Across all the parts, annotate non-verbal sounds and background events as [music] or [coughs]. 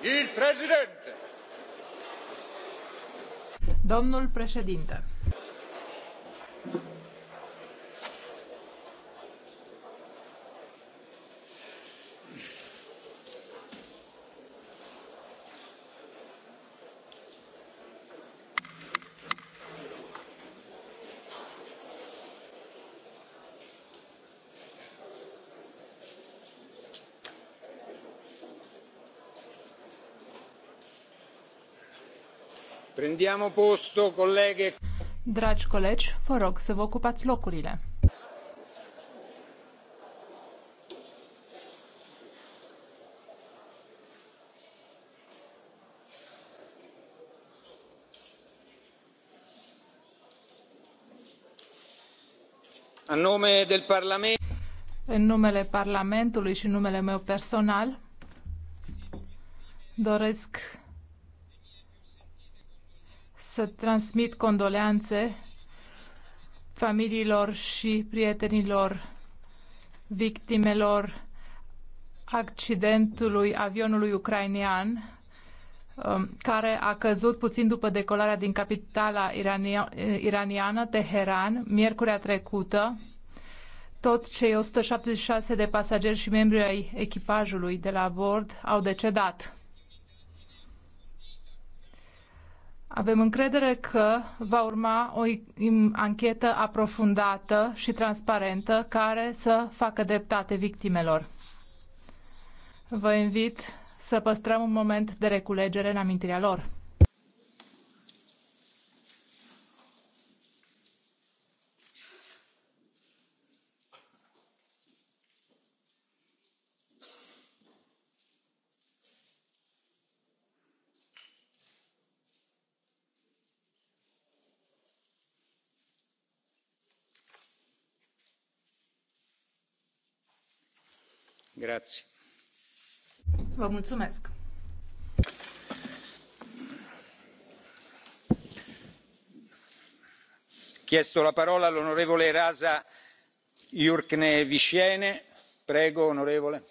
domnule Domnul președinte. Prendiamo posto, colleghe. Dragi colegi, vă rog să vă ocupați locurile. În del În numele Parlamentului și în numele meu personal, doresc să transmit condoleanțe familiilor și prietenilor victimelor accidentului avionului ucrainean um, care a căzut puțin după decolarea din capitala iraniană, Teheran, miercurea trecută. Toți cei 176 de pasageri și membri ai echipajului de la bord au decedat. Avem încredere că va urma o anchetă aprofundată și transparentă care să facă dreptate victimelor. Vă invit să păstrăm un moment de reculegere în amintirea lor. Vă mulțumesc. Chiesto la parola all'onorevole Rasa Iurknevisiene. Prego, onorevole.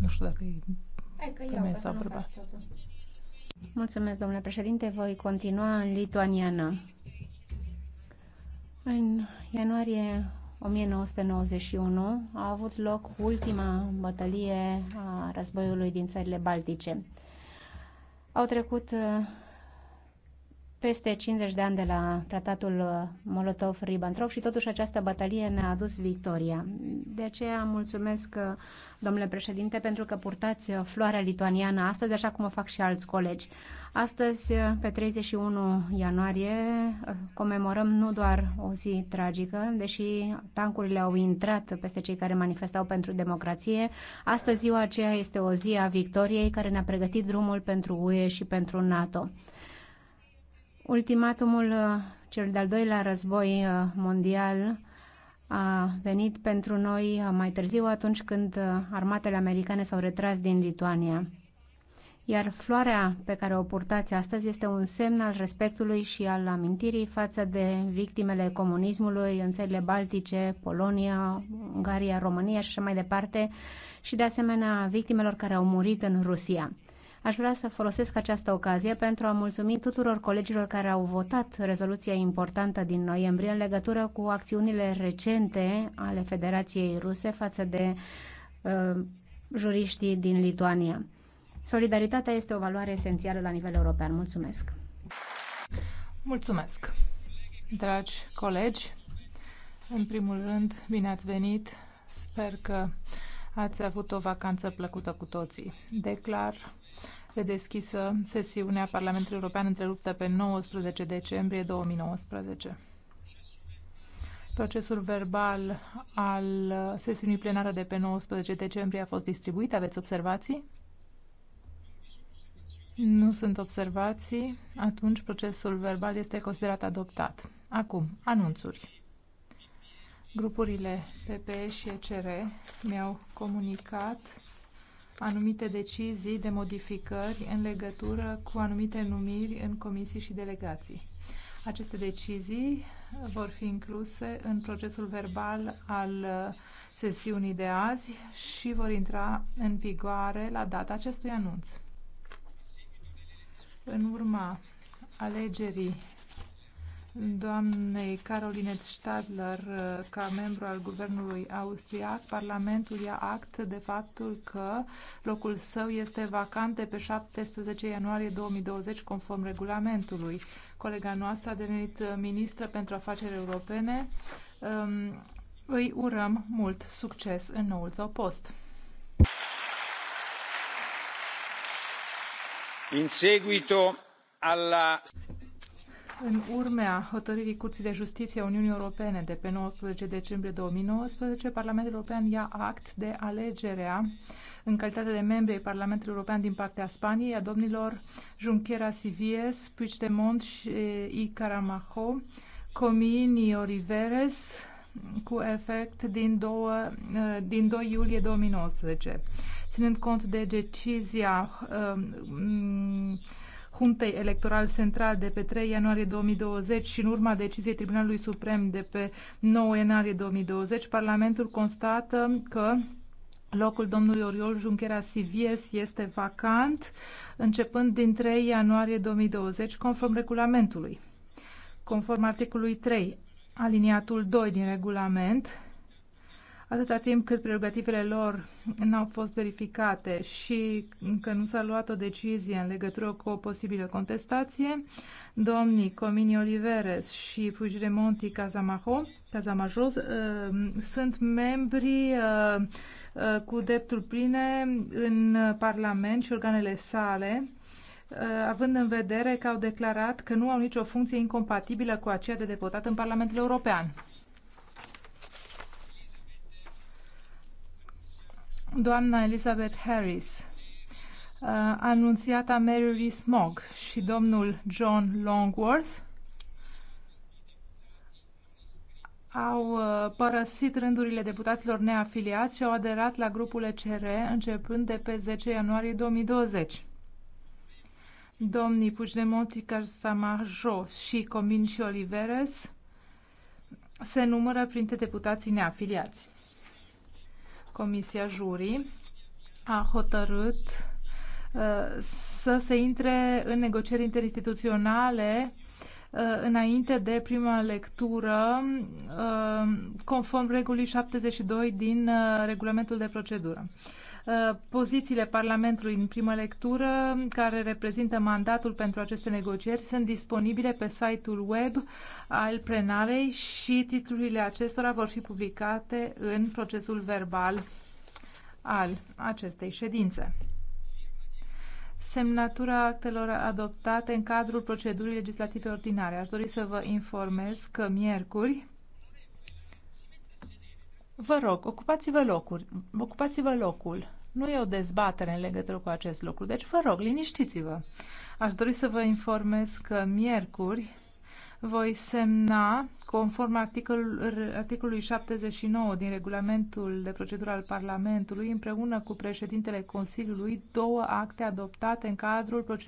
Nu știu dacă e... Hai s-a Mulțumesc, domnule președinte. Voi continua în lituaniană. În ianuarie 1991 a avut loc ultima bătălie a războiului din țările Baltice. Au trecut peste 50 de ani de la tratatul uh, Molotov-Ribbentrop și totuși această batalie ne-a adus victoria. De aceea mulțumesc, uh, domnule președinte, pentru că purtați uh, floarea lituaniană astăzi, așa cum o fac și alți colegi. Astăzi, pe 31 ianuarie, comemorăm nu doar o zi tragică, deși tancurile au intrat peste cei care manifestau pentru democrație. Astăzi, ziua aceea este o zi a victoriei care ne-a pregătit drumul pentru UE și pentru NATO. Ultimatumul, uh, cel de-al doilea război uh, mondial, a venit pentru noi uh, mai târziu atunci când armatele americane s-au retras din Lituania. Iar floarea pe care o purtați astăzi este un semn al respectului și al amintirii față de victimele comunismului în țările Baltice, Polonia, Ungaria, România și așa mai departe și de asemenea victimelor care au murit în Rusia. Aș vrea să folosesc această ocazie pentru a mulțumi tuturor colegilor care au votat rezoluția importantă din noiembrie în legătură cu acțiunile recente ale Federației Ruse față de uh, juriștii din Lituania. Solidaritatea este o valoare esențială la nivel european. Mulțumesc! Mulțumesc! Dragi colegi, în primul rând, bine ați venit! Sper că ați avut o vacanță plăcută cu toții. Declar redeschisă sesiunea Parlamentului European întreruptă pe 19 decembrie 2019. Procesul verbal al sesiunii plenară de pe 19 decembrie a fost distribuit. Aveți observații? Nu sunt observații. Atunci procesul verbal este considerat adoptat. Acum, anunțuri. Grupurile PP și ECR mi-au comunicat anumite decizii de modificări în legătură cu anumite numiri în comisii și delegații. Aceste decizii vor fi incluse în procesul verbal al sesiunii de azi și vor intra în vigoare la data acestui anunț. În urma alegerii doamnei Caroline Stadler uh, ca membru al guvernului austriac, Parlamentul ia act de faptul că locul său este vacant de pe 17 ianuarie 2020 conform regulamentului. Colega noastră a devenit ministră pentru afaceri europene. Um, îi urăm mult succes în noul său post. In seguito alla în urmea hotărârii Curții de Justiție a Uniunii Europene de pe 19 decembrie 2019, Parlamentul European ia act de alegerea în calitate de membri ai Parlamentului European din partea Spaniei a domnilor Junquera Sivies, Puigdemont și Comín Comini Oliveres, cu efect din, două, din 2 iulie 2019. Ținând cont de decizia um, Huntei Electoral Central de pe 3 ianuarie 2020 și în urma deciziei Tribunalului Suprem de pe 9 ianuarie 2020, Parlamentul constată că Locul domnului Oriol Junchera Sivies este vacant începând din 3 ianuarie 2020 conform regulamentului. Conform articolului 3, aliniatul 2 din regulament, atâta timp cât prerogativele lor n-au fost verificate și că nu s-a luat o decizie în legătură cu o posibilă contestație, domnii Comini Oliveres și Puigdemonti Casamajo, Casamajo uh, sunt membri uh, uh, cu drepturi pline în Parlament și organele sale, uh, având în vedere că au declarat că nu au nicio funcție incompatibilă cu aceea de deputat în Parlamentul European. doamna Elizabeth Harris, anunțiata Mary Smog și domnul John Longworth au uh, părăsit rândurile deputaților neafiliați și au aderat la grupul ECR începând de pe 10 ianuarie 2020. Domnii Puigdemont, Samarjo și Comin și Oliveres se numără printre deputații neafiliați. Comisia juri a hotărât uh, să se intre în negocieri interinstituționale uh, înainte de prima lectură, uh, conform regulii 72 din regulamentul de procedură. Uh, pozițiile Parlamentului în primă lectură, care reprezintă mandatul pentru aceste negocieri, sunt disponibile pe site-ul web al plenarei și titlurile acestora vor fi publicate în procesul verbal al acestei ședințe. Semnatura actelor adoptate în cadrul procedurii legislative ordinare. Aș dori să vă informez că miercuri Vă rog, ocupați-vă locul. Ocupați-vă locul. Nu e o dezbatere în legătură cu acest lucru, deci vă rog, liniștiți-vă. Aș dori să vă informez că miercuri voi semna, conform articol, articolului 79 din regulamentul de procedură al Parlamentului, împreună cu președintele Consiliului, două acte adoptate în cadrul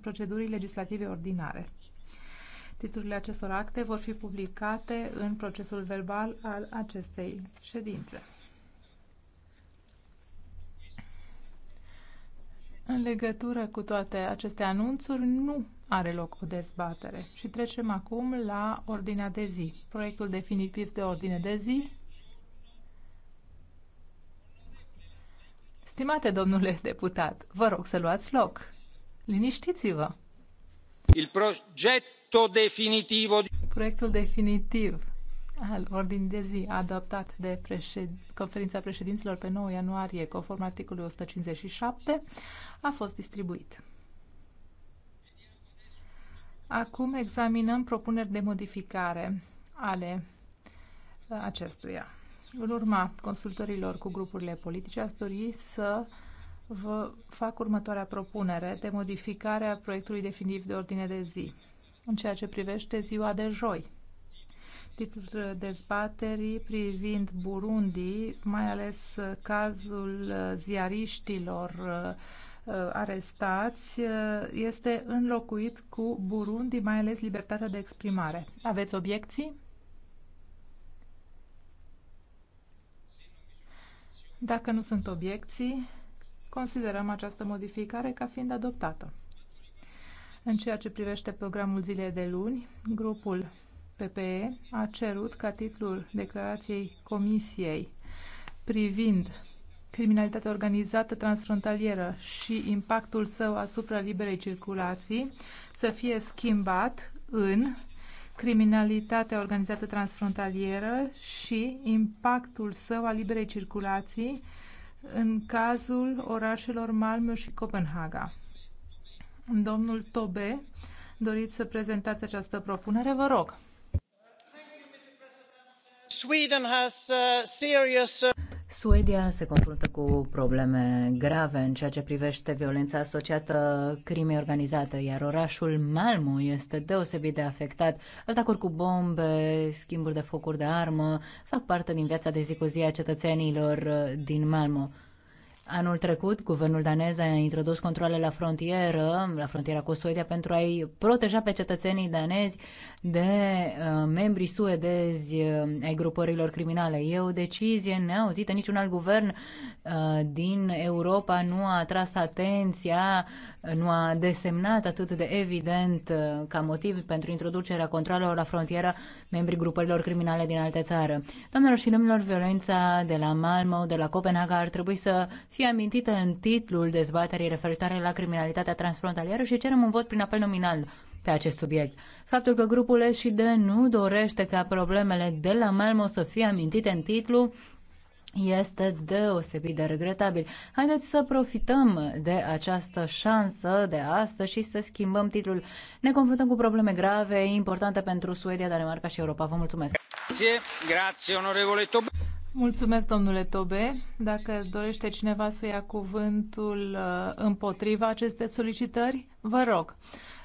procedurii legislative ordinare. Titlurile acestor acte vor fi publicate în procesul verbal al acestei ședințe. În legătură cu toate aceste anunțuri, nu are loc o dezbatere. Și trecem acum la ordinea de zi. Proiectul definitiv de ordine de zi. Stimate domnule deputat, vă rog să luați loc. Liniștiți-vă. Il progetto definitivo. Proiectul definitiv al ordinii de zi adoptat de președ... conferința președinților pe 9 ianuarie, conform articolului 157, a fost distribuit. Acum examinăm propuneri de modificare ale uh, acestuia. În urma consultărilor cu grupurile politice, ați dori să vă fac următoarea propunere de modificare a proiectului definitiv de ordine de zi în ceea ce privește ziua de joi, titlul dezbaterii privind Burundi, mai ales cazul uh, ziariștilor uh, uh, arestați, este înlocuit cu Burundi, mai ales libertatea de exprimare. Aveți obiecții? Dacă nu sunt obiecții, considerăm această modificare ca fiind adoptată. În ceea ce privește programul zilei de luni, grupul PPE a cerut ca titlul declarației Comisiei privind criminalitatea organizată transfrontalieră și impactul său asupra liberei circulații să fie schimbat în criminalitatea organizată transfrontalieră și impactul său a liberei circulații în cazul orașelor Malmö și Copenhaga. Domnul Tobe, doriți să prezentați această propunere? Vă rog. Uh, uh, Suedia se confruntă cu probleme grave în ceea ce privește violența asociată crimei organizate, iar orașul Malmo este deosebit de afectat. Atacuri cu bombe, schimburi de focuri de armă fac parte din viața de zi cu zi a cetățenilor uh, din Malmo. Anul trecut, guvernul danez a introdus controle la frontieră, la frontiera cu Suedia, pentru a-i proteja pe cetățenii danezi de uh, membrii suedezi uh, ai grupărilor criminale. E o decizie neauzită. Niciun alt guvern uh, din Europa nu a atras atenția nu a desemnat atât de evident uh, ca motiv pentru introducerea controlelor la frontieră membrii grupărilor criminale din alte țară. Doamnelor și domnilor, violența de la Malmo, de la Copenhaga ar trebui să fie amintită în titlul dezbaterii referitoare la criminalitatea transfrontalieră și cerem un vot prin apel nominal pe acest subiect. Faptul că grupul SD nu dorește ca problemele de la Malmo să fie amintite în titlu este deosebit de regretabil. Haideți să profităm de această șansă de astăzi și să schimbăm titlul. Ne confruntăm cu probleme grave, importante pentru Suedia, Danemarca și Europa. Vă mulțumesc! Grazie, grazie, onorevole Tobe. Mulțumesc, domnule Tobe. Dacă dorește cineva să ia cuvântul uh, împotriva acestei solicitări, vă rog.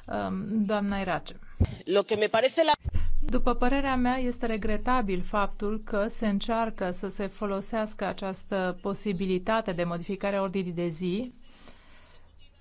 Um, doamna Irace. Lo que me parece la după părerea mea, este regretabil faptul că se încearcă să se folosească această posibilitate de modificare a ordinii de zi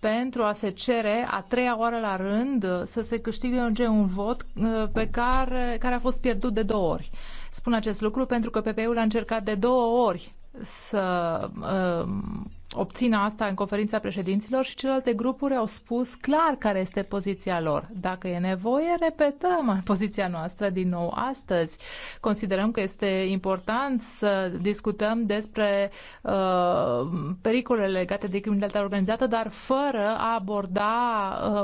pentru a se cere a treia oară la rând să se câștige un vot uh, pe care, care a fost pierdut de două ori. Spun acest lucru pentru că PPE-ul a încercat de două ori să uh, obțină asta în conferința președinților și celelalte grupuri au spus clar care este poziția lor. Dacă e nevoie, repetăm [laughs] poziția noastră din nou astăzi. Considerăm că este important să discutăm despre uh, pericolele legate de criminalitatea organizată, dar fără a aborda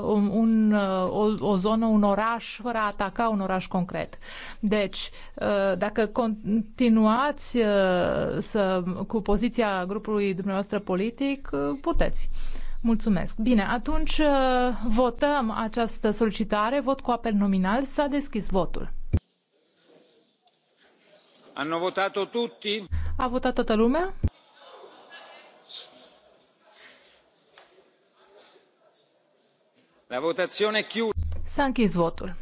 uh, un, uh, o, o zonă, un oraș, fără a ataca un oraș concret. Deci, uh, dacă continuați uh, să, cu poziția grupului dumneavoastră politică, politic, uh, puteți. Mulțumesc. Bine, atunci uh, votăm această solicitare, vot cu apel nominal, s-a deschis votul. Hanno votato tutti? A votat toată lumea? La votazione chiusa. S-a închis votul.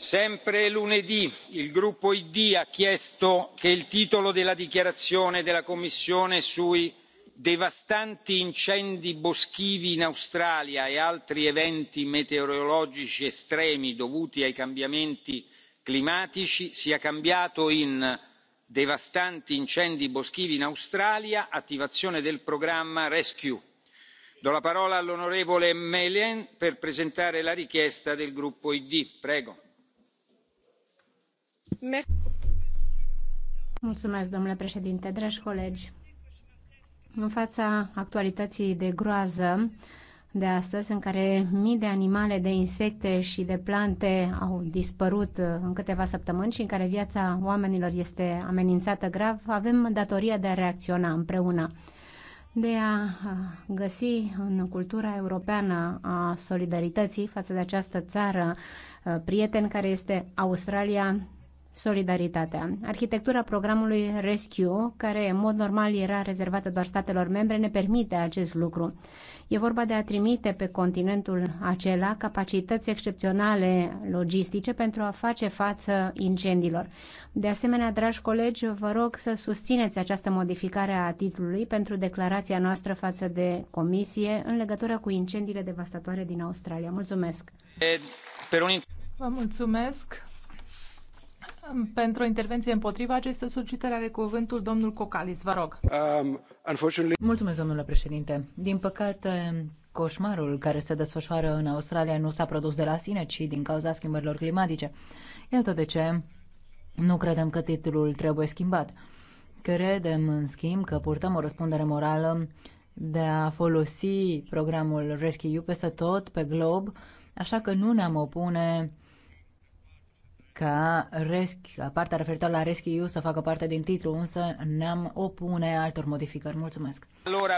sempre lunedì il gruppo id ha chiesto che il titolo della dichiarazione della commissione sui devastanti incendi boschivi in australia e altri eventi meteorologici estremi dovuti ai cambiamenti climatici sia cambiato in devastanti incendi boschivi in australia attivazione del programma rescue. do la parola all'onorevole meilen per presentare la richiesta del gruppo id. Mulțumesc, domnule președinte, dragi colegi. În fața actualității de groază de astăzi, în care mii de animale, de insecte și de plante au dispărut uh, în câteva săptămâni și în care viața oamenilor este amenințată grav, avem datoria de a reacționa împreună de a găsi în cultura europeană a solidarității față de această țară uh, prieten care este Australia solidaritatea. Arhitectura programului Rescue, care în mod normal era rezervată doar statelor membre, ne permite acest lucru. E vorba de a trimite pe continentul acela capacități excepționale logistice pentru a face față incendiilor. De asemenea, dragi colegi, vă rog să susțineți această modificare a titlului pentru declarația noastră față de Comisie în legătură cu incendiile devastatoare din Australia. Mulțumesc! Vă mulțumesc! pentru o intervenție împotriva acestei solicitări are cuvântul domnul Cocalis, vă rog. Um, unfortunately... Mulțumesc, domnule președinte. Din păcate, coșmarul care se desfășoară în Australia nu s-a produs de la sine, ci din cauza schimbărilor climatice. Iată de ce nu credem că titlul trebuie schimbat. Credem, în schimb, că purtăm o răspundere morală de a folosi programul Rescue peste tot pe glob, așa că nu ne-am opune ca, resc, partea referitoare la Rescue să facă parte din titlu, însă ne-am opune altor modificări. Mulțumesc! Allora,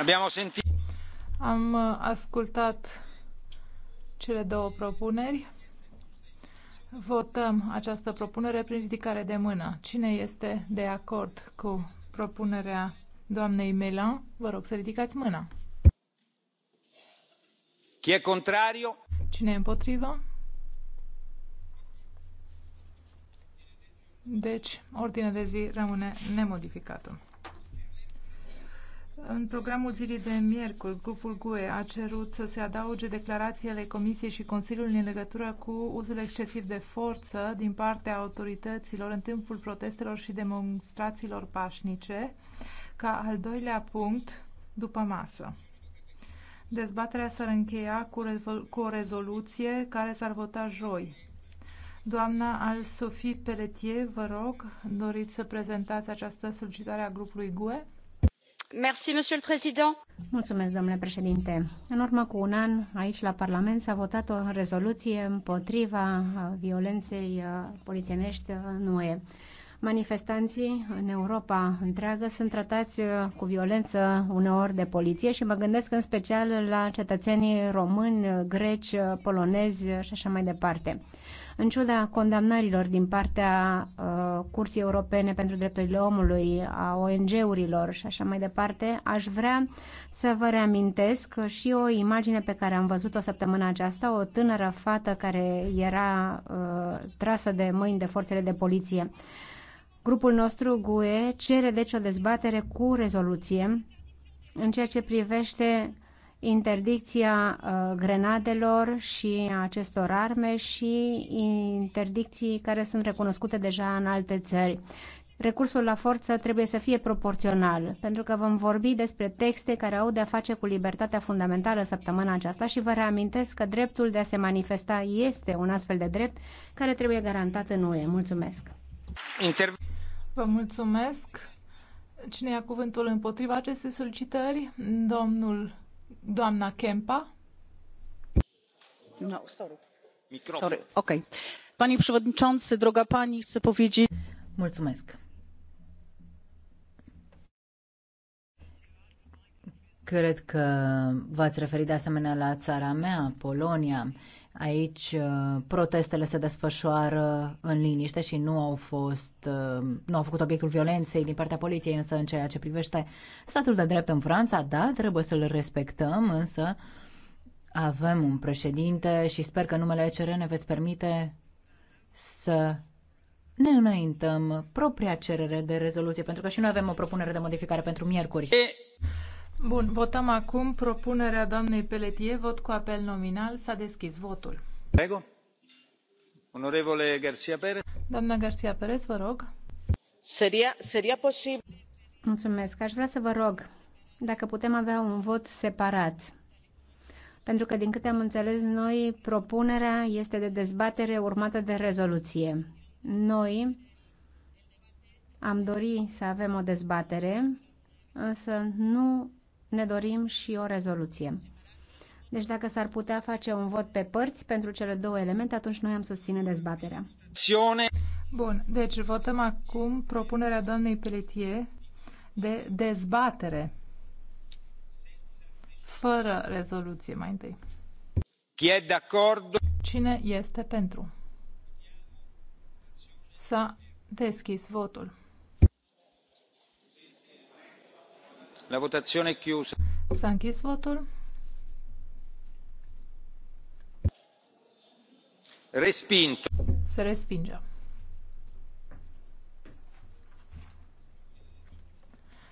abbiamo sentito... Am uh, ascultat cele două propuneri. Votăm această propunere prin ridicare de mână. Cine este de acord cu propunerea doamnei Melan? Vă rog să ridicați mâna. Chi e Cine e împotrivă? Deci, ordinea de zi rămâne nemodificată. În programul zilei de miercuri, grupul GUE a cerut să se adauge declarațiile Comisiei și Consiliului în legătură cu uzul excesiv de forță din partea autorităților în timpul protestelor și demonstrațiilor pașnice, ca al doilea punct după masă. Dezbaterea s-ar încheia cu, cu o rezoluție care s-ar vota joi. Doamna al sofie Peletier, vă rog, doriți să prezentați această solicitare a grupului GUE? Mulțumesc, domnule președinte. În urmă cu un an, aici la Parlament s-a votat o rezoluție împotriva violenței uh, polițienești în UE. Manifestanții în Europa întreagă sunt tratați uh, cu violență uneori de poliție și mă gândesc în special la cetățenii români, greci, uh, polonezi și așa mai departe. În ciuda condamnărilor din partea uh, Curții Europene pentru Drepturile Omului, a ONG-urilor și așa mai departe, aș vrea să vă reamintesc și o imagine pe care am văzut-o săptămâna aceasta, o tânără fată care era uh, trasă de mâini de forțele de poliție. Grupul nostru, GUE, cere deci o dezbatere cu rezoluție în ceea ce privește interdicția uh, grenadelor și acestor arme și interdicții care sunt recunoscute deja în alte țări. Recursul la forță trebuie să fie proporțional, pentru că vom vorbi despre texte care au de-a face cu libertatea fundamentală săptămâna aceasta și vă reamintesc că dreptul de a se manifesta este un astfel de drept care trebuie garantat în UE. Mulțumesc! Inter- vă mulțumesc! Cine ia cuvântul împotriva acestei solicitări? Domnul Doamna Kempa. No, sorry. Microfon. Sorry, ok. Panie Przewodniczący, droga Pani, chcę powiedzieć... Mulțumesc. Cred că v-ați referit de asemenea la țara mea, Polonia. Aici uh, protestele se desfășoară în liniște și nu au fost uh, nu au făcut obiectul violenței din partea poliției, însă în ceea ce privește statul de drept în Franța, da, trebuie să-l respectăm, însă avem un președinte și sper că numele ECR ne veți permite să ne înaintăm propria cerere de rezoluție, pentru că și noi avem o propunere de modificare pentru miercuri. E... Bun, votăm acum propunerea doamnei Peletie. vot cu apel nominal. S-a deschis votul. Prego. Onorevole Garcia Perez. Doamna Garcia Perez, vă rog. Seria, seria posibil. Mulțumesc. Aș vrea să vă rog dacă putem avea un vot separat. Pentru că, din câte am înțeles noi, propunerea este de dezbatere urmată de rezoluție. Noi am dori să avem o dezbatere, însă nu ne dorim și o rezoluție. Deci dacă s-ar putea face un vot pe părți pentru cele două elemente, atunci noi am susține dezbaterea. Bun, deci votăm acum propunerea doamnei Pelletier de dezbatere fără rezoluție mai întâi. Cine este pentru? S-a deschis votul. La votazione è chiusa. S-a închis votul. Respinto. Se respinge.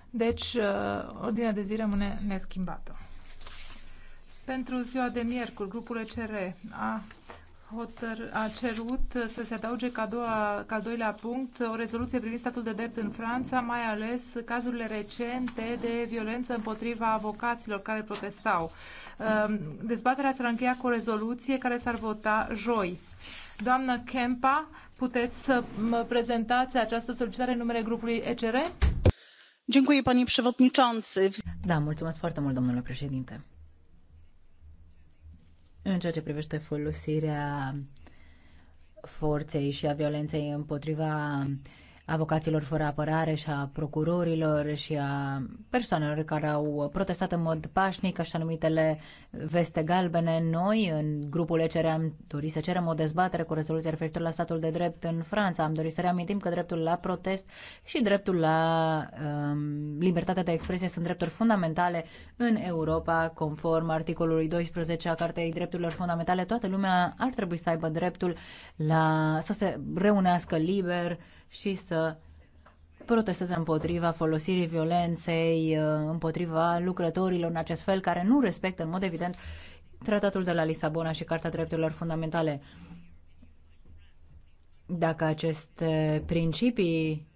Deci, uh, ordinea de zi rămâne neschimbată. Pentru ziua de miercuri, grupul ECR a hotăr, a cerut să se adauge ca, doua, ca al doilea punct o rezoluție privind statul de drept în Franța, mai ales cazurile recente de violență împotriva avocaților care protestau. Um, dezbaterea s-ar încheia cu o rezoluție care s-ar vota joi. Doamnă Kempa, puteți să mă prezentați această solicitare în numele grupului ECR? Da, mulțumesc foarte mult, domnule președinte. În ceea ce privește folosirea forței și a violenței împotriva avocaților fără apărare și a procurorilor și a persoanelor care au protestat în mod pașnic, așa numitele veste galbene. Noi, în grupul ECR, am dorit să cerem o dezbatere cu rezoluția referitor la statul de drept în Franța. Am dorit să reamintim că dreptul la protest și dreptul la um, libertatea de expresie sunt drepturi fundamentale în Europa, conform articolului 12 a Cartei Drepturilor Fundamentale. Toată lumea ar trebui să aibă dreptul la să se reunească liber, și să protesteze împotriva folosirii violenței, uh, împotriva lucrătorilor în acest fel, care nu respectă în mod evident tratatul de la Lisabona și Carta Drepturilor Fundamentale. Dacă aceste principii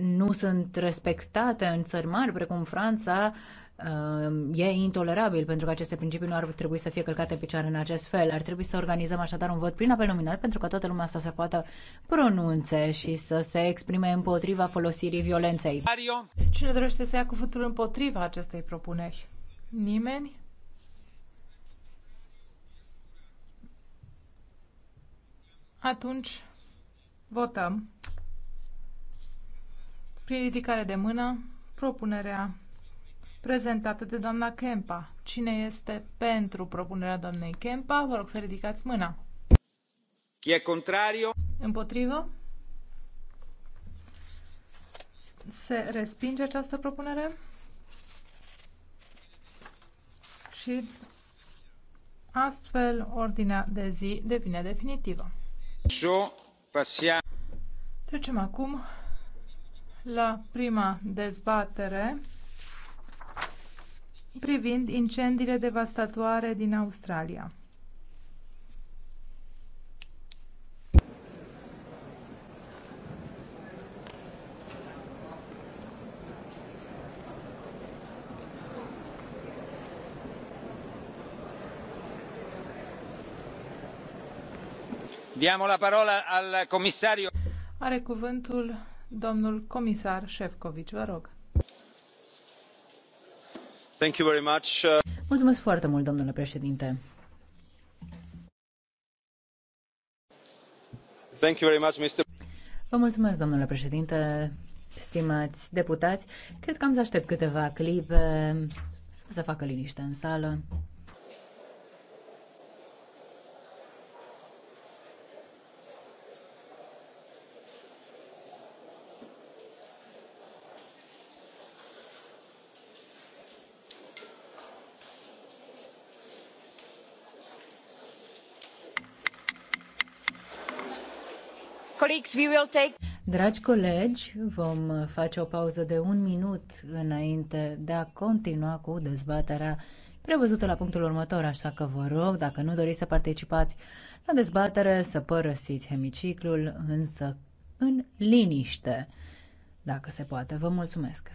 nu sunt respectate în țări mari, precum Franța, e intolerabil pentru că aceste principii nu ar trebui să fie călcate în picioare în acest fel. Ar trebui să organizăm așadar un vot prin apel nominal pentru ca toată lumea să se poată pronunțe și să se exprime împotriva folosirii violenței. Mario. Cine dorește să ia cuvântul împotriva acestei propuneri? Nimeni? Atunci votăm. Prin ridicare de mână, propunerea prezentată de doamna Kempa. Cine este pentru propunerea doamnei Kempa? Vă rog să ridicați mâna. Chi e contrario? Împotrivă? Se respinge această propunere? Și astfel ordinea de zi devine definitivă. Trecem acum la prima dezbatere privind incendiile devastatoare din Australia. Diamo la parola al comisario. Are cuvântul domnul comisar Șefcovici, vă rog. Thank you very much. Uh, mulțumesc foarte mult, domnule președinte. Thank you very much, Mr. Vă mulțumesc, domnule președinte, stimați deputați. Cred că am să aștept câteva clipe să se facă liniște în sală. colleagues, we will take... Dragi colegi, vom face o pauză de un minut înainte de a continua cu dezbaterea prevăzută la punctul următor, așa că vă rog, dacă nu doriți să participați la dezbatere, să părăsiți hemiciclul, însă în liniște, dacă se poate. Vă mulțumesc!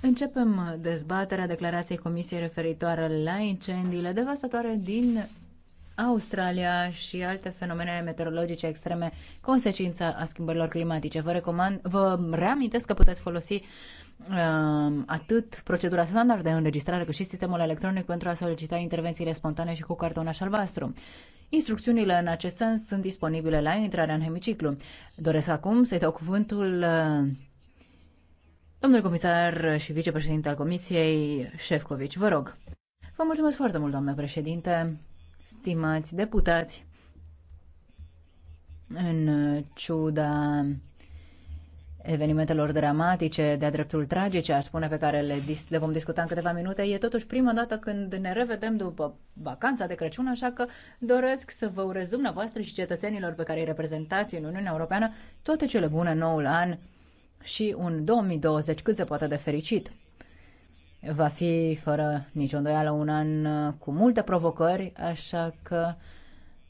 Începem uh, dezbaterea declarației Comisiei referitoare la incendiile devastatoare din Australia și alte fenomene meteorologice extreme, consecința a schimbărilor climatice. Vă recomand, vă reamintesc că puteți folosi um, atât procedura standard de înregistrare cât și sistemul electronic pentru a solicita intervențiile spontane și cu cartonaș albastru. Instrucțiunile în acest sens sunt disponibile la intrarea în hemiciclu. Doresc acum să-i dau cuvântul uh, domnul comisar și vicepreședinte al Comisiei, Șefcovici. Vă rog. Vă mulțumesc foarte mult, doamnă președinte, stimați deputați. În ciuda evenimentelor dramatice, de-a dreptul tragice, aș spune, pe care le, le vom discuta în câteva minute, e totuși prima dată când ne revedem după vacanța de Crăciun, așa că doresc să vă urez dumneavoastră și cetățenilor pe care îi reprezentați în Uniunea Europeană toate cele bune noul an și un 2020 cât se poate de fericit. Va fi, fără nicio îndoială, un an cu multe provocări, așa că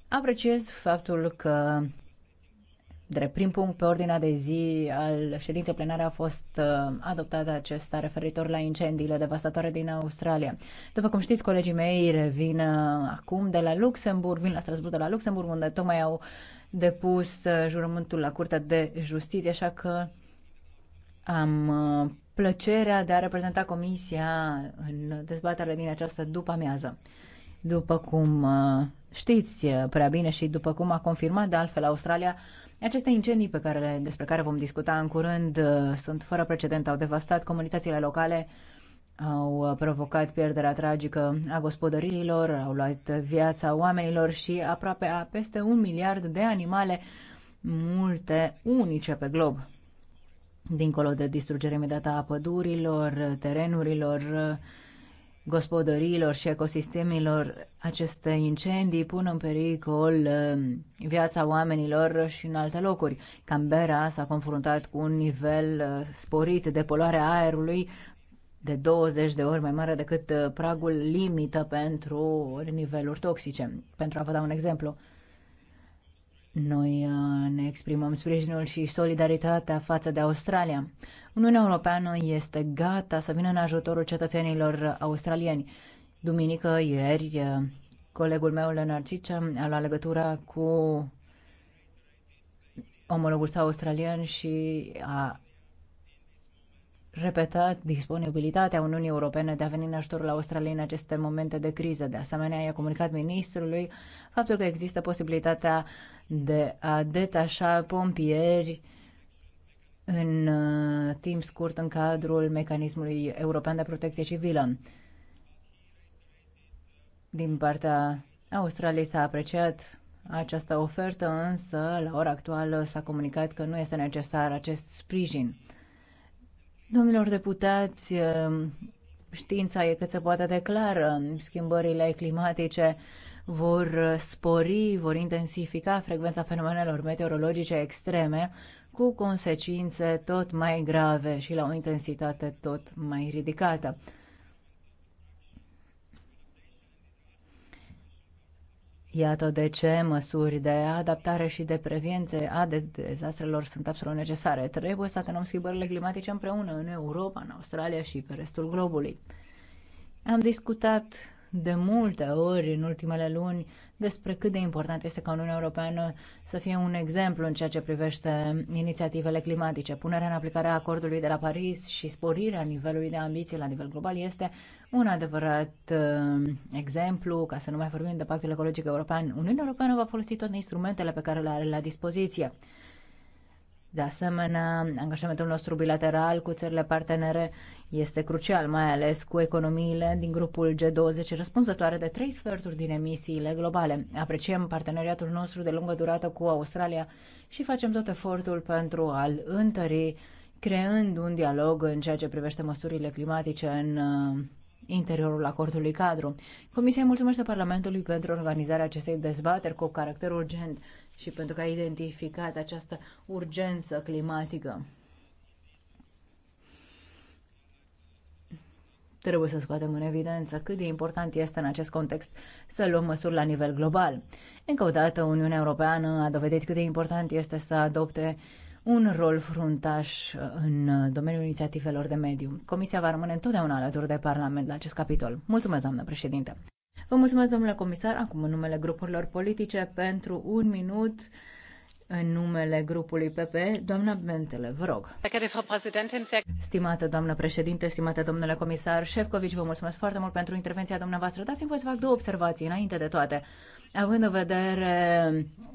apreciez faptul că drept prim punct pe ordinea de zi al ședinței plenare a fost uh, adoptat acesta referitor la incendiile devastatoare din Australia. După cum știți, colegii mei revin uh, acum de la Luxemburg, vin la Strasburg de la Luxemburg, unde tocmai au depus uh, jurământul la Curtea de Justiție, așa că am plăcerea de a reprezenta Comisia în dezbaterea din această după-amiază. După cum știți prea bine și după cum a confirmat de altfel Australia, aceste incendii pe care le, despre care vom discuta în curând uh, sunt fără precedent, au devastat comunitățile locale, au uh, provocat pierderea tragică a gospodăriilor, au luat viața oamenilor și aproape a peste un miliard de animale, multe unice pe glob. Dincolo de distrugerea imediată a pădurilor, terenurilor, gospodăriilor și ecosistemelor, aceste incendii pun în pericol um, viața oamenilor și în alte locuri. Canberra s-a confruntat cu un nivel uh, sporit de poluare a aerului de 20 de ori mai mare decât uh, pragul limită pentru niveluri toxice. Pentru a vă da un exemplu, noi uh, ne exprimăm sprijinul și solidaritatea față de Australia. Uniunea Europeană este gata să vină în ajutorul cetățenilor australieni. Duminică, ieri, uh, colegul meu, Leonard Cicea, a luat legătura cu omologul său australian și a repetat disponibilitatea Uniunii Europene de a veni în ajutorul Australiei în aceste momente de criză. De asemenea, i-a comunicat ministrului faptul că există posibilitatea de a detașa pompieri în uh, timp scurt în cadrul mecanismului european de protecție civilă. Din partea Australiei s-a apreciat această ofertă, însă la ora actuală s-a comunicat că nu este necesar acest sprijin. Domnilor deputați, uh, știința e cât se poate declară, schimbările climatice vor spori, vor intensifica frecvența fenomenelor meteorologice extreme cu consecințe tot mai grave și la o intensitate tot mai ridicată. Iată de ce măsuri de adaptare și de prevenție a de dezastrelor sunt absolut necesare. Trebuie să atenuăm schimbările climatice împreună în Europa, în Australia și pe restul globului. Am discutat de multe ori în ultimele luni despre cât de important este ca Uniunea Europeană să fie un exemplu în ceea ce privește inițiativele climatice. Punerea în aplicare a acordului de la Paris și sporirea nivelului de ambiție la nivel global este un adevărat uh, exemplu, ca să nu mai vorbim de pactul ecologic european. Uniunea Europeană va folosi toate instrumentele pe care le are la dispoziție. De asemenea, angajamentul nostru bilateral cu țările partenere este crucial, mai ales cu economiile din grupul G20 răspunzătoare de trei sferturi din emisiile globale. Apreciem parteneriatul nostru de lungă durată cu Australia și facem tot efortul pentru a-l întări, creând un dialog în ceea ce privește măsurile climatice în uh, interiorul acordului cadru. Comisia mulțumește Parlamentului pentru organizarea acestei dezbateri cu caracter urgent și pentru că a identificat această urgență climatică. Trebuie să scoatem în evidență cât de important este în acest context să luăm măsuri la nivel global. Încă o dată, Uniunea Europeană a dovedit cât de important este să adopte un rol fruntaș în domeniul inițiativelor de mediu. Comisia va rămâne întotdeauna alături de Parlament la acest capitol. Mulțumesc, doamnă președinte! Vă mulțumesc, domnule comisar, acum în numele grupurilor politice, pentru un minut în numele grupului PP, doamna Bentele, vă rog. Stimată doamnă președinte, stimate domnule comisar Șefcovici, vă mulțumesc foarte mult pentru intervenția dumneavoastră. Dați-mi voi să fac două observații înainte de toate. Având în vedere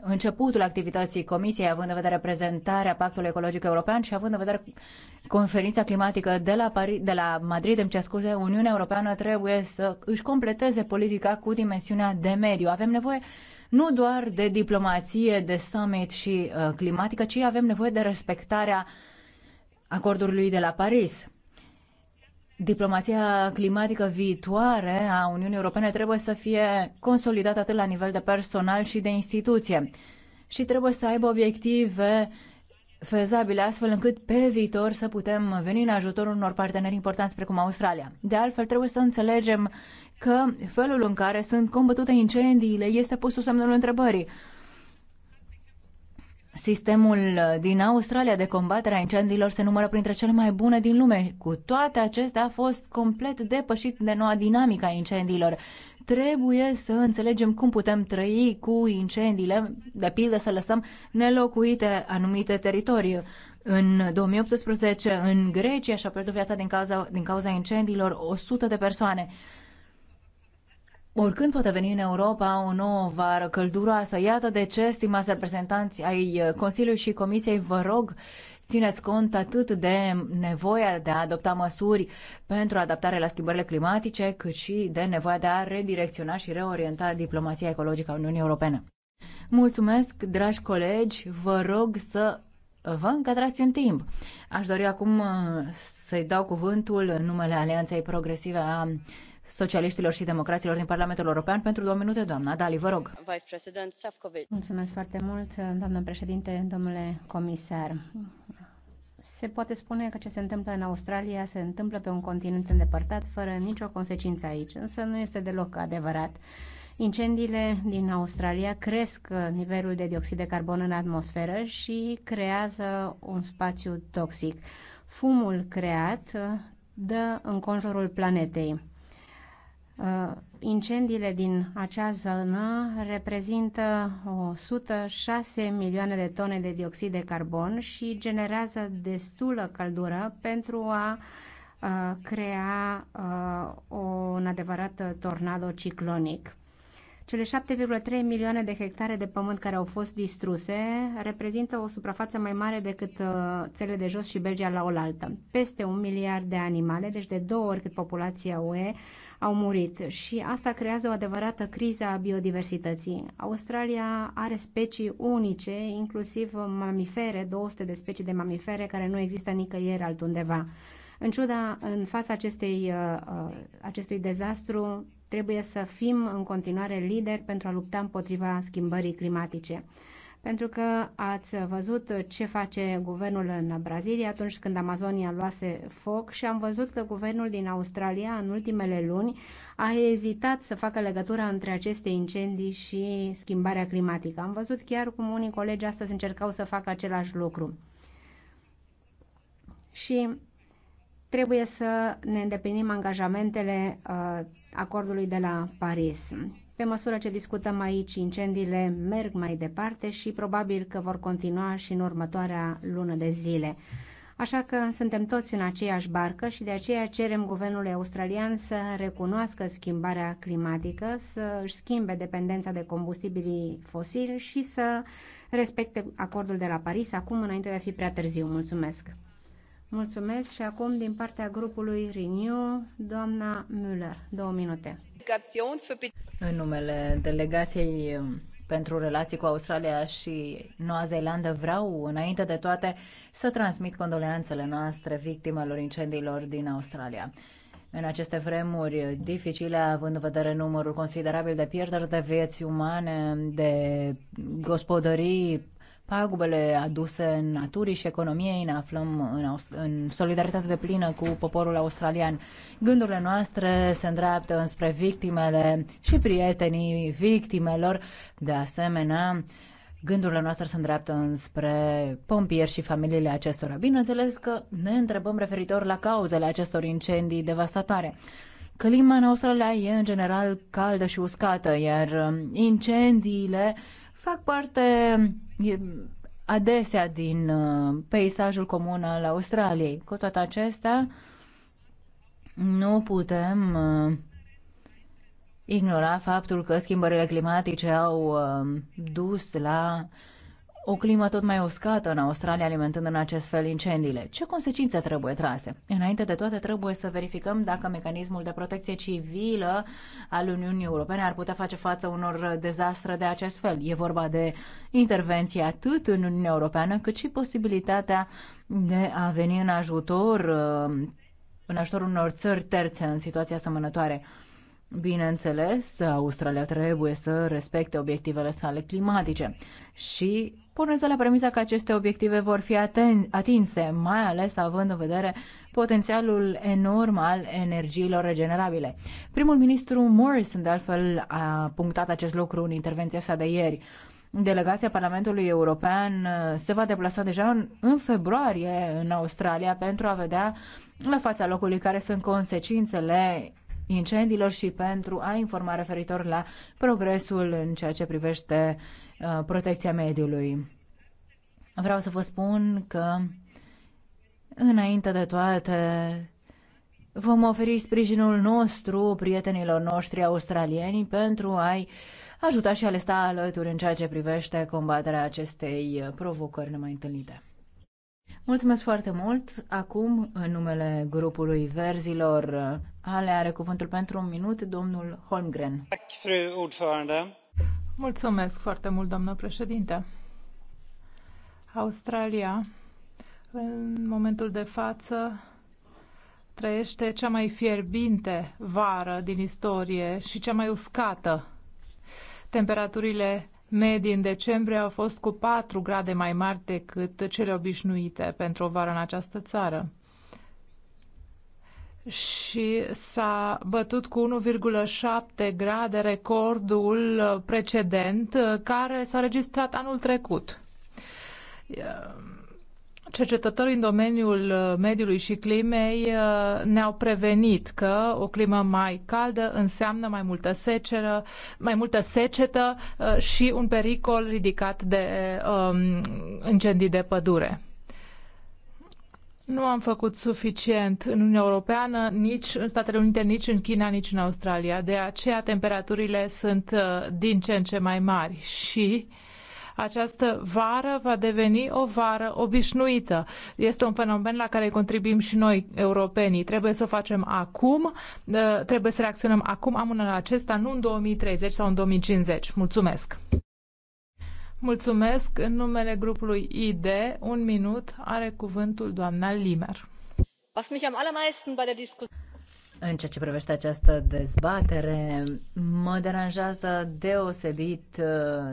începutul activității comisiei, având în vedere prezentarea Pactului Ecologic European și având în vedere conferința climatică de la, Paris, de la Madrid, îmi cer scuze, Uniunea Europeană trebuie să își completeze politica cu dimensiunea de mediu. Avem nevoie nu doar de diplomație, de summit și uh, climatică, ci avem nevoie de respectarea acordului de la Paris. Diplomația climatică viitoare a Uniunii Europene trebuie să fie consolidată atât la nivel de personal și de instituție și trebuie să aibă obiective fezabile, astfel încât pe viitor să putem veni în ajutorul unor parteneri importanți precum Australia. De altfel, trebuie să înțelegem că felul în care sunt combătute incendiile este pus sub semnul întrebării. Sistemul din Australia de combatere a incendiilor se numără printre cele mai bune din lume. Cu toate acestea a fost complet depășit de noua dinamică a incendiilor. Trebuie să înțelegem cum putem trăi cu incendiile, de pildă să lăsăm nelocuite anumite teritorii. În 2018, în Grecia și-a pierdut viața din cauza, din cauza incendiilor 100 de persoane. Oricând poate veni în Europa o nouă vară călduroasă, iată de ce, stimați reprezentanți ai uh, Consiliului și Comisiei, vă rog, țineți cont atât de nevoia de a adopta măsuri pentru adaptare la schimbările climatice, cât și de nevoia de a redirecționa și reorienta diplomația ecologică a Uniunii Europene. Mulțumesc, dragi colegi, vă rog să vă încadrați în timp. Aș dori acum uh, să-i dau cuvântul în numele Alianței Progresive a socialiștilor și democraților din Parlamentul European pentru două minute, doamna Dali, vă rog. Mulțumesc foarte mult, doamnă președinte, domnule comisar. Se poate spune că ce se întâmplă în Australia se întâmplă pe un continent îndepărtat, fără nicio consecință aici, însă nu este deloc adevărat. Incendiile din Australia cresc nivelul de dioxid de carbon în atmosferă și creează un spațiu toxic. Fumul creat dă în conjurul planetei. Uh, incendiile din acea zonă reprezintă 106 milioane de tone de dioxid de carbon și generează destulă căldură pentru a uh, crea uh, un adevărat tornado ciclonic. Cele 7,3 milioane de hectare de pământ care au fost distruse reprezintă o suprafață mai mare decât țele de jos și Belgia la oaltă. Peste un miliard de animale, deci de două ori cât populația UE, au murit și asta creează o adevărată criză a biodiversității. Australia are specii unice, inclusiv mamifere, 200 de specii de mamifere care nu există nicăieri altundeva. În ciuda, în fața acestei, uh, uh, acestui dezastru, trebuie să fim în continuare lideri pentru a lupta împotriva schimbării climatice pentru că ați văzut ce face guvernul în Brazilia atunci când Amazonia luase foc și am văzut că guvernul din Australia în ultimele luni a ezitat să facă legătura între aceste incendii și schimbarea climatică. Am văzut chiar cum unii colegi astăzi încercau să facă același lucru. Și trebuie să ne îndeplinim angajamentele uh, acordului de la Paris. Pe măsură ce discutăm aici, incendiile merg mai departe și probabil că vor continua și în următoarea lună de zile. Așa că suntem toți în aceeași barcă și de aceea cerem guvernului australian să recunoască schimbarea climatică, să își schimbe dependența de combustibilii fosili și să respecte acordul de la Paris acum înainte de a fi prea târziu. Mulțumesc! Mulțumesc și acum din partea grupului Renew, doamna Müller, două minute. În numele delegației um, pentru relații cu Australia și Noua Zeelandă vreau, înainte de toate, să transmit condoleanțele noastre victimelor incendiilor din Australia. În aceste vremuri dificile, având în vedere numărul considerabil de pierderi de vieți umane, de gospodării pagubele aduse în naturii și economiei, ne aflăm în, în solidaritate de plină cu poporul australian. Gândurile noastre se îndreaptă înspre victimele și prietenii victimelor. De asemenea, gândurile noastre se îndreaptă înspre pompieri și familiile acestora. Bineînțeles că ne întrebăm referitor la cauzele acestor incendii devastatoare. Clima în Australia e în general caldă și uscată, iar um, incendiile uh, fac parte adesea din uh, peisajul comun al Australiei. Cu toate acestea, nu putem uh, ignora faptul că schimbările climatice au uh, dus la o climă tot mai uscată în Australia, alimentând în acest fel incendiile. Ce consecințe trebuie trase? Înainte de toate, trebuie să verificăm dacă mecanismul de protecție civilă al Uniunii Europene ar putea face față unor dezastre de acest fel. E vorba de intervenție atât în Uniunea Europeană, cât și posibilitatea de a veni în ajutor, uh, în ajutor unor țări terțe în situații asemănătoare. Bineînțeles, Australia trebuie să respecte obiectivele sale climatice și pornesc de la premisa că aceste obiective vor fi atinse, mai ales având în vedere potențialul enorm al energiilor regenerabile. Primul ministru Morrison, de altfel, a punctat acest lucru în intervenția sa de ieri. Delegația Parlamentului European uh, se va deplasa deja în, în februarie în Australia pentru a vedea la fața locului care sunt consecințele incendiilor și pentru a informa referitor la progresul în ceea ce privește uh, Uh, protecția mediului. Vreau să vă spun că, înainte de toate, vom oferi sprijinul nostru prietenilor noștri australieni pentru a-i ajuta și a le sta alături în ceea ce privește combaterea acestei provocări nemai întâlnite. Mulțumesc foarte mult. Acum, în numele grupului Verzilor, uh, ale are cuvântul pentru un minut domnul Holmgren. Mulțumesc, fru ordförande. Mulțumesc foarte mult, doamnă președinte. Australia, în momentul de față, trăiește cea mai fierbinte vară din istorie și cea mai uscată. Temperaturile medii în decembrie au fost cu 4 grade mai mari decât cele obișnuite pentru o vară în această țară și s-a bătut cu 1,7 grade recordul precedent uh, care s-a registrat anul trecut. Uh, cercetătorii în domeniul uh, mediului și climei ne-au prevenit că o climă mai caldă înseamnă mai multă seceră, mai multă secetă și un pericol ridicat de um, incendii de pădure. Nu am făcut suficient în Uniunea Europeană, nici în Statele Unite, nici în China, nici în Australia. De aceea temperaturile sunt uh, din ce în ce mai mari și această vară va deveni o vară obișnuită. Este un fenomen la care contribuim și noi, europenii. Trebuie să o facem acum, uh, trebuie să reacționăm acum, la acesta, nu în 2030 sau în 2050. Mulțumesc! Mulțumesc. În numele grupului ID, un minut, are cuvântul doamna Limer. În ceea ce privește această dezbatere, mă deranjează deosebit uh,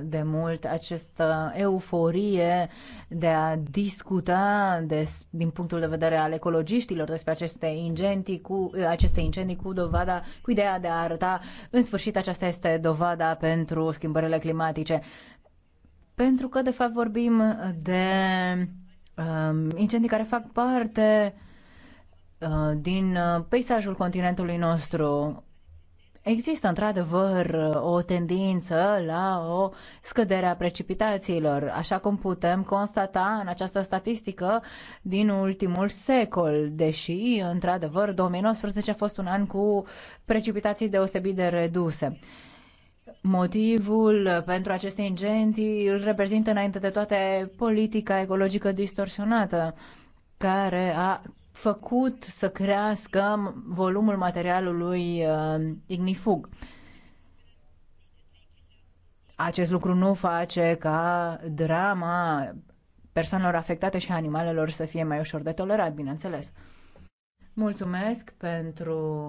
de mult această euforie de a discuta de, din punctul de vedere al ecologiștilor despre aceste incendii cu, uh, aceste incendii cu dovada, cu ideea de a arăta în sfârșit aceasta este dovada pentru schimbările climatice pentru că, de fapt, vorbim de um, incendii care fac parte uh, din uh, peisajul continentului nostru. Există, într-adevăr, o tendință la o scădere a precipitațiilor, așa cum putem constata în această statistică din ultimul secol, deși, într-adevăr, 2019 a fost un an cu precipitații deosebit de reduse. Uh, Motivul pentru aceste incentii îl reprezintă înainte de toate politica ecologică distorsionată, care a făcut să crească volumul materialului uh, ignifug. Acest lucru nu face ca drama persoanelor afectate și animalelor să fie mai ușor de tolerat, bineînțeles. Mulțumesc pentru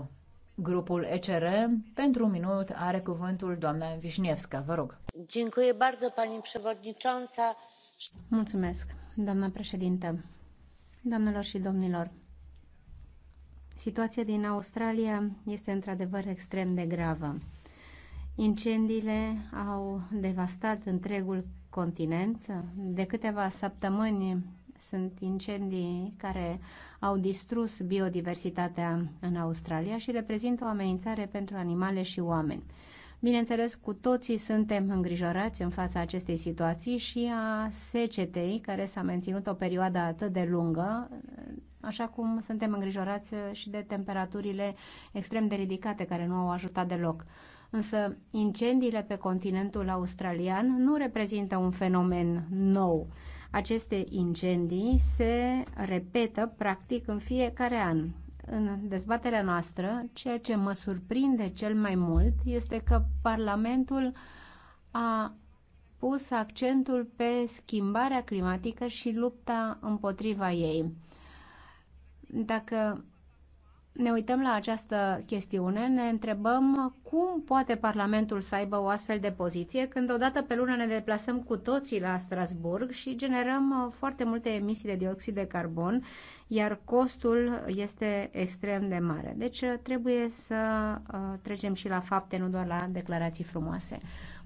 grupul ECR. Pentru un minut are cuvântul doamna Vișnievska. Vă rog. Mulțumesc, doamna președintă. Doamnelor și domnilor, situația din Australia este într-adevăr extrem de gravă. Incendiile au devastat întregul continent. De câteva săptămâni sunt incendii care au distrus biodiversitatea în Australia și reprezintă o amenințare pentru animale și oameni. Bineînțeles, cu toții suntem îngrijorați în fața acestei situații și a secetei, care s-a menținut o perioadă atât de lungă, așa cum suntem îngrijorați și de temperaturile extrem de ridicate, care nu au ajutat deloc. Însă, incendiile pe continentul australian nu reprezintă un fenomen nou. Aceste incendii se repetă practic în fiecare an. În dezbaterea noastră, ceea ce mă surprinde cel mai mult este că Parlamentul a pus accentul pe schimbarea climatică și lupta împotriva ei. Dacă ne uităm la această chestiune, ne întrebăm cum poate Parlamentul să aibă o astfel de poziție când odată pe lună ne deplasăm cu toții la Strasburg și generăm uh, foarte multe emisii de dioxid de carbon, iar costul este extrem de mare. Deci uh, trebuie să uh, trecem și la fapte, nu doar la declarații frumoase.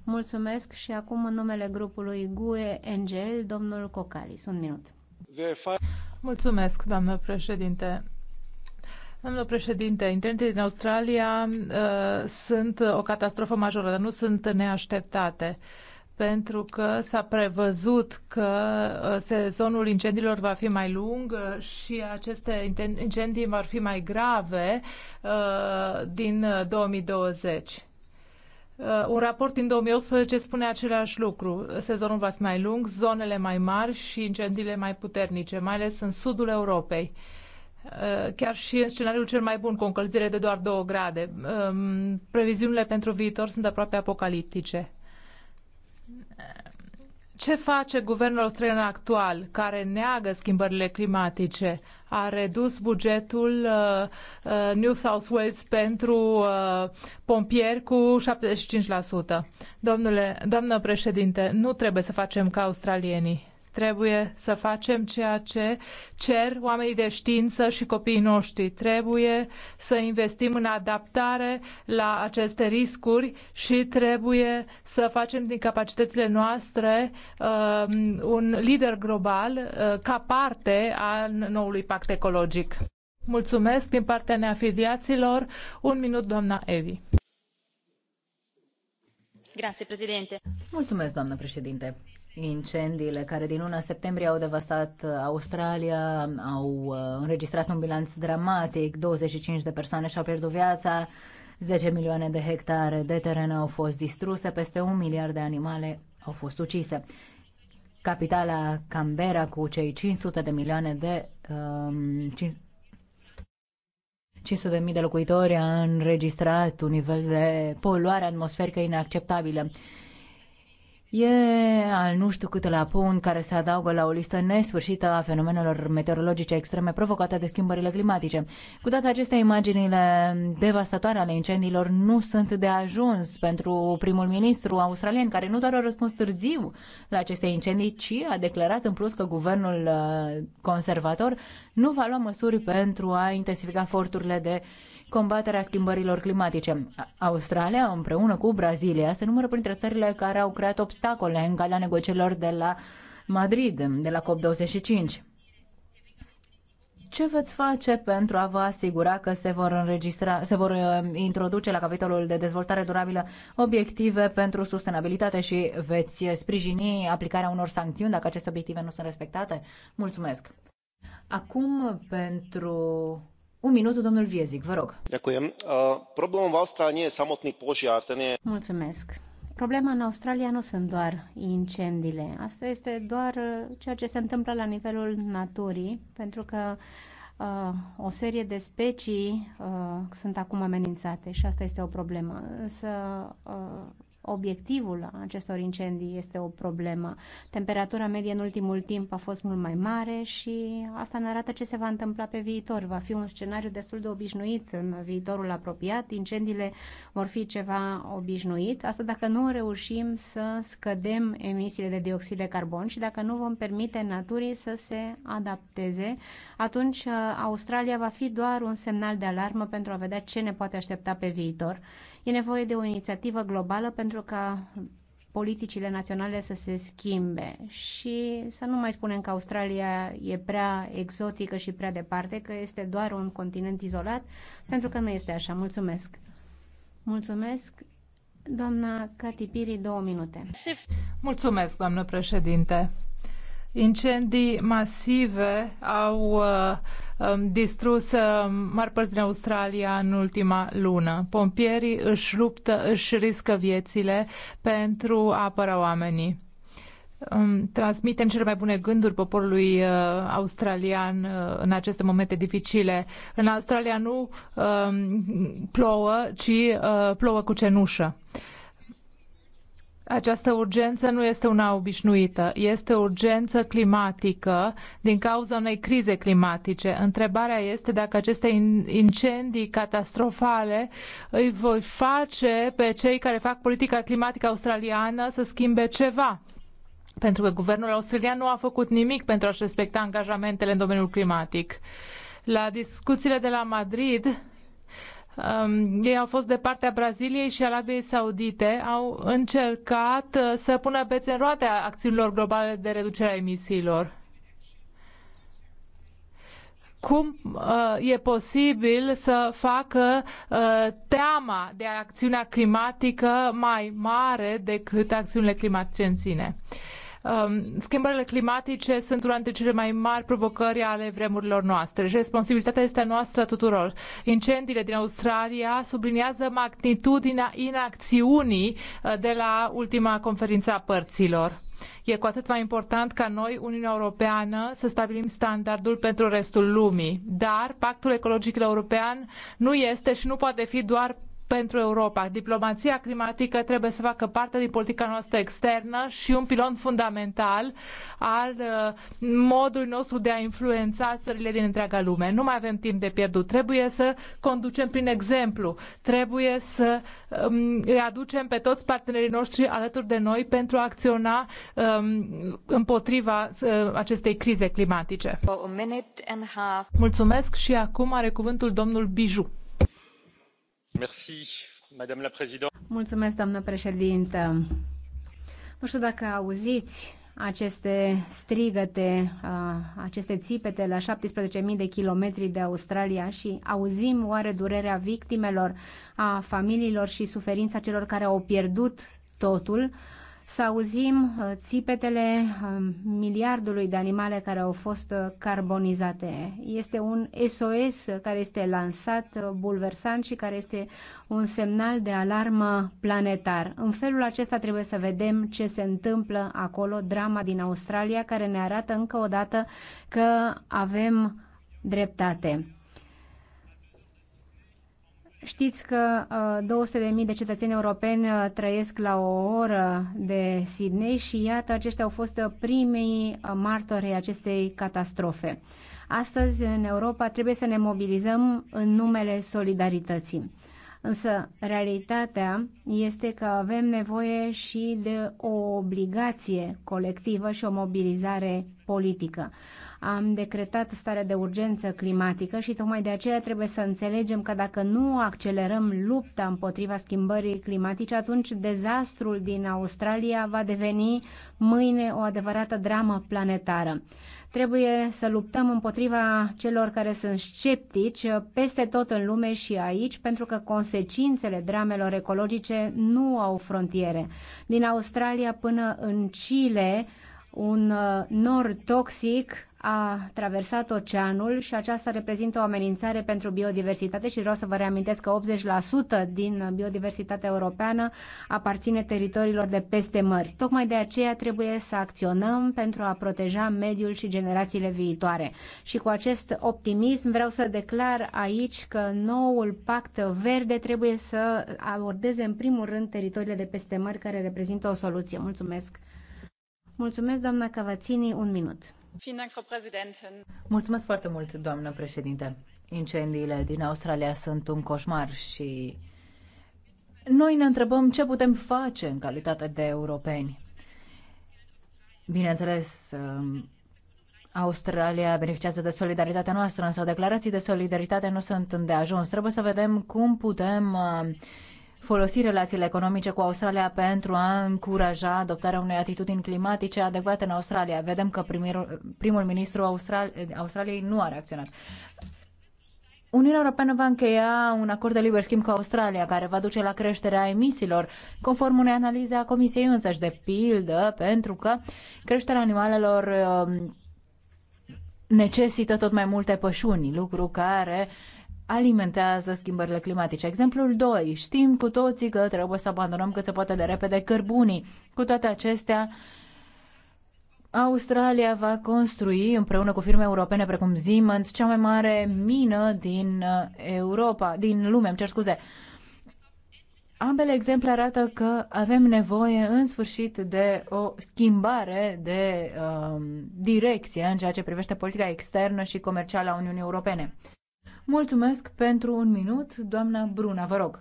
Mulțumesc și acum în numele grupului GUE Angel, domnul Cocalis. Un minut. Mulțumesc, doamnă președinte. Domnul președinte, incendiile din Australia uh, sunt o catastrofă majoră, dar nu sunt neașteptate pentru că s-a prevăzut că uh, sezonul incendiilor va fi mai lung uh, și aceste incendii vor fi mai grave uh, din 2020. Un raport din 2018 spune același lucru. Sezonul va fi mai lung, zonele mai mari și incendiile mai puternice, mai ales în sudul Europei. Uh, chiar și în scenariul cel mai bun, cu o încălzire de doar 2 grade. Um, previziunile pentru viitor sunt aproape apocaliptice. Ce face guvernul australian actual, care neagă schimbările climatice? A redus bugetul uh, uh New South Wales pentru uh, pompieri cu 75%. Domnule, doamnă președinte, nu trebuie să facem ca australienii Trebuie să facem ceea ce cer oamenii de știință și copiii noștri. Trebuie să investim în adaptare la aceste riscuri și trebuie să facem din capacitățile noastre uh, un lider global uh, ca parte al noului pact ecologic. Mulțumesc din partea neafiliaților. Un minut, doamna Evi. Grazie, Mulțumesc, doamnă președinte incendiile care din luna septembrie au devastat uh, Australia, au uh, înregistrat un bilanț dramatic, 25 de persoane și-au pierdut viața, 10 milioane de hectare de teren au fost distruse, peste un miliard de animale au fost ucise. Capitala Canberra cu cei 500 de milioane de um, 500 de de locuitori a înregistrat un nivel de poluare atmosferică inacceptabilă. E al nu știu câtele apun care se adaugă la o listă nesfârșită a fenomenelor meteorologice extreme provocate de schimbările climatice. Cu toate acestea, imaginile devastatoare ale incendiilor nu sunt de ajuns pentru primul ministru australian, care nu doar a răspuns târziu la aceste incendii, ci a declarat în plus că guvernul uh, conservator nu va lua măsuri pentru a intensifica forturile de combaterea schimbărilor climatice. Australia, împreună cu Brazilia, se numără printre țările care au creat obstacole în calea negocierilor de la Madrid, de la COP25. Ce veți face pentru a vă asigura că se vor înregistra, se vor uh, introduce la capitolul de dezvoltare durabilă obiective pentru sustenabilitate și veți sprijini aplicarea unor sancțiuni dacă aceste obiective nu sunt respectate? Mulțumesc. Acum pentru un minut, domnul Viezic, vă rog. Problema voastră nu e samotnic požiar, Mulțumesc. Problema în Australia nu sunt doar incendiile. Asta este doar ceea ce se întâmplă la nivelul naturii, pentru că uh, o serie de specii uh, sunt acum amenințate și asta este o problemă. Însă uh, obiectivul acestor incendii este o problemă. Temperatura medie în ultimul timp a fost mult mai mare și asta ne arată ce se va întâmpla pe viitor. Va fi un scenariu destul de obișnuit în viitorul apropiat. Incendiile vor fi ceva obișnuit. Asta dacă nu reușim să scădem emisiile de dioxid de carbon și dacă nu vom permite naturii să se adapteze, atunci uh, Australia va fi doar un semnal de alarmă pentru a vedea ce ne poate aștepta pe viitor. E nevoie de o inițiativă globală pentru ca politicile naționale să se schimbe și să nu mai spunem că Australia e prea exotică și prea departe, că este doar un continent izolat, pentru că nu este așa. Mulțumesc! Mulțumesc! Doamna Catipiri, două minute. Mulțumesc, doamnă președinte! Incendii masive au uh, um, distrus uh, mari părți din Australia în ultima lună. Pompierii își luptă, își riscă viețile pentru a apăra oamenii. Um, transmitem cele mai bune gânduri poporului uh, australian uh, în aceste momente dificile. În Australia nu uh, plouă, ci uh, plouă cu cenușă. Uh, această urgență nu este una obișnuită, este urgență climatică din cauza unei crize climatice. Întrebarea este dacă aceste incendii catastrofale îi voi face pe cei care fac politica climatică australiană să schimbe ceva. Pentru că guvernul australian nu a făcut nimic pentru a-și respecta angajamentele în domeniul climatic. La discuțiile de la Madrid, um, ei au fost de partea Braziliei și Arabiei Saudite, au încercat uh, să pună bețe în roate acțiunilor globale de reducere a emisiilor cum uh, e posibil să facă uh, teama de acțiunea climatică mai mare decât acțiunile climatice în sine. Uh, Um, schimbările climatice sunt una dintre cele mai mari provocări ale vremurilor noastre și responsabilitatea este a noastră tuturor. Incendiile din Australia subliniază magnitudinea inacțiunii uh, de la ultima conferință a părților. E cu atât mai important ca noi, Uniunea Europeană, să stabilim standardul pentru restul lumii. Dar pactul ecologic european nu este și nu poate fi doar pentru Europa. Diplomația climatică trebuie să facă parte din politica noastră externă și un pilon fundamental al uh, modului nostru de a influența țările din întreaga lume. Nu mai avem timp de pierdut. Trebuie să conducem prin exemplu. Trebuie să um, îi aducem pe toți partenerii noștri alături de noi pentru a acționa um, împotriva uh, acestei crize climatice. Mulțumesc și acum are cuvântul domnul Bijou. Mulțumesc, doamnă președintă. Nu știu dacă auziți aceste strigăte, aceste țipete la 17.000 de kilometri de Australia și auzim oare durerea victimelor, a familiilor și suferința celor care au pierdut totul, să auzim uh, țipetele um, miliardului de animale care au fost uh, carbonizate. Este un SOS care este lansat, uh, bulversant și care este un semnal de alarmă planetar. În felul acesta trebuie să vedem ce se întâmplă acolo, drama din Australia, care ne arată încă o dată că avem dreptate. Știți că uh, 200.000 de cetățeni europeni uh, trăiesc la o oră de Sydney și iată, aceștia au fost uh, primii uh, martori acestei catastrofe. Astăzi, în Europa, trebuie să ne mobilizăm în numele solidarității. Însă, realitatea este că avem nevoie și de o obligație colectivă și o mobilizare politică am decretat starea de urgență climatică și tocmai de aceea trebuie să înțelegem că dacă nu accelerăm lupta împotriva schimbării climatice, atunci dezastrul din Australia va deveni mâine o adevărată dramă planetară trebuie să luptăm împotriva celor care sunt sceptici peste tot în lume și aici, pentru că consecințele dramelor ecologice nu au frontiere. Din Australia până în Chile, un uh, nor toxic a traversat oceanul și aceasta reprezintă o amenințare pentru biodiversitate și vreau să vă reamintesc că 80% din biodiversitatea europeană aparține teritoriilor de peste mări. Tocmai de aceea trebuie să acționăm pentru a proteja mediul și generațiile viitoare. Și cu acest optimism vreau să declar aici că noul pact verde trebuie să abordeze în primul rând teritoriile de peste mări care reprezintă o soluție. Mulțumesc! Mulțumesc, doamna Cavățini, un minut. Mulțumesc foarte mult, doamnă președinte. Incendiile din Australia sunt un coșmar și noi ne întrebăm ce putem face în calitate de europeni. Bineînțeles, um, Australia beneficiază de solidaritatea noastră, însă declarații de solidaritate nu sunt îndeajuns. Trebuie să vedem cum putem um, folosi relațiile economice cu Australia pentru a încuraja adoptarea unei atitudini climatice adecvate în Australia. Vedem că primirul, primul ministru Australi, Australiei nu a reacționat. Uniunea Europeană va încheia un acord de liber schimb cu Australia, care va duce la creșterea emisiilor, conform unei analize a Comisiei însăși, de pildă, pentru că creșterea animalelor um, necesită tot mai multe pășuni, lucru care uh, alimentează schimbările climatice. Exemplul 2. Știm cu toții că trebuie să abandonăm cât se poate de repede cărbunii. Cu toate acestea, Australia va construi împreună cu firme europene precum Siemens cea mai mare mină din uh, Europa, din lume, îmi cer scuze. Ambele exemple arată că avem nevoie în sfârșit de o schimbare de um, direcție în ceea ce privește politica externă și comercială a Uniunii Europene. Mulțumesc pentru un minut, doamna Bruna, vă rog.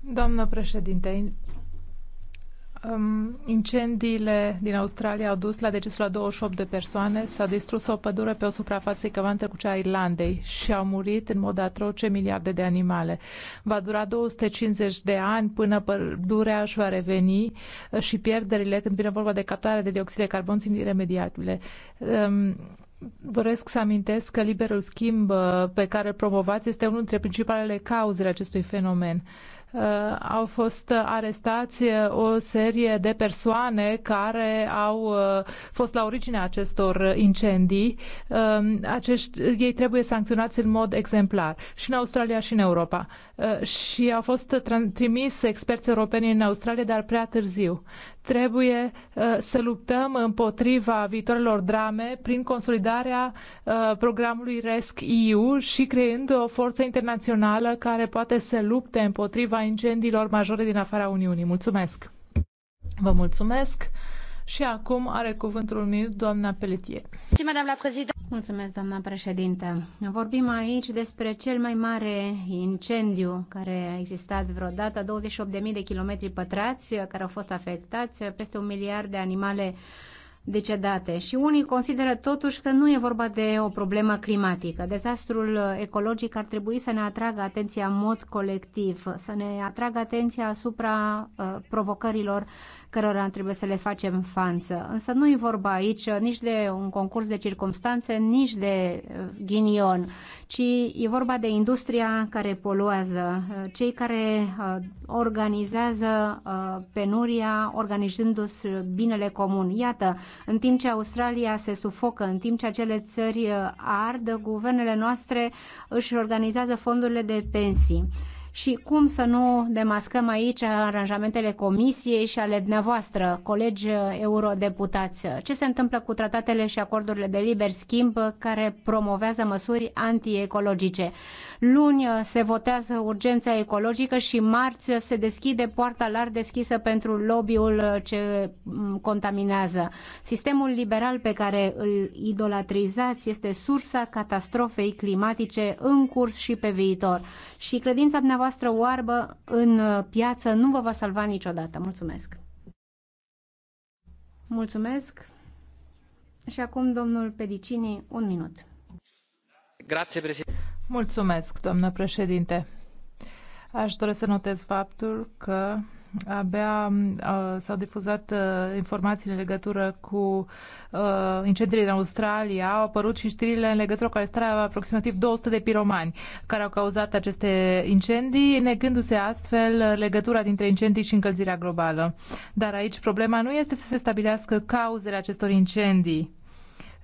Doamna președinte, um, incendiile din Australia au dus la decesul la 28 de persoane, s-a distrus o pădure pe o suprafață echivalentă cu cea a Irlandei și au murit în mod atroce miliarde de animale. Va dura 250 de ani până pădurea își va reveni uh, și pierderile, când vine vorba de captarea de dioxid de carbon, sunt iremediabile. Um, doresc să amintesc că liberul schimb uh, pe care îl promovați este unul dintre principalele ale acestui fenomen. Uh, au fost arestați uh, o serie de persoane care au fost la originea acestor incendii. Um, acești, ei trebuie sancționați în mod exemplar și în Australia și în Europa. Uh, și au fost trimis experți europeni în Australia, dar prea târziu. Trebuie uh, să luptăm împotriva viitorilor drame prin consolidarea uh, programului RESC-EU și creând o forță internațională care poate să lupte împotriva incendiilor majore din afara Uniunii. Mulțumesc! Vă mulțumesc! Și acum are cuvântul un doamna Pelletier. Mulțumesc, doamna președintă. Vorbim aici despre cel mai mare incendiu care a existat vreodată, 28.000 de kilometri pătrați care au fost afectați, peste un miliard de animale decedate și unii consideră totuși că nu e vorba de o problemă climatică. Dezastrul ecologic ar trebui să ne atragă atenția în mod colectiv, să ne atragă atenția asupra uh, provocărilor cărora trebuie să le facem față. Însă nu e vorba aici nici de un concurs de circumstanțe, nici de uh, ghinion, ci e vorba de industria care poluează, uh, cei care uh, organizează penuria organizându-și binele comun. Iată, în timp ce Australia se sufocă, în timp ce acele țări ard, guvernele noastre își organizează fondurile de pensii și cum să nu demascăm aici aranjamentele comisiei și ale dumneavoastră, colegi eurodeputați. Ce se întâmplă cu tratatele și acordurile de liber schimb care promovează măsuri antiecologice? Luni se votează urgența ecologică și marți se deschide poarta larg deschisă pentru lobby-ul ce contaminează. Sistemul liberal pe care îl idolatrizați este sursa catastrofei climatice în curs și pe viitor. Și credința dumneavoastră oarbă în piață nu vă va salva niciodată. Mulțumesc! Mulțumesc! Și acum domnul Pedicini, un minut. Grazie, președinte. Mulțumesc, doamnă președinte. Aș dori să notez faptul că abia uh, s-au difuzat uh, informații în legătură cu uh, incendiile în Australia. Au apărut și știrile în legătură cu arestarea aproximativ 200 de piromani care au cauzat aceste incendii, negându-se astfel uh, legătura dintre incendii și încălzirea globală. Dar aici problema nu este să se stabilească cauzele acestor incendii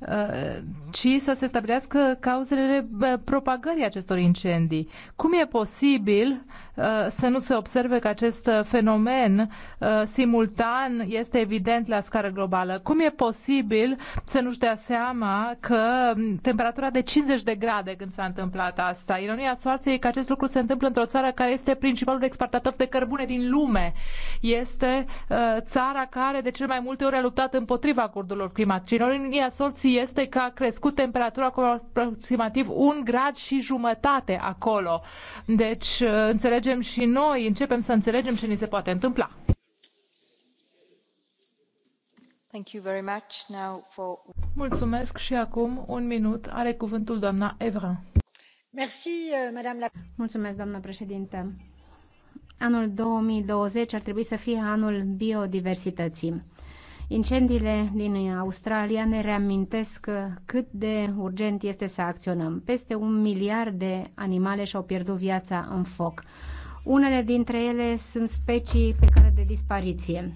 Uh, ci să se stabilească cauzele uh, propagării acestor incendii. Cum e posibil uh, Uh, să nu se observe că acest uh, fenomen uh, simultan este evident la scară globală. Cum e posibil să nu-și dea seama că um, temperatura de 50 de grade când s-a întâmplat asta? Ironia soarței e că acest lucru se întâmplă într-o țară care este principalul exportator de cărbune din lume. Este țara care de cele mai multe ori a luptat împotriva acordurilor climatice. Ironia soarței este că a crescut temperatura cu aproximativ un grad și jumătate acolo. Deci, înțelegeți înțelegem și noi, începem să înțelegem ce ni se poate întâmpla. Thank you very much. Now for... Mulțumesc și acum un minut are cuvântul doamna Evra. Merci, euh, madame la... Mulțumesc, doamna președinte. Anul 2020 ar trebui să fie anul biodiversității. Incendiile din Australia ne reamintesc cât de urgent este să acționăm. Peste un miliard de animale și-au pierdut viața în foc. Unele dintre ele sunt specii pe care de dispariție.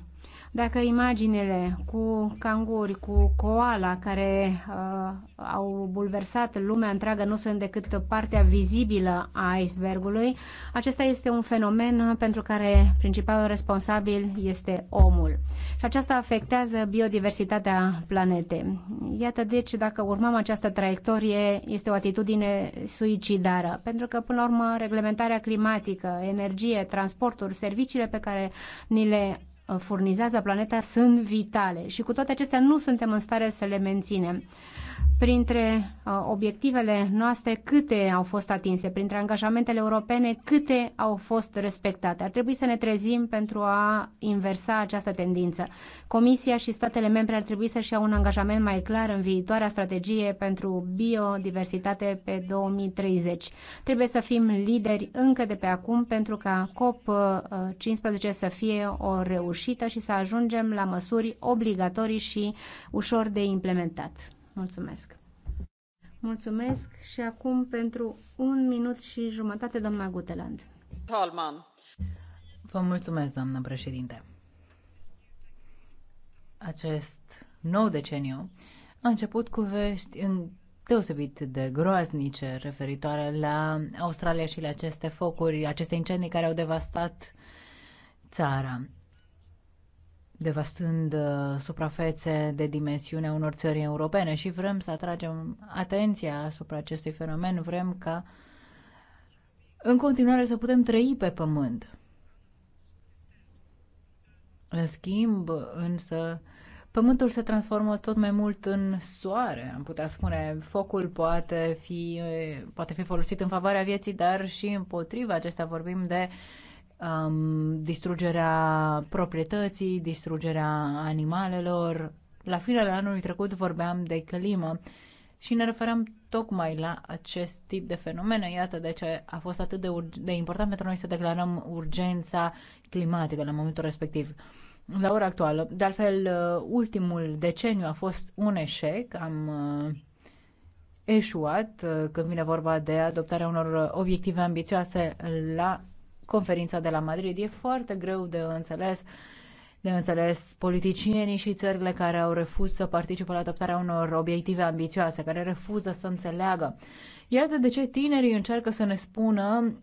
Dacă imaginele cu canguri, cu koala care uh, au bulversat lumea întreagă nu sunt decât partea vizibilă a icebergului, acesta este un fenomen pentru care principalul responsabil este omul. Și aceasta afectează biodiversitatea planetei. Iată deci, dacă urmăm această traiectorie, este o atitudine suicidară, pentru că până la urmă reglementarea climatică, energie, transporturi, serviciile pe care ni le Uh, furnizează planeta sunt vitale și cu toate acestea nu suntem în stare să le menținem printre uh, obiectivele noastre câte au fost atinse, printre angajamentele europene câte au fost respectate. Ar trebui să ne trezim pentru a inversa această tendință. Comisia și statele membre ar trebui să-și iau un angajament mai clar în viitoarea strategie pentru biodiversitate pe 2030. Trebuie să fim lideri încă de pe acum pentru ca COP15 să fie o reușită și să ajungem la măsuri obligatorii și ușor de implementat. Mulțumesc! Mulțumesc și acum pentru un minut și jumătate, doamna Guteland. Talman. Vă mulțumesc, doamnă președinte. Acest nou deceniu a început cu vești în deosebit de groaznice referitoare la Australia și la aceste focuri, aceste incendii care au devastat țara devastând uh, suprafețe de dimensiunea unor țări europene și vrem să atragem atenția asupra acestui fenomen, vrem ca în continuare să putem trăi pe pământ. În schimb, însă, pământul se transformă tot mai mult în soare, am putea spune. Focul poate fi, poate fi folosit în favoarea vieții, dar și împotriva acestea vorbim de uh, um, distrugerea proprietății, distrugerea animalelor. La finele anului trecut vorbeam de climă și ne referam tocmai la acest tip de fenomene. Iată de ce a fost atât de, de important pentru noi să declarăm urgența climatică la momentul respectiv. La ora actuală, de altfel, uh, ultimul deceniu a fost un eșec. Am uh, eșuat uh, când vine vorba de adoptarea unor obiective ambițioase la conferința de la Madrid. E foarte greu de înțeles de înțeles politicienii și țările care au refuz să participe la adoptarea unor obiective ambițioase, care refuză să înțeleagă. Iată de ce tinerii încearcă să ne spună,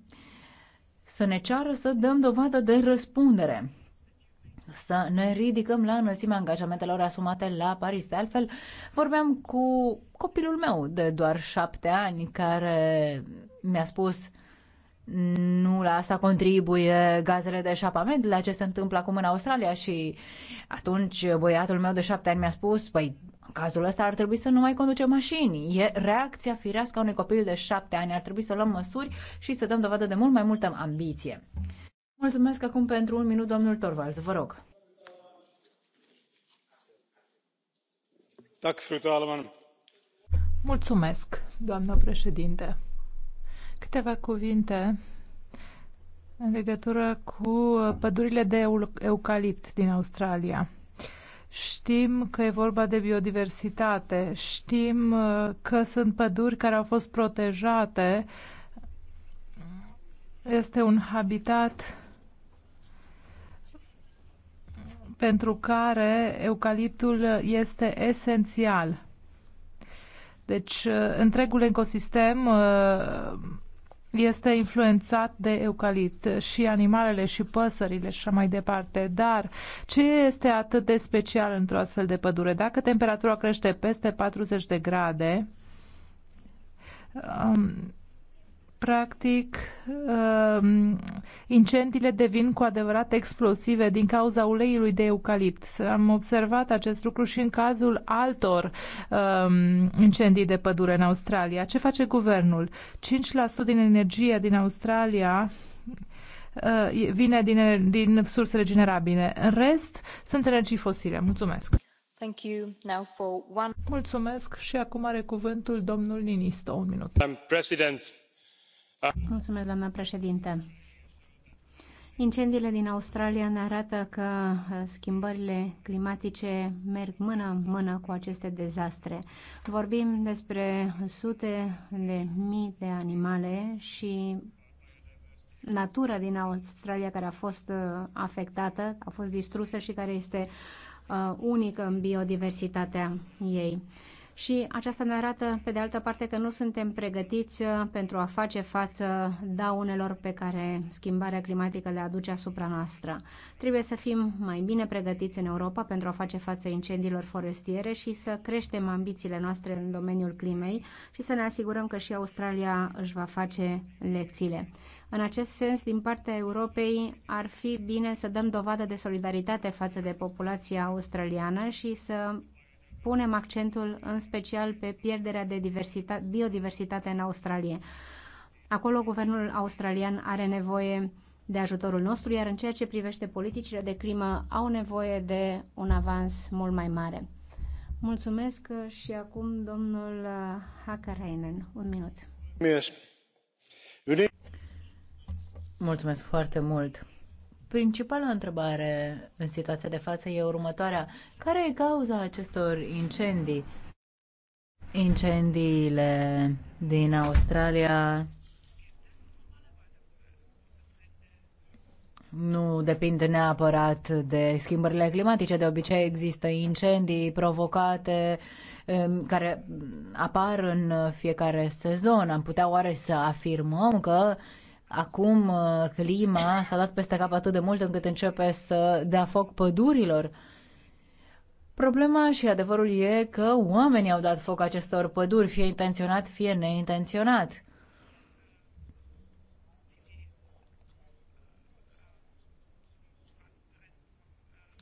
să ne ceară să dăm dovadă de răspundere să ne ridicăm la înălțimea angajamentelor asumate la Paris. De altfel, vorbeam cu copilul meu de doar șapte ani, care mi-a spus nu la asta contribuie gazele de eșapament, la ce se întâmplă acum în Australia și atunci băiatul meu de șapte ani mi-a spus, păi în cazul ăsta ar trebui să nu mai conducem mașini. E reacția firească a unui copil de șapte ani. Ar trebui să luăm măsuri și să dăm dovadă de mult mai multă ambiție. Mulțumesc acum pentru un minut, domnul Torvalds. Vă rog. Mulțumesc, doamnă președinte. Câteva cuvinte în legătură cu pădurile de eucalipt din Australia. Știm că e vorba de biodiversitate, știm uh, că sunt păduri care au fost protejate. Este un habitat pentru care eucaliptul este esențial. Deci, uh, întregul ecosistem uh, este influențat de eucalipt și animalele și păsările și așa mai departe. Dar ce este atât de special într-o astfel de pădure? Dacă temperatura crește peste 40 de grade, um, practic, um, incendiile devin cu adevărat explosive din cauza uleiului de eucalipt. Am observat acest lucru și în cazul altor um, incendii de pădure în Australia. Ce face guvernul? 5% din energia din Australia uh, vine din, din surse regenerabile. În rest, sunt energii fosile. Mulțumesc! Thank you. Now for one... Mulțumesc și acum are cuvântul domnul Ninisto. Un minut. Mulțumesc, doamna președinte. Incendiile din Australia ne arată că uh, schimbările climatice merg mână în mână cu aceste dezastre. Vorbim despre sute de mii de animale și natura din Australia care a fost uh, afectată, a fost distrusă și care este uh, unică în biodiversitatea ei. Și aceasta ne arată, pe de altă parte, că nu suntem pregătiți uh, pentru a face față daunelor pe care schimbarea climatică le aduce asupra noastră. Trebuie să fim mai bine pregătiți în Europa pentru a face față incendiilor forestiere și să creștem ambițiile noastre în domeniul climei și să ne asigurăm că și Australia își va face lecțiile. În acest sens, din partea Europei, ar fi bine să dăm dovadă de solidaritate față de populația australiană și să punem accentul în special pe pierderea de biodiversitate în Australia. Acolo guvernul australian are nevoie de ajutorul nostru, iar în ceea ce privește politicile de climă, au nevoie de un avans mult mai mare. Mulțumesc și acum domnul Hakarainen. Un minut. Mulțumesc foarte mult. Principala întrebare în situația de față e următoarea. Care e cauza acestor incendii? Incendiile din Australia nu depind neapărat de schimbările climatice. De obicei există incendii provocate um, care apar în fiecare sezon. Am putea oare să afirmăm că Acum uh, clima s-a dat peste cap atât de mult încât începe să dea foc pădurilor. Problema și adevărul e că oamenii au dat foc acestor păduri, fie intenționat, fie neintenționat.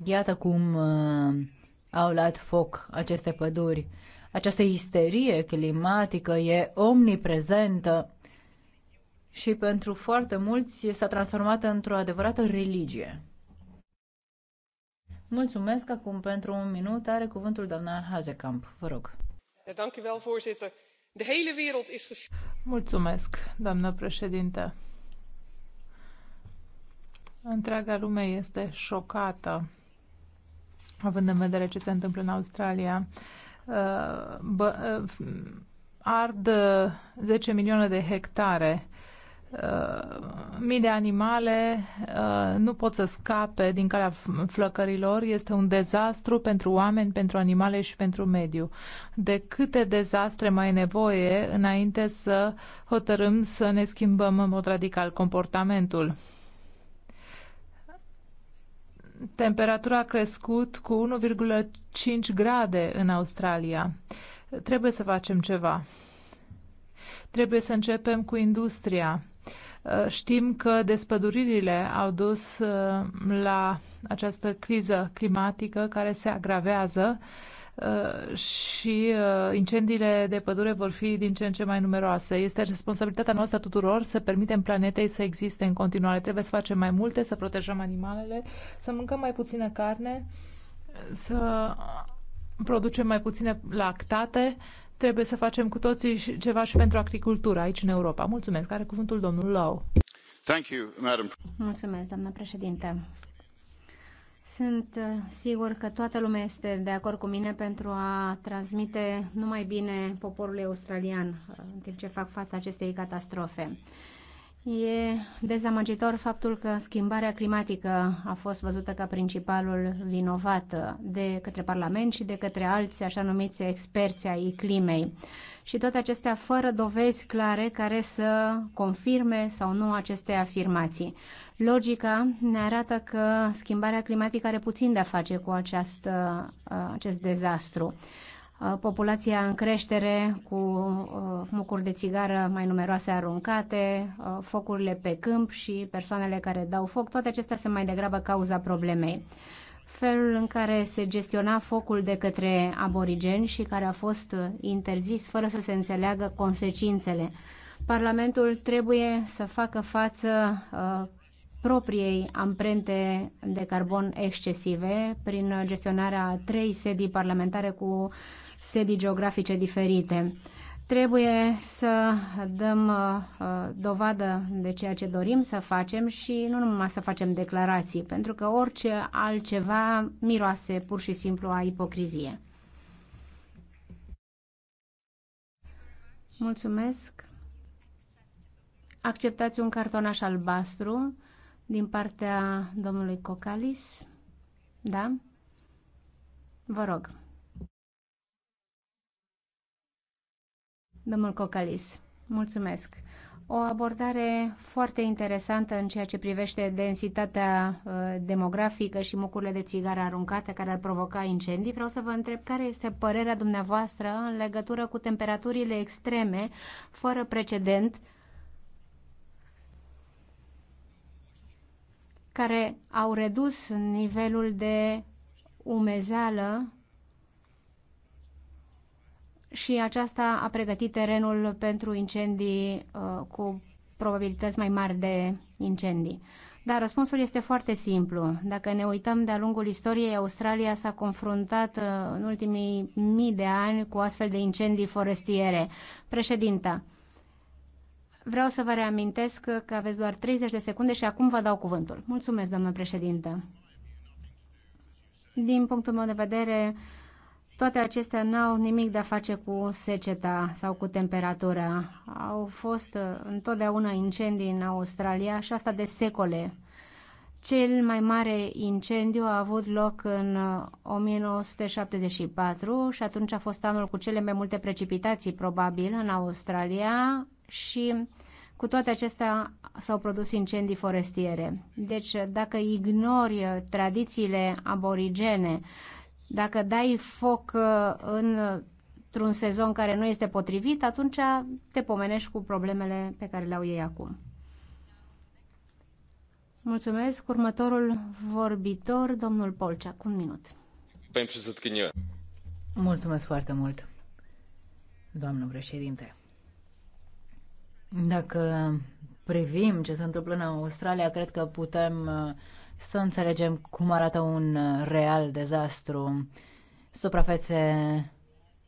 Iată cum uh, au luat foc aceste păduri. Această isterie climatică e omniprezentă și pentru foarte mulți s-a transformat într-o adevărată religie. Mulțumesc acum pentru un minut. Are cuvântul doamna Hazekamp. Vă rog. Mulțumesc, doamnă președintă. Întreaga lume este șocată, având în vedere ce se întâmplă în Australia. Uh, uh, ard 10 uh, milioane de hectare Uh, mii de animale uh, nu pot să scape din calea flăcărilor. Este un dezastru pentru oameni, pentru animale și pentru mediu. De câte dezastre mai e nevoie înainte să hotărâm să ne schimbăm în mod radical comportamentul? Temperatura a crescut cu 1,5 grade în Australia. Trebuie să facem ceva trebuie să începem cu industria, Uh, știm că despăduririle au dus uh, la această criză climatică care se agravează uh, și incendiile de pădure vor fi din ce în ce mai numeroase. Este responsabilitatea noastră tuturor să permitem planetei să existe în continuare. Trebuie să facem mai multe, să protejăm animalele, să mâncăm mai puțină carne, să producem mai puține lactate trebuie să facem cu toții ceva și pentru agricultură aici în Europa. Mulțumesc. Are cuvântul domnul Lau. Thank you, madam. Mulțumesc, doamnă președinte. Sunt uh, sigur că toată lumea este de acord cu mine pentru a transmite numai bine poporului australian uh, în timp ce fac față acestei catastrofe. E dezamăgitor faptul că schimbarea climatică a fost văzută ca principalul vinovat de către Parlament și de către alți așa numiți experți ai climei. Și toate acestea fără dovezi clare care să confirme sau nu aceste afirmații. Logica ne arată că schimbarea climatică are puțin de a face cu această, acest dezastru. Uh, populația în creștere cu uh, mucuri de țigară mai numeroase aruncate, uh, focurile pe câmp și persoanele care dau foc, toate acestea sunt mai degrabă cauza problemei. Felul în care se gestiona focul de către aborigeni și care a fost interzis fără să se înțeleagă consecințele. Parlamentul trebuie să facă față uh, propriei amprente de carbon excesive prin gestionarea trei sedii parlamentare cu uh, sedii geografice diferite. Trebuie să dăm uh, uh, dovadă de ceea ce dorim să facem și nu numai să facem declarații, pentru că orice altceva miroase pur și simplu a ipocrizie. Mulțumesc. Acceptați un cartonaș albastru din partea domnului Cocalis? Da? Vă rog. Domnul Cocalis, mulțumesc. O abordare foarte interesantă în ceea ce privește densitatea uh, demografică și mucurile de țigară aruncate care ar provoca incendii. Vreau să vă întreb care este părerea dumneavoastră în legătură cu temperaturile extreme, fără precedent, care au redus nivelul de umezeală și aceasta a pregătit terenul pentru incendii uh, cu probabilități mai mari de incendii. Dar răspunsul este foarte simplu. Dacă ne uităm de-a lungul istoriei, Australia s-a confruntat uh, în ultimii mii de ani cu astfel de incendii forestiere. Președinta, vreau să vă reamintesc că aveți doar 30 de secunde și acum vă dau cuvântul. Mulțumesc, doamnă președintă. Din punctul meu de vedere, toate acestea n-au nimic de a face cu seceta sau cu temperatura. Au fost uh, întotdeauna incendii în Australia și asta de secole. Cel mai mare incendiu a avut loc în 1974 uh, și atunci a fost anul cu cele mai multe precipitații, probabil, în Australia și cu toate acestea s-au produs incendii forestiere. Deci, dacă ignori uh, tradițiile aborigene, dacă dai foc uh, într-un sezon care nu este potrivit, atunci te pomenești cu problemele pe care le au ei acum. Mulțumesc. Următorul vorbitor, domnul Polceac, un minut. Păi, Mulțumesc foarte mult, doamnă președinte. Dacă privim ce se întâmplă în Australia, cred că putem uh, să înțelegem cum arată un uh, real dezastru, suprafețe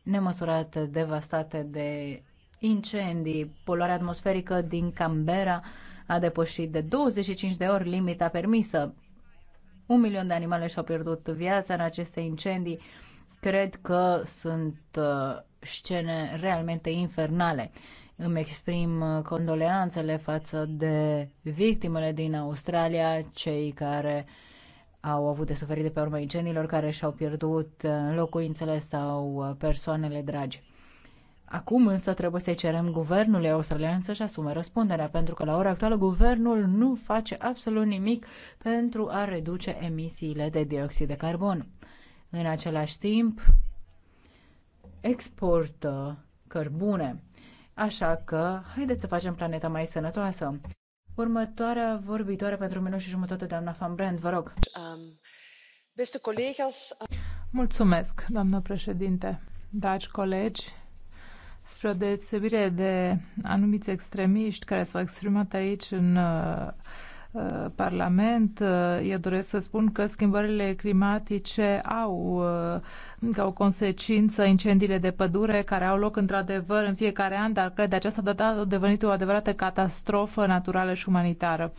nemăsurate, devastate de incendii, poluarea atmosferică din Canberra a depășit de 25 de ori limita permisă. Un milion de animale și-au pierdut viața în aceste incendii. Cred că sunt uh, scene realmente infernale. Îmi exprim uh, condoleanțele față de victimele din Australia, cei care au avut de suferit de pe urma incendiilor, care și-au pierdut uh, locuințele sau uh, persoanele dragi. Acum însă trebuie să-i cerem guvernului australian să-și asume răspunderea, pentru că la ora actuală guvernul nu face absolut nimic pentru a reduce emisiile de dioxid de carbon. În același timp, exportă cărbune. Așa că, haideți să facem planeta mai sănătoasă. Următoarea vorbitoare pentru minut și jumătate, doamna Van Brand, vă rog. Um, beste colegas... Mulțumesc, doamnă președinte. Dragi colegi, spre o deosebire de anumiți extremiști care s-au exprimat aici în uh, Uh, Parlament. Uh, eu doresc să spun că schimbările climatice au uh, ca o consecință incendiile de pădure care au loc într-adevăr în fiecare an, dar că de această dată au devenit o adevărată catastrofă naturală și umanitară.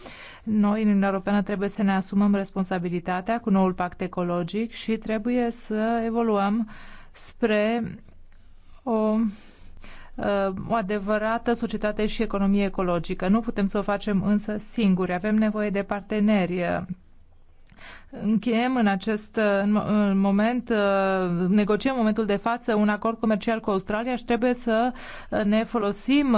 Noi, în Uniunea Europeană, trebuie să ne asumăm responsabilitatea cu noul pact ecologic și trebuie să evoluăm spre o o adevărată societate și economie ecologică. Nu putem să o facem însă singuri, avem nevoie de parteneri Încheiem în acest uh, în moment, uh, negociem în momentul de față un acord comercial cu Australia și trebuie să uh, ne folosim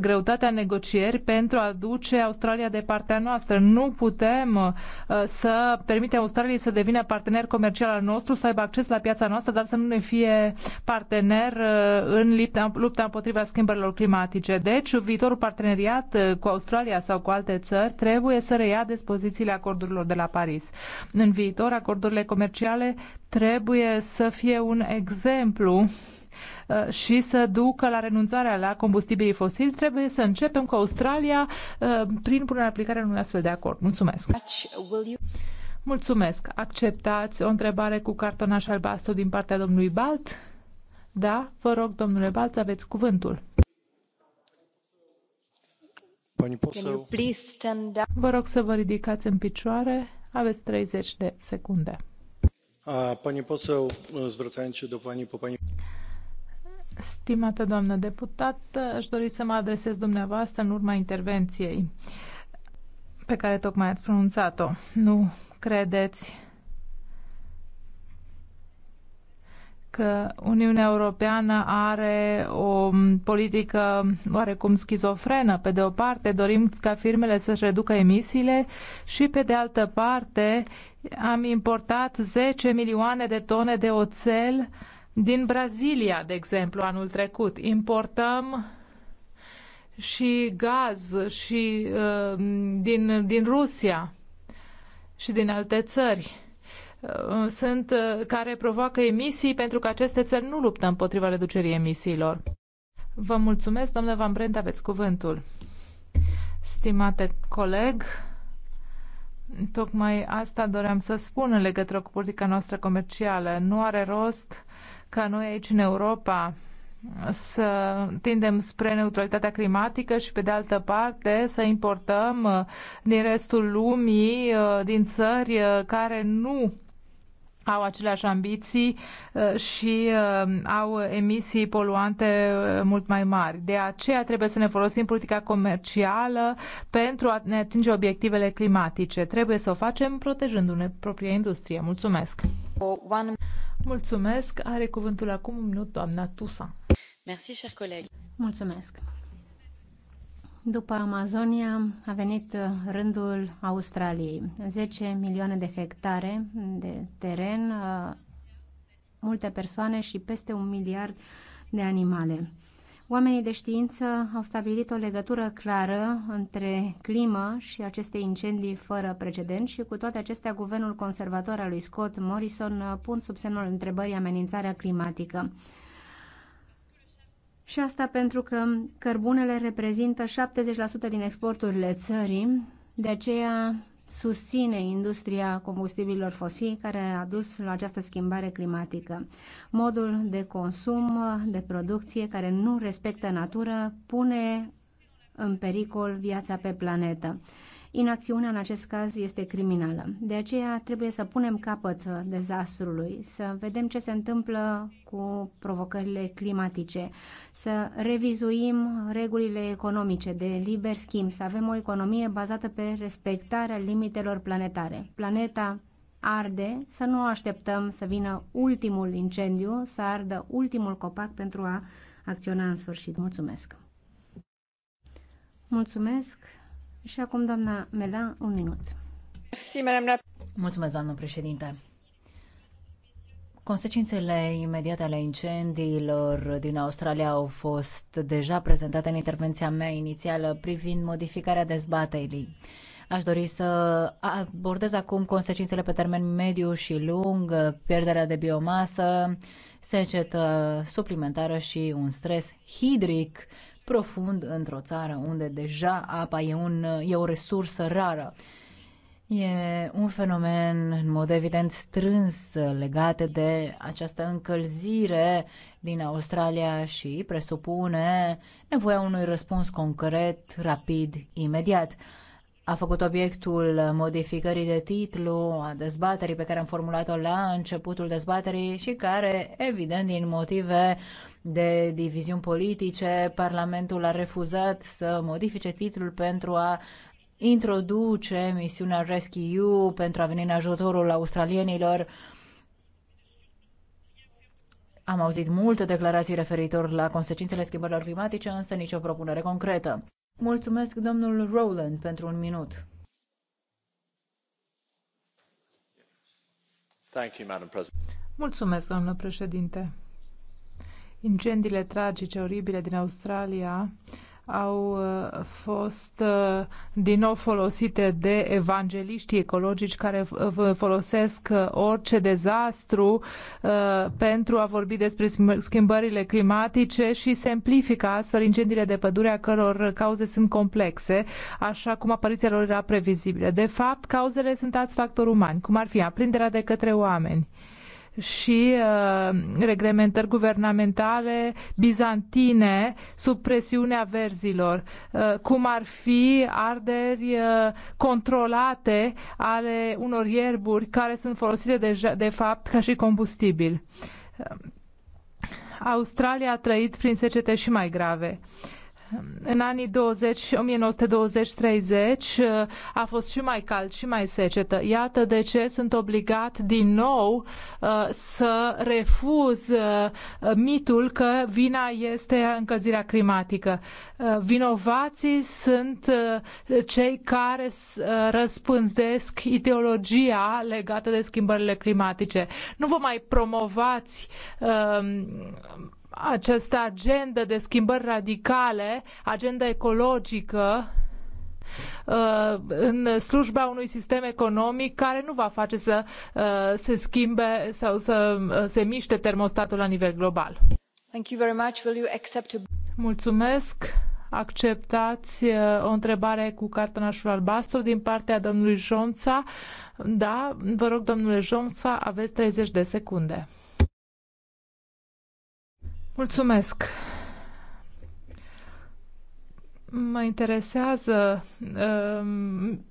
greutatea negocieri pentru a duce Australia de partea noastră. Nu putem să permitem Australiei să devină partener comercial al nostru, să aibă acces la piața noastră, dar să nu ne fie partener în lupta împotriva schimbărilor climatice. Deci, viitorul parteneriat cu Australia sau cu alte țări trebuie să reia dispozițiile acordurilor de la Paris. În viitor, acordurile comerciale trebuie să fie un exemplu uh, și să ducă la renunțarea la combustibilii fosili, trebuie să începem cu Australia uh, prin punerea aplicare unui astfel de acord. Mulțumesc! Mulțumesc! Acceptați o întrebare cu cartonaș albastru din partea domnului Balt? Da? Vă rog, domnule Balt, aveți cuvântul. Vă rog să vă ridicați în picioare. Aveți 30 de secunde. pani poseu, zvrațam do pani po pani... Stimată doamnă deputat, aș dori să mă adresez dumneavoastră în urma intervenției pe care tocmai ați pronunțat-o. Nu credeți că Uniunea Europeană are o politică oarecum schizofrenă. Pe de o parte dorim ca firmele să-și reducă emisiile și pe de altă parte am importat 10 milioane de tone de oțel din Brazilia, de exemplu, anul trecut. Importăm și gaz și uh, din, din Rusia și din alte țări. Uh, sunt, uh, care provoacă emisii pentru că aceste țări nu luptă împotriva reducerii emisiilor. Vă mulțumesc, domnule Van Brent, aveți cuvântul. Stimate coleg, tocmai asta doream să spun în legătură cu politica noastră comercială. Nu are rost ca noi aici în Europa să tindem spre neutralitatea climatică și pe de altă parte să importăm uh, din restul lumii, din țări care nu au aceleași ambiții uh, și uh, au emisii poluante uh, mult mai mari. De aceea trebuie să ne folosim politica comercială pentru a ne atinge obiectivele climatice. Trebuie să o facem protejându-ne propria industrie. Mulțumesc! Mulțumesc! Are cuvântul acum un minut doamna Tusa. Mulțumesc! După Amazonia a venit uh, rândul Australiei. 10 milioane de hectare de teren, uh, multe persoane și peste un miliard de animale. Oamenii de știință au stabilit o legătură clară între climă și aceste incendii fără precedent și cu toate acestea guvernul conservator al lui Scott Morrison uh, pun sub semnul întrebării amenințarea climatică. Și asta pentru că cărbunele reprezintă 70% din exporturile țării, de aceea susține industria combustibililor fosili care a dus la această schimbare climatică. Modul de consum, de producție care nu respectă natură pune în pericol viața pe planetă. Inacțiunea în acest caz este criminală. De aceea trebuie să punem capăt dezastrului, să vedem ce se întâmplă cu provocările climatice, să revizuim regulile economice de liber schimb, să avem o economie bazată pe respectarea limitelor planetare. Planeta arde, să nu așteptăm să vină ultimul incendiu, să ardă ultimul copac pentru a acționa în sfârșit. Mulțumesc! Mulțumesc! Și acum, doamna Melan, un minut. Mulțumesc, doamnă președinte. Consecințele imediate ale incendiilor din Australia au fost deja prezentate în intervenția mea inițială privind modificarea dezbaterii. Aș dori să abordez acum consecințele pe termen mediu și lung, pierderea de biomasă, secetă suplimentară și un stres hidric profund într-o țară unde deja apa e, un, e o resursă rară. E un fenomen, în mod evident, strâns legat de această încălzire din Australia și presupune nevoia unui răspuns concret, rapid, imediat. A făcut obiectul modificării de titlu a dezbaterii pe care am formulat-o la începutul dezbaterii și care, evident, din motive uh, de diviziuni politice, Parlamentul a refuzat să modifice titlul pentru a introduce misiunea Rescue pentru a veni în ajutorul australienilor. Am auzit multe declarații referitor la consecințele schimbărilor climatice, însă nicio propunere concretă. Mulțumesc, domnul Rowland, pentru un minut. Mulțumesc, doamnă președinte. Incendiile tragice, oribile din Australia au uh, fost uh, din nou folosite de evangeliștii ecologici care uh, folosesc orice dezastru pentru a vorbi despre schimbările climatice și se amplifică astfel incendiile de pădure a căror cauze sunt complexe, așa cum apariția lor era previzibilă. De fapt, cauzele sunt alți factori umani, cum ar fi aprinderea de către oameni și uh, reglementări guvernamentale bizantine sub presiunea verzilor, uh, cum ar fi arderi uh, controlate ale unor ierburi care sunt folosite deja, de fapt ca și combustibil. Uh, Australia a trăit prin secete și mai grave. Uh, în anii 20, 1920-30 a fost și mai cald și mai secetă. Iată de ce sunt obligat din nou uh, să refuz uh, mitul că vina este încălzirea climatică. Uh, vinovații sunt cei care răspândesc ideologia legată de schimbările climatice. Nu vă mai promovați um, această agendă de schimbări radicale, agenda ecologică, uh, în slujba unui sistem economic care nu va face să uh, se schimbe sau să uh, se miște termostatul la nivel global. Thank you very much. Will you accept a... Mulțumesc. Acceptați o întrebare cu cartonașul albastru din partea domnului Jonța. Da, vă rog, domnule Jonța, aveți 30 de secunde. Mulțumesc. Mă interesează um,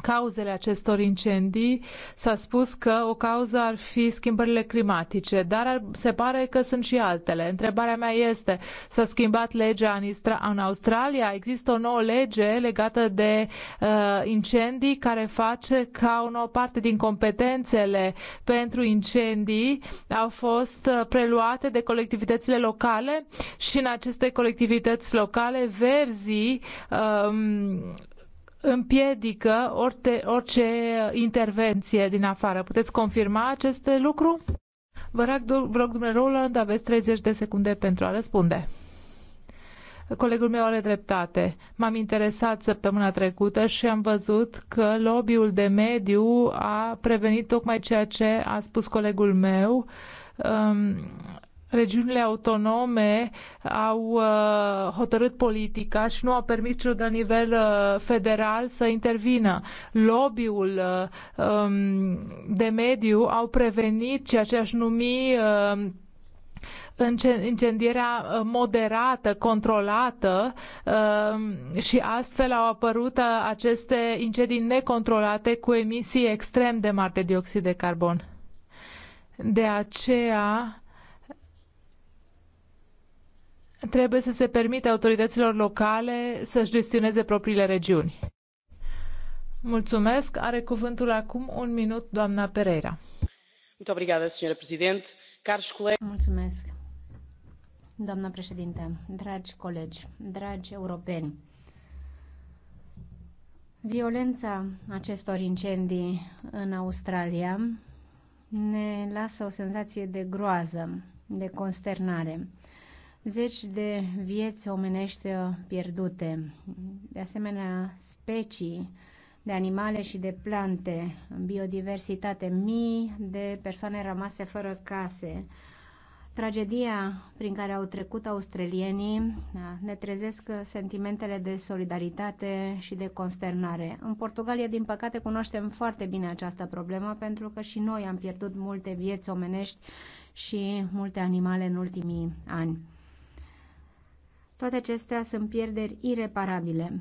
cauzele acestor incendii, s-a spus că o cauză ar fi schimbările climatice, dar se pare că sunt și altele. Întrebarea mea este, s-a schimbat legea în, Istra- în Australia? Există o nouă lege legată de uh, incendii care face ca o nouă parte din competențele pentru incendii au fost uh, preluate de colectivitățile locale și în aceste colectivități locale verzii um, împiedică orice, orice intervenție din afară. Puteți confirma acest lucru? Vă rog, vă rog domnule Roland, aveți 30 de secunde pentru a răspunde. Colegul meu are dreptate. M-am interesat săptămâna trecută și am văzut că lobby-ul de mediu a prevenit tocmai ceea ce a spus colegul meu. Um, regiunile autonome au uh, hotărât politica și nu au permis celor de la nivel uh, federal să intervină. Lobby-ul uh, um, de mediu au prevenit ceea ce aș numi um, incendierea moderată, controlată um, și astfel au apărut aceste incendii necontrolate cu emisii extrem de mari de dioxid de carbon. De aceea, Trebuie să se permite autorităților locale să-și gestioneze propriile regiuni. Mulțumesc. Are cuvântul acum un minut doamna Pereira. Mulțumesc, doamna președinte, dragi colegi, dragi europeni. Violența acestor incendii în Australia ne lasă o senzație de groază, de consternare zeci de vieți omenești uh, pierdute, de asemenea specii de animale și de plante, biodiversitate, mii de persoane rămase fără case. Tragedia prin care au trecut australienii uh, ne trezesc sentimentele de solidaritate și de consternare. În Portugalia, din păcate, cunoaștem foarte bine această problemă pentru că și noi am pierdut multe vieți omenești și multe animale în ultimii ani. Toate acestea sunt pierderi ireparabile.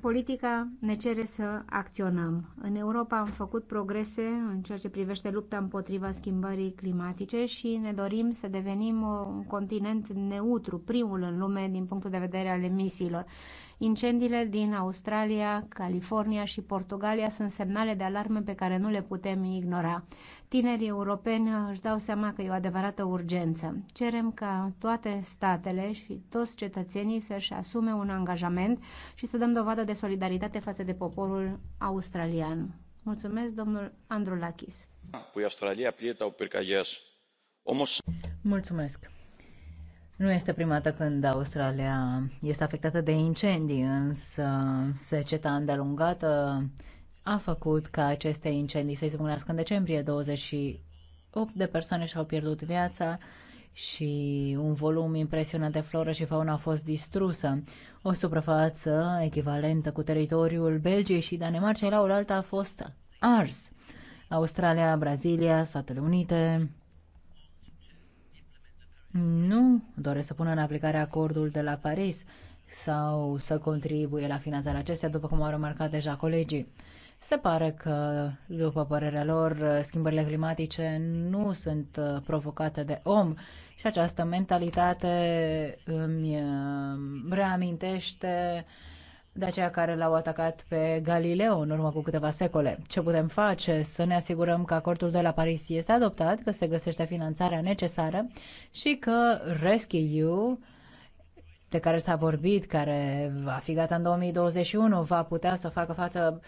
Politica ne cere să acționăm. În Europa am făcut progrese în ceea ce privește lupta împotriva schimbării climatice și ne dorim să devenim un continent neutru, primul în lume din punctul de vedere al emisiilor. Incendiile din Australia, California și Portugalia sunt semnale de alarme pe care nu le putem ignora. Tinerii europeni își dau seama că e o adevărată urgență. Cerem ca toate statele și toți cetățenii să-și asume un angajament și să dăm dovadă de solidaritate față de poporul australian. Mulțumesc, domnul Andrulakis. Australia, Mulțumesc. Nu este prima dată când Australia este afectată de incendii, însă seceta îndelungată a făcut ca aceste incendii să-i zbunească în decembrie. 28 de persoane și-au pierdut viața și un volum impresionant de floră și fauna a fost distrusă. O suprafață echivalentă cu teritoriul Belgiei și Danemarcei la oaltă a fost ars. Australia, Brazilia, Statele Unite, nu doresc să pună în aplicare acordul de la Paris sau să contribuie la finanțarea acestea, după cum au remarcat deja colegii. Se pare că, după părerea lor, schimbările climatice nu sunt uh, provocate de om și această mentalitate îmi uh, reamintește uh, de aceia care l-au atacat pe Galileo în urmă cu câteva secole. Ce putem face? Să ne asigurăm că acordul de la Paris este adoptat, că se găsește finanțarea necesară și că Rescue de care s-a vorbit, care va fi gata în 2021, va putea să facă față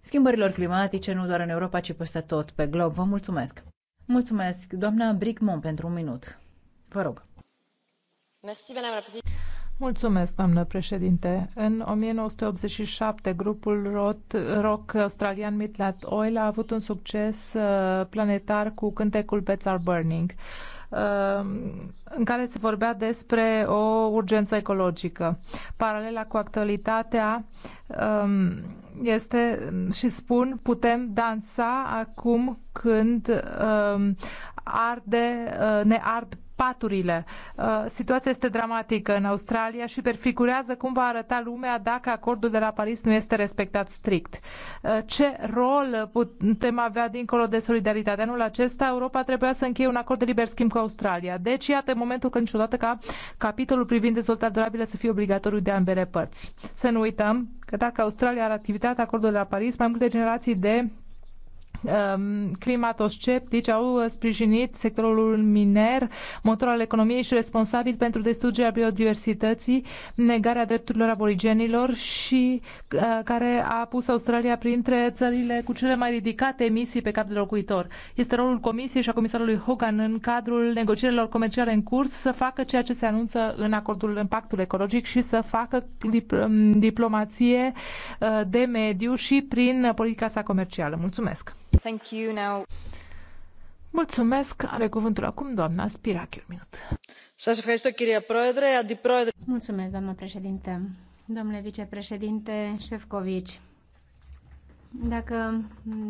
schimbărilor climatice, nu doar în Europa, ci peste tot pe glob. Vă mulțumesc! Mulțumesc, doamna Bricmon, pentru un minut. Vă rog. Merci, Mulțumesc, doamnă președinte. În 1987, grupul rock australian Midland Oil a avut un succes uh, planetar cu cântecul Beds Are Burning, uh, în care se vorbea despre o urgență ecologică. Paralela cu actualitatea um, este și spun putem dansa acum când um, arde, uh, ne ard paturile. Uh, situația este dramatică în Australia și perfigurează cum va arăta lumea dacă acordul de la Paris nu este respectat strict. Uh, ce rol putem avea dincolo de solidaritate? Anul acesta Europa trebuia să încheie un acord de liber schimb cu Australia. Deci iată momentul când niciodată ca capitolul privind dezvoltarea durabilă să fie obligatoriu de ambele părți. Să nu uităm că dacă Australia are activitatea acordului de la Paris, mai multe generații de Um, climatosceptici au sprijinit sectorul miner, motor al economiei și responsabil pentru distrugerea biodiversității, negarea drepturilor aborigenilor și uh, care a pus Australia printre țările cu cele mai ridicate emisii pe cap de locuitor. Este rolul Comisiei și a Comisarului Hogan în cadrul negocierilor comerciale în curs să facă ceea ce se anunță în acordul în pactul ecologic și să facă um, diplomație uh, de mediu și prin politica sa comercială. Mulțumesc! Mulțumesc. Are cuvântul acum doamna Spirachi, un minut. Mulțumesc, doamnă președinte. Domnule vicepreședinte Șefcovici, dacă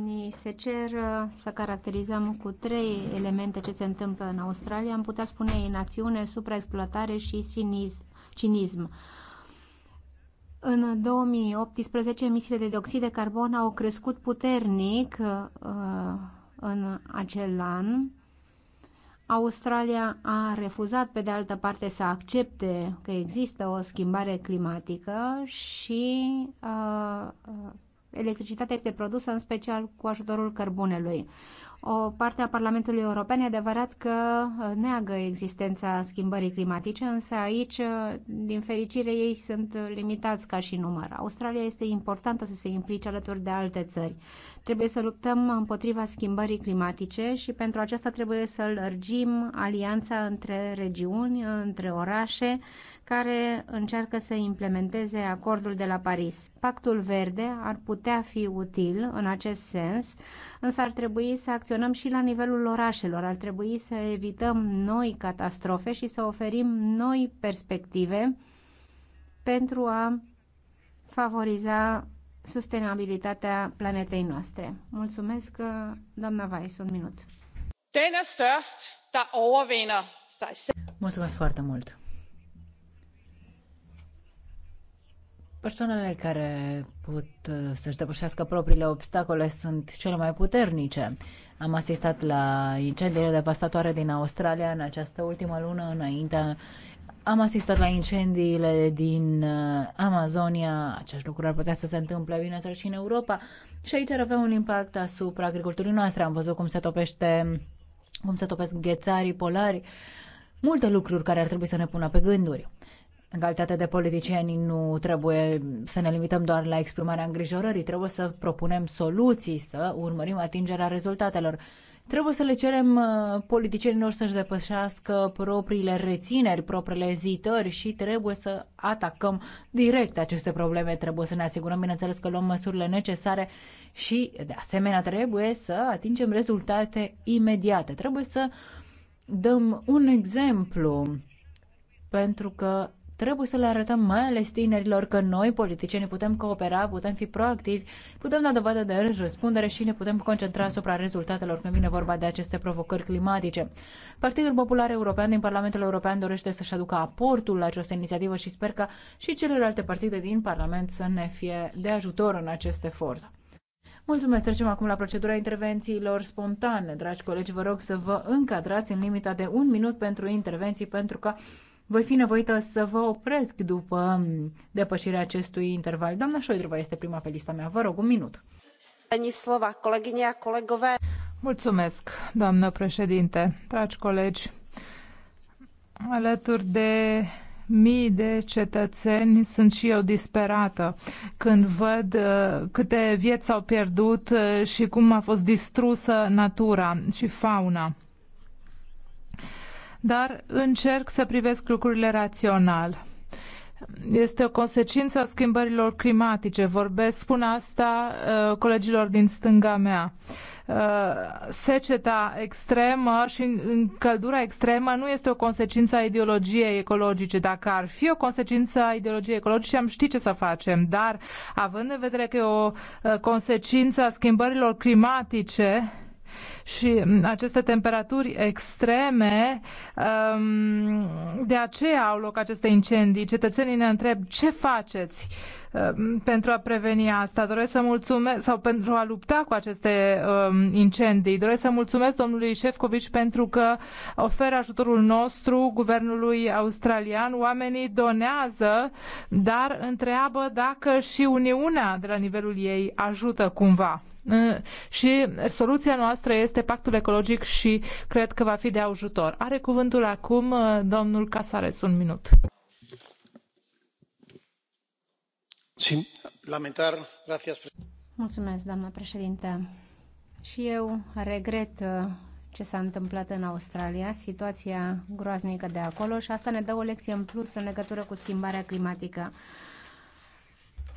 ni se cer uh, să caracterizăm cu trei elemente ce se întâmplă în Australia, am putea spune inacțiune, supraexploatare și cinism. cinism. În 2018, emisiile de dioxid de carbon au crescut puternic uh, în acel an. Australia a refuzat, pe de altă parte, să accepte că există o schimbare climatică și uh, uh electricitatea este produsă în special cu ajutorul cărbunelui o parte a Parlamentului European. E adevărat că uh, neagă existența schimbării climatice, însă aici, uh, din fericire, ei sunt uh, limitați ca și număr. Australia este importantă să se implice alături de alte țări. Trebuie să luptăm împotriva schimbării climatice și pentru aceasta trebuie să lărgim alianța între regiuni, între orașe, care încearcă să implementeze acordul de la Paris. Pactul verde ar putea fi util în acest sens, însă ar trebui să acționăm și la nivelul orașelor, ar trebui să evităm noi catastrofe și să oferim noi perspective pentru a favoriza sustenabilitatea planetei noastre. Mulțumesc, doamna Weiss, un minut. Mulțumesc foarte mult. Persoanele care pot uh, să-și depășească propriile obstacole sunt cele mai puternice. Am asistat la incendiile devastatoare din Australia în această ultimă lună înainte. Am asistat la incendiile din uh, Amazonia. Acest lucru ar putea să se întâmple, bineînțeles, și în Europa. Și aici ar avea un impact asupra agriculturii noastre. Am văzut cum se topește, cum se topesc ghețarii polari. Multe lucruri care ar trebui să ne pună pe gânduri. În calitate de politicieni nu trebuie să ne limităm doar la exprimarea îngrijorării, trebuie să propunem soluții, să urmărim atingerea rezultatelor. Trebuie să le cerem uh, politicienilor să-și depășească propriile rețineri, propriile ezitări și trebuie să atacăm direct aceste probleme. Trebuie să ne asigurăm, bineînțeles, că luăm măsurile necesare și, de asemenea, trebuie să atingem rezultate imediate. Trebuie să dăm un exemplu pentru că Trebuie să le arătăm mai ales tinerilor că noi, politicienii, putem coopera, putem fi proactivi, putem da dovadă de răspundere și ne putem concentra asupra rezultatelor când vine vorba de aceste provocări climatice. Partidul Popular European din Parlamentul European dorește să-și aducă aportul la această inițiativă și sper ca și celelalte partide din Parlament să ne fie de ajutor în acest efort. Mulțumesc. Trecem acum la procedura intervențiilor spontane. Dragi colegi, vă rog să vă încadrați în limita de un minut pentru intervenții, pentru că voi fi nevoită să vă opresc după depășirea acestui interval. Doamna Șoidrova este prima pe lista mea. Vă rog, un minut. Mulțumesc, doamnă președinte, dragi colegi. Alături de mii de cetățeni sunt și eu disperată când văd uh, câte vieți s-au pierdut uh, și cum a fost distrusă natura și fauna dar încerc să privesc lucrurile rațional. Este o consecință a schimbărilor climatice. Vorbesc, spun asta uh, colegilor din stânga mea. Uh, seceta extremă și încăldura extremă nu este o consecință a ideologiei ecologice. Dacă ar fi o consecință a ideologiei ecologice, am ști ce să facem. Dar, având în vedere că e o uh, consecință a schimbărilor climatice, și mm, aceste temperaturi extreme, um, de aceea au loc aceste incendii. Cetățenii ne întreb ce faceți um, pentru a preveni asta. Doresc să mulțumesc sau pentru a lupta cu aceste um, incendii. Doresc să mulțumesc domnului Șefcoviș pentru că oferă ajutorul nostru guvernului australian. Oamenii donează, dar întreabă dacă și Uniunea de la nivelul ei ajută cumva. Eh, și soluția noastră este pactul ecologic și cred că va fi de ajutor. Are cuvântul acum eh, domnul Casares, un minut. Sí. Lamentar, gracias. Mulțumesc, doamna președintă. Și eu regret eh, ce s-a întâmplat în Australia, situația groaznică de acolo și asta ne dă o lecție în plus în legătură cu schimbarea climatică.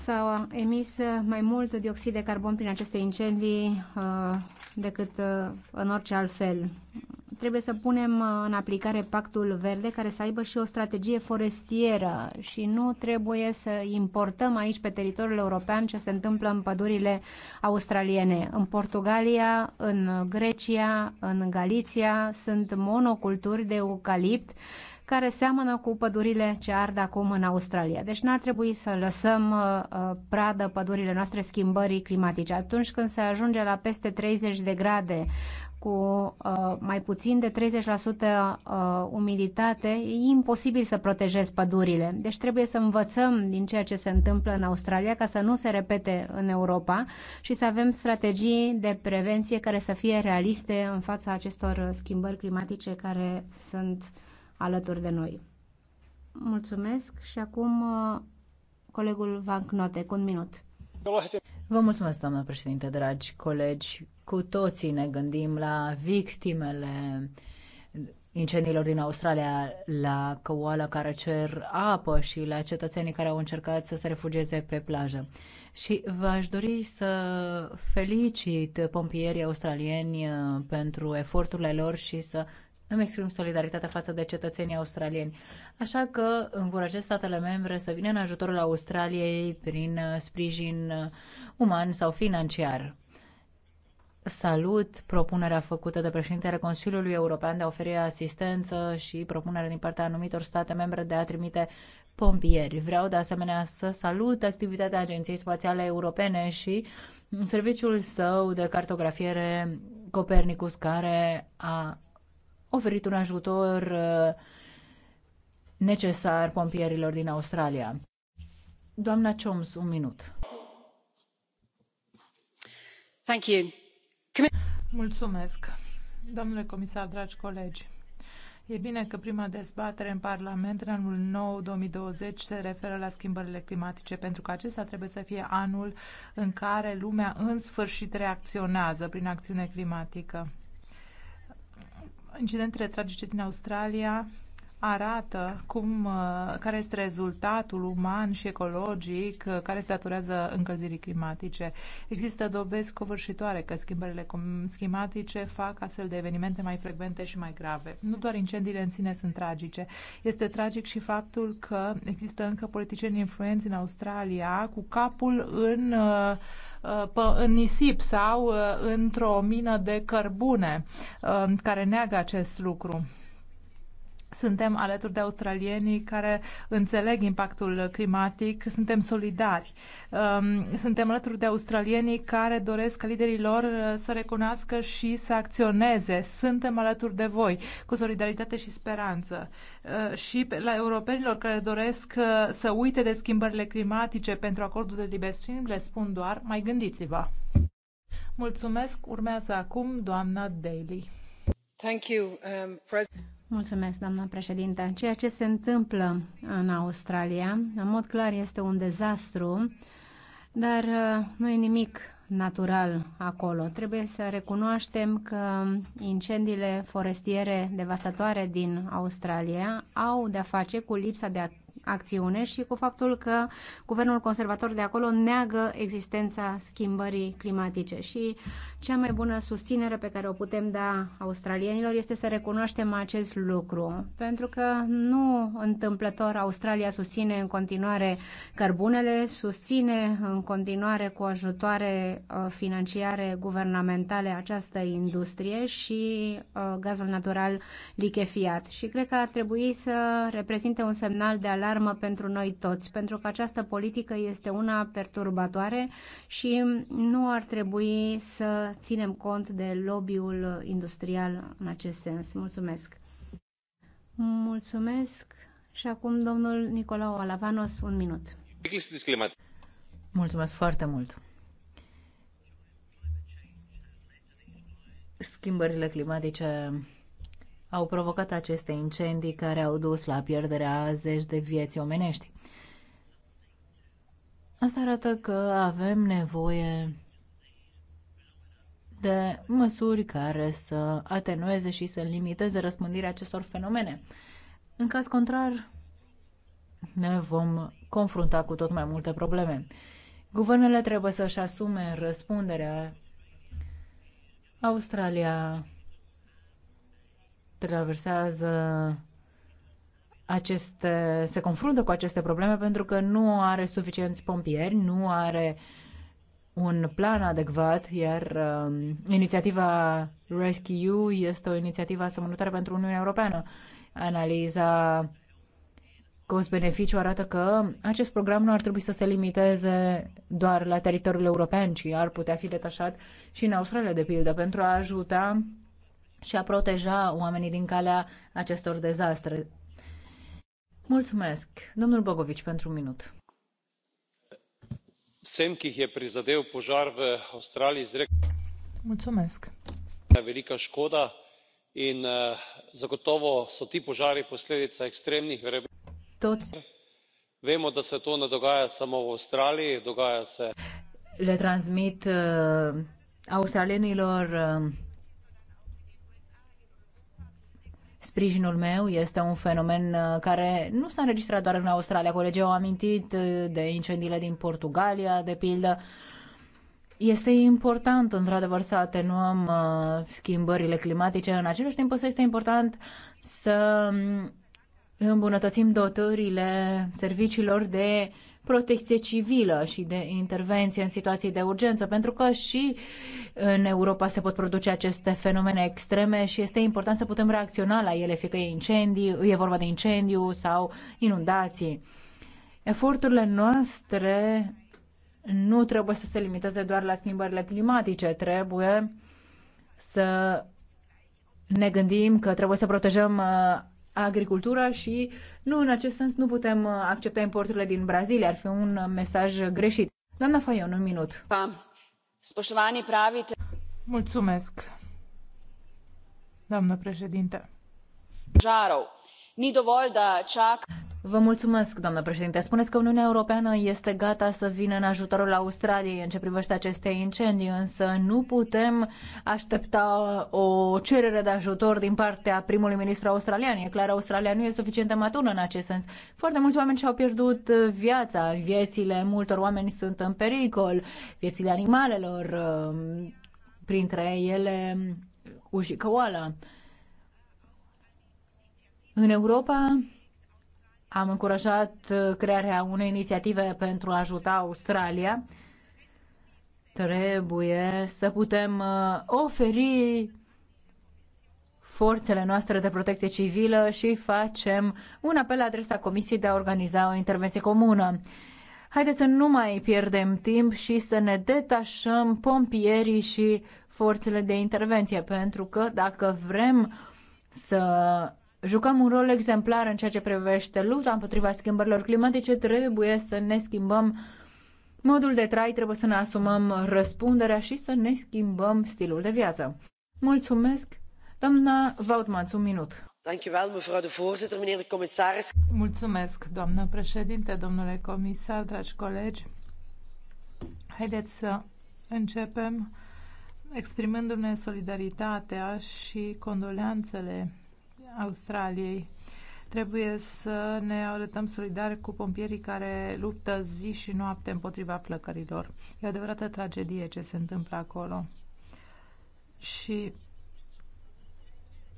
S-au emis mai mult dioxid de carbon prin aceste incendii uh, decât uh, în orice alt fel. Trebuie să punem uh, în aplicare pactul verde care să aibă și o strategie forestieră și nu trebuie să importăm aici pe teritoriul european ce se întâmplă în pădurile australiene. În Portugalia, în Grecia, în Galiția sunt monoculturi de eucalipt care seamănă cu pădurile ce ard acum în Australia. Deci n-ar trebui să lăsăm uh, uh pradă pădurile noastre schimbării climatice. Atunci când se ajunge la peste 30 de grade cu uh, mai puțin de 30% uh, umiditate, e imposibil să protejezi pădurile. Deci trebuie să învățăm din ceea ce se întâmplă în Australia ca să nu se repete în Europa și să avem strategii de prevenție care să fie realiste în fața acestor schimbări climatice care sunt uh, alături de noi. Mulțumesc și acum uh, colegul Van cu un minut. Vă mulțumesc, doamnă președinte, dragi colegi. Cu toții ne gândim la victimele incendiilor din Australia, la koala care cer apă și la cetățenii care au încercat să se refugieze pe plajă. Și v-aș dori să felicit pompierii australieni uh, pentru eforturile lor și să îmi exprim solidaritatea față de cetățenii australieni. Așa că încurajez statele membre să vină în ajutorul Australiei prin uh, sprijin uh, uman sau financiar. Salut propunerea făcută de președintele Consiliului European de a oferi asistență și propunerea din partea anumitor state membre de a trimite pompieri. Vreau de asemenea să salut activitatea Agenției Spațiale Europene și serviciul său de cartografiere Copernicus care a oferit un ajutor uh, necesar pompierilor din Australia. Doamna Choms, un minut. Thank you. Mulțumesc. Domnule comisar, dragi colegi, E bine că prima dezbatere în Parlament în anul nou 2020 se referă la schimbările climatice, pentru că acesta trebuie să fie anul în care lumea în sfârșit reacționează prin acțiune climatică incidentele tragice din Australia arată cum, uh, care este rezultatul uman și ecologic uh, care se datorează încălzirii climatice. Există dovezi covârșitoare că schimbările climatice fac astfel de evenimente mai frecvente și mai grave. Nu doar incendiile în sine sunt tragice. Este tragic și faptul că există încă politicieni influenți în Australia cu capul în, uh, în nisip sau într-o mină de cărbune care neagă acest lucru suntem alături de australienii care înțeleg impactul climatic, suntem solidari. Um, suntem alături de australienii care doresc ca liderii lor uh, să recunoască și să acționeze. Suntem alături de voi, cu solidaritate și speranță. Uh, și la europenilor care doresc uh, să uite de schimbările climatice pentru acordul de libestrin, le spun doar, mai gândiți-vă. Mulțumesc. Urmează acum doamna Daly. Thank you, um, Mulțumesc, doamna președinte. Ceea ce se întâmplă în Australia, în mod clar, este un dezastru, dar uh, nu e nimic natural acolo. Trebuie să recunoaștem că incendiile forestiere devastatoare din Australia au de-a face cu lipsa de acțiune și cu faptul că guvernul conservator de acolo neagă existența schimbării climatice. Și cea mai bună susținere pe care o putem da australienilor este să recunoaștem acest lucru, pentru că nu întâmplător Australia susține în continuare cărbunele, susține în continuare cu ajutoare uh, financiare guvernamentale această industrie și uh, gazul natural lichefiat. Și cred că ar trebui să reprezinte un semnal de al alarmă pentru noi toți, pentru că această politică este una perturbatoare și nu ar trebui să ținem cont de lobby-ul industrial în acest sens. Mulțumesc! Mulțumesc și acum domnul Nicolau Alavanos, un minut. Mulțumesc foarte mult! Schimbările climatice au provocat aceste incendii care au dus la pierderea a zeci de vieți omenești. Asta arată că avem nevoie de măsuri care să atenueze și să limiteze răspândirea acestor fenomene. În caz contrar, ne vom confrunta cu tot mai multe probleme. Guvernele trebuie să-și asume răspunderea. Australia traversează aceste, se confruntă cu aceste probleme pentru că nu are suficienți pompieri, nu are un plan adecvat, iar um, inițiativa Rescue este o inițiativă asemănătoare pentru Uniunea Europeană. Analiza cost-beneficiu arată că acest program nu ar trebui să se limiteze doar la teritoriul european, ci ar putea fi detașat și în Australia, de pildă, pentru a ajuta și a proteja oamenii din calea acestor dezastre. Mulțumesc. Domnul Bogovici, pentru un minut. Vsem, je prizadel požar v Avstraliji, izrekel Mulțumesc. Da, velika škoda in eh, zagotovo so ti požari posledica ekstremnih Toți. vemo da se to ne dogaja samo v avstraliji dogaja se. le transmit uh, eh, australienilor uh, eh, Sprijinul meu este un fenomen uh, care nu s-a înregistrat doar în Australia. Colegii au amintit uh, de incendiile din Portugalia, de pildă. Este important, într-adevăr, să atenuăm uh, schimbările climatice. În același timp, să este important să mm, îmbunătățim dotările serviciilor de protecție civilă și de intervenție în situații de urgență, pentru că și în Europa se pot produce aceste fenomene extreme și este important să putem reacționa la ele, fie că e, incendiu, e vorba de incendiu sau inundații. Eforturile noastre nu trebuie să se limiteze doar la schimbările climatice, trebuie să ne gândim că trebuie să protejăm uh, agricultură și nu în acest sens nu putem uh, accepta importurile din Brazilia. Ar fi un uh, mesaj greșit. Doamna Faion, un minut. Mulțumesc, doamnă președinte. Žarov, ni dovolj, da čak... Vă mulțumesc, doamnă președinte. Spuneți că Uniunea Europeană este gata să vină în ajutorul Australiei în ce privește aceste incendii, însă nu putem aștepta o cerere de ajutor din partea primului ministru australian. E clar, Australia nu e suficient de matură în acest sens. Foarte mulți oameni și-au pierdut viața, viețile multor oameni sunt în pericol, viețile animalelor, um, printre ele ușică oala. În Europa, am încurajat uh, crearea unei inițiative pentru a ajuta Australia. Trebuie să putem uh, oferi forțele noastre de protecție civilă și facem un apel la adresa Comisiei de a organiza o intervenție comună. Haideți să nu mai pierdem timp și să ne detașăm pompierii și forțele de intervenție, pentru că dacă vrem să jucăm un rol exemplar în ceea ce privește lupta împotriva schimbărilor climatice, trebuie să ne schimbăm modul de trai, trebuie să ne asumăm răspunderea și să ne schimbăm stilul de viață. Mulțumesc! Doamna Vautmans, un minut. Mulțumesc, doamnă președinte, domnule comisar, dragi colegi. Haideți să începem exprimându-ne solidaritatea și condoleanțele Australiei. Trebuie să ne arătăm solidari cu pompierii care luptă zi și noapte împotriva plăcărilor. E o adevărată tragedie ce se întâmplă acolo. Și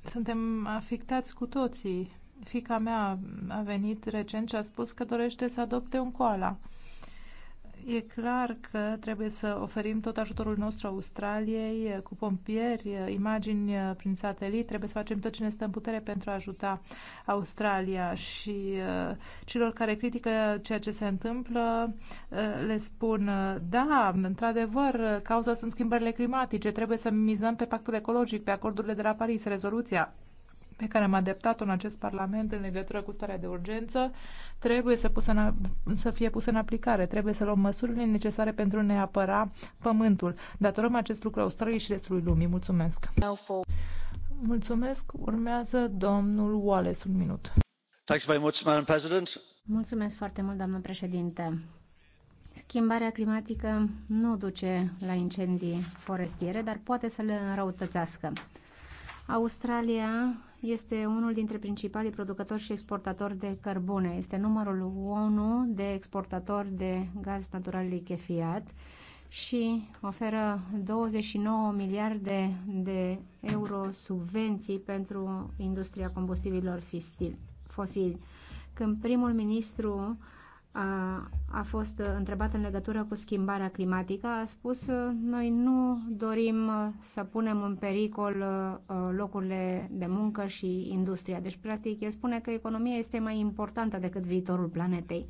suntem afectați cu toții. Fica mea a venit recent și a spus că dorește să adopte un coala. E clar că trebuie să oferim tot ajutorul nostru Australiei eh, cu pompieri, eh, imagini eh, prin satelit. Trebuie să facem tot ce ne stă în putere pentru a ajuta Australia și celor care critică ceea ce se întâmplă le spun da, într-adevăr, cauza sunt schimbările climatice. Trebuie să mizăm pe pactul ecologic, pe acordurile de la Paris, rezoluția pe care am adaptat-o în acest Parlament în legătură cu starea de urgență trebuie să, pusă în, să fie pusă în aplicare. Trebuie să luăm măsurile necesare pentru a ne apăra pământul. Datorăm acest lucru Australiei și restului lumii. Mulțumesc! Mulțumesc! Urmează domnul Wallace, un minut. Mulțumesc foarte mult, doamnă președinte. Schimbarea climatică nu duce la incendii forestiere, dar poate să le înrăutățească. Australia este unul dintre principalii producători și exportatori de cărbune. Este numărul 1 de exportatori de gaz natural lichefiat și oferă 29 miliarde de euro subvenții pentru industria combustibilor fosili. Când primul ministru a, a fost întrebat în legătură cu schimbarea climatică, a spus noi nu dorim să punem în pericol locurile de muncă și industria. Deci, practic, el spune că economia este mai importantă decât viitorul planetei.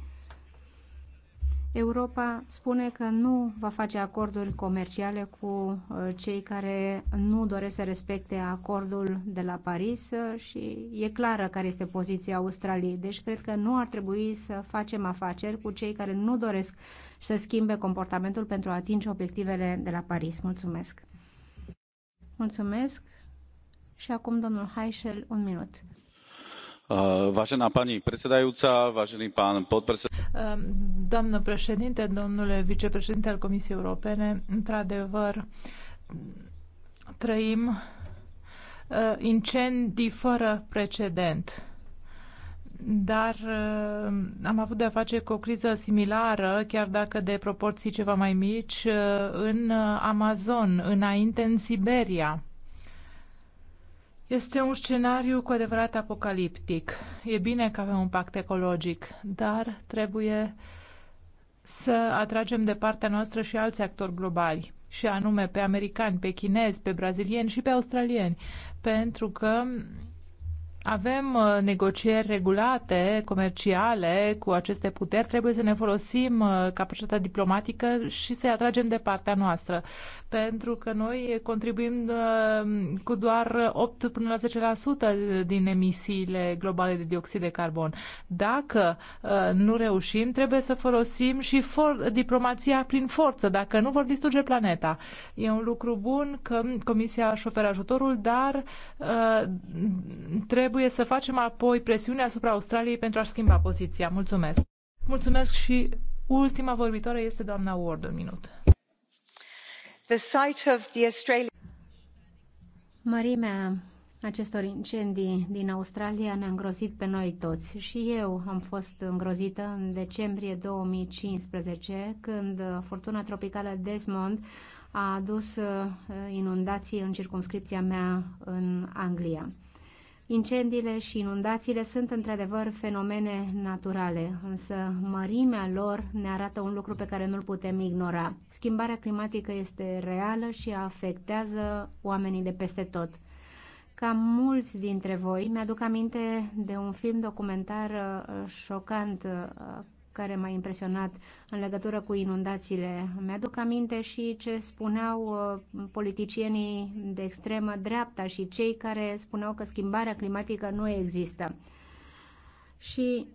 Europa spune că nu va face acorduri comerciale cu uh, cei care nu doresc să respecte acordul de la Paris uh, și e clară care este poziția Australiei. Deci cred că nu ar trebui să facem afaceri cu cei care nu doresc să schimbe comportamentul pentru a atinge obiectivele de la Paris. Mulțumesc! Mulțumesc și acum domnul Heischel un minut. Uh, vážená președintă, predsedajúca, vážený pán podpredseda. Um, doamnă președinte, domnule vicepreședinte al Comisiei Europene, într-adevăr, trăim uh, incendii fără precedent dar uh, am avut de-a face cu o criză similară, chiar dacă de proporții ceva mai mici, în Amazon, înainte în Siberia. Este un scenariu cu adevărat apocaliptic. E bine că avem un pact ecologic, dar trebuie să atragem de partea noastră și alți actori globali, și anume pe americani, pe chinezi, pe brazilieni și pe australieni, pentru că avem uh, negocieri regulate, comerciale cu aceste puteri, trebuie să ne folosim uh, capacitatea diplomatică și să-i atragem de partea noastră pentru că noi contribuim uh, cu doar 8 până la 10% din emisiile globale de dioxid de carbon. Dacă uh, nu reușim, trebuie să folosim și for- diplomația prin forță, dacă nu vor distruge planeta. E un lucru bun că Comisia își oferă ajutorul, dar uh, trebuie să facem apoi presiune asupra Australiei pentru a schimba poziția. Mulțumesc! Mulțumesc și ultima vorbitoare este doamna Ward, un minut. Mărimea acestor incendii din Australia ne-a îngrozit pe noi toți și eu am fost îngrozită în decembrie 2015 când furtuna tropicală Desmond a adus uh, inundații în circumscripția mea în Anglia. Incendiile și inundațiile sunt într-adevăr fenomene naturale, însă mărimea lor ne arată un lucru pe care nu-l putem ignora. Schimbarea climatică este reală și afectează oamenii de peste tot. Ca mulți dintre voi, mi-aduc aminte de un film documentar uh, șocant uh, care m-a impresionat în legătură cu inundațiile. Mi-aduc aminte și ce spuneau uh, politicienii de extremă dreapta și cei care spuneau că schimbarea climatică nu există. Și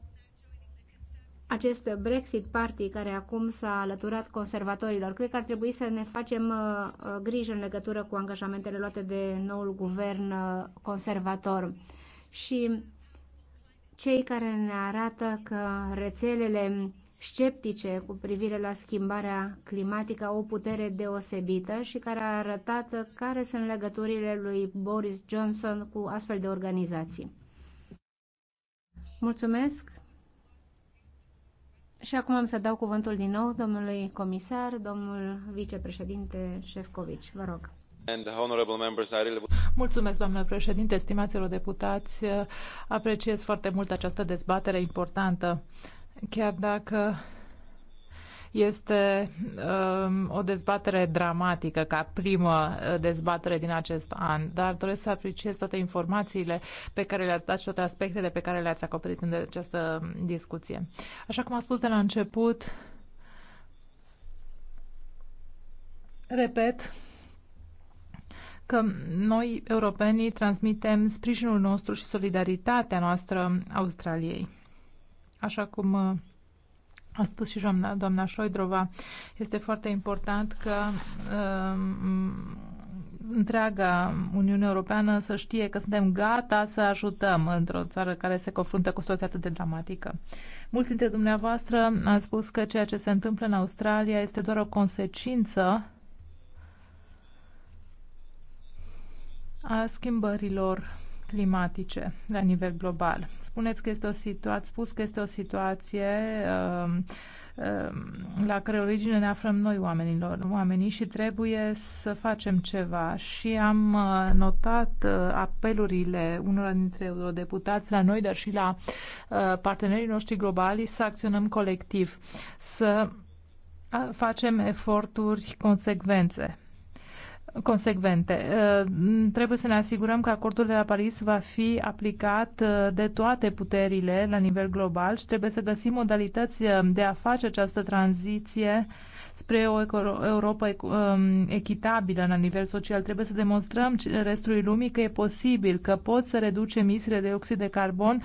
acest Brexit Party care acum s-a alăturat conservatorilor, cred că ar trebui să ne facem uh, uh, grijă în legătură cu angajamentele luate de noul guvern conservator. Și cei care ne arată că rețelele sceptice cu privire la schimbarea climatică au o putere deosebită și care a arătat care sunt legăturile lui Boris Johnson cu astfel de organizații. Mulțumesc! Și acum am să dau cuvântul din nou domnului comisar, domnul vicepreședinte Șefcovici. Vă rog. Uh, Mulțumesc, doamnă președinte, stimaților deputați. Apreciez foarte mult această dezbatere importantă, chiar dacă este um, o dezbatere dramatică ca primă uh, dezbatere din acest an, dar doresc să apreciez toate informațiile pe care le-ați dat și toate aspectele pe care le-ați acoperit în această discuție. Așa cum am spus de la început, repet, că noi, europenii, transmitem sprijinul nostru și solidaritatea noastră Australiei. Așa cum uh, a spus și doamna, doamna Șoidrova, este foarte important că um, întreaga Uniune Europeană să știe că suntem gata să ajutăm într-o țară care se confruntă cu o situație atât de dramatică. Mulți dintre dumneavoastră a spus că ceea ce se întâmplă în Australia este doar o consecință a schimbărilor climatice la nivel global. Spuneți că este o situație, spus că este o situație um, um, la care origine ne aflăm noi oamenilor, oamenii și trebuie să facem ceva. Și am uh, notat uh, apelurile unora dintre eurodeputați la noi, dar și la uh, partenerii noștri globali să acționăm colectiv, să facem eforturi consecvențe consecvente. Uh, trebuie să ne asigurăm că acordul de la Paris va fi aplicat uh, de toate puterile la nivel global și trebuie să găsim modalități uh, de a face această tranziție spre o Europa um, echitabilă la nivel social. Trebuie să demonstrăm restului lumii că e posibil, că pot să reduce emisiile de oxid de carbon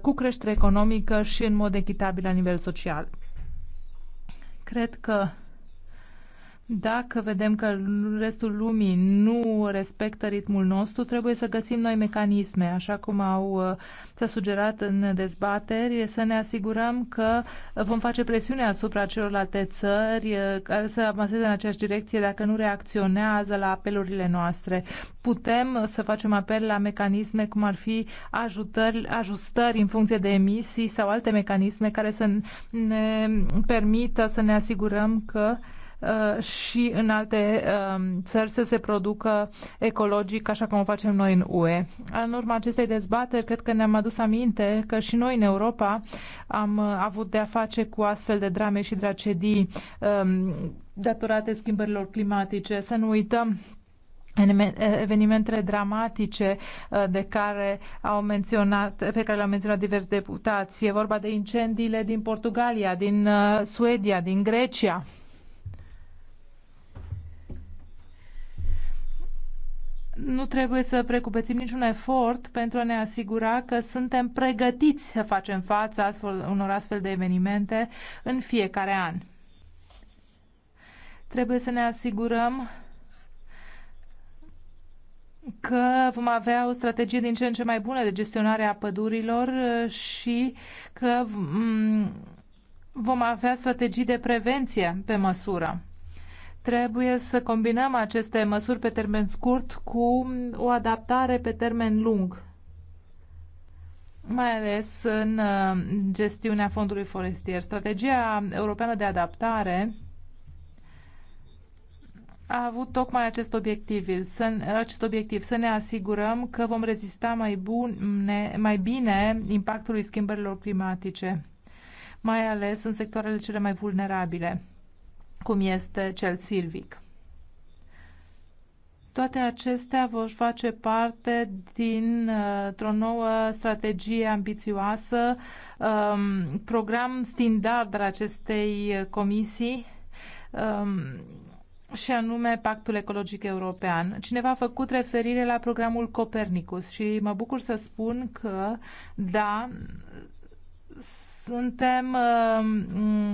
cu creștere economică și în mod echitabil la nivel social. Cred că dacă vedem că restul lumii nu respectă ritmul nostru, trebuie să găsim noi mecanisme, așa cum au uh, s-a sugerat în dezbateri, să ne asigurăm că vom face presiune asupra celorlalte țări uh, care să avanseze în aceeași direcție dacă nu reacționează la apelurile noastre. Putem să facem apel la mecanisme cum ar fi ajutări, ajustări în funcție de emisii sau alte mecanisme care să ne permită să ne asigurăm că Uh, și în alte um, țări să se producă ecologic, așa cum o facem noi în UE. În urma acestei dezbateri, cred că ne-am adus aminte că și noi în Europa am uh, avut de-a face cu astfel de drame și tragedii um, datorate schimbărilor climatice. Să nu uităm evenimentele dramatice uh, de care au menționat, pe care le-au menționat diversi deputați. E vorba de incendiile din Portugalia, din Suedia, din Grecia. nu trebuie să precupețim niciun efort pentru a ne asigura că suntem pregătiți să facem față astfel, unor astfel de evenimente în fiecare an. Trebuie să ne asigurăm că vom avea o strategie din ce în ce mai bună de gestionare a pădurilor uh, și că vom avea strategii de prevenție pe măsură. Trebuie să combinăm aceste măsuri pe termen scurt cu o adaptare pe termen lung, mai ales în uh, gestiunea fondului forestier. Strategia europeană de adaptare a avut tocmai acest obiectiv, să, acest obiectiv, să ne asigurăm că vom rezista mai, bune, mai bine impactului schimbărilor climatice, mai ales în sectoarele cele mai vulnerabile cum este cel silvic. Toate acestea vor face parte dintr-o nouă strategie ambițioasă, um, program standard al acestei comisii um, și anume Pactul Ecologic European. Cineva a făcut referire la programul Copernicus și mă bucur să spun că, da, suntem um,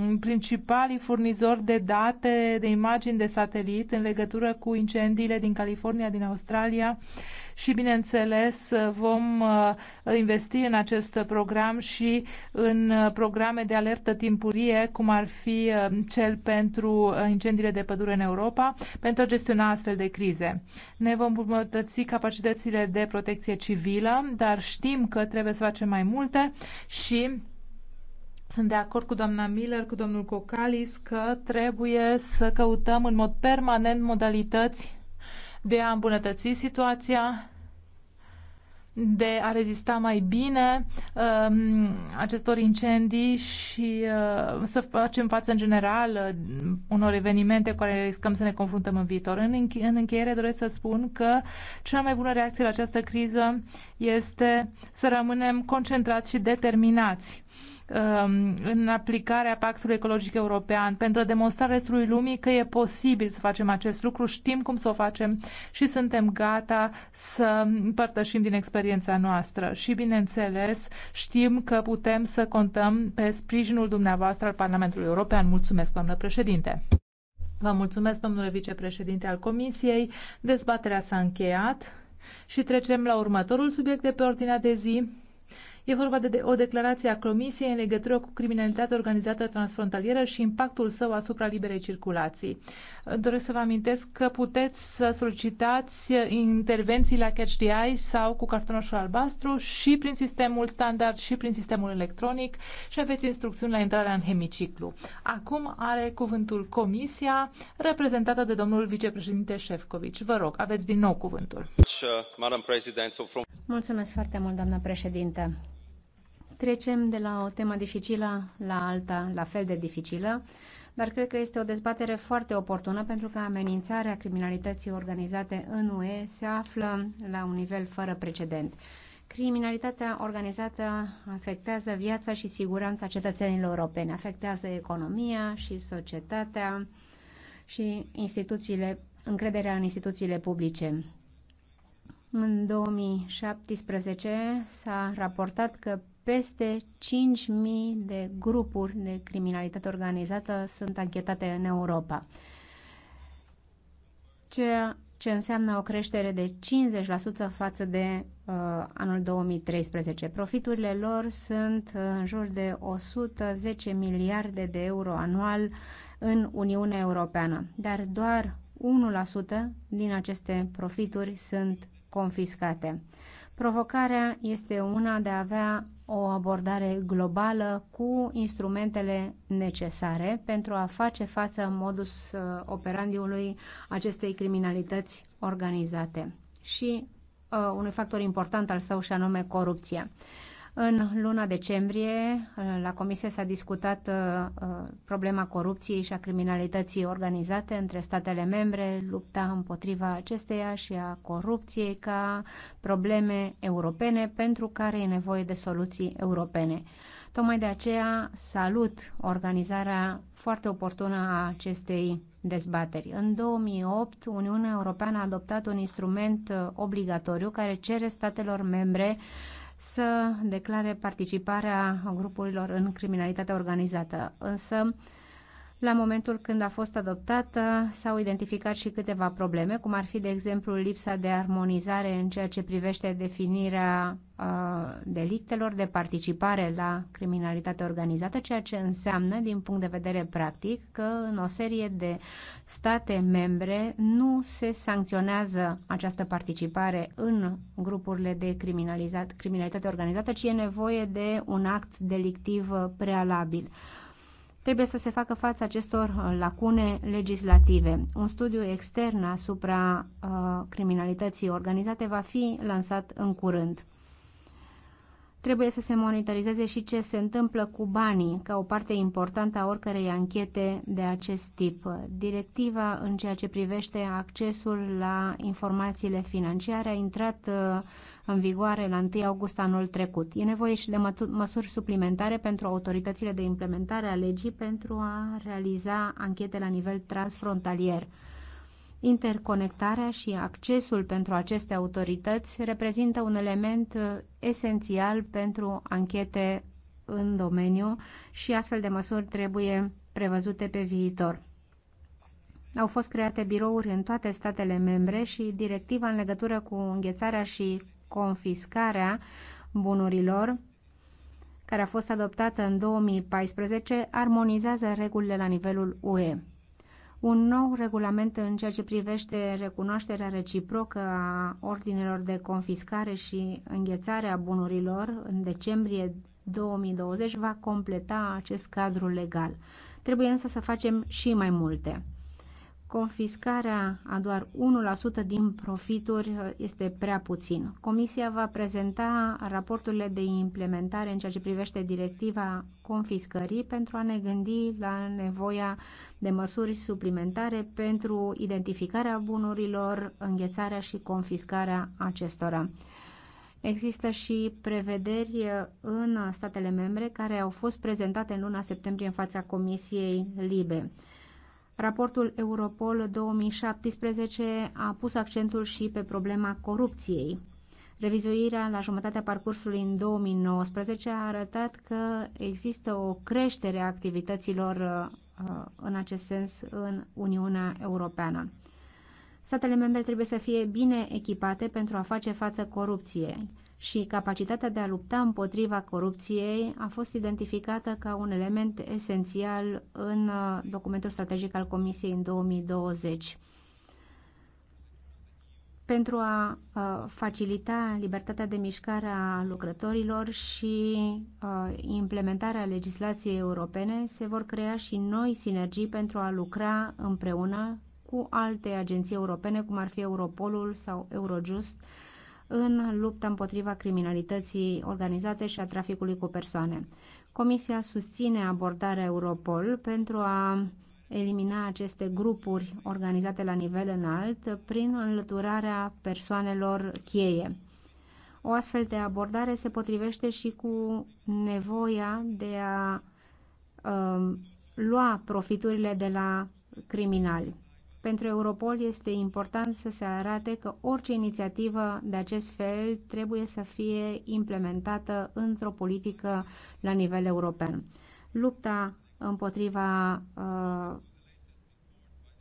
um, principalii furnizori de date, de imagini de satelit în legătură cu incendiile din California, din Australia și, bineînțeles, vom uh, investi în acest program și în uh, programe de alertă timpurie, cum ar fi uh, cel pentru incendiile de pădure în Europa, pentru a gestiona astfel de crize. Ne vom îmbunătăți capacitățile de protecție civilă, dar știm că trebuie să facem mai multe și sunt de acord cu doamna Miller, cu domnul Cocalis, că trebuie să căutăm în mod permanent modalități de a îmbunătăți situația, de a rezista mai bine um, acestor incendii și uh, să facem față în general uh, unor evenimente cu care riscăm să ne confruntăm în viitor. În, înche- în încheiere doresc să spun că cea mai bună reacție la această criză este să rămânem concentrați și determinați Um, în aplicarea Pactului Ecologic European, pentru a demonstra restului lumii că e posibil să facem acest lucru, știm cum să o facem și suntem gata să împărtășim din experiența noastră. Și, bineînțeles, știm că putem să contăm pe sprijinul dumneavoastră al Parlamentului European. Mulțumesc, doamnă președinte! Vă mulțumesc, domnule vicepreședinte al Comisiei. Dezbaterea s-a încheiat și trecem la următorul subiect de pe ordinea de zi. E vorba de o declarație a Comisiei în legătură cu criminalitatea organizată transfrontalieră și impactul său asupra liberei circulații. Doresc să vă amintesc că puteți să solicitați intervenții la Catch the Eye sau cu cartonoșul albastru și prin sistemul standard și prin sistemul electronic și aveți instrucțiuni la intrarea în hemiciclu. Acum are cuvântul Comisia, reprezentată de domnul vicepreședinte Șefcovici. Vă rog, aveți din nou cuvântul. Mulțumesc foarte mult, doamnă președinte. Trecem de la o temă dificilă la alta, la fel de dificilă, dar cred că este o dezbatere foarte oportună pentru că amenințarea criminalității organizate în UE se află la un nivel fără precedent. Criminalitatea organizată afectează viața și siguranța cetățenilor europeni, afectează economia și societatea și instituțiile, încrederea în instituțiile publice. În 2017 s-a raportat că peste 5.000 de grupuri de criminalitate organizată sunt anchetate în Europa. Ceea ce înseamnă o creștere de 50% față de uh, anul 2013. Profiturile lor sunt uh, în jur de 110 miliarde de euro anual în Uniunea Europeană, dar doar 1% din aceste profituri sunt confiscate. Provocarea este una de a avea o abordare globală cu instrumentele necesare pentru a face față modus uh, operandiului acestei criminalități organizate și uh, unui factor important al său și anume corupția. În luna decembrie, la Comisie s-a discutat uh, uh, problema corupției și a criminalității organizate între statele membre, lupta împotriva acesteia și a corupției ca probleme europene pentru care e nevoie de soluții europene. Tocmai de aceea salut organizarea foarte oportună a acestei dezbateri. În 2008, Uniunea Europeană a adoptat un instrument uh, obligatoriu care cere statelor membre uh, să declare participarea grupurilor în criminalitatea organizată. Însă, la momentul când a fost adoptată, s-au identificat și câteva probleme, cum ar fi, de exemplu, lipsa de armonizare în ceea ce privește definirea uh, delictelor de participare la criminalitate organizată, ceea ce înseamnă, din punct de vedere practic, că în o serie de state membre nu se sancționează această participare în grupurile de criminalitate organizată, ci e nevoie de un act delictiv prealabil. Trebuie să se facă față acestor uh, lacune legislative. Un studiu extern asupra uh, criminalității organizate va fi lansat în curând. Trebuie să se monitorizeze și ce se întâmplă cu banii, ca o parte importantă a oricărei anchete de acest tip. Directiva în ceea ce privește accesul la informațiile financiare a intrat uh, în vigoare la 1 august anul trecut. E nevoie și de măsuri suplimentare pentru autoritățile de implementare a legii pentru a realiza anchete la nivel transfrontalier. Interconectarea și accesul pentru aceste autorități reprezintă un element uh, esențial pentru anchete în domeniu și astfel de măsuri trebuie prevăzute pe viitor. Au fost create birouri în toate statele membre și directiva în legătură cu înghețarea și confiscarea bunurilor, care a fost adoptată în 2014, armonizează regulile la nivelul UE. Un nou regulament în ceea ce privește recunoașterea reciprocă a ordinelor de confiscare și înghețare a bunurilor în decembrie 2020 va completa acest cadru legal. Trebuie însă să facem și mai multe confiscarea a doar 1% din profituri uh, este prea puțin. Comisia va prezenta raporturile de implementare în ceea ce privește directiva confiscării pentru a ne gândi la nevoia de măsuri suplimentare pentru identificarea bunurilor, înghețarea și confiscarea acestora. Există și prevederi uh, în statele membre care au fost prezentate în luna septembrie în fața Comisiei Libe. Raportul Europol 2017 a pus accentul și pe problema corupției. Revizuirea la jumătatea parcursului în 2019 a arătat că există o creștere a activităților uh, în acest sens în Uniunea Europeană. Statele membre trebuie să fie bine echipate pentru a face față corupției și capacitatea de a lupta împotriva corupției a fost identificată ca un element esențial în uh, documentul strategic al Comisiei în 2020 pentru a uh, facilita libertatea de mișcare a lucrătorilor și uh, implementarea legislației europene, se vor crea și noi sinergii pentru a lucra împreună cu alte agenții europene, cum ar fi Europolul sau Eurojust, în lupta împotriva criminalității organizate și a traficului cu persoane. Comisia susține abordarea Europol pentru a elimina aceste grupuri organizate la nivel înalt prin înlăturarea persoanelor cheie. O astfel de abordare se potrivește și cu nevoia de a uh, lua profiturile de la criminali. Pentru Europol este important să se arate că orice inițiativă de acest fel trebuie să fie implementată într-o politică la nivel european. Lupta împotriva uh,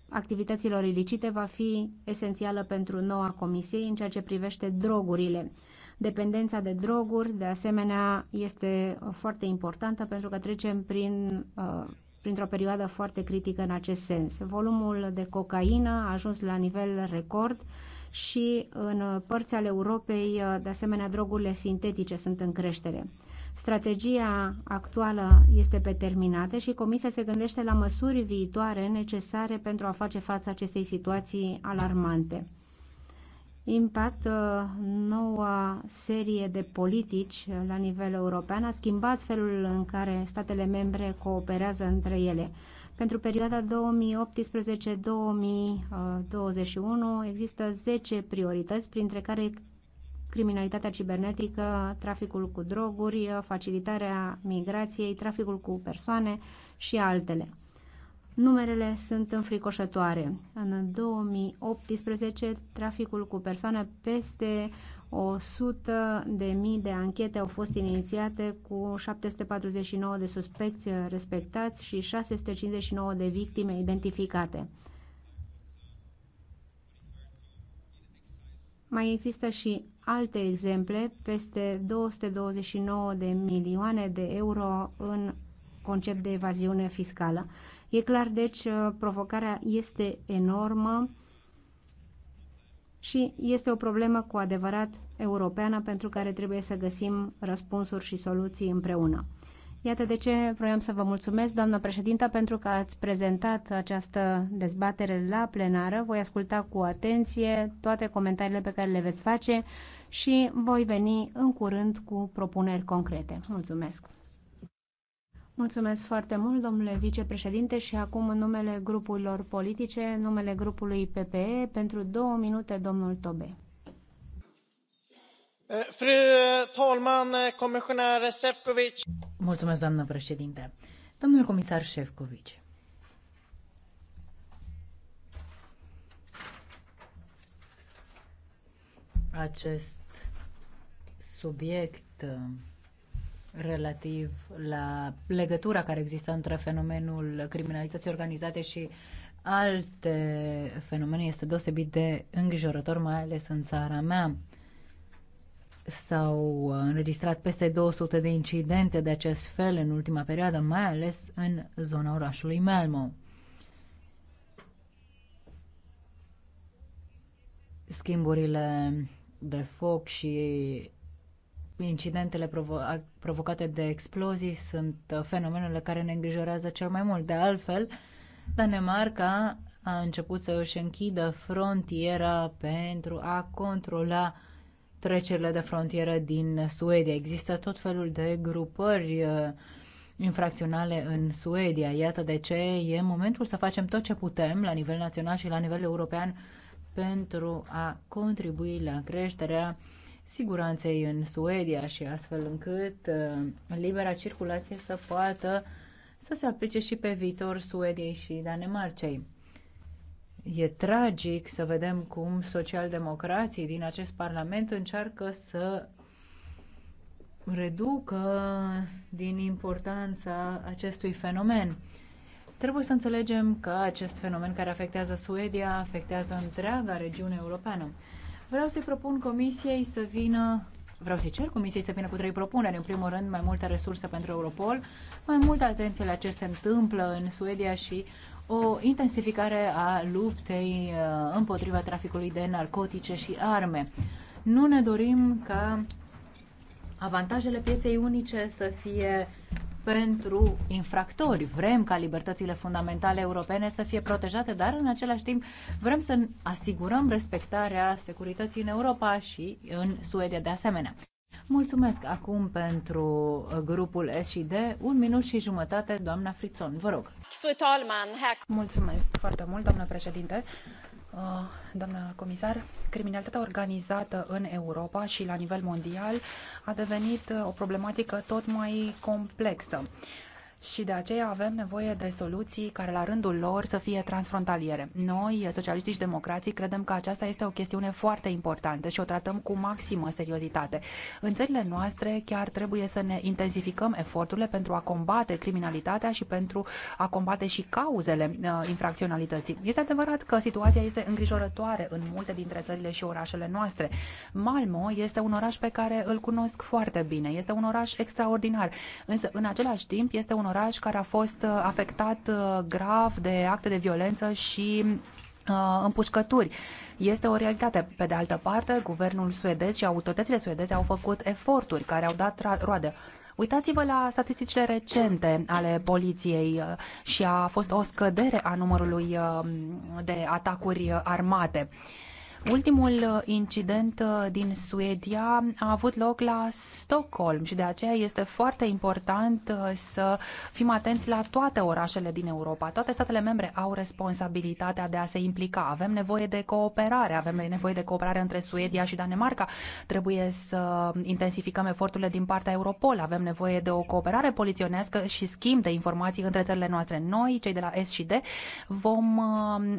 activităților ilicite va fi esențială pentru noua comisie în ceea ce privește drogurile. Dependența de droguri, de asemenea, este foarte importantă pentru că trecem prin uh, printr-o perioadă foarte critică în acest sens. Volumul de cocaină a ajuns la nivel record și în părți ale Europei, de asemenea, drogurile sintetice sunt în creștere. Strategia actuală este pe terminate și Comisia se gândește la măsuri viitoare necesare pentru a face față acestei situații alarmante. Impact, uh, noua serie de politici la nivel european a schimbat felul în care statele membre cooperează între ele. Pentru perioada 2018-2021 există 10 priorități, printre care criminalitatea cibernetică, traficul cu droguri, facilitarea migrației, traficul cu persoane și altele. Numerele sunt înfricoșătoare. În 2018, traficul cu persoane peste 100 de mii de anchete au fost inițiate cu 749 de suspecți respectați și 659 de victime identificate. Mai există și alte exemple, peste 229 de milioane de euro în concept de evaziune fiscală. E clar, deci, uh, provocarea este enormă și este o problemă cu adevărat europeană pentru care trebuie să găsim răspunsuri și soluții împreună. Iată de ce vroiam să vă mulțumesc, doamna președintă, pentru că ați prezentat această dezbatere la plenară. Voi asculta cu atenție toate comentariile pe care le veți face și voi veni în curând cu propuneri concrete. Mulțumesc! Mulțumesc foarte mult, domnule vicepreședinte, și acum în numele grupurilor politice, în numele grupului PPE, pentru două minute, domnul Tobe. Eh, fru talman, comisar eh, Sefcovic. Mulțumesc, doamnă președinte. Domnul comisar Șefcovic. Acest subiect eh, relativ la legătura care există între fenomenul criminalității organizate și alte fenomene este deosebit de îngrijorător, mai ales în țara mea. S-au înregistrat peste 200 de incidente de acest fel în ultima perioadă, mai ales în zona orașului Malmo. Schimburile de foc și incidentele provo- provocate de explozii sunt uh, fenomenele care ne îngrijorează cel mai mult. De altfel, Danemarca a început să își închidă frontiera pentru a controla trecerile de frontieră din Suedia. Există tot felul de grupări uh, infracționale în Suedia. Iată de ce e momentul să facem tot ce putem la nivel național și la nivel european pentru a contribui la creșterea siguranței în Suedia și astfel încât uh, libera circulație să poată să se aplice și pe viitor Suediei și Danemarcei. E tragic să vedem cum socialdemocrații din acest parlament încearcă să reducă din importanța acestui fenomen. Trebuie să înțelegem că acest fenomen care afectează Suedia afectează întreaga regiune europeană. Vreau să-i propun comisiei să vină Vreau să cer Comisiei să vină cu trei propuneri. În primul rând, mai multe resurse pentru Europol, mai multă atenție la ce se întâmplă în Suedia și o intensificare a luptei uh, împotriva traficului de narcotice și arme. Nu ne dorim ca avantajele pieței unice să fie pentru infractori. Vrem ca libertățile fundamentale europene să fie protejate, dar în același timp vrem să asigurăm respectarea securității în Europa și în Suedia de asemenea. Mulțumesc acum pentru grupul SD. Un minut și jumătate, doamna Frițon, vă rog. Mulțumesc foarte mult, doamnă președinte. Uh, doamnă comisar, criminalitatea organizată în Europa și la nivel mondial a devenit uh, o problematică tot mai complexă și de aceea avem nevoie de soluții care la rândul lor să fie transfrontaliere. Noi, socialiștii și democrații, credem că aceasta este o chestiune foarte importantă și o tratăm cu maximă seriozitate. În țările noastre chiar trebuie să ne intensificăm eforturile pentru a combate criminalitatea și pentru a combate și cauzele uh, infracționalității. Este adevărat că situația este îngrijorătoare în multe dintre țările și orașele noastre. Malmo este un oraș pe care îl cunosc foarte bine. Este un oraș extraordinar, însă în același timp este un oraș care a fost uh, afectat uh, grav de acte de violență și uh, împușcături. Este o realitate. Pe de altă parte, guvernul suedez și autoritățile suedeze au făcut eforturi care au dat roade. Uitați-vă la statisticile recente ale poliției și a fost o scădere a numărului de atacuri armate. Ultimul uh, incident uh, din Suedia a avut loc la Stockholm și de aceea este foarte important uh, să fim atenți la toate orașele din Europa. Toate statele membre au responsabilitatea de a se implica. Avem nevoie de cooperare, avem nevoie de cooperare între Suedia și Danemarca. Trebuie să intensificăm eforturile din partea Europol. Avem nevoie de o cooperare poliționească și schimb de informații între țările noastre. Noi, cei de la S și D, vom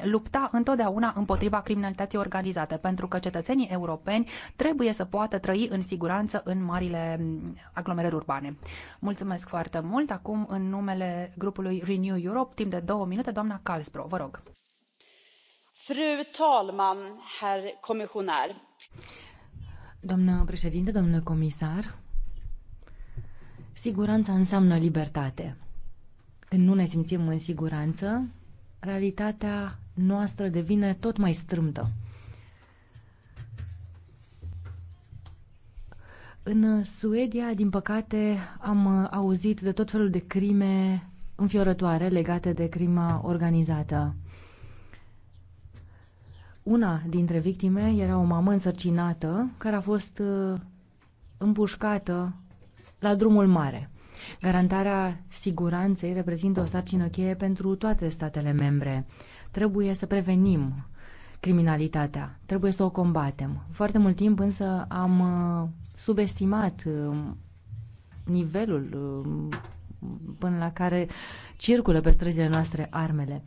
lupta întotdeauna împotriva criminalității organizate civilizate, pentru că cetățenii europeni trebuie să poată trăi în siguranță în marile mm, aglomerări urbane. Mulțumesc foarte mult. Acum, în numele grupului Renew Europe, timp de două minute, doamna Calsbro, vă rog. Fru talman, herr comisionar. Doamnă președinte, domnule comisar, siguranța înseamnă libertate. Când nu ne simțim în siguranță, realitatea noastră devine tot mai strâmtă. În uh, Suedia, din păcate, am uh, auzit de tot felul de crime înfiorătoare legate de crima organizată. Una dintre victime era o mamă însărcinată care a fost uh, împușcată la drumul mare. Garantarea siguranței reprezintă o sarcină cheie pentru toate statele membre. Trebuie să prevenim criminalitatea, trebuie să o combatem. Foarte mult timp însă am subestimat uh, nivelul uh, până la care circulă pe străzile noastre armele.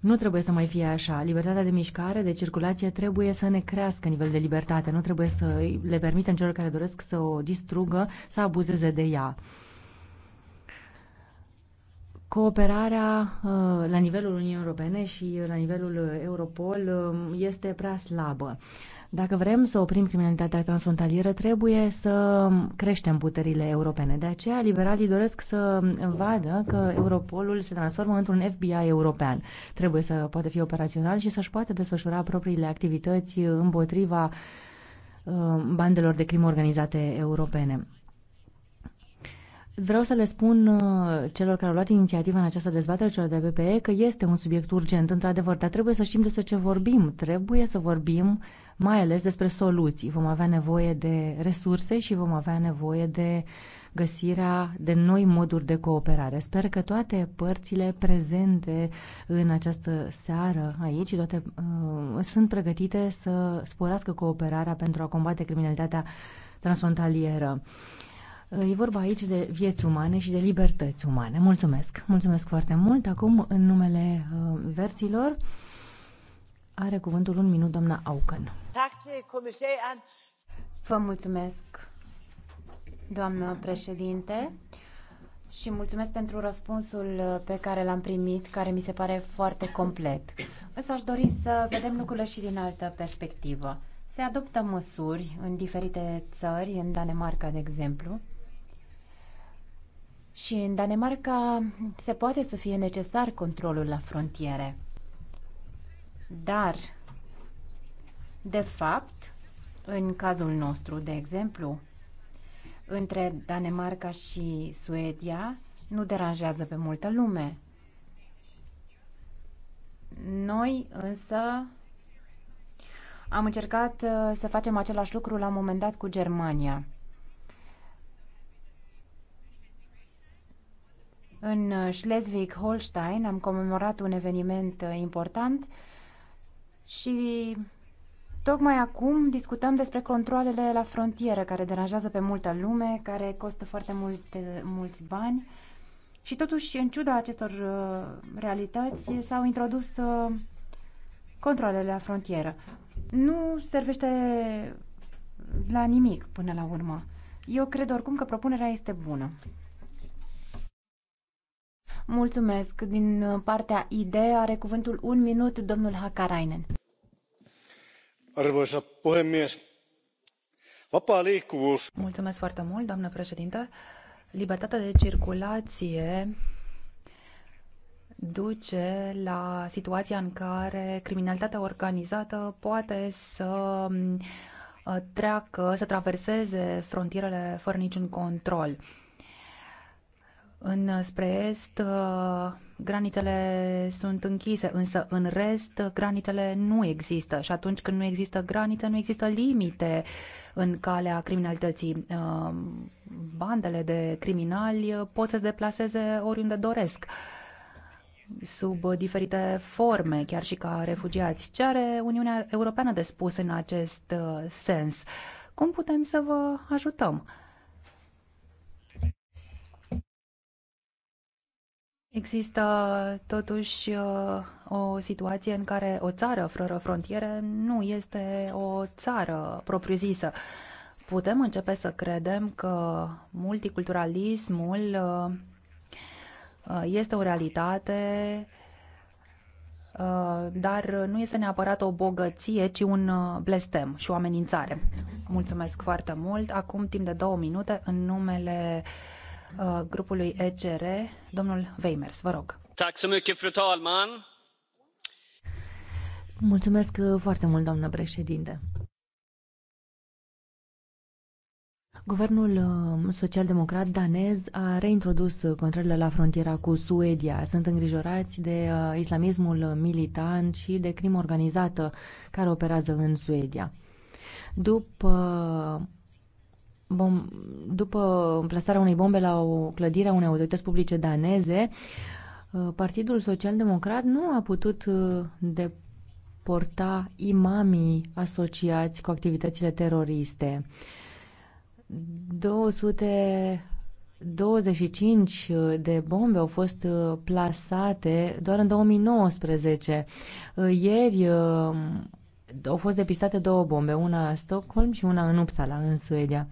Nu trebuie să mai fie așa. Libertatea de mișcare, de circulație trebuie să ne crească nivelul de libertate. Nu trebuie să le permitem celor care doresc să o distrugă, să abuzeze de ea. Cooperarea uh, la nivelul Uniunii Europene și la nivelul Europol um, este prea slabă. Dacă vrem să oprim criminalitatea transfrontalieră, trebuie să creștem puterile europene. De aceea, liberalii doresc să vadă că Europolul se transformă într-un FBI european. Trebuie să poată fi operațional și să-și poată desfășura propriile activități împotriva uh, bandelor de crimă organizate europene. Vreau să le spun uh, celor care au luat inițiativa în această dezbatere, celor de BPE, că este un subiect urgent, într-adevăr, dar trebuie să știm despre ce vorbim. Trebuie să vorbim mai ales despre soluții. Vom avea nevoie de resurse și vom avea nevoie de găsirea de noi moduri de cooperare. Sper că toate părțile prezente în această seară aici toate, uh, sunt pregătite să sporească cooperarea pentru a combate criminalitatea transfrontalieră. E vorba aici de vieți umane și de libertăți umane. Mulțumesc! Mulțumesc foarte mult! Acum, în numele uh, verților, are cuvântul un minut doamna Auken. Vă mulțumesc, doamnă președinte, și mulțumesc pentru răspunsul uh, pe care l-am primit, care mi se pare foarte complet. Însă aș dori să vedem lucrurile și din altă perspectivă. Se adoptă măsuri în diferite țări, în Danemarca, de exemplu, și în Danemarca se poate să fie necesar controlul la frontiere. Dar, de fapt, în cazul nostru, de exemplu, între Danemarca și Suedia nu deranjează pe multă lume. Noi însă am încercat uh, să facem același lucru la un moment dat cu Germania. În Schleswig-Holstein am comemorat un eveniment uh, important și tocmai acum discutăm despre controlele la frontieră, care deranjează pe multă lume, care costă foarte multe, mulți bani. Și totuși, în ciuda acestor uh, realități, s-au introdus uh, controlele la frontieră. Nu servește la nimic până la urmă. Eu cred oricum că propunerea este bună. Mulțumesc. Din uh, partea ID are cuvântul un minut domnul Hakarainen arvoisa puhemies vapaa liikkuvuus. Mulțumesc foarte mult, doamnă președintă. Libertatea de circulație duce la situația în care criminalitatea organizată poate să uh, treacă, să traverseze frontierele fără niciun control. În spre est, uh, Granitele sunt închise, însă în rest granitele nu există și atunci când nu există granite, nu există limite în calea criminalității. Uh, bandele de criminali pot să se deplaseze oriunde doresc sub diferite forme, chiar și ca refugiați. Ce are Uniunea Europeană de spus în acest uh, sens? Cum putem să vă ajutăm? Există totuși uh, o situație în care o țară fără frontiere nu este o țară propriu-zisă. Putem începe să credem că multiculturalismul uh, este o realitate, uh, dar nu este neapărat o bogăție, ci un blestem și o amenințare. Mulțumesc foarte mult. Acum, timp de două minute, în numele Uh, grupului ECR, domnul Weimers. Vă rog. Mulțumesc foarte mult, doamnă președinte. Guvernul uh, social-democrat danez a reintrodus controlele la frontiera cu Suedia. Sunt îngrijorați de uh, islamismul militant și de crimă organizată care operează în Suedia. După bom, după plasarea unei bombe la o clădire a unei autorități publice daneze, uh, Partidul Social Democrat nu a putut uh, deporta imamii asociați cu activitățile teroriste. 225 uh, de bombe au fost plasate doar în 2019. Ieri au fost depistate două bombe, una în Stockholm și una în Uppsala, în Suedia.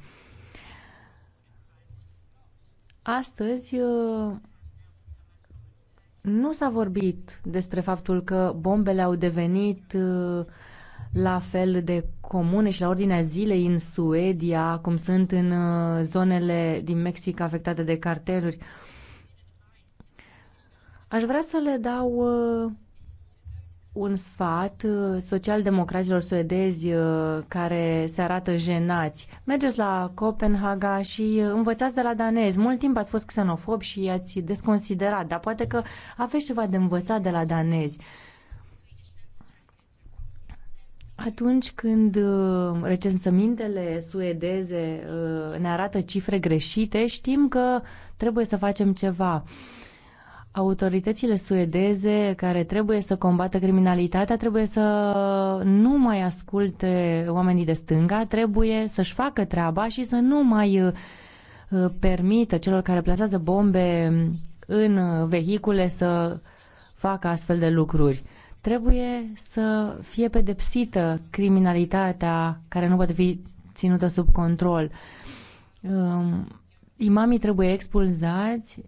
Astăzi uh, nu s-a vorbit despre faptul că bombele au devenit uh, la fel de comune și la ordinea zilei în Suedia, cum sunt în uh, zonele din Mexic afectate de carteluri. Aș vrea să le dau un sfat uh, socialdemocraților suedezi uh, care se arată jenați. Mergeți la Copenhaga și uh, învățați de la danezi. Mult timp ați fost xenofob și i-ați desconsiderat, dar poate că aveți ceva de învățat de la danezi. Atunci când recensămintele suedeze ne arată cifre greșite, știm că trebuie să facem ceva autoritățile suedeze care trebuie să combată criminalitatea trebuie să nu mai asculte oamenii de stânga, trebuie să-și facă treaba și să nu mai uh, uh, permită celor care plasează bombe în vehicule să facă astfel de lucruri. Trebuie să fie pedepsită criminalitatea care nu poate fi ținută sub control. Um, imamii trebuie expulzați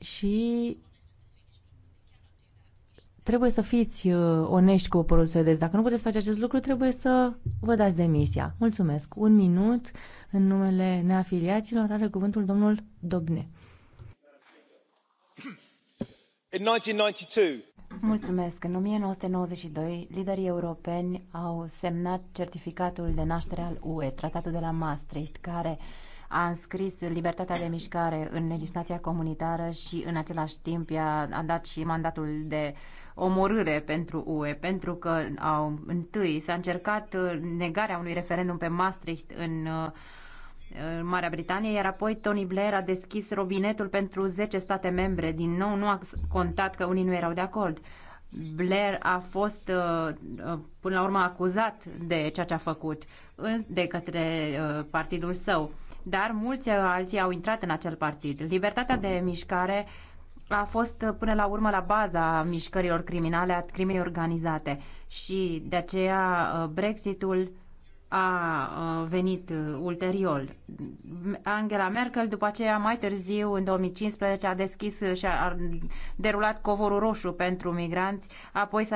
și trebuie să fiți uh, onești cu poporul suedez. Dacă nu puteți face acest lucru, trebuie să vă dați demisia. Mulțumesc. Un minut în numele neafiliaților are cuvântul domnul Dobne. In 1992. Mulțumesc. În 1992, liderii europeni au semnat certificatul de naștere al UE, tratatul de la Maastricht, care a înscris libertatea de mișcare în legislația comunitară și în același timp i-a dat și mandatul de uh, omorâre pentru UE, pentru că au, întâi s-a încercat uh, negarea unui referendum pe Maastricht uh, în Marea Britanie, iar apoi Tony Blair a deschis robinetul pentru 10 state membre. Din nou, nu a contat că unii nu erau de acord. Blair a fost uh, până la urmă acuzat de ceea ce a făcut de către partidul său, dar mulți alții au intrat în acel partid. Libertatea de mișcare uh, a fost uh, până la urmă la baza mișcărilor criminale, a crimei organizate și de aceea uh, Brexitul a uh, venit ulterior. Angela Merkel, după aceea, mai târziu, în 2015, a deschis și a derulat covorul roșu pentru migranți, apoi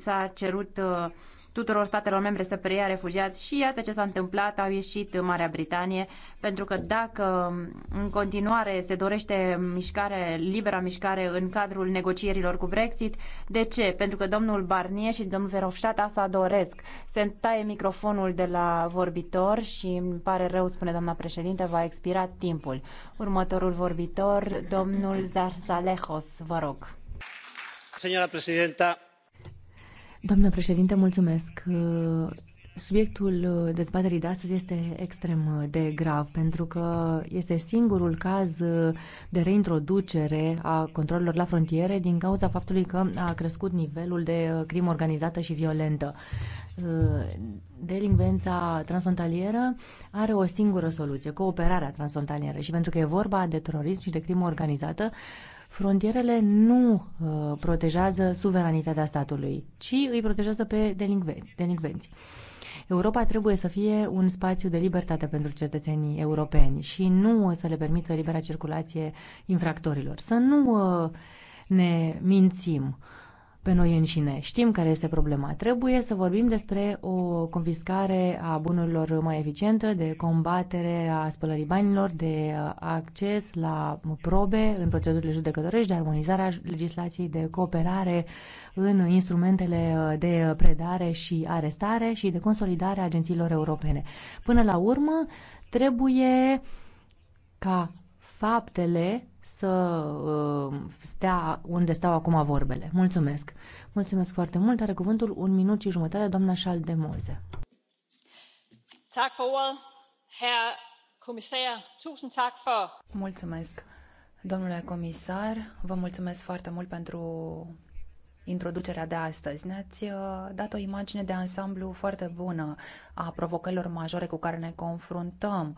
s-a, cerut uh, tuturor statelor membre să preia refugiați și iată ce s-a întâmplat, au ieșit în Marea Britanie, pentru că dacă în continuare se dorește mișcare, libera mișcare în cadrul negocierilor cu Brexit, de ce? Pentru că domnul Barnier și domnul Verhofstadt asta doresc. Se taie microfonul de la vorbitor și îmi pare rău, spune doamna președinte, va expira timpul. Următorul vorbitor, domnul Zarsalehos, vă rog. Señora presidenta, Doamnă președinte, mulțumesc. Subiectul dezbaterii de astăzi este extrem de grav pentru că este singurul caz de reintroducere a controlelor la frontiere din cauza faptului că a crescut nivelul de crimă organizată și violentă. Delinvența transfrontalieră are o singură soluție, cooperarea transfrontalieră și pentru că e vorba de terorism și de crimă organizată, Frontierele nu uh, protejează suveranitatea statului, ci îi protejează pe delinven- delinvenți. Europa trebuie să fie un spațiu de libertate pentru cetățenii europeni și nu uh, să le permită libera circulație infractorilor. Să nu uh, ne mințim. Uh, pe noi înșine. Știm care este problema. Trebuie să vorbim despre o confiscare a bunurilor mai eficientă, de combatere a spălării banilor, de acces la probe în procedurile judecătorești, de armonizarea legislației, de cooperare în instrumentele de predare și arestare și de consolidare a agențiilor europene. Până la urmă, trebuie ca faptele să uh, stea unde stau acum vorbele. Mulțumesc! Mulțumesc foarte mult! Are cuvântul un minut și jumătate, doamna de Moze. Mulțumesc, domnule comisar, vă mulțumesc foarte mult pentru introducerea de astăzi. Ne-ați uh, dat o imagine de ansamblu foarte bună a provocărilor majore cu care ne confruntăm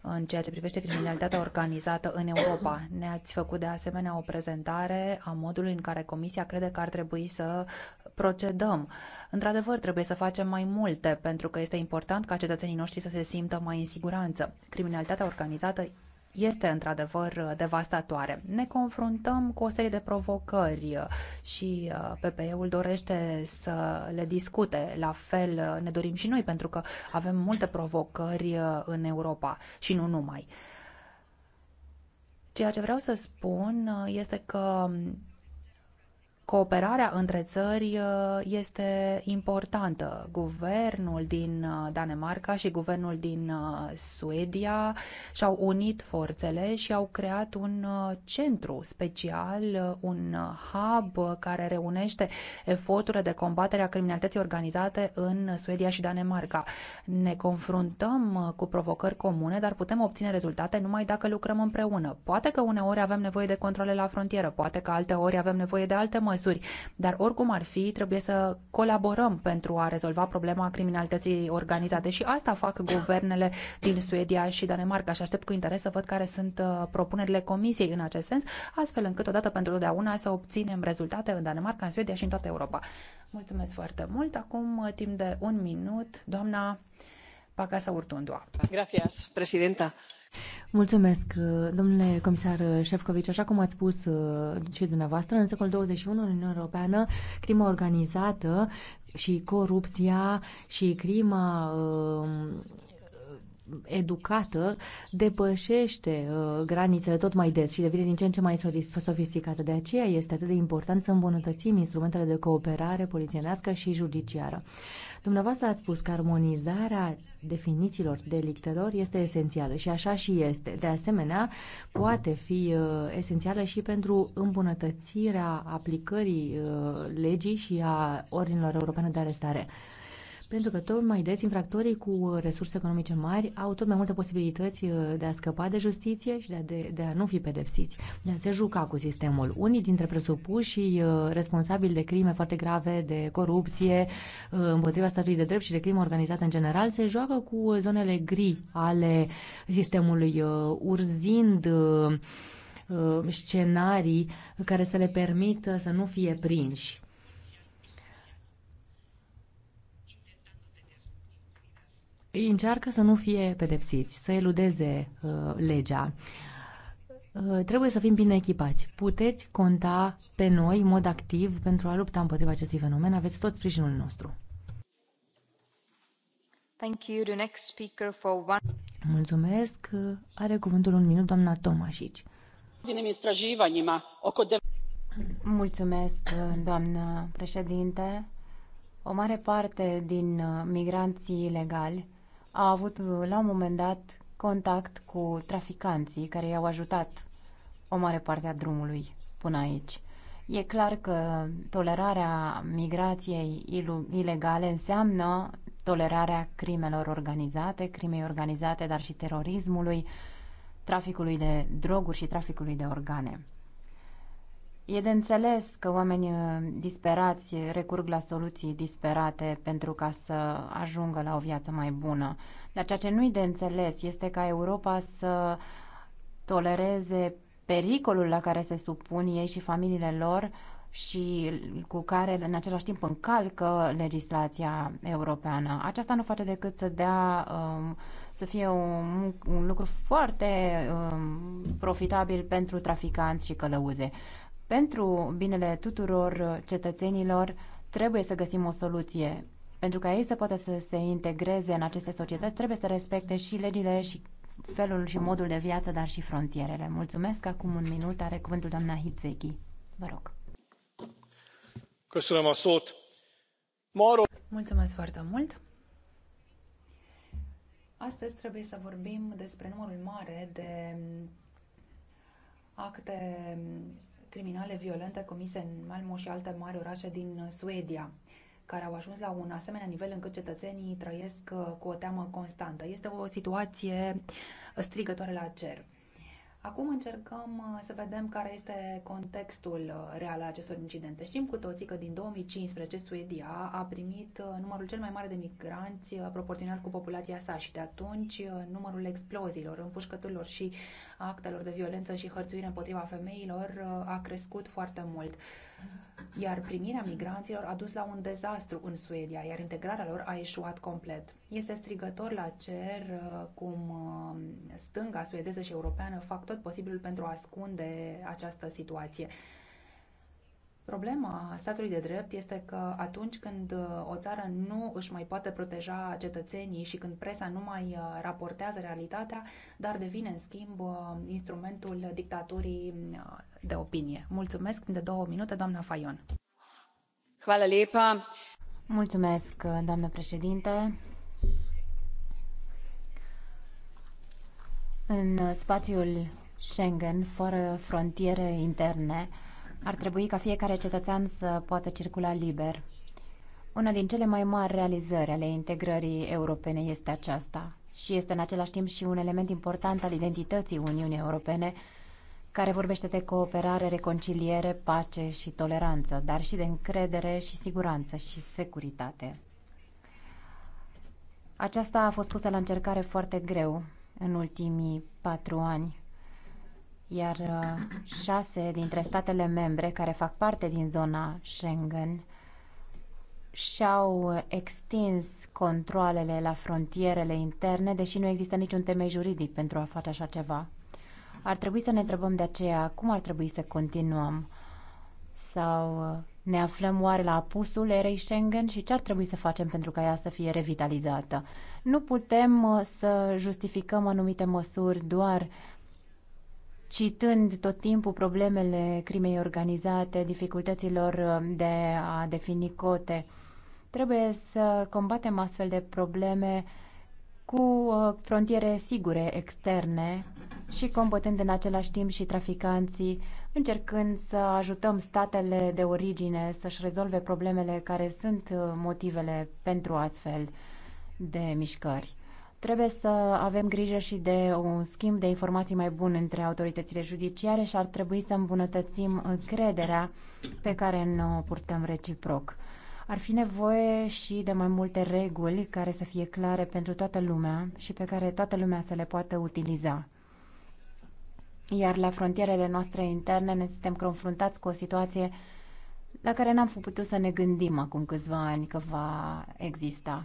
în ceea ce privește criminalitatea organizată în Europa. Ne-ați făcut de asemenea o prezentare a modului în care Comisia crede că ar trebui să procedăm. Într-adevăr, trebuie să facem mai multe, pentru că este important ca cetățenii noștri să se simtă mai în siguranță. Criminalitatea organizată este într-adevăr uh, devastatoare. Ne confruntăm cu o serie de provocări uh, și uh, PPE-ul dorește să le discute. La fel ne dorim și noi, pentru că avem multe provocări în Europa și nu numai. Ceea ce vreau să spun este că um, Cooperarea între țări uh, este importantă. Guvernul din uh, Danemarca și guvernul din uh, Suedia și-au unit forțele și au creat un centru special, un hub care reunește eforturile de combatere a criminalității organizate în Suedia și Danemarca. Ne confruntăm cu provocări comune, dar putem obține rezultate numai dacă lucrăm împreună. Poate că uneori avem nevoie de controle la frontieră, poate că alteori avem nevoie de alte măsuri măsuri, dar oricum ar fi, trebuie să colaborăm pentru a rezolva problema criminalității organizate și asta fac guvernele din Suedia și Danemarca și aștept cu interes să văd care sunt uh, propunerile comisiei în acest sens, astfel încât odată pentru totdeauna să obținem rezultate în Danemarca, în Suedia și în toată Europa. Mulțumesc foarte mult. Acum, uh, timp de un minut, doamna Pacasa Urtundua. Gracias, presidenta. Mulțumesc, uh, domnule comisar Șefcovici. Așa cum ați spus uh, și dumneavoastră, în secolul 21 în Uniunea Europeană, crima organizată și corupția și crima uh, educată depășește uh, granițele tot mai des și devine din ce în ce mai sofisticată. De aceea este atât de important să îmbunătățim instrumentele de cooperare polițienească și judiciară. Dumneavoastră ați spus că armonizarea definițiilor delictelor este esențială și așa și este. De asemenea, poate fi uh, esențială și pentru îmbunătățirea aplicării uh, legii și a ordinilor europene de arestare. Uh, pentru că tot mai des infractorii cu resurse economice mari au tot mai multe posibilități uh, de a scăpa de justiție și de a, de, de a nu fi pedepsiți, de a se juca cu sistemul. Unii dintre presupușii uh, responsabili de crime foarte grave, de corupție, uh, împotriva statului de drept și de crimă organizată în general, se joacă cu zonele gri ale sistemului, urzind scenarii care să le permită să nu fie prinși încearcă să nu fie pedepsiți, să eludeze uh, legea. Uh, trebuie să fim bine echipați. Puteți conta pe noi în mod activ pentru a lupta împotriva acestui fenomen. Aveți tot sprijinul nostru. Thank you. The next speaker for one... Mulțumesc. Are cuvântul un minut doamna Tomașici. Mulțumesc, uh, doamnă președinte. O mare parte din uh, migranții ilegali a avut la un moment dat contact cu traficanții care i-au ajutat o mare parte a drumului până aici. E clar că tolerarea migrației ilegale înseamnă tolerarea crimelor organizate, crimei organizate, dar și terorismului, traficului de droguri și traficului de organe. E de înțeles că oamenii uh, disperați recurg la soluții disperate pentru ca să ajungă la o viață mai bună. Dar ceea ce nu-i de înțeles este ca Europa să tolereze pericolul la care se supun ei și familiile lor și cu care în același timp încalcă legislația europeană. Aceasta nu face decât să dea um, să fie un, un lucru foarte um, profitabil pentru traficanți și călăuze. Pentru binele tuturor cetățenilor trebuie să găsim o soluție. Pentru ca ei să poată să se integreze în aceste societăți, trebuie să respecte și legile și felul și modul de viață, dar și frontierele. Mulțumesc. Acum un minut are cuvântul doamna Hitvegi. Vă rog. Mulțumesc foarte mult. Astăzi trebuie să vorbim despre numărul mare de acte criminale violente comise în Malmo și alte mari orașe din Suedia care au ajuns la un asemenea nivel încât cetățenii trăiesc uh, cu o teamă constantă. Este o situație strigătoare la cer. Acum încercăm uh, să vedem care este contextul uh, real al acestor incidente. Știm cu toții că din 2015 Suedia a primit uh, numărul cel mai mare de migranți proporțional cu populația sa și de atunci numărul exploziilor, împușcăturilor și actelor de violență și hărțuire împotriva femeilor a crescut foarte mult iar primirea migranților a dus la un dezastru în Suedia, iar integrarea lor a eșuat complet. Este strigător la cer uh, cum uh, stânga suedeză și europeană fac tot posibilul pentru a ascunde această situație. Problema statului de drept este că atunci când uh, o țară nu își mai poate proteja cetățenii și când presa nu mai uh, raportează realitatea, dar devine, în schimb, uh, instrumentul dictaturii de opinie. Mulțumesc de două minute, doamna Faion. Hvala lepa. Mulțumesc, doamnă președinte. În spațiul Schengen, fără frontiere interne, ar trebui ca fiecare cetățean să poată circula liber. Una din cele mai mari realizări ale integrării europene este aceasta și este în același timp și un element important al identității Uniunii Europene, care vorbește de cooperare, reconciliere, pace și toleranță, dar și de încredere și siguranță și securitate. Aceasta a fost pusă la încercare foarte greu în ultimii patru ani iar uh, șase dintre statele membre care fac parte din zona Schengen și-au uh, extins controlele la frontierele interne, deși nu există niciun temei juridic pentru a face așa ceva. Ar trebui să ne întrebăm de aceea cum ar trebui să continuăm sau uh, ne aflăm oare la apusul erei Schengen și ce ar trebui să facem pentru ca ea să fie revitalizată. Nu putem să justificăm anumite măsuri doar citând tot timpul problemele crimei organizate, dificultăților um, de a defini cote. Trebuie să combatem astfel de probleme cu uh, frontiere sigure externe și combătând în același timp și traficanții, încercând să ajutăm statele de origine să-și rezolve problemele care sunt uh, motivele pentru astfel de mișcări. Trebuie să avem grijă și de un schimb de informații mai bun între autoritățile judiciare și ar trebui să îmbunătățim încrederea pe care ne o purtăm reciproc. Ar fi nevoie și de mai multe reguli care să fie clare pentru toată lumea și pe care toată lumea să le poată utiliza. Iar la frontierele noastre interne ne suntem confruntați cu o situație la care n-am putut să ne gândim acum câțiva ani că va exista.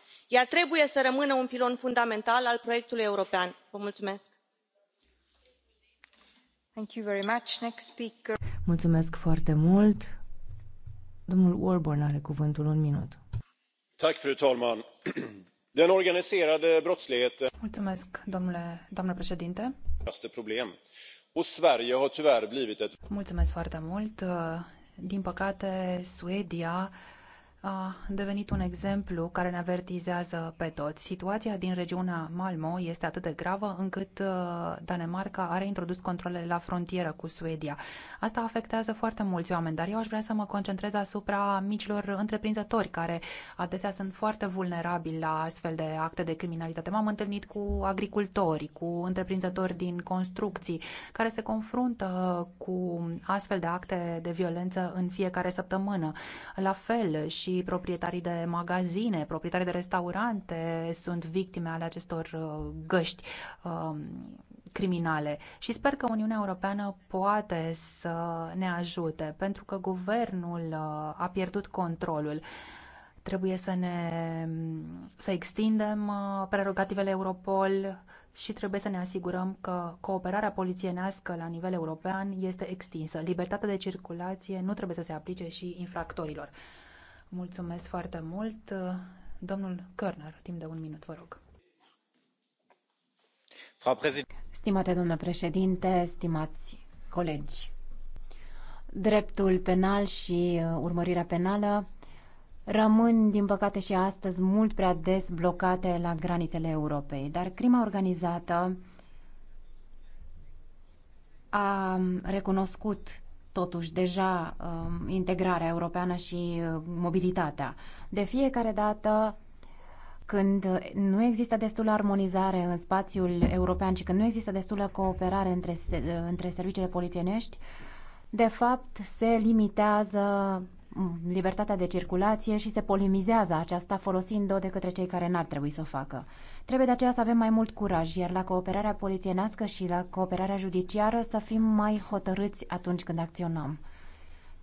ea trebuie să rămână un pilon fundamental al proiectului european. vă mulțumesc. mulțumesc foarte mult. domnul Warburn are cuvântul un minut. [clears throat] mulțumesc Sverige har tyvärr blivit ett. Mulțumesc foarte mult. Din păcate, Suedia a devenit un exemplu care ne avertizează pe toți. Situația din regiunea Malmo este atât de gravă încât uh, Danemarca are introdus controle la frontieră cu Suedia. Asta afectează foarte mulți oameni, dar eu aș vrea să mă concentrez asupra micilor întreprinzători care adesea sunt foarte vulnerabili la astfel de acte de criminalitate. M-am întâlnit cu agricultori, cu întreprinzători din construcții care se confruntă uh, cu astfel de acte de violență în fiecare săptămână. La fel și și proprietarii de magazine, proprietarii de restaurante sunt victime ale acestor uh, găști um, criminale și sper că Uniunea Europeană poate să ne ajute pentru că guvernul uh, a pierdut controlul. Trebuie să ne să extindem uh, prerogativele Europol și trebuie să ne asigurăm că cooperarea polițienească la nivel european este extinsă. Libertatea de circulație nu trebuie să se aplice și infractorilor. Mulțumesc foarte mult. Domnul Körner, timp de un minut, vă rog. Stimate domnule președinte, stimați colegi, dreptul penal și uh, urmărirea penală rămân, din păcate și astăzi, mult prea des blocate la granițele Europei. Dar crima organizată a recunoscut totuși deja um, integrarea europeană și uh, mobilitatea. De fiecare dată când nu există destulă armonizare în spațiul european și când nu există destulă cooperare între, uh, între serviciile polițienești, de fapt se limitează um, libertatea de circulație și se polimizează aceasta folosind-o de către cei care n-ar trebui să o facă. Trebuie de aceea să avem mai mult curaj, iar la cooperarea polițienească și la cooperarea judiciară să fim mai hotărâți atunci când acționăm.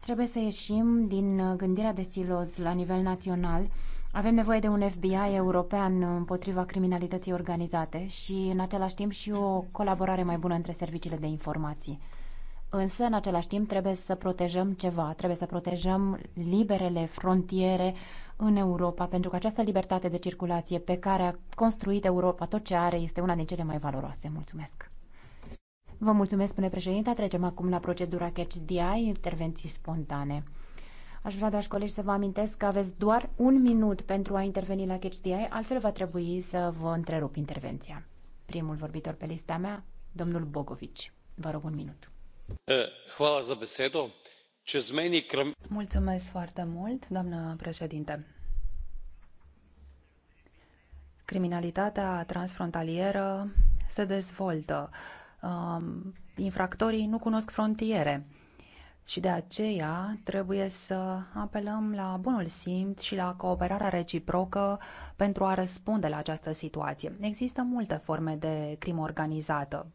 Trebuie să ieșim din gândirea de silos la nivel național. Avem nevoie de un FBI european împotriva criminalității organizate și, în același timp, și o colaborare mai bună între serviciile de informații. Însă, în același timp, trebuie să protejăm ceva, trebuie să protejăm liberele frontiere, în Europa, pentru că această libertate de circulație pe care a construit Europa tot ce are este una din cele mai valoroase. Mulțumesc! Vă mulțumesc, spune președinta. Trecem acum la procedura Catch DI, intervenții spontane. Aș vrea, dragi colegi, să vă amintesc că aveți doar un minut pentru a interveni la Catch altfel va trebui să vă întrerup intervenția. Primul vorbitor pe lista mea, domnul Bogovici. Vă rog un minut. Eh, hvala za besedo. Mulțumesc foarte mult, doamnă președinte. Criminalitatea transfrontalieră se dezvoltă. Um, infractorii nu cunosc frontiere și de aceea trebuie să apelăm la bunul simț și la cooperarea reciprocă pentru a răspunde la această situație. Există multe forme de crimă organizată,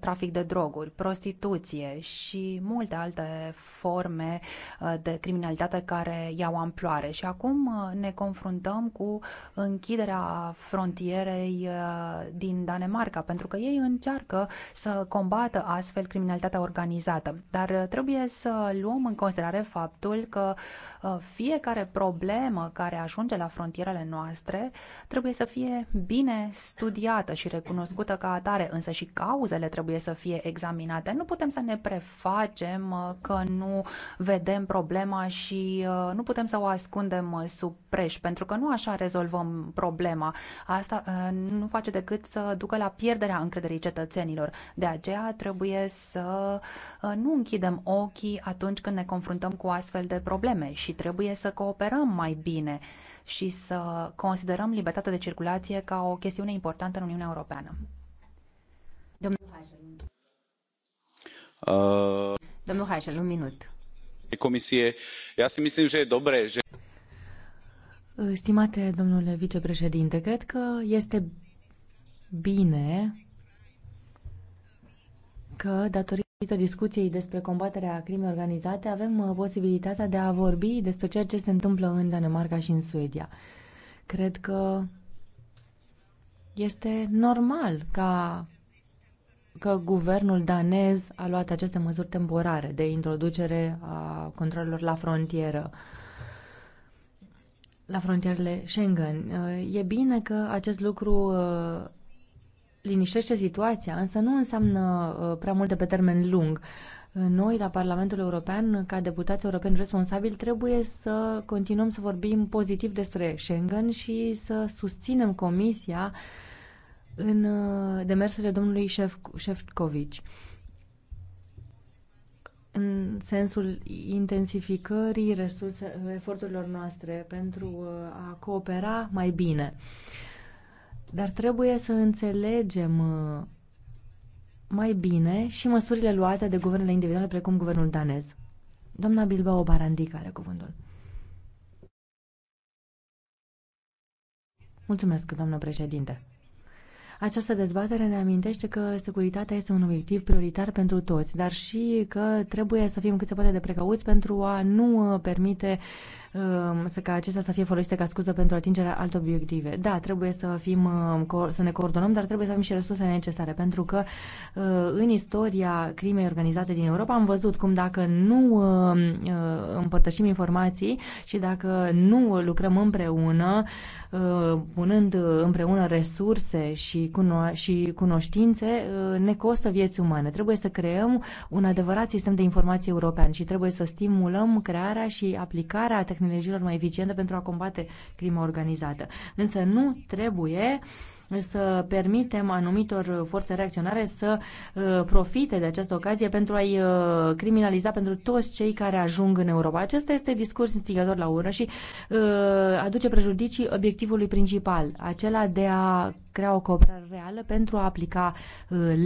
trafic de droguri, prostituție și multe alte forme uh, de criminalitate care iau amploare și acum uh, ne confruntăm cu închiderea frontierei uh, din Danemarca pentru că ei încearcă să combată astfel criminalitatea organizată, dar trebuie să să luăm în considerare faptul că ă, fiecare problemă care ajunge la frontierele noastre trebuie să fie bine studiată și recunoscută ca atare, însă și cauzele trebuie să fie examinate. Nu putem să ne prefacem ă, că nu vedem problema și ă, nu putem să o ascundem sub preș, pentru că nu așa rezolvăm problema. Asta nu face decât să ducă la pierderea încrederii cetățenilor. De aceea trebuie să nu închidem ochii atunci când ne confruntăm cu astfel de probleme și trebuie să cooperăm mai bine și să considerăm libertatea de circulație ca o chestiune importantă în Uniunea Europeană. Domnul Hajel. Uh... Domnul Hașel, un minut. Comisie, ja si myslím, že je dobré, že... Stimate domnule vicepreședinte, cred că este bine că datorită Datorită discuției despre combaterea crimei organizate, avem uh, posibilitatea de a vorbi despre ceea ce se întâmplă în Danemarca și în Suedia. Cred că este normal ca că guvernul danez a luat aceste măsuri temporare de introducere a controlelor la frontieră, la frontierele Schengen. Uh, e bine că acest lucru uh, liniștește situația, însă nu înseamnă uh, prea multe pe termen lung. Uh, noi, la Parlamentul European, ca deputați europeni responsabili, trebuie să continuăm să vorbim pozitiv despre Schengen și să susținem Comisia în uh, demersurile domnului Șefcovici în sensul intensificării resurse, eforturilor noastre pentru a coopera mai bine. Uh, dar trebuie să înțelegem uh, mai bine și măsurile luate de guvernele individuale, precum guvernul danez. Doamna Bilbao Barandica are cuvântul. Mulțumesc, doamnă președinte. Această dezbatere ne amintește că securitatea este un obiectiv prioritar pentru toți, dar și că trebuie să fim cât se poate de precauți pentru a nu uh, permite um, să ca acestea să fie folosite ca scuză pentru atingerea altor obiective. Da, trebuie să fim uh, să ne coordonăm, dar trebuie să avem și resursele necesare, pentru că uh, în istoria crimei organizate din Europa am văzut cum dacă nu împărtășim informații și dacă nu lucrăm împreună, Uh, punând uh, împreună resurse și, cuno- și cunoștințe, uh, ne costă vieți umane. Trebuie să creăm un adevărat sistem de informații european și trebuie să stimulăm crearea și aplicarea tehnologiilor mai eficiente pentru a combate crima organizată. Însă nu trebuie uh, să permitem anumitor forțe reacționare să uh, profite de această ocazie pentru a-i uh, criminaliza pentru toți cei care ajung în Europa. Acesta este discurs instigator la ură și uh, aduce prejudicii obiectivului principal, acela de a crea o cooperare reală pentru a aplica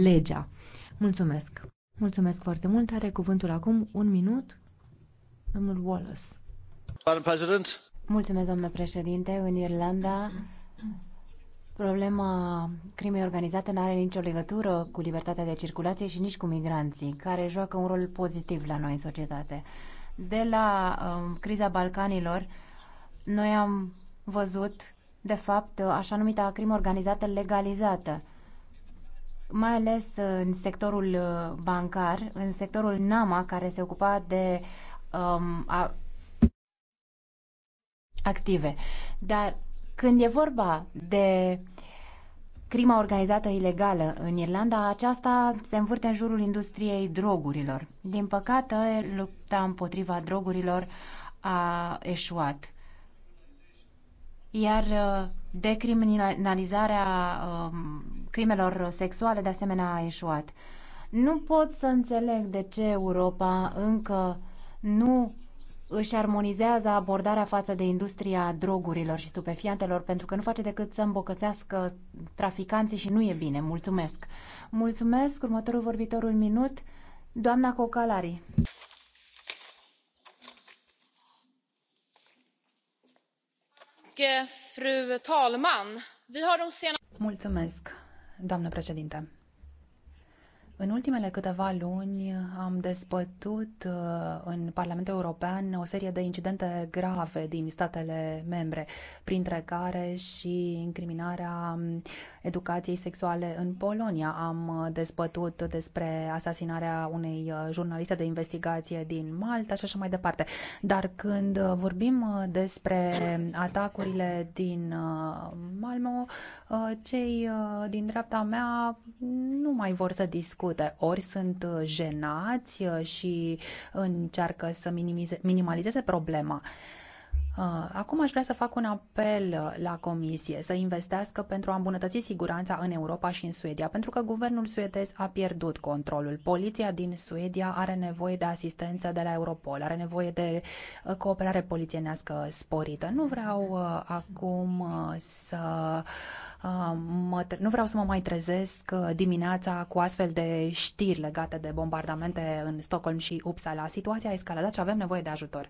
legea. Mulțumesc! Mulțumesc foarte mult. Are cuvântul acum un minut domnul Wallace. Mulțumesc, domnule președinte. În Irlanda Problema crimei organizate nu are nicio legătură cu libertatea de circulație și nici cu migranții, care joacă un rol pozitiv la noi în societate. De la um, criza Balcanilor, noi am văzut, de fapt, așa numita crimă organizată legalizată, mai ales în sectorul uh, bancar, în sectorul NAMA, care se ocupa de um, a, active. Dar când e vorba de crima organizată ilegală în Irlanda, aceasta se învârte în jurul industriei drogurilor. Din păcate, lupta împotriva drogurilor a eșuat. Iar uh, decriminalizarea um, crimelor sexuale de asemenea a eșuat. Nu pot să înțeleg de ce Europa încă nu își armonizează abordarea față de industria drogurilor și stupefiantelor pentru că nu face decât să îmbocățească traficanții și nu e bine. Mulțumesc! Mulțumesc! Următorul vorbitorul minut, doamna Cocalari. Mulțumesc, doamnă președinte. În ultimele câteva luni am dezbătut uh, în Parlamentul European o serie de incidente grave din statele membre, printre care și incriminarea um, educației sexuale în Polonia. Am uh, dezbătut despre asasinarea unei uh, jurnaliste de investigație din Malta și așa mai departe. Dar când uh, vorbim despre atacurile din Malmo, cei din dreapta mea nu mai vor să discute. Ori sunt jenați și încearcă să minimizeze, minimalizeze problema. Uh, acum aș vrea să fac un apel uh, la Comisie să investească pentru a îmbunătăți siguranța în Europa și în Suedia, pentru că guvernul suedez a pierdut controlul. Poliția din Suedia are nevoie de asistență de la Europol, are nevoie de uh, cooperare polițienească sporită. Nu vreau acum să mă, nu vreau să mă mai trezesc dimineața cu astfel de știri legate de bombardamente în Stockholm și Uppsala. Situația a escaladat și avem nevoie de ajutor.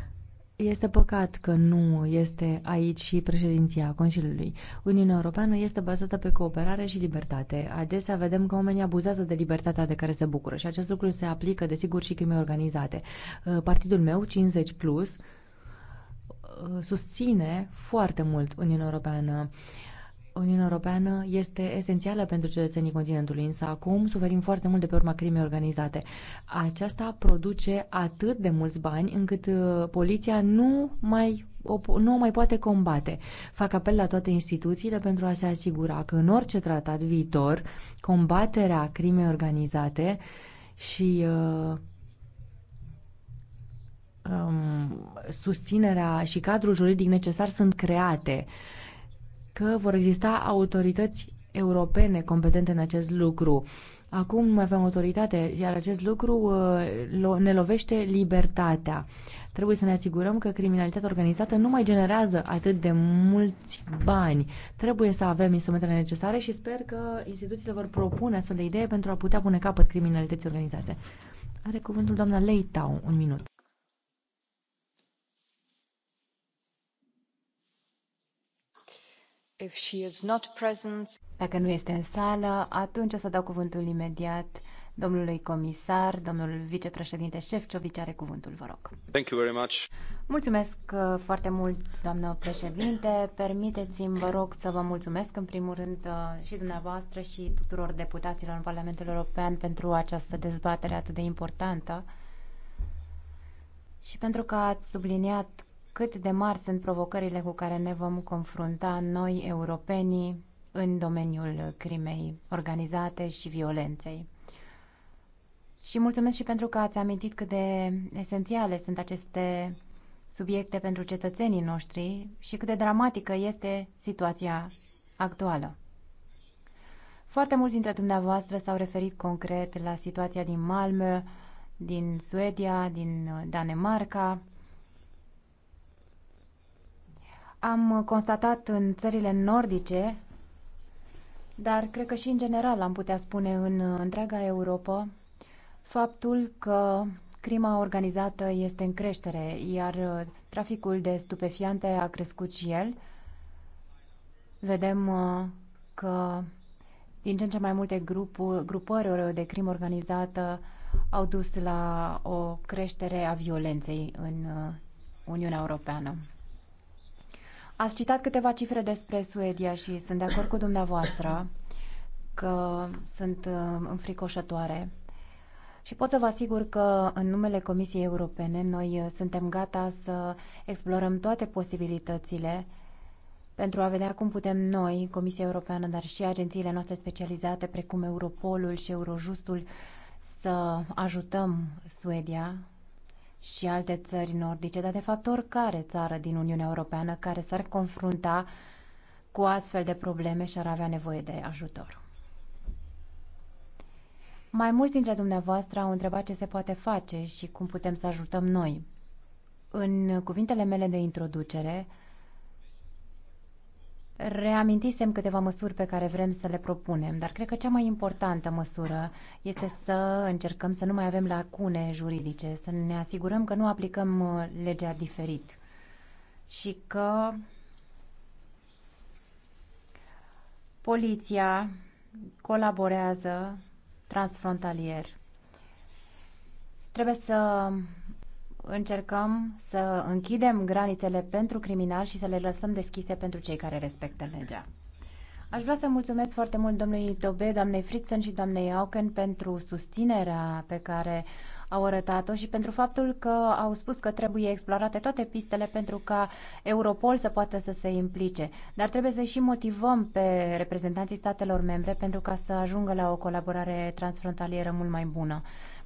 este păcat că nu este aici și președinția Consiliului. Uniunea Europeană este bazată pe cooperare și libertate. Adesea vedem că oamenii abuzează de libertatea de care se bucură și acest lucru se aplică, desigur, și crimei organizate. Uh, partidul meu, 50 plus, uh, susține foarte mult Uniunea Europeană. Uniunea Europeană este esențială pentru cetățenii continentului, însă acum suferim foarte mult de pe urma crimei organizate. Aceasta produce atât de mulți bani încât uh, poliția nu mai o, nu o mai poate combate. Fac apel la toate instituțiile pentru a se asigura că în orice tratat viitor combaterea crimei organizate și uh, um, susținerea și cadrul juridic necesar sunt create. Uh, că vor exista autorități europene competente în acest lucru. Acum nu mai avem autoritate, iar acest lucru uh, ne lovește libertatea. Trebuie să ne asigurăm că criminalitatea organizată nu mai generează atât de mulți bani. Trebuie să avem instrumentele necesare și sper că instituțiile vor propune astfel de idee pentru a putea pune capăt criminalității organizate. Are cuvântul doamna Leitau, un minut. If she is not present... Dacă nu este în sală, atunci o să dau cuvântul imediat domnului comisar, domnul vicepreședinte Șefcovici are cuvântul, vă rog. Thank you very much. Mulțumesc uh, foarte mult, doamnă președinte. Permiteți-mi, vă rog, să vă mulțumesc în primul rând uh, și dumneavoastră și tuturor deputaților în Parlamentul European pentru această dezbatere atât de importantă și pentru că ați subliniat cât de mari sunt provocările cu care ne vom confrunta noi, europenii, în domeniul crimei organizate și violenței. Și mulțumesc și pentru că ați amintit cât de esențiale sunt aceste subiecte pentru cetățenii noștri și cât de dramatică este situația actuală. Foarte mulți dintre dumneavoastră s-au referit concret la situația din Malmö, din Suedia, din Danemarca, Am constatat în țările nordice, dar cred că și în general am putea spune în uh, întreaga Europa, faptul că crima organizată este în creștere, iar uh, traficul de stupefiante a crescut și el. Vedem uh, că din ce în ce mai multe grupuri, grupări de crimă organizată au dus la o creștere a violenței în Uniunea Europeană. Ați citat câteva cifre despre Suedia și sunt de acord cu dumneavoastră că sunt uh, înfricoșătoare. Și pot să vă asigur că în numele Comisiei Europene noi uh, suntem gata să explorăm toate posibilitățile pentru a vedea cum putem noi, Comisia Europeană, dar și agențiile noastre specializate, precum Europolul și Eurojustul, să ajutăm Suedia și alte țări nordice, dar de fapt oricare țară din Uniunea Europeană care s-ar confrunta cu astfel de probleme și ar avea nevoie de ajutor. Mai mulți dintre dumneavoastră au întrebat ce se poate face și cum putem să ajutăm noi. În cuvintele mele de introducere, Reamintisem câteva măsuri pe care vrem să le propunem, dar cred că cea mai importantă măsură este să încercăm să nu mai avem lacune juridice, să ne asigurăm că nu aplicăm uh, legea diferit și că poliția colaborează transfrontalier. Trebuie să încercăm să închidem granițele pentru criminali și să le lăsăm deschise pentru cei care respectă legea. Aș vrea să mulțumesc foarte mult domnului Tobe, doamnei Fritzen și doamnei Auken pentru susținerea pe care au arătat-o și pentru faptul că au spus că trebuie explorate toate pistele pentru ca Europol să poată să se implice. Dar trebuie să și motivăm pe reprezentanții statelor membre pentru ca să ajungă la o colaborare transfrontalieră mult mai bună.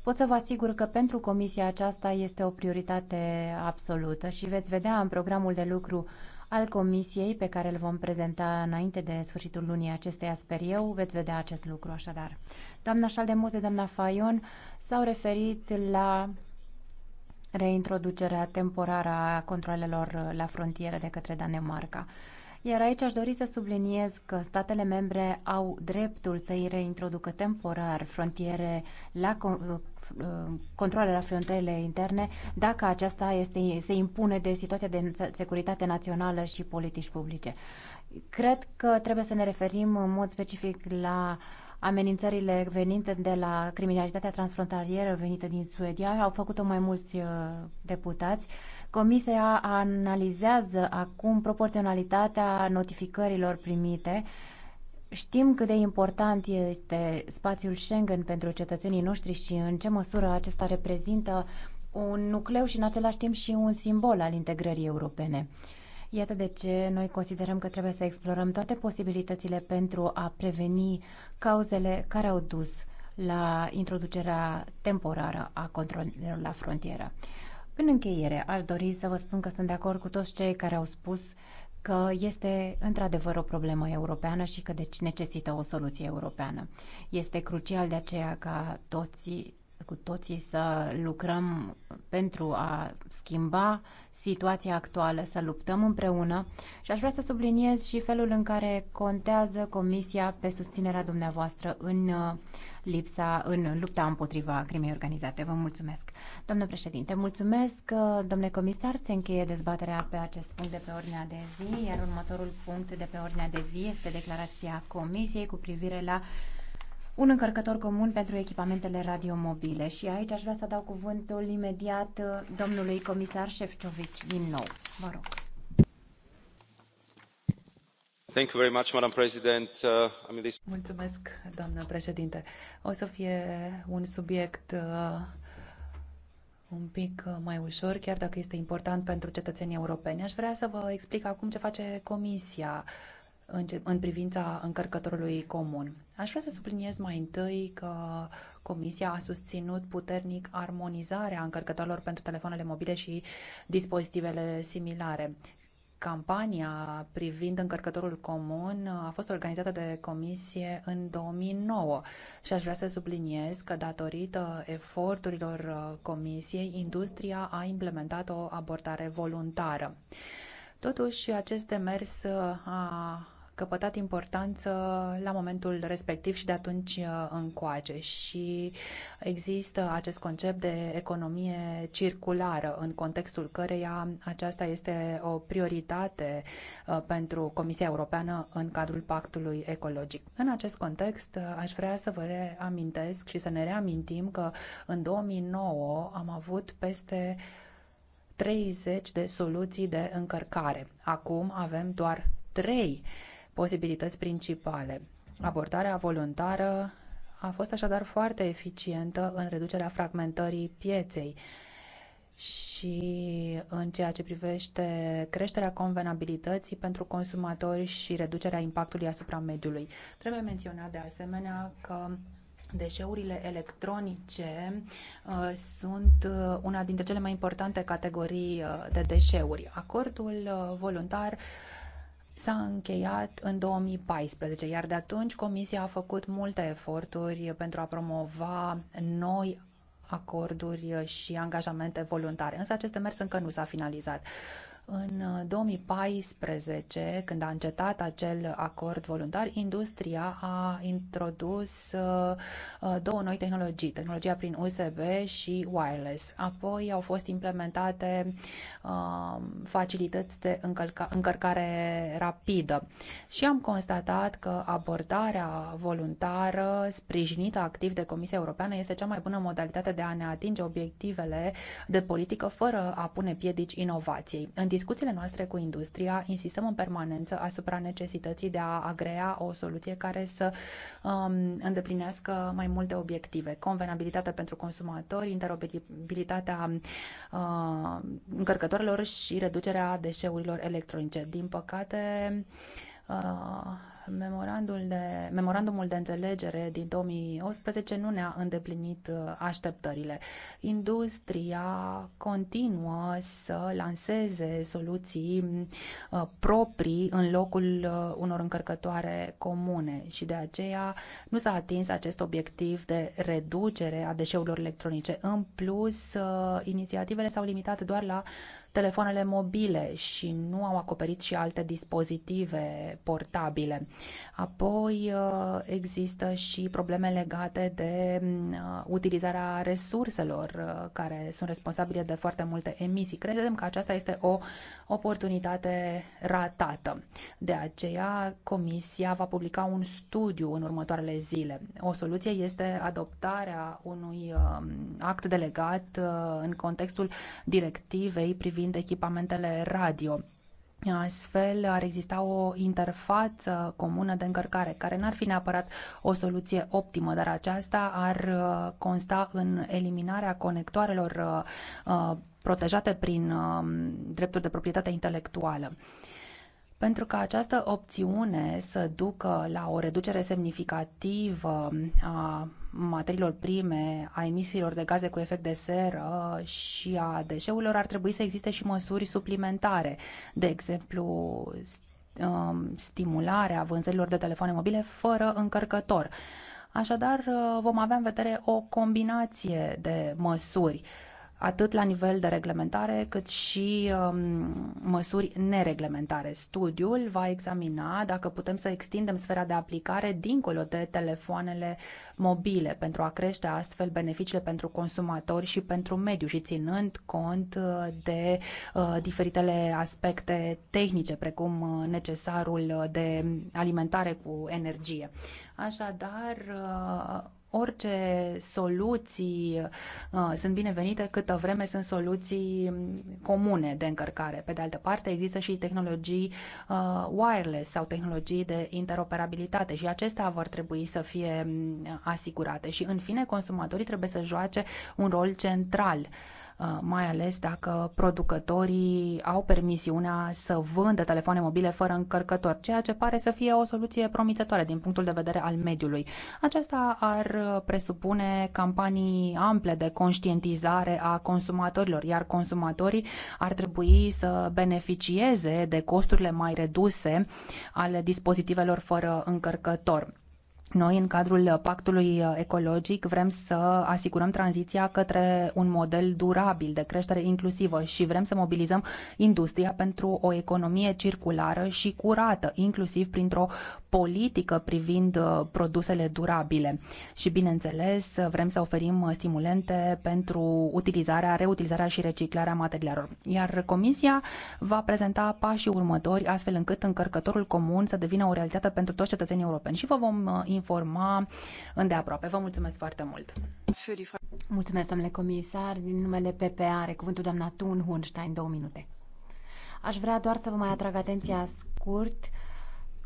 Pot să vă asigur că pentru Comisia aceasta este o prioritate absolută și veți vedea în programul de lucru al Comisiei pe care îl vom prezenta înainte de sfârșitul lunii acesteia, sper eu, veți vedea acest lucru așadar. Doamna Șaldemuze, doamna Fayon s-au referit la reintroducerea temporară a controlelor la frontieră de către Danemarca. Iar aici aș dori să subliniez că statele membre au dreptul să îi reintroducă temporar frontiere la uh, controle la frontierele interne dacă aceasta este, se impune de situația de securitate națională și politici publice. Cred că trebuie să ne referim în mod specific la amenințările venite de la criminalitatea transfrontalieră venită din Suedia. Au făcut-o mai mulți uh, deputați. Comisia analizează acum proporționalitatea notificărilor primite. Știm cât de important este spațiul Schengen pentru cetățenii noștri și în ce măsură acesta reprezintă un nucleu și în același timp și un simbol al integrării europene. Iată de ce noi considerăm că trebuie să explorăm toate posibilitățile pentru a preveni cauzele care au dus la introducerea temporară a controlelor la frontieră. În încheiere, aș dori să vă spun că sunt de acord cu toți cei care au spus că este într-adevăr o problemă europeană și că deci necesită o soluție europeană. Este crucial de aceea ca toți, cu toții să lucrăm pentru a schimba situația actuală, să luptăm împreună și aș vrea să subliniez și felul în care contează Comisia pe susținerea dumneavoastră în uh, lipsa în lupta împotriva crimei organizate. Vă mulțumesc. Domnule președinte, mulțumesc. Domnule comisar, se încheie dezbaterea pe acest punct de pe ordinea de zi, iar următorul punct de pe ordinea de zi este declarația Comisiei cu privire la un încărcător comun pentru echipamentele radiomobile. Și aici aș vrea să dau cuvântul imediat domnului comisar Șefcovici din nou. Vă rog. Mulțumesc, doamnă președintă. O să fie un subiect uh, un pic uh, mai ușor, chiar dacă este important pentru cetățenii europeni. Aș vrea să vă explic acum ce face Comisia în, în privința încărcătorului comun. Aș vrea să subliniez mai întâi că Comisia a susținut puternic armonizarea încărcătorilor pentru telefoanele mobile și dispozitivele similare. Campania privind încărcătorul comun a fost organizată de comisie în 2009 și aș vrea să subliniez că datorită eforturilor uh, comisiei, industria a implementat o abordare voluntară. Totuși, acest demers uh, a căpătat importanță la momentul respectiv și de atunci uh, încoace. Și există acest concept de economie circulară, în contextul căreia aceasta este o prioritate uh, pentru Comisia Europeană în cadrul pactului ecologic. În acest context, uh, aș vrea să vă reamintesc și să ne reamintim că în 2009 am avut peste 30 de soluții de încărcare. Acum avem doar 3 posibilități principale. Abordarea voluntară a fost așadar foarte eficientă în reducerea fragmentării pieței și în ceea ce privește creșterea convenabilității pentru consumatori și reducerea impactului asupra mediului. Trebuie menționat de asemenea că deșeurile electronice uh, sunt uh, una dintre cele mai importante categorii uh, de deșeuri. Acordul uh, voluntar uh, s-a încheiat în 2014, iar de atunci Comisia a făcut multe eforturi pentru a promova noi acorduri și angajamente voluntare. Însă acest demers încă nu s-a finalizat. În 2014, uh, când a încetat acel acord voluntar, industria a introdus uh, uh, două noi tehnologii, tehnologia prin USB și wireless. Apoi au fost implementate um, facilități de încălca, încărcare rapidă și am constatat că abordarea voluntară sprijinită activ de Comisia Europeană este cea mai bună modalitate de a ne atinge obiectivele de politică fără a pune piedici inovației. În discuțiile noastre cu industria insistăm în permanență asupra necesității de a agrea o soluție care să um, îndeplinească mai multe obiective. Convenabilitatea pentru consumatori, interoperabilitatea uh, încărcătorilor și reducerea deșeurilor electronice. Din păcate, uh, memorandul de, memorandumul de înțelegere din 2018 nu ne-a îndeplinit uh, așteptările. Industria continuă să lanseze soluții uh, proprii în locul uh, unor încărcătoare comune și de aceea nu s-a atins acest obiectiv de reducere a deșeurilor electronice. În plus, inițiativele s-au limitat doar la telefoanele mobile și nu au acoperit și alte dispozitive portabile. Apoi uh, există și probleme legate de mm, uh, utilizarea resurselor uh, care sunt responsabile de foarte multe emisii. Credem că aceasta este o oportunitate ratată. De aceea, Comisia va publica un studiu în următoarele zile. O soluție este adoptarea unui act delegat în contextul directivei privind privind echipamentele radio. Astfel ar exista o interfață comună de încărcare, care n-ar fi neapărat o soluție optimă, dar aceasta ar uh, consta în eliminarea conectoarelor uh, uh, protejate prin um, drepturi de proprietate intelectuală. Pentru că această opțiune să ducă la o reducere semnificativă a materiilor prime, a emisiilor de gaze cu efect de seră și a deșeurilor, ar trebui să existe și măsuri suplimentare. De exemplu, um, stimularea vânzărilor de telefoane mobile fără încărcător. Așadar, uh, vom avea în vedere o combinație de măsuri atât la nivel de reglementare, cât și um, măsuri nereglementare. Studiul va examina dacă putem să extindem sfera de aplicare dincolo de telefoanele mobile pentru a crește astfel beneficiile pentru consumatori și pentru mediu și ținând cont uh, de uh, diferitele aspecte tehnice, precum uh, necesarul de alimentare cu energie. Așadar, uh, orice soluții uh, sunt binevenite câtă vreme sunt soluții mm, comune de încărcare. Pe de altă parte, există și tehnologii uh, wireless sau tehnologii de interoperabilitate și acestea vor trebui să fie mm, asigurate. Și, în fine, consumatorii trebuie să joace un rol central Uh, mai ales dacă producătorii au permisiunea să vândă telefoane mobile fără încărcător, ceea ce pare să fie o soluție promițătoare din punctul de vedere al mediului. Aceasta ar presupune campanii ample de conștientizare a consumatorilor, iar consumatorii ar trebui să beneficieze de costurile mai reduse ale dispozitivelor fără încărcător. Noi, în cadrul pactului uh, ecologic, vrem să asigurăm tranziția către un model durabil de creștere inclusivă și vrem să mobilizăm industria pentru o economie circulară și curată, inclusiv printr-o politică privind uh, produsele durabile. Și, bineînțeles, vrem să oferim uh, stimulente pentru utilizarea, reutilizarea și reciclarea materialelor. Iar Comisia va prezenta pașii următori, astfel încât încărcătorul comun să devină o realitate pentru toți cetățenii europeni și vă vom informa informa îndeaproape. Vă mulțumesc foarte mult! Mulțumesc, domnule comisar. Din numele PPA are cuvântul doamna Tun Hunstein, două minute. Aș vrea doar să vă mai atrag atenția scurt.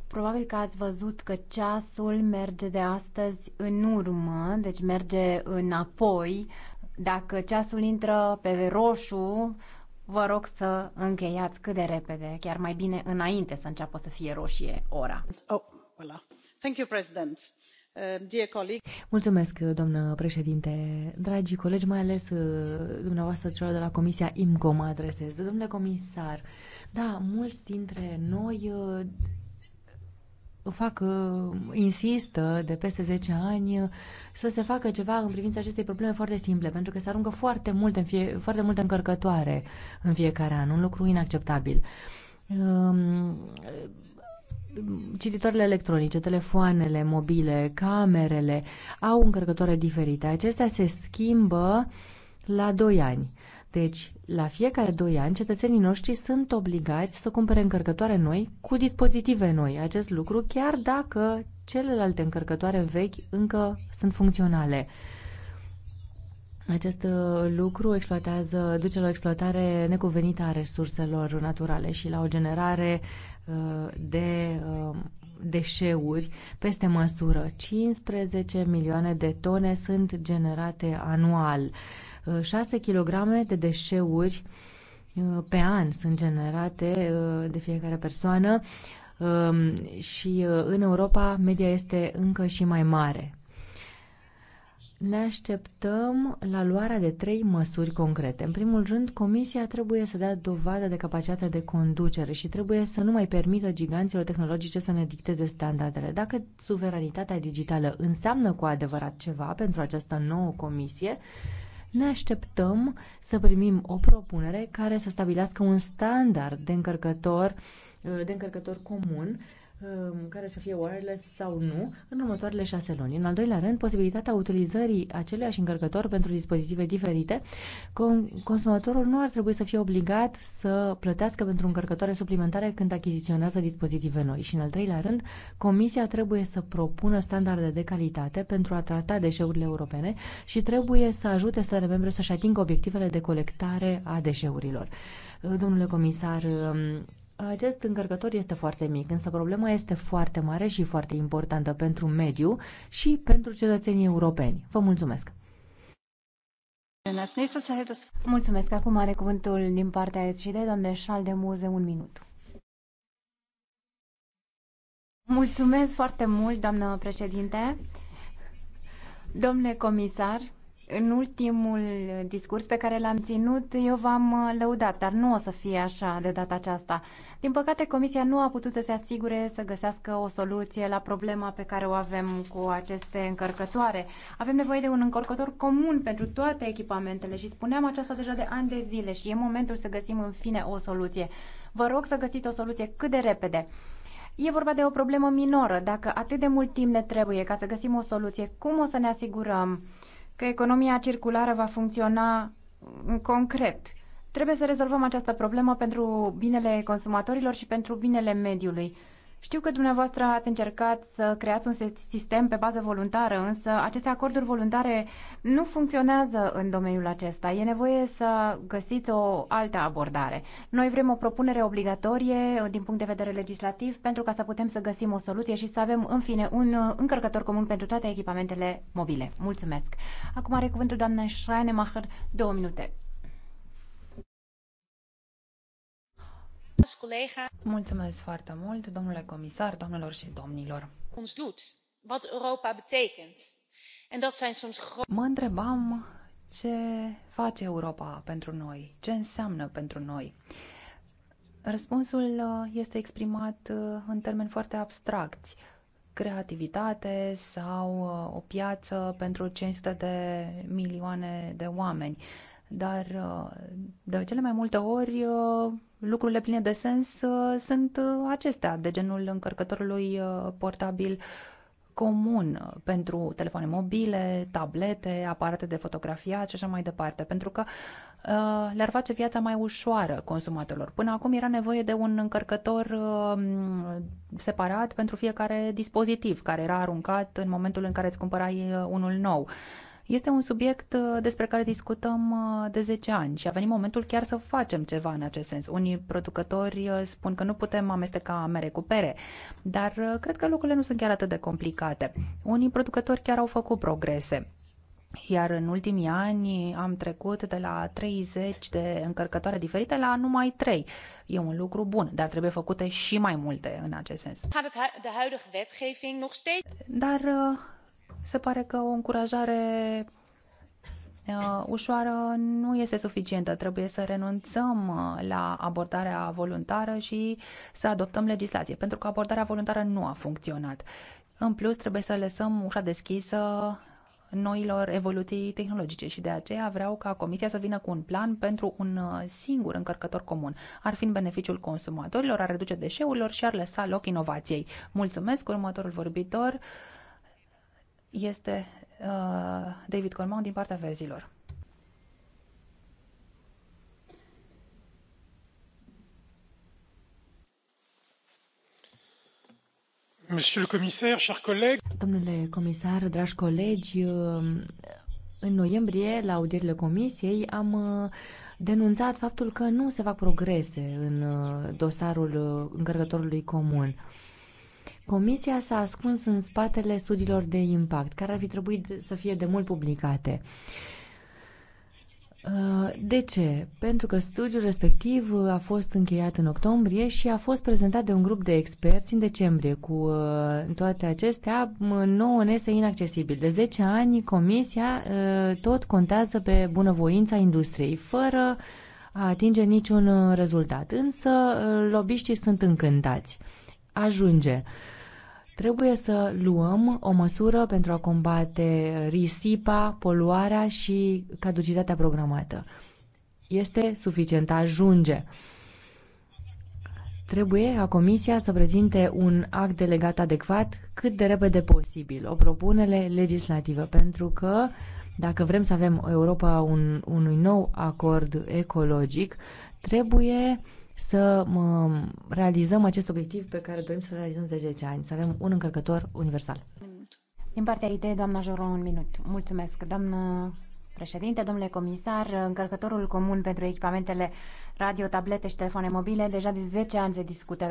Probabil că ați văzut că ceasul merge de astăzi în urmă, deci merge înapoi. Dacă ceasul intră pe roșu, vă rog să încheiați cât de repede, chiar mai bine înainte să înceapă să fie roșie ora. Oh, voilà. Uh, Mulțumesc, doamnă președinte. Dragi colegi, mai ales uh, dumneavoastră celor de la Comisia IMCO mă adresez. Domnule comisar, da, mulți dintre noi uh, fac, insistă de peste 10 ani să se facă ceva în privința acestei probleme foarte simple, pentru că se aruncă foarte mult, în fie, foarte mult încărcătoare în fiecare an, un lucru inacceptabil. Um, cititoarele electronice, telefoanele mobile, camerele au încărcătoare diferite. Acestea se schimbă la 2 ani. Deci, la fiecare 2 ani, cetățenii noștri sunt obligați să cumpere încărcătoare noi cu dispozitive noi. Acest lucru chiar dacă celelalte încărcătoare vechi încă sunt funcționale. Acest uh, lucru exploatează, duce la o exploatare necuvenită a resurselor naturale și la o generare de uh, deșeuri peste măsură. 15 milioane de tone sunt generate anual. 6 uh, kg de deșeuri uh, pe an sunt generate de fiecare persoană um, și în Europa media este încă și mai mare ne așteptăm la luarea de trei măsuri concrete. În primul rând, Comisia trebuie să dea dovadă de capacitatea de conducere și trebuie să nu mai permită giganților tehnologice să ne dicteze standardele. Dacă suveranitatea digitală înseamnă cu adevărat ceva pentru această nouă Comisie, ne așteptăm să primim o propunere care să stabilească un standard de încărcător, de încărcător comun Um, care să fie wireless sau nu în următoarele șase luni. În al doilea rând, posibilitatea utilizării aceleiași încărcător pentru dispozitive diferite. Consumatorul nu ar trebui să fie obligat să plătească pentru încărcătoare suplimentare când achiziționează dispozitive noi. Și în al treilea rând, Comisia trebuie să propună standarde de calitate pentru a trata deșeurile europene și trebuie să ajute statele membre să-și atingă obiectivele de colectare a deșeurilor. Uh, domnule comisar, um, acest încărcător este foarte mic, însă problema este foarte mare și foarte importantă pentru mediu și pentru cetățenii europeni. Vă mulțumesc! Mulțumesc. Acum are cuvântul din partea SCD, doamne Șal de Muze, un minut. Mulțumesc foarte mult, doamnă președinte. Domnule comisar, în ultimul discurs pe care l-am ținut, eu v-am uh, lăudat, dar nu o să fie așa de data aceasta. Din păcate, Comisia nu a putut să se asigure să găsească o soluție la problema pe care o avem cu aceste încărcătoare. Avem nevoie de un încărcător comun pentru toate echipamentele și spuneam aceasta deja de ani de zile și e momentul să găsim în fine o soluție. Vă rog să găsiți o soluție cât de repede. E vorba de o problemă minoră. Dacă atât de mult timp ne trebuie ca să găsim o soluție, cum o să ne asigurăm? că economia circulară va funcționa concret. Trebuie să rezolvăm această problemă pentru binele consumatorilor și pentru binele mediului. Știu că dumneavoastră ați încercat să creați un sistem pe bază voluntară, însă aceste acorduri voluntare nu funcționează în domeniul acesta. E nevoie să găsiți o altă abordare. Noi vrem o propunere obligatorie din punct de vedere legislativ pentru ca să putem să găsim o soluție și să avem, în fine, un încărcător comun pentru toate echipamentele mobile. Mulțumesc! Acum are cuvântul doamna Schreinemacher, două minute. Mulțumesc foarte mult, domnule comisar, doamnelor și domnilor. Mă întrebam ce face Europa pentru noi, ce înseamnă pentru noi. Răspunsul uh, este exprimat uh, în termeni foarte abstracti, creativitate sau uh, o piață pentru 500 de milioane de oameni. Dar uh, de cele mai multe ori uh, lucrurile pline de sens uh, sunt acestea, de genul încărcătorului portabil comun pentru telefoane mobile, tablete, aparate de fotografiat și așa mai departe, pentru că le-ar face viața mai ușoară consumatorilor. Până acum era nevoie de un încărcător separat pentru fiecare dispozitiv care era aruncat în momentul în care îți cumpărai unul nou. Este un subiect uh, despre care discutăm uh, de 10 ani și a venit momentul chiar să facem ceva în acest sens. Unii producători uh, spun că nu putem amesteca mere cu pere, dar cred că lucrurile nu sunt chiar atât de complicate. Unii producători chiar au făcut progrese. Iar în ultimii ani am trecut de la 30 de încărcătoare diferite la numai 3. E un lucru bun, dar trebuie făcute și mai multe în acest sens. Dar se pare că o încurajare uh, ușoară nu este suficientă. Trebuie să renunțăm uh, la abordarea voluntară și să adoptăm legislație, pentru că abordarea voluntară nu a funcționat. În plus, trebuie să lăsăm ușa deschisă noilor evoluții tehnologice și de aceea vreau ca Comisia să vină cu un plan pentru un uh, singur încărcător comun. Ar fi în beneficiul consumatorilor, ar reduce deșeurilor și ar lăsa loc inovației. Mulțumesc, următorul vorbitor este uh, David Colman din partea verzilor. Monsieur le commissaire, chers collègues. Domnule comisar, dragi colegi, uh, în noiembrie, la audierile comisiei, am uh, denunțat faptul că nu se fac progrese în uh, dosarul încărcătorului comun. Comisia s-a ascuns în spatele studiilor de impact, care ar fi trebuit să fie de mult publicate. Uh, de ce? Pentru că studiul respectiv uh, a fost încheiat în octombrie și a fost prezentat de un grup de experți în decembrie. Cu uh, toate acestea, nouă nese este inaccesibil. De 10 ani, Comisia tot contează pe bunăvoința industriei, fără a atinge niciun rezultat. Însă, lobiștii sunt încântați. Ajunge. Uh, Trebuie să luăm o măsură pentru a combate risipa, poluarea și caducitatea programată. Este suficient, ajunge. Trebuie ca Comisia să prezinte un act delegat adecvat cât de repede posibil, o propunere legislativă, pentru că dacă vrem să avem Europa un, unui nou acord ecologic, trebuie să realizăm acest obiectiv pe care dorim să-l realizăm de 10 ani, să avem un încărcător universal. Din partea IT, doamna Joro, un minut. Mulțumesc, doamnă președinte, domnule comisar, încărcătorul comun pentru echipamentele radio, tablete și telefoane mobile, deja de 10 ani se discută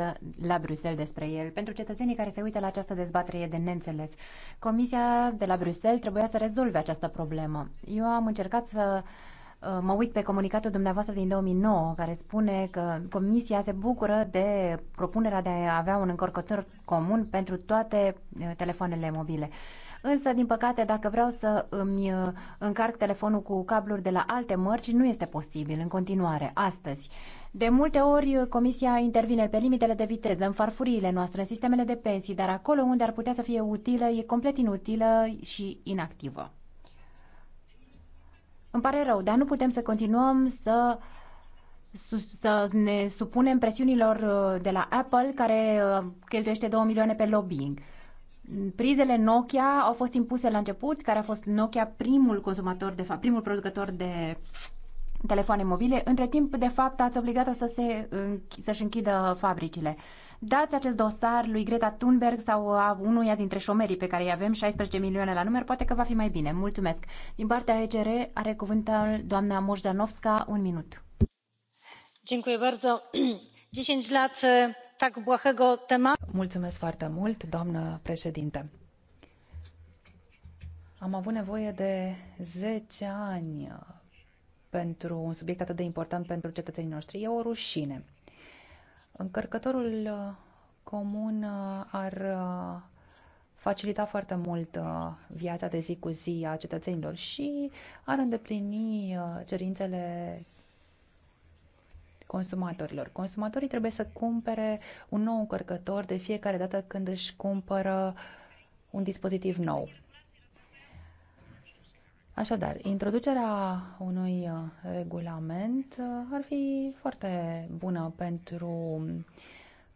la Bruxelles despre el. Pentru cetățenii care se uită la această dezbatere e de neînțeles. Comisia de la Bruxelles trebuia să rezolve această problemă. Eu am încercat să Uh, mă uit pe comunicatul dumneavoastră din 2009 care spune că Comisia se bucură de propunerea de a avea un încărcător comun pentru toate uh, telefoanele mobile. Însă, din păcate, dacă vreau să îmi uh, încarc telefonul cu cabluri de la alte mărci, nu este posibil în continuare, astăzi. De multe ori, Comisia intervine pe limitele de viteză, în farfuriile noastre, în sistemele de pensii, dar acolo unde ar putea să fie utilă, e complet inutilă și inactivă. Îmi pare rău, dar nu putem să continuăm să să ne supunem presiunilor uh, de la Apple care uh, cheltuiește 2 milioane pe lobbying. Prizele Nokia au fost impuse la început, care a fost Nokia primul consumator, de fapt, primul producător de telefoane mobile. Între timp, de fapt, ați obligat-o să se, să-și închidă fabricile dați acest dosar lui Greta Thunberg sau uh, a unuia dintre șomerii pe care îi avem, 16 milioane la număr, poate că va fi mai bine. Mulțumesc. Din partea ECR are cuvântul doamna Moșdanovska, un minut. Dziękuję bardzo. 10 [clears throat] lat tak błahego tematu. Mulțumesc foarte mult, doamnă președinte. Am avut nevoie de 10 ani uh, pentru un subiect atât de important pentru cetățenii noștri. E o rușine. Încărcătorul uh, comun uh, ar uh, facilita foarte mult viața de zi cu zi a cetățenilor și ar îndeplini cerințele consumatorilor. Consumatorii trebuie să cumpere un nou încărcător de fiecare dată când își cumpără un dispozitiv nou. Așadar, introducerea unui uh, regulament uh, ar fi foarte bună pentru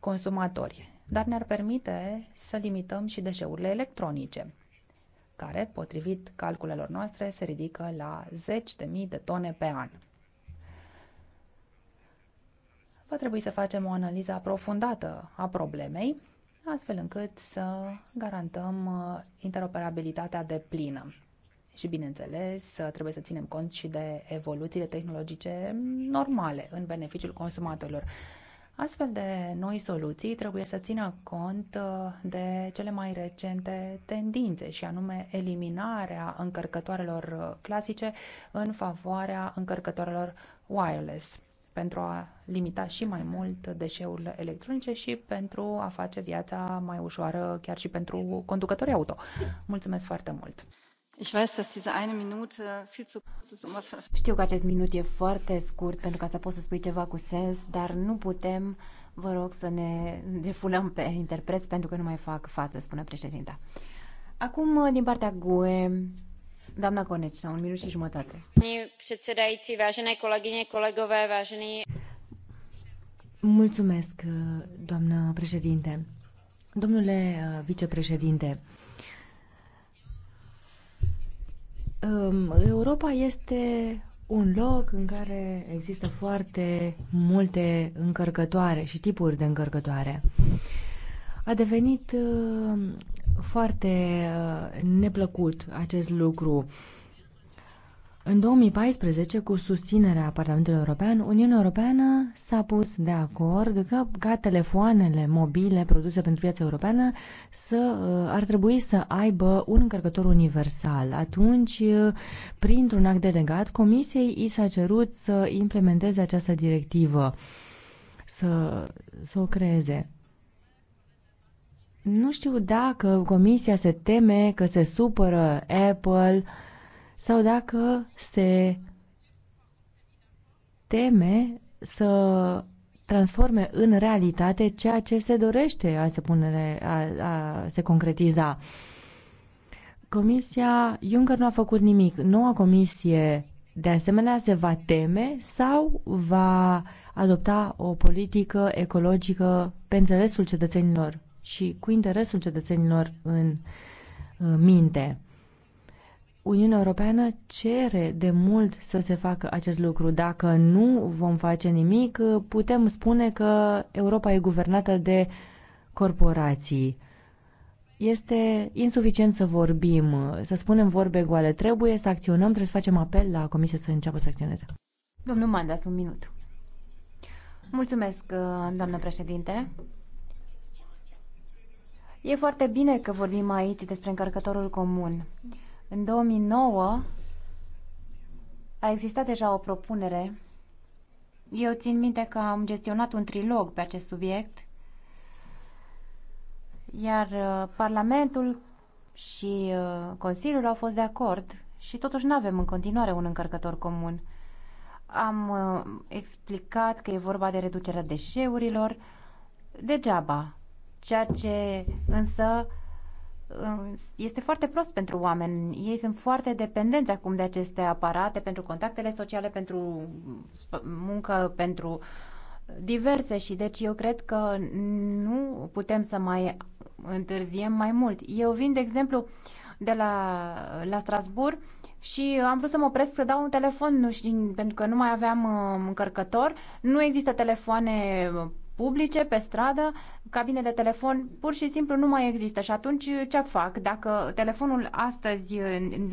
consumatori, dar ne-ar permite să limităm și deșeurile electronice, care, potrivit calculelor noastre, se ridică la 10.000 de, de tone pe an. Va trebui să facem o analiză aprofundată a problemei, astfel încât să garantăm uh, interoperabilitatea de plină. Și, bineînțeles, trebuie să ținem cont și de evoluțiile tehnologice normale în beneficiul consumatorilor. Astfel de noi soluții trebuie să țină cont uh, de cele mai recente tendințe și anume eliminarea încărcătoarelor uh, clasice în favoarea încărcătoarelor wireless pentru a limita și mai mult deșeurile electronice și pentru a face viața mai ușoară chiar și pentru conducătorii auto. Mulțumesc foarte mult! Um Știu că acest minut e foarte scurt pentru ca să poți să spui ceva cu sens, dar nu putem, vă rog, să ne refulăm pe interpreți pentru că nu mai fac față, spune președinta. Acum, din partea GUE, doamna Conecina, un minut și jumătate. Předsedající, vážené colegine, kolegové, vážený... Mulțumesc, doamnă președinte. Domnule uh, vicepreședinte, Um, Europa este un loc în care există foarte multe încărcătoare și tipuri de încărcătoare. A devenit uh, foarte uh, neplăcut acest lucru în 2014, cu susținerea Parlamentului European, Uniunea Europeană s-a pus de acord că ca telefoanele mobile produse pentru piața europeană să, uh, ar trebui să aibă un încărcător universal. Atunci, uh, printr-un act delegat, Comisiei i s-a cerut să implementeze această directivă, să, să o creeze. Nu știu dacă Comisia se teme că se supără Apple, uh, sau dacă se teme să transforme în realitate ceea ce se dorește a se, pune, a, a se concretiza. Comisia Juncker nu a făcut nimic. Noua comisie de asemenea se va teme sau va adopta o politică ecologică pe înțelesul cetățenilor și cu interesul cetățenilor în uh, minte. Uniunea Europeană cere de mult să se facă acest lucru. Dacă nu vom face nimic, putem spune că Europa e guvernată de corporații. Este insuficient să vorbim, să spunem vorbe goale. Trebuie să acționăm, trebuie să facem apel la Comisie să înceapă să acționeze. Domnul Mandas, un minut. Mulțumesc, uh, doamnă președinte. E foarte bine că vorbim aici despre încărcătorul comun. În 2009 a existat deja o propunere. Eu țin minte că am gestionat un trilog pe acest subiect, iar uh, Parlamentul și uh, Consiliul au fost de acord și totuși nu avem în continuare un încărcător comun. Am uh, explicat că e vorba de reducerea deșeurilor degeaba, ceea ce însă este foarte prost pentru oameni. Ei sunt foarte dependenți acum de aceste aparate pentru contactele sociale, pentru muncă, pentru diverse și deci eu cred că nu putem să mai întârziem mai mult. Eu vin, de exemplu, de la, la Strasbourg și am vrut să mă opresc să dau un telefon nu știu, pentru că nu mai aveam uh, încărcător. Nu există telefoane publice, pe stradă, cabine de telefon pur și simplu nu mai există. Și atunci ce fac? Dacă telefonul astăzi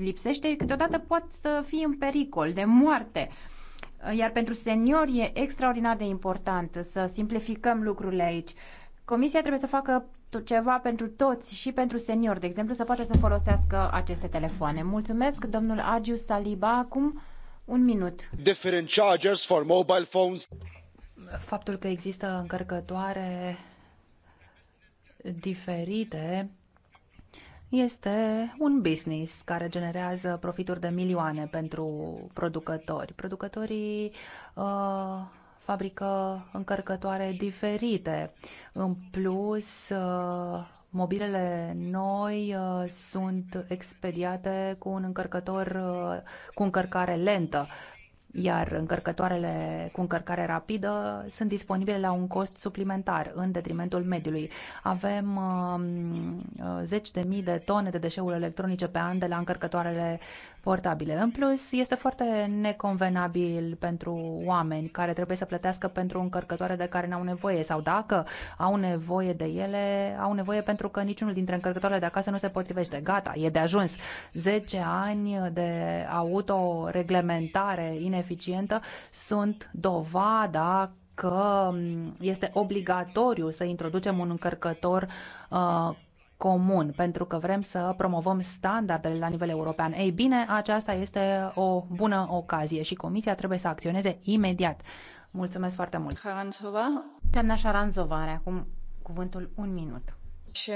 lipsește, câteodată pot să fie în pericol de moarte. Iar pentru seniori e extraordinar de important să simplificăm lucrurile aici. Comisia trebuie să facă ceva pentru toți și pentru seniori, de exemplu, să poată să folosească aceste telefoane. Mulțumesc, domnul Agiu Saliba. Acum un minut. Different chargers for mobile phones faptul că există încărcătoare diferite este un business care generează profituri de milioane pentru producători. Producătorii uh, fabrică încărcătoare diferite. În plus, uh, mobilele noi uh, sunt expediate cu un încărcător uh, cu încărcare lentă, iar încărcătoarele cu încărcare rapidă sunt disponibile la un cost suplimentar în detrimentul mediului. Avem um, uh, zeci de mii de tone de deșeuri electronice pe an de la încărcătoarele portabile. În plus, este foarte neconvenabil pentru oameni care trebuie să plătească pentru încărcătoare de care n-au nevoie sau dacă au nevoie de ele, au nevoie pentru că niciunul dintre încărcătoarele de acasă nu se potrivește. Gata, e de ajuns. 10 ani de autoreglementare ineficientă sunt dovada că este obligatoriu să introducem un încărcător uh, comun, pentru că vrem să promovăm standardele la nivel european. Ei bine, aceasta este o bună ocazie și Comisia trebuie să acționeze imediat. Mulțumesc foarte mult! Haranzova. Doamna Șaranzova are acum cuvântul un minut. și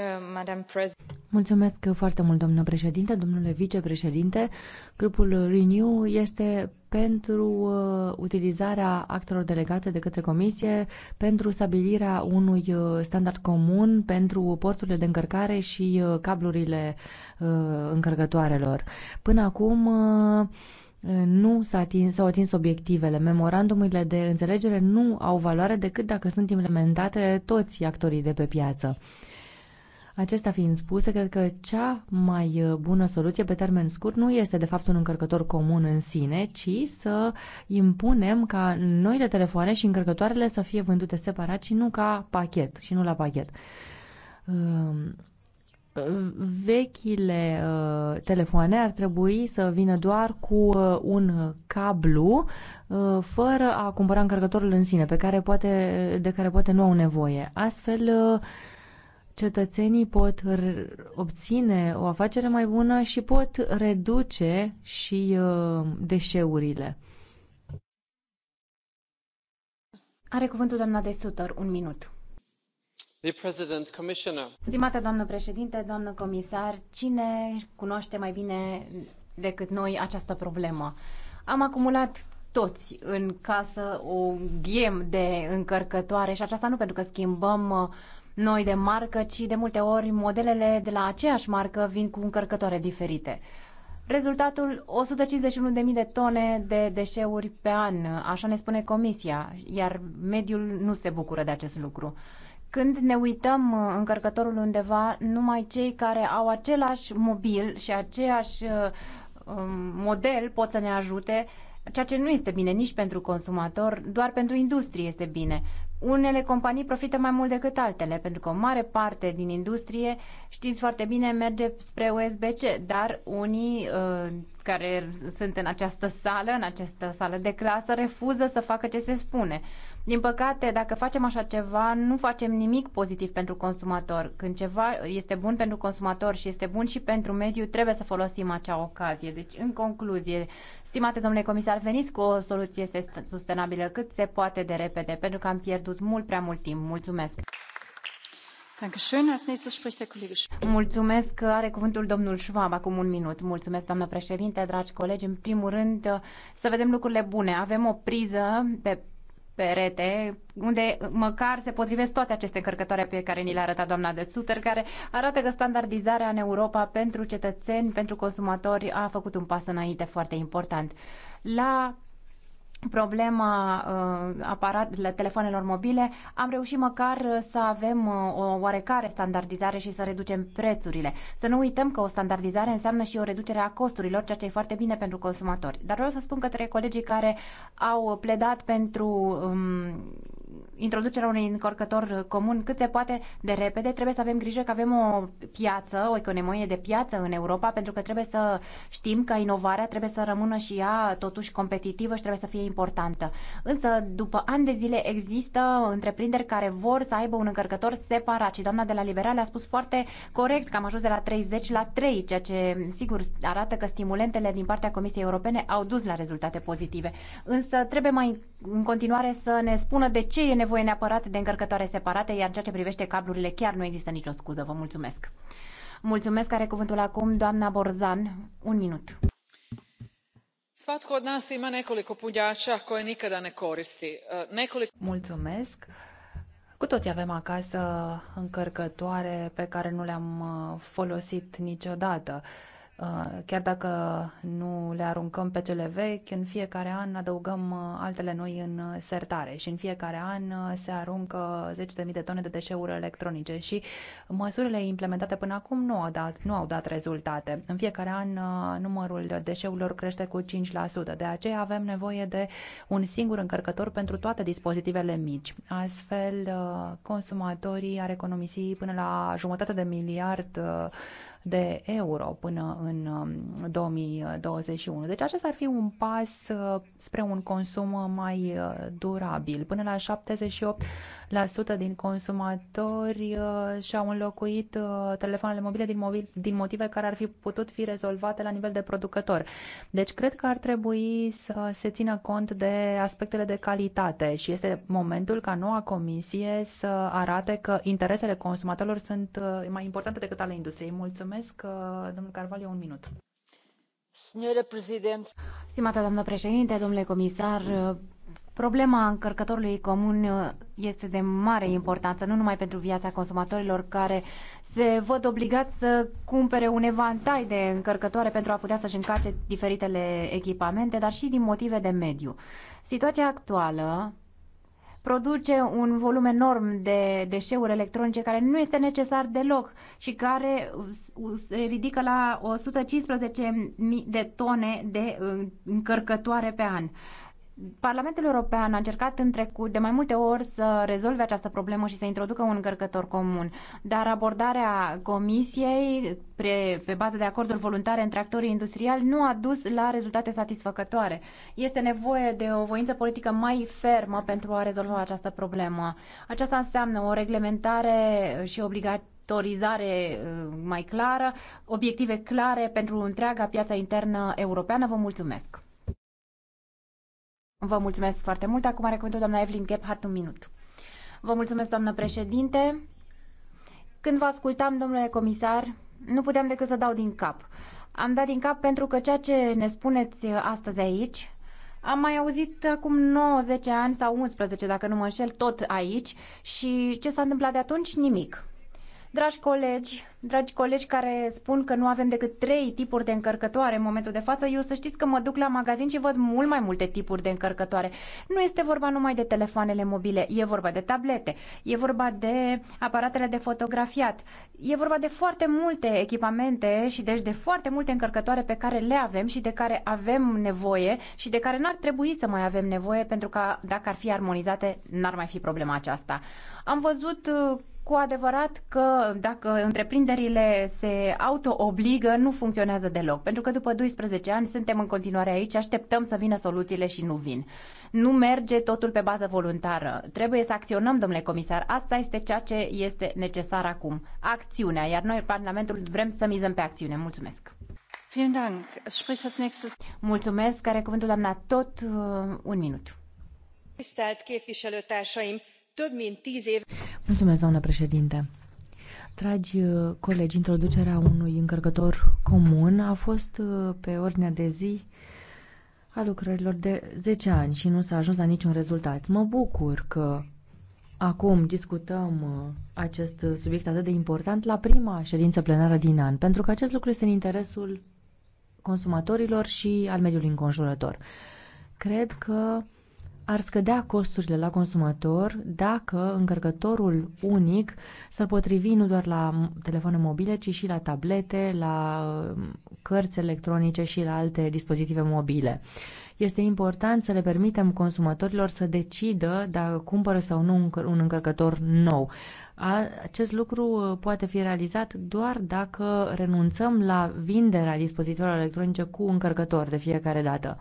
Mulțumesc foarte mult, domnule președinte, domnule vicepreședinte. Grupul Renew este pentru uh, utilizarea actelor delegate de către Comisie pentru stabilirea unui uh, standard comun pentru porturile de încărcare și uh, cablurile încărcătoarelor. Până acum nu s-au atins, atins obiectivele. Memorandumurile de înțelegere nu au valoare decât dacă sunt implementate toți actorii de pe piață. Acesta fiind spuse, cred că cea mai uh, bună soluție pe termen scurt nu este de fapt un încărcător comun în sine, ci să impunem ca noile telefoane și încărcătoarele să fie vândute separat și nu ca pachet și nu la pachet. Um, vechile uh, telefoane ar trebui să vină doar cu uh, un cablu fără a cumpăra încărcătorul în sine, pe care poate, de care poate nu au nevoie. Astfel, uh, cetățenii pot obține o afacere mai bună și pot reduce și uh, deșeurile. Are cuvântul doamna de Sutor, un minut. Stimată doamnă președinte, doamnă comisar, cine cunoaște mai bine decât noi această problemă? Am acumulat toți în casă o ghem de încărcătoare și aceasta nu pentru că schimbăm uh, noi de marcă, ci de multe ori modelele de la aceeași marcă vin cu încărcătoare diferite. Rezultatul 151.000 de tone de deșeuri pe an, așa ne spune comisia, iar mediul nu se bucură de acest lucru. Când ne uităm încărcătorul undeva, numai cei care au același mobil și aceeași um, model pot să ne ajute, ceea ce nu este bine nici pentru consumator, doar pentru industrie este bine unele companii profită mai mult decât altele, pentru că o mare parte din industrie, știți foarte bine, merge spre USB-C, dar unii uh, care sunt în această sală, în această sală de clasă, refuză să facă ce se spune. Din păcate, dacă facem așa ceva, nu facem nimic pozitiv pentru consumator. Când ceva este bun pentru consumator și este bun și pentru mediu, trebuie să folosim acea ocazie. Deci, în concluzie, stimate domnule comisar, veniți cu o soluție sustenabilă cât se poate de repede, pentru că am pierdut mult prea mult timp. Mulțumesc! Mulțumesc. Are cuvântul domnul Schwab acum un minut. Mulțumesc, doamnă președinte, dragi colegi. În primul rând, să vedem lucrurile bune. Avem o priză pe perete, unde măcar se potrivesc toate aceste încărcătoare pe care ni le-a arătat doamna de Suter, care arată că standardizarea în Europa pentru cetățeni, pentru consumatori a făcut un pas înainte foarte important. La problema uh, aparatele, telefonelor mobile, am reușit măcar să avem uh, o oarecare standardizare și să reducem prețurile. Să nu uităm că o standardizare înseamnă și o reducere a costurilor, ceea ce e foarte bine pentru consumatori. Dar vreau să spun către colegii care au pledat pentru um, introducerea unui încorcător comun cât se poate de repede. Trebuie să avem grijă că avem o piață, o economie de piață în Europa, pentru că trebuie să știm că inovarea trebuie să rămână și ea totuși competitivă și trebuie să fie importantă. Însă, după ani de zile, există întreprinderi care vor să aibă un încărcător separat și doamna de la Liberale a spus foarte corect că am ajuns de la 30 la 3, ceea ce, sigur, arată că stimulentele din partea Comisiei Europene au dus la rezultate pozitive. Însă, trebuie mai în continuare să ne spună de ce e nevoie neapărat de încărcătoare separate, iar în ceea ce privește cablurile chiar nu există nicio scuză. Vă mulțumesc! Mulțumesc, are cuvântul acum doamna Borzan. Un minut. Svatko od nas ima nekoliko punjača koje nikada ne koristi. Nekoliko... Mulțumesc. Cu toți avem acasă încărcătoare pe care nu le-am folosit niciodată. Uh, chiar dacă nu le aruncăm pe cele vechi, în fiecare an adăugăm uh, altele noi în uh, sertare și în fiecare an se aruncă zeci de mii de tone de deșeuri electronice și măsurile implementate până acum nu au dat, nu au dat rezultate. În fiecare an numărul deșeurilor crește cu 5%, de aceea avem nevoie de un singur încărcător pentru toate dispozitivele mici. Astfel, consumatorii ar economisi până la jumătate de miliard de euro până în 2021. Um, deci acesta ar fi un pas uh, spre un consum uh, mai uh, durabil. Până la 78 din consumatori uh, și-au înlocuit uh, telefoanele mobile din, mobil, din motive care ar fi putut fi rezolvate la nivel de producător. Deci cred că ar trebui să se țină cont de aspectele de calitate și este momentul ca noua comisie să arate că interesele consumatorilor sunt uh, mai importante decât ale industriei. Mulțumesc, domnul Carvalho, un minut. Stimată doamnă președinte, domnule comisar, Problema încărcătorului comun uh, este de mare importanță, nu numai pentru viața consumatorilor care se văd obligați să cumpere un evantai de încărcătoare pentru a putea să-și încarce diferitele echipamente, dar și din motive de mediu. Situația actuală produce un volum enorm de deșeuri electronice care nu este necesar deloc și care se ridică la 115.000 de tone de uh, încărcătoare pe an. Parlamentul European a încercat în trecut de mai multe ori să rezolve această problemă și să introducă un încărcător comun, dar abordarea Comisiei pre, pe bază de acorduri voluntare între actorii industriali nu a dus la rezultate satisfăcătoare. Este nevoie de o voință politică mai fermă pentru a rezolva această problemă. Aceasta înseamnă o reglementare și obligație autorizare uh, mai clară, obiective clare pentru întreaga piața internă europeană. Vă mulțumesc! Vă mulțumesc foarte mult. Acum are cuvântul doamna Evelyn Gebhardt un minut. Vă mulțumesc, doamnă președinte. Când vă ascultam, domnule comisar, nu puteam decât să dau din cap. Am dat din cap pentru că ceea ce ne spuneți astăzi aici am mai auzit acum 9, 10 ani sau 11, dacă nu mă înșel, tot aici și ce s-a întâmplat de atunci? Nimic. Dragi colegi, Dragi colegi care spun că nu avem decât trei tipuri de încărcătoare în momentul de față, eu să știți că mă duc la magazin și văd mult mai multe tipuri de încărcătoare. Nu este vorba numai de telefoanele mobile, e vorba de tablete, e vorba de aparatele de fotografiat, e vorba de foarte multe echipamente și deci de foarte multe încărcătoare pe care le avem și de care avem nevoie și de care n-ar trebui să mai avem nevoie pentru că dacă ar fi armonizate, n-ar mai fi problema aceasta. Am văzut uh, cu adevărat că dacă întreprinderile se auto-obligă, nu funcționează deloc. Pentru că după 12 ani suntem în continuare aici, așteptăm să vină soluțiile și nu vin. Nu merge totul pe bază voluntară. Trebuie să acționăm, domnule comisar. Asta este ceea ce este necesar acum. Acțiunea. Iar noi, Parlamentul, vrem să mizăm pe acțiune. Mulțumesc. Mulțumesc. Care cuvântul, doamna, tot uh, un minut. Tisztelt képviselőtársaim! Mulțumesc, doamnă președinte. Dragi uh, colegi, introducerea unui încărcător comun a fost uh, pe ordinea de zi a lucrărilor de 10 ani și nu s-a ajuns la niciun rezultat. Mă bucur că acum discutăm uh, acest subiect atât de important la prima ședință plenară din an, pentru că acest lucru este în interesul consumatorilor și al mediului înconjurător. Cred că ar scădea costurile la consumator dacă încărcătorul unic s-ar potrivi nu doar la telefoane mobile, ci și la tablete, la uh, cărți electronice și la alte dispozitive mobile. Este important să le permitem consumatorilor să decidă dacă cumpără sau nu un încărcător nou. Acest lucru uh, poate fi realizat doar dacă renunțăm la vinderea dispozitivelor electronice cu încărcător de fiecare dată.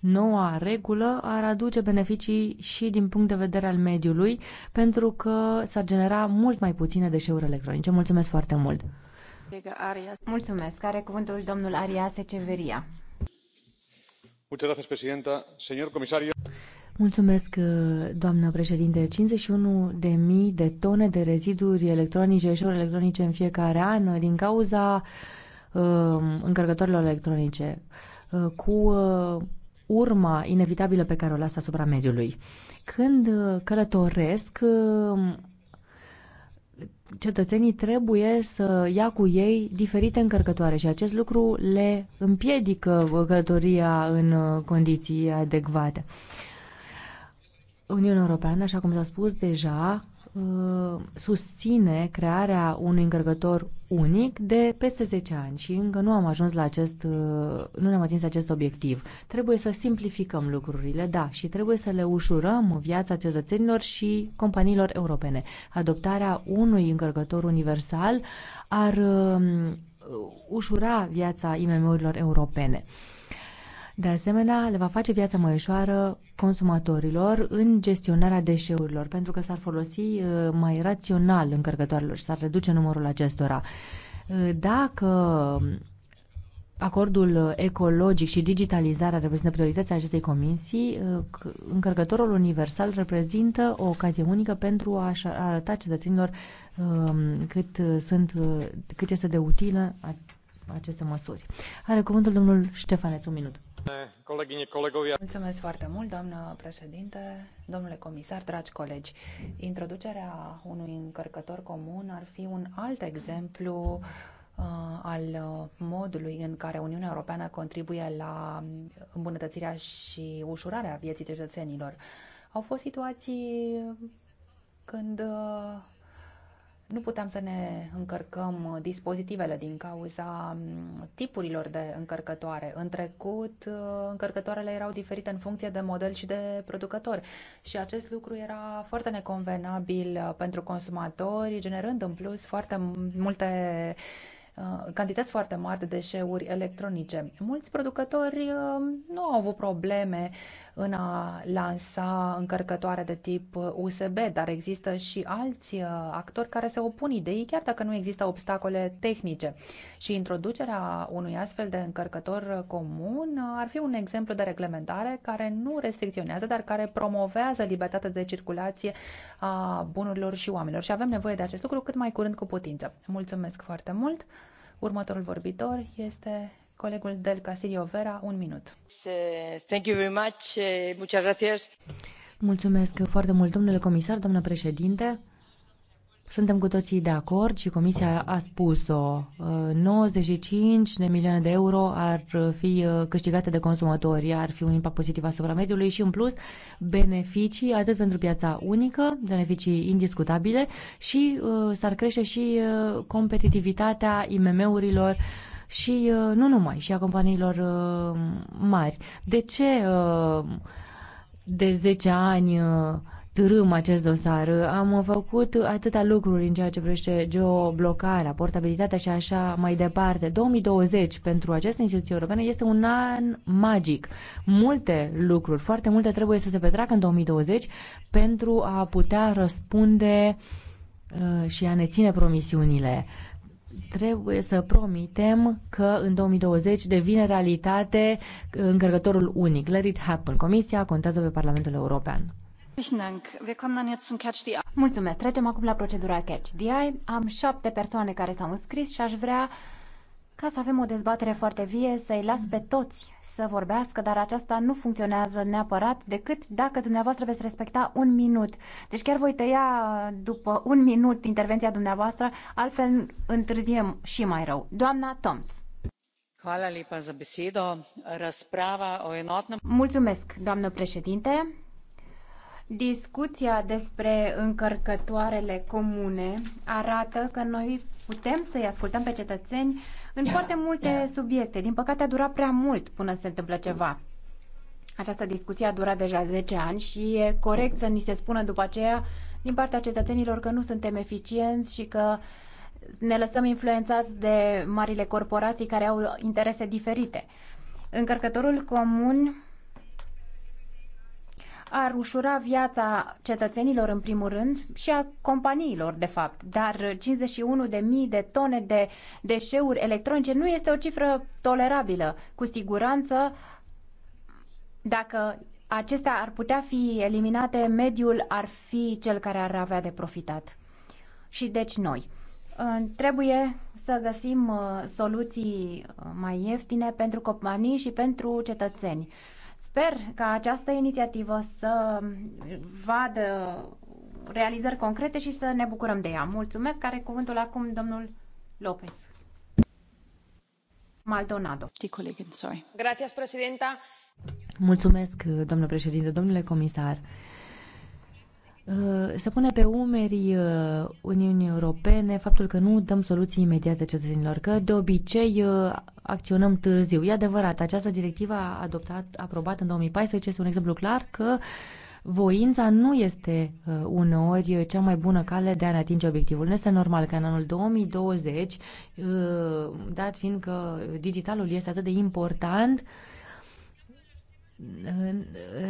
Noua regulă ar aduce beneficii și din punct de vedere al mediului, pentru că s-ar genera mult mai puține deșeuri electronice. Mulțumesc foarte mult! Mulțumesc. Are cuvântul domnul Arias Eceveria. Mulțumesc, președinte. Señor comisario. Mulțumesc, uh, doamnă președinte. 51.000 de de tone de reziduri electronice deșeuri electronice în fiecare an uh, din cauza uh, încărcătorilor electronice. Uh, cu uh, urma inevitabilă pe care o lasă asupra mediului. Când uh, călătoresc, um, cetățenii trebuie să ia cu ei diferite încărcătoare și acest lucru le împiedică uh, călătoria în uh, condiții adecvate. Uniunea Europeană, așa cum s-a spus deja, Uh, susține crearea unui încărcător unic de peste 10 ani și încă nu am ajuns la acest, uh, nu ne-am atins acest obiectiv. Trebuie să simplificăm lucrurile, da, și trebuie să le ușurăm viața cetățenilor și companiilor europene. Adoptarea unui încărcător universal ar um, ușura viața IMM-urilor europene. De asemenea, le va face viața mai ușoară consumatorilor în gestionarea deșeurilor, pentru că s-ar folosi uh, mai rațional încărcătoarelor și s-ar reduce numărul acestora. Uh, dacă acordul ecologic și digitalizarea reprezintă prioritatea acestei comisii, uh, încărcătorul universal reprezintă o ocazie unică pentru a arăta cetățenilor um, cât, sunt, cât este de utilă aceste măsuri. Are cuvântul domnul Ștefanet, un minut. Mulțumesc foarte mult, doamnă președinte, domnule comisar, dragi colegi. Introducerea unui încărcător comun ar fi un alt exemplu uh, al modului în care Uniunea Europeană contribuie la îmbunătățirea și ușurarea vieții cetățenilor. Au fost situații când uh, nu puteam să ne încărcăm uh, dispozitivele din cauza mm, tipurilor de încărcătoare. În trecut, uh, încărcătoarele erau diferite în funcție de model și de producător și acest lucru era foarte neconvenabil uh, pentru consumatori, generând în plus foarte multe cantități foarte mari de deșeuri electronice. Mulți producători nu au avut probleme în a lansa încărcătoare de tip USB, dar există și alți uh, actori care se opun ideii, chiar dacă nu există obstacole tehnice. Și introducerea unui astfel de încărcător comun uh, ar fi un exemplu de reglementare care nu restricționează, dar care promovează libertatea de circulație a bunurilor și oamenilor. Și avem nevoie de acest lucru cât mai curând cu putință. Mulțumesc foarte mult! Următorul vorbitor este Colegul Del Castillo Vera, un minut. Eh, thank you very much. Eh, muchas gracias. Mulțumesc foarte mult, domnule comisar, domnule președinte. Suntem cu toții de acord și Comisia a spus-o. 95 eh, de milioane de euro ar fi câștigate de consumatori, ar fi un impact pozitiv asupra mediului și, în plus, beneficii atât pentru piața unică, beneficii indiscutabile și s-ar crește și competitivitatea IMM-urilor și uh, nu numai, și a companiilor uh, mari. De ce uh, de 10 ani târâm acest dosar. Am făcut atâtea lucruri în ceea ce privește geoblocarea, portabilitatea și așa mai departe. 2020 pentru această instituție europeană este un an magic. Multe lucruri, foarte multe trebuie să se petreacă în 2020 pentru a putea răspunde și a ne ține promisiunile trebuie să promitem că în 2020 devine realitate încărcătorul unic. Let it happen. Comisia contează pe Parlamentul European. Mulțumesc. Trecem acum la procedura Catch the Eye. Am șapte persoane care s-au înscris și aș vrea ca să avem o dezbatere foarte vie, să-i las pe toți să vorbească, dar aceasta nu funcționează neapărat decât dacă dumneavoastră veți respecta un minut. Deci chiar voi tăia după un minut intervenția dumneavoastră, altfel întârziem și mai rău. Doamna Toms. Mulțumesc, doamnă președinte. Discuția despre încărcătoarele comune arată că noi putem să-i ascultăm pe cetățeni în foarte multe subiecte. Din păcate a durat prea mult până se întâmplă ceva. Această discuție a durat deja 10 ani și e corect să ni se spună după aceea din partea cetățenilor că nu suntem eficienți și că ne lăsăm influențați de marile corporații care au interese diferite. Încărcătorul comun ar ușura viața cetățenilor în primul rând și a companiilor, de fapt. Dar 51.000 de tone de deșeuri electronice nu este o cifră tolerabilă. Cu siguranță, dacă acestea ar putea fi eliminate, mediul ar fi cel care ar avea de profitat. Și deci noi. Trebuie să găsim uh, soluții uh, mai ieftine pentru companii și pentru cetățeni. Sper ca această inițiativă să vadă realizări concrete și să ne bucurăm de ea. Mulțumesc. Are cuvântul acum domnul Lopez. Maldonado. Mulțumesc, domnule președinte, domnule comisar. Uh, să pune pe umerii uh, Uniunii Europene faptul că nu dăm soluții imediate cetățenilor, că de obicei uh, acționăm târziu. E adevărat, această directivă adoptat, aprobată în 2014 este un exemplu clar că voința nu este uneori cea mai bună cale de a ne atinge obiectivul. Nu este normal că în anul 2020, dat fiind că digitalul este atât de important,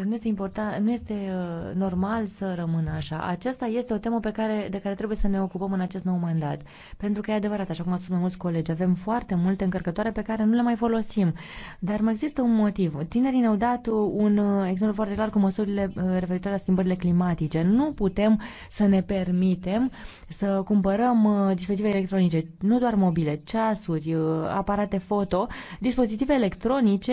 nu este, important, nu este uh, normal să rămână așa. Aceasta este o temă pe care, de care trebuie să ne ocupăm în acest nou mandat. Pentru că e adevărat, așa cum au spus mulți colegi, avem foarte multe încărcătoare pe care nu le mai folosim. Dar mai există un motiv. Tinerii ne-au dat un uh, exemplu foarte clar cu măsurile uh, referitoare la schimbările climatice. Nu putem să ne permitem să cumpărăm dispozitive electronice, nu doar mobile, ceasuri, aparate foto, dispozitive electronice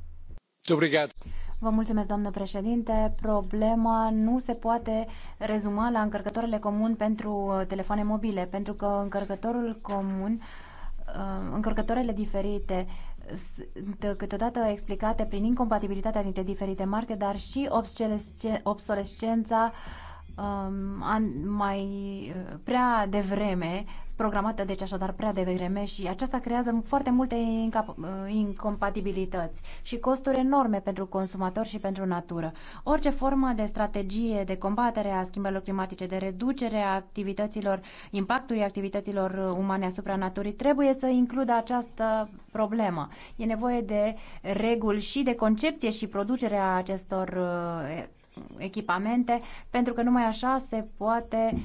Vă mulțumesc, președinte. Problema nu se poate rezuma la încărcătoarele comune pentru uh, telefoane mobile, pentru că încărcătorul comun, uh, încărcătoarele diferite sunt câteodată explicate prin incompatibilitatea dintre diferite marke, dar și obsolescența um, mai uh, prea devreme programată deci așadar prea devreme și aceasta creează foarte multe uh, incompatibilități și costuri enorme pentru consumatori și pentru natură. Orice formă de strategie de combatere a schimbărilor climatice, de reducere a activităților, impactului activităților uh, umane asupra naturii, trebuie să includă această problemă. E nevoie de reguli și de concepție și producerea acestor uh, echipamente, pentru că numai așa se poate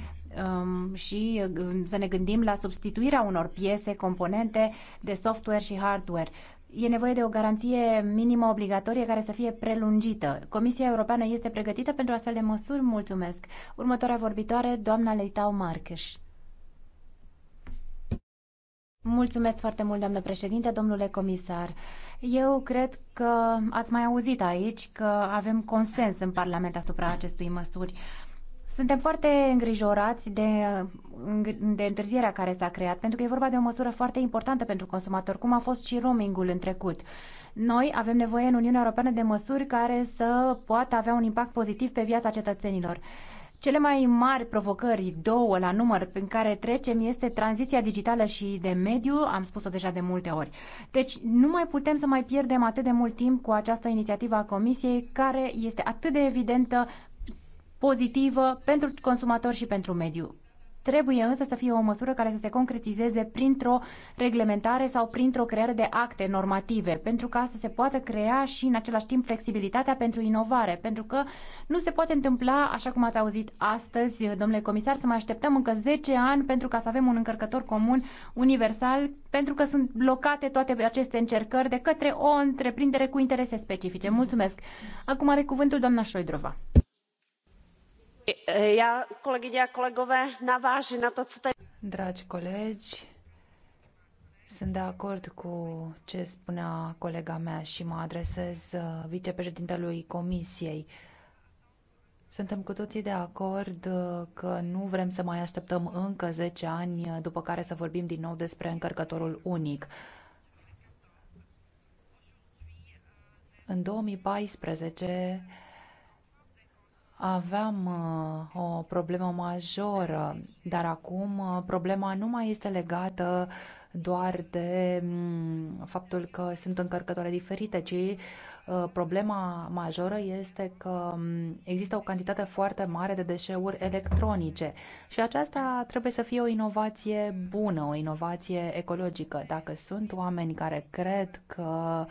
Um, și uh, să ne gândim la substituirea unor piese, componente de software și hardware. E nevoie de o garanție minimă obligatorie care să fie prelungită. Comisia Europeană este pregătită pentru astfel de măsuri? Mulțumesc. Următoarea vorbitoare, doamna Leitau Marcheș. Mulțumesc foarte mult, doamnă președinte, domnule comisar. Eu cred că ați mai auzit aici că avem consens în Parlament asupra acestui măsuri. Suntem foarte îngrijorați de, de întârzierea care s-a creat, pentru că e vorba de o măsură foarte importantă pentru consumator, cum a fost și roamingul în trecut. Noi avem nevoie în Uniunea Europeană de măsuri care să poată avea un impact pozitiv pe viața cetățenilor. Cele mai mari provocări, două la număr, prin care trecem este tranziția digitală și de mediu, am spus-o deja de multe ori. Deci nu mai putem să mai pierdem atât de mult timp cu această inițiativă a Comisiei, care este atât de evidentă pozitivă pentru consumator și pentru mediu. Trebuie însă să fie o măsură care să se concretizeze printr-o reglementare sau printr-o creare de acte normative, pentru ca să se poată crea și în același timp flexibilitatea pentru inovare, pentru că nu se poate întâmpla, așa cum ați auzit astăzi, domnule comisar, să mai așteptăm încă 10 ani pentru ca să avem un încărcător comun universal, pentru că sunt blocate toate aceste încercări de către o întreprindere cu interese specifice. Mulțumesc! Acum are cuvântul doamna Șoidrova. Dragi colegi, sunt de acord cu ce spunea colega mea și mă adresez uh, vicepreședintelui Comisiei. Suntem cu toții de acord uh, că nu vrem să mai așteptăm încă 10 ani uh, după care să vorbim din nou despre încărcătorul unic. În 2014 aveam uh, o problemă majoră, dar acum uh, problema nu mai este legată doar de mm, faptul că sunt încărcătoare diferite, ci Uh, problema majoră este că um, există o cantitate foarte mare de deșeuri electronice și aceasta trebuie să fie o inovație bună, o inovație ecologică. Dacă sunt oameni care cred că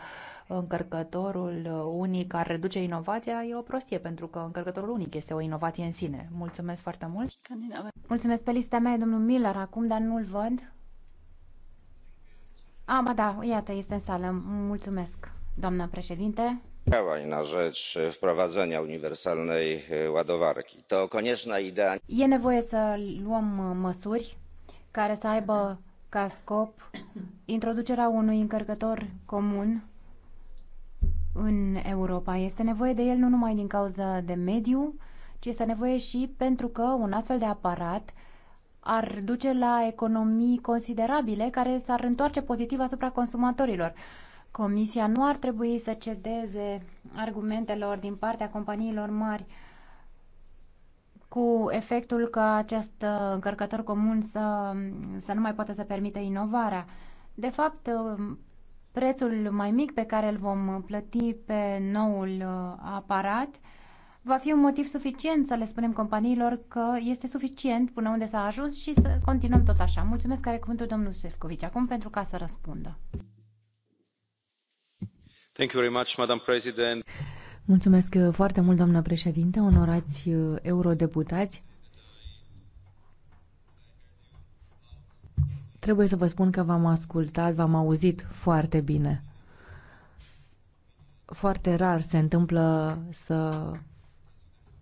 încărcătorul unic ar reduce inovația, e o prostie, pentru că încărcătorul unic este o inovație în sine. Mulțumesc foarte mult! Mulțumesc pe lista mea, domnul Miller, acum, dar nu-l văd. A, ah, ba da, iată, este în sală. Mulțumesc. Doamnă președinte, działań na rzecz wprowadzenia uniwersalnej ładowarki. To konieczna idea. E nevoie să luăm măsuri care să aibă ca scop introducerea unui încărcător comun în Europa. Este nevoie de el nu numai din cauza de mediu, ci este nevoie și pentru că un astfel de aparat ar duce la economii considerabile care s-ar întoarce pozitiv asupra consumatorilor. Comisia nu ar trebui să cedeze argumentelor din partea companiilor mari cu efectul că acest uh, încărcător comun să, să nu mai poată să permită inovarea. De fapt, uh, prețul mai mic pe care îl vom plăti pe noul uh, aparat va fi un motiv suficient să le spunem companiilor că este suficient până unde s-a ajuns și să continuăm tot așa. Mulțumesc care cuvântul domnul Sefcovici acum pentru ca să răspundă. Thank you very much, Madam President. Mulțumesc foarte mult, doamnă președinte, onorați uh, eurodeputați. Trebuie să vă spun că v-am ascultat, v-am auzit foarte bine. Foarte rar se întâmplă să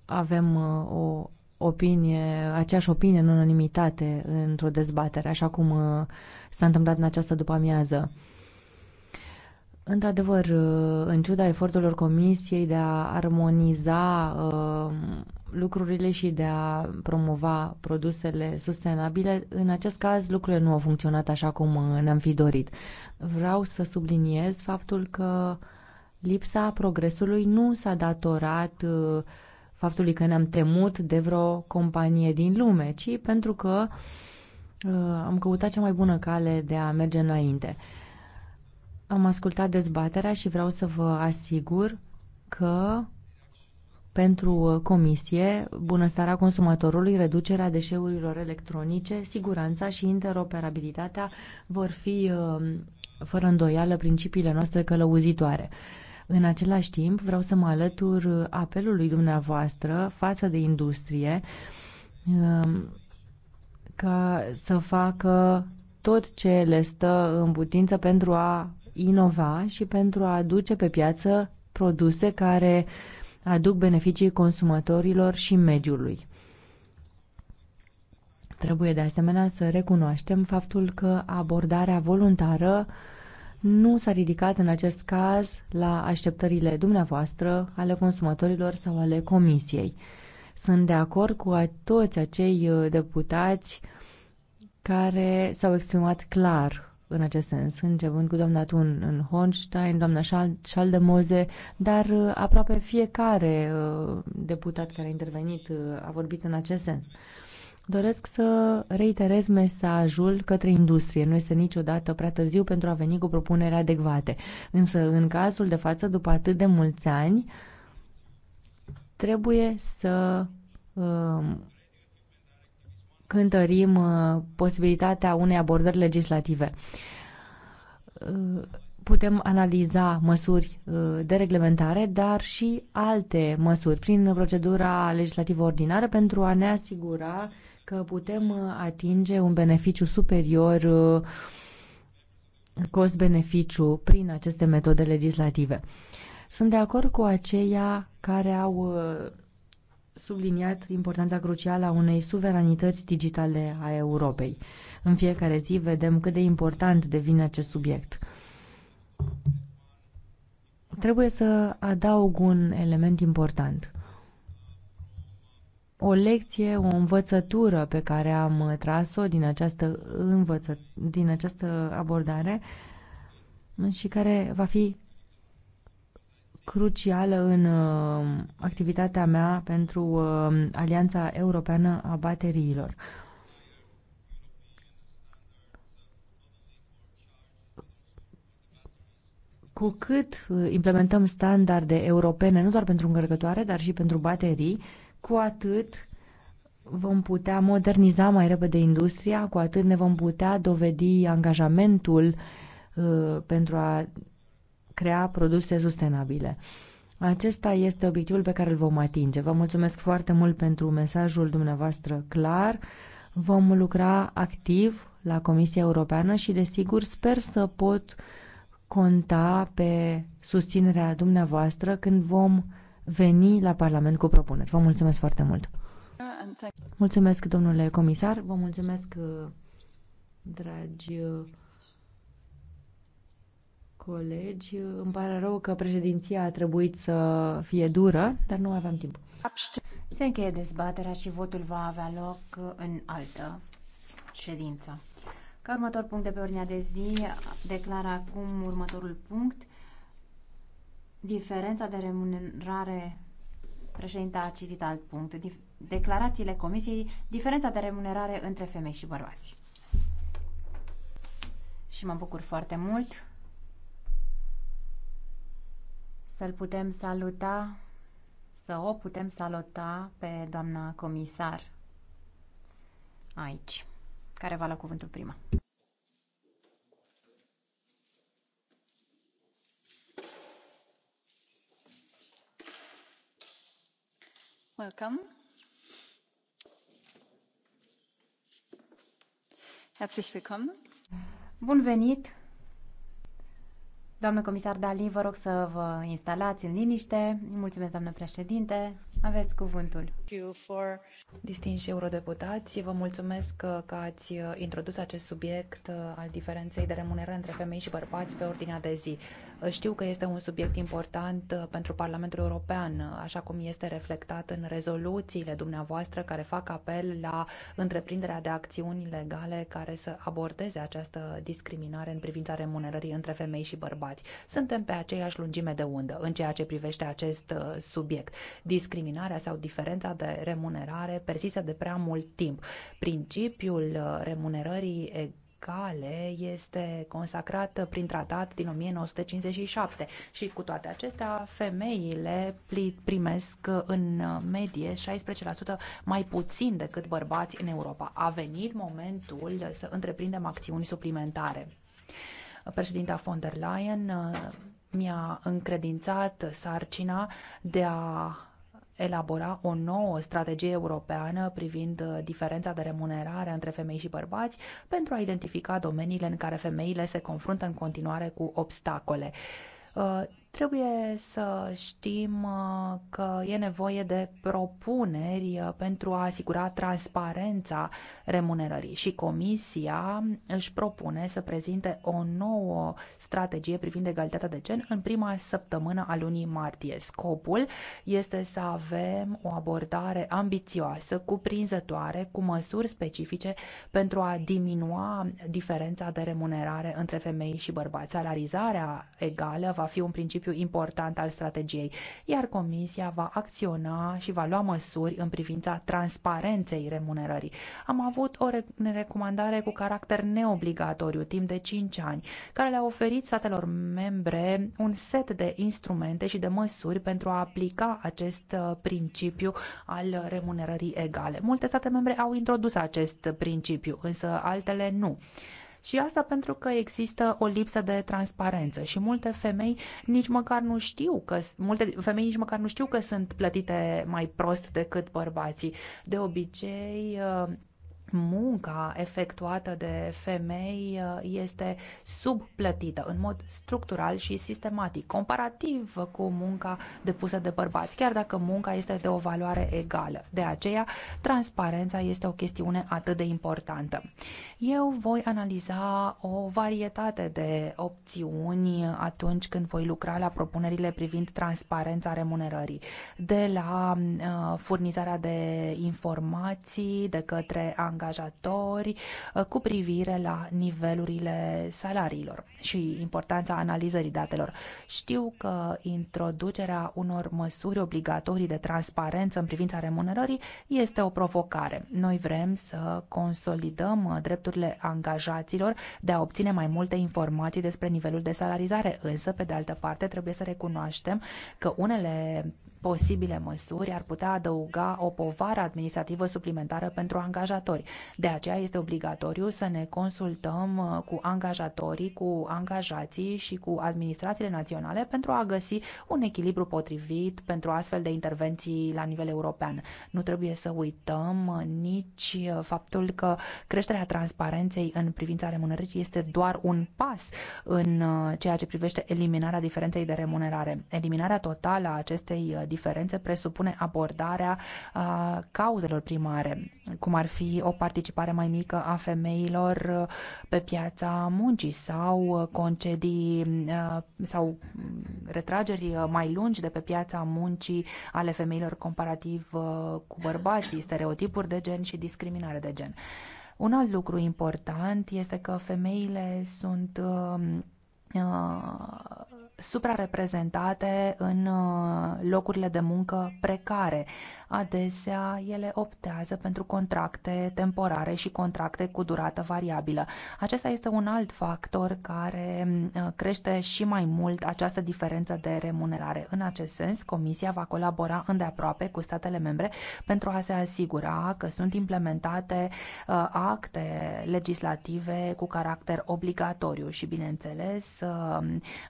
avem uh, o opinie, aceeași opinie în unanimitate într-o dezbatere, așa cum uh, s-a întâmplat în această după amiază. Într-adevăr, uh, în ciuda eforturilor Comisiei de a armoniza uh, lucrurile și de a promova produsele sustenabile, în acest caz lucrurile nu au funcționat așa cum uh, ne-am fi dorit. Vreau să subliniez faptul că lipsa progresului nu s-a datorat faptului că ne-am temut de vreo companie din lume, ci pentru că am căutat cea mai bună cale de a merge înainte. Am ascultat dezbaterea și vreau să vă asigur că pentru comisie, bunăstarea consumatorului, reducerea deșeurilor electronice, siguranța și interoperabilitatea vor fi, um, fără îndoială, principiile noastre călăuzitoare. În același timp, vreau să mă alătur apelului dumneavoastră față de industrie um, ca să facă tot ce le stă în putință pentru a inova și pentru a aduce pe piață produse care aduc beneficii consumatorilor și mediului. Trebuie de asemenea să recunoaștem faptul că abordarea voluntară nu s-a ridicat în acest caz la așteptările dumneavoastră, ale consumatorilor sau ale comisiei. Sunt de acord cu toți acei uh, deputați care s-au exprimat clar în acest sens, începând cu doamna Thun în Hornstein, doamna Schaldemose, dar uh, aproape fiecare uh, deputat care a intervenit uh, a vorbit în acest sens. Doresc să reiterez mesajul către industrie. Nu este niciodată prea târziu pentru a veni cu propuneri adecvate. Însă, în cazul de față, după atât de mulți ani, trebuie să cântărim uh, posibilitatea unei abordări legislative. Uh, putem analiza măsuri uh, de reglementare, dar și alte măsuri prin procedura legislativă ordinară pentru a ne asigura că putem atinge un beneficiu superior cost-beneficiu prin aceste metode legislative. Sunt de acord cu aceia care au subliniat importanța crucială a unei suveranități digitale a Europei. În fiecare zi vedem cât de important devine acest subiect. Trebuie să adaug un element important. O lecție, o învățătură pe care am tras-o din această, învăță, din această abordare și care va fi crucială în uh, activitatea mea pentru uh, Alianța Europeană a Bateriilor. Cu cât uh, implementăm standarde europene, nu doar pentru încărcătoare, dar și pentru baterii, cu atât vom putea moderniza mai repede industria, cu atât ne vom putea dovedi angajamentul uh, pentru a crea produse sustenabile. Acesta este obiectivul pe care îl vom atinge. Vă mulțumesc foarte mult pentru mesajul dumneavoastră clar. Vom lucra activ la Comisia Europeană și, desigur, sper să pot conta pe susținerea dumneavoastră când vom veni la Parlament cu propuneri. Vă mulțumesc foarte mult! Mulțumesc, domnule comisar, vă mulțumesc, dragi colegi, îmi pare rău că președinția a trebuit să fie dură, dar nu aveam timp. Se încheie dezbaterea și votul va avea loc în altă ședință. Ca următor punct de pe ordinea de zi, declar acum următorul punct. Diferența de remunerare Președinta a citit alt punct. Declarațiile Comisiei, diferența de remunerare între femei și bărbați. Și mă bucur foarte mult să-l putem saluta, să o putem saluta pe doamna comisar aici, care va lua cuvântul prima. Welcome. Herzlich willkommen. Bun venit Doamnă comisar Dali, vă rog să vă instalați în liniște. Mulțumesc, doamnă președinte. Aveți cuvântul. for. Distinși eurodeputați, vă mulțumesc că ați introdus acest subiect uh, al diferenței de remunerare între femei și bărbați pe ordinea de zi. Uh, știu că este un subiect important uh, pentru Parlamentul European, așa cum este reflectat în rezoluțiile dumneavoastră care fac apel la întreprinderea de acțiuni legale care să abordeze această discriminare în privința remunerării între femei și bărbați afectați. Suntem pe aceeași lungime de undă în ceea ce privește acest uh, subiect. Discriminarea sau diferența de remunerare persistă de prea mult timp. Principiul uh, remunerării egale este consacrat prin tratat din 1957 și cu toate acestea femeile primesc uh, în medie 16% mai puțin decât bărbați în Europa. A venit momentul să întreprindem acțiuni suplimentare. Președinta von der Leyen uh, mi-a încredințat sarcina de a elabora o nouă strategie europeană privind uh, diferența de remunerare între femei și bărbați pentru a identifica domeniile în care femeile se confruntă în continuare cu obstacole uh, Trebuie să știm uh, că e nevoie de propuneri uh, pentru a asigura transparența remunerării și Comisia își propune să prezinte o nouă strategie privind egalitatea de gen în prima săptămână a lunii martie. Scopul este să avem o abordare ambițioasă, cuprinzătoare, cu măsuri specifice pentru a diminua diferența de remunerare între femei și bărbați. Salarizarea egală va fi un principiu principiu important al strategiei, iar Comisia va acționa și va lua măsuri în privința transparenței remunerării. Am avut o recomandare cu caracter neobligatoriu timp de 5 ani, care le-a oferit statelor membre un set de instrumente și de măsuri pentru a aplica acest uh, principiu al remunerării egale. Multe state membre au introdus acest principiu, însă altele nu. Și asta pentru că există o lipsă de transparență și multe femei nici măcar nu știu că multe femei nici măcar nu știu că sunt plătite mai prost decât bărbații. De obicei uh, munca efectuată de femei uh, este subplătită în mod structural și sistematic, comparativ cu munca depusă de bărbați, chiar dacă munca este de o valoare egală. De aceea, transparența este o chestiune atât de importantă. Eu voi analiza o varietate de opțiuni atunci când voi lucra la propunerile privind transparența remunerării, de la uh, furnizarea de informații de către angajați angajatori uh, cu privire la nivelurile salariilor și importanța analizării datelor. Știu că introducerea unor măsuri obligatorii de transparență în privința remunerării este o provocare. Noi vrem să consolidăm uh, drepturile angajaților de a obține mai multe informații despre nivelul de salarizare, însă, pe de altă parte, trebuie să recunoaștem că unele posibile măsuri ar putea adăuga o povară administrativă suplimentară pentru angajatori. De aceea este obligatoriu să ne consultăm uh, cu angajatorii, cu angajații și cu administrațiile naționale pentru a găsi un echilibru potrivit pentru astfel de intervenții la nivel european. Nu trebuie să uităm uh, nici uh, faptul că creșterea transparenței în privința remunerării este doar un pas în ceea ce privește eliminarea diferenței de remunerare. Eliminarea totală a acestei diferențe presupune abordarea uh, cauzelor primare, cum ar fi o participare mai mică a femeilor uh, pe piața muncii sau uh, concedii uh, sau mm, retrageri uh, mai lungi de pe piața muncii ale femeilor comparativ uh, cu bărbații, stereotipuri de gen și discriminare de gen. Un alt lucru important este că femeile sunt um, uh, suprareprezentate în uh, locurile de muncă precare. Adesea ele optează pentru contracte temporare și contracte cu durată variabilă. Acesta este un alt factor care uh, crește și mai mult această diferență de remunerare. În acest sens, Comisia va colabora îndeaproape cu statele membre pentru a se asigura că sunt implementate uh, acte legislative cu caracter obligatoriu și, bineînțeles,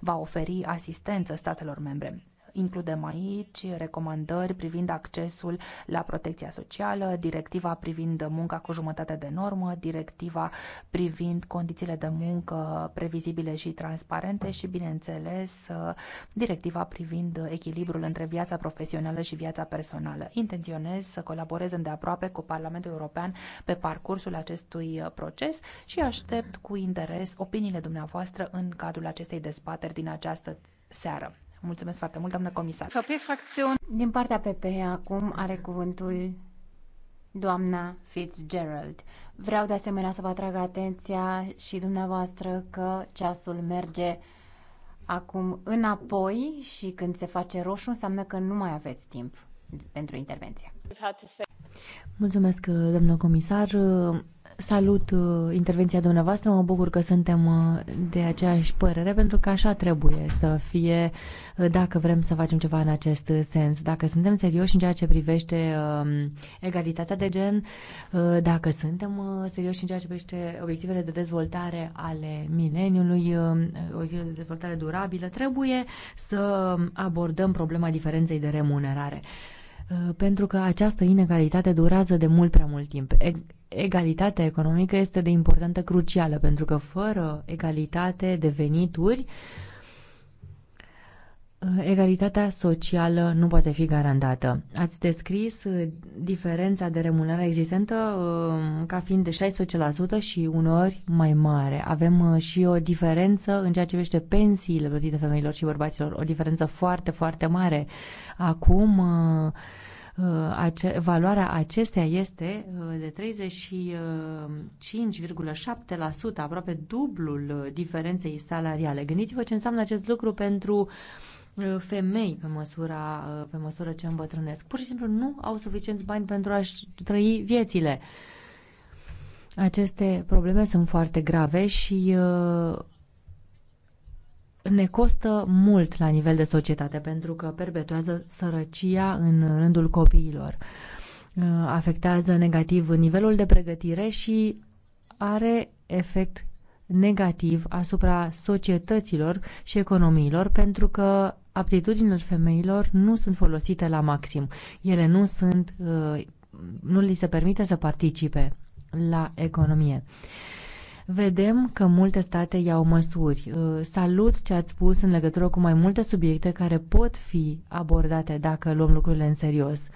va oferi oferi asistență statelor membre. Includem aici recomandări privind accesul la protecția socială, directiva privind munca cu jumătate de normă, directiva privind condițiile de muncă previzibile și transparente și, bineînțeles, directiva privind echilibrul între viața profesională și viața personală. Intenționez să colaborez îndeaproape cu Parlamentul European pe parcursul acestui proces și aștept cu interes opiniile dumneavoastră în cadrul acestei dezbateri din această seară. Mulțumesc foarte mult, doamnă comisar. Din partea PP acum are cuvântul doamna Fitzgerald. Vreau de asemenea să vă atrag atenția și dumneavoastră că ceasul merge acum înapoi și când se face roșu înseamnă că nu mai aveți timp pentru intervenție. Mulțumesc, doamnă comisar. Salut uh, intervenția dumneavoastră, mă bucur că suntem uh, de aceeași părere, pentru că așa trebuie să fie uh, dacă vrem să facem ceva în acest sens. Dacă suntem serioși în ceea ce privește um, egalitatea de gen, dacă suntem serioși în ceea ce privește obiectivele de dezvoltare ale mileniului, obiectivele de dezvoltare durabilă, trebuie să abordăm problema diferenței de remunerare pentru că această inegalitate durează de mult prea mult timp egalitatea economică este de importantă crucială, pentru că fără egalitate de venituri, uh, egalitatea socială nu poate fi garantată. Ați descris uh, diferența de remunerare existentă uh, ca fiind de 16% și uneori mai mare. Avem și o diferență în ceea ce privește pensiile plătite femeilor și bărbaților, o diferență foarte, foarte mare. Acum Uh, valoarea acesteia este uh, de 35,7%, uh, aproape dublul diferenței salariale. Gândiți-vă ce înseamnă acest lucru pentru femei pe măsura, pe măsură ce îmbătrânesc. Pur și simplu nu au suficienți bani pentru a-și trăi viețile. Aceste probleme sunt foarte grave și uh, ne costă mult la nivel de societate pentru că perpetuează sărăcia în rândul copiilor, uh, afectează negativ nivelul de pregătire și are efect negativ asupra societăților și economiilor pentru că aptitudinile femeilor nu sunt folosite la maxim. Ele nu sunt uh, nu li se permite să participe la economie. Uh, Vedem că multe state iau măsuri. Uh, salut ce ați spus în legătură cu mai multe subiecte care pot fi abordate dacă luăm lucrurile în serios.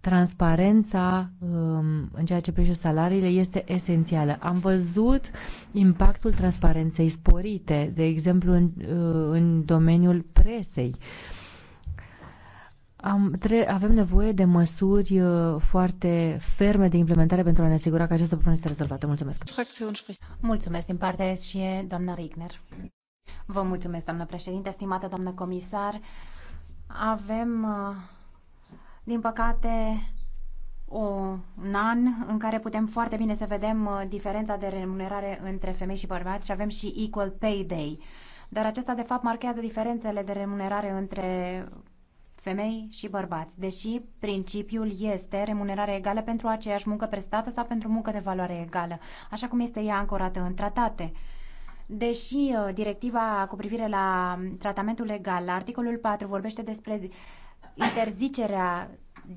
Transparența um, în ceea ce privește salariile este esențială. Am văzut impactul transparenței sporite, de exemplu în, uh, în domeniul presei. Am, tre- avem nevoie de măsuri uh, foarte ferme de implementare pentru a ne asigura că această problemă este rezolvată. Mulțumesc. Mulțumesc din partea și doamna Rigner. Vă mulțumesc, doamnă președinte, stimată doamnă comisar. Avem, uh, din păcate, o, un an în care putem foarte bine să vedem uh, diferența de remunerare între femei și bărbați și avem și Equal Pay Day. Dar acesta, de fapt, marchează diferențele de remunerare între femei și bărbați, deși principiul este remunerare egală pentru aceeași muncă prestată sau pentru muncă de valoare egală, așa cum este ea ancorată în tratate. Deși uh, directiva cu privire la tratamentul legal, articolul 4 vorbește despre interzicerea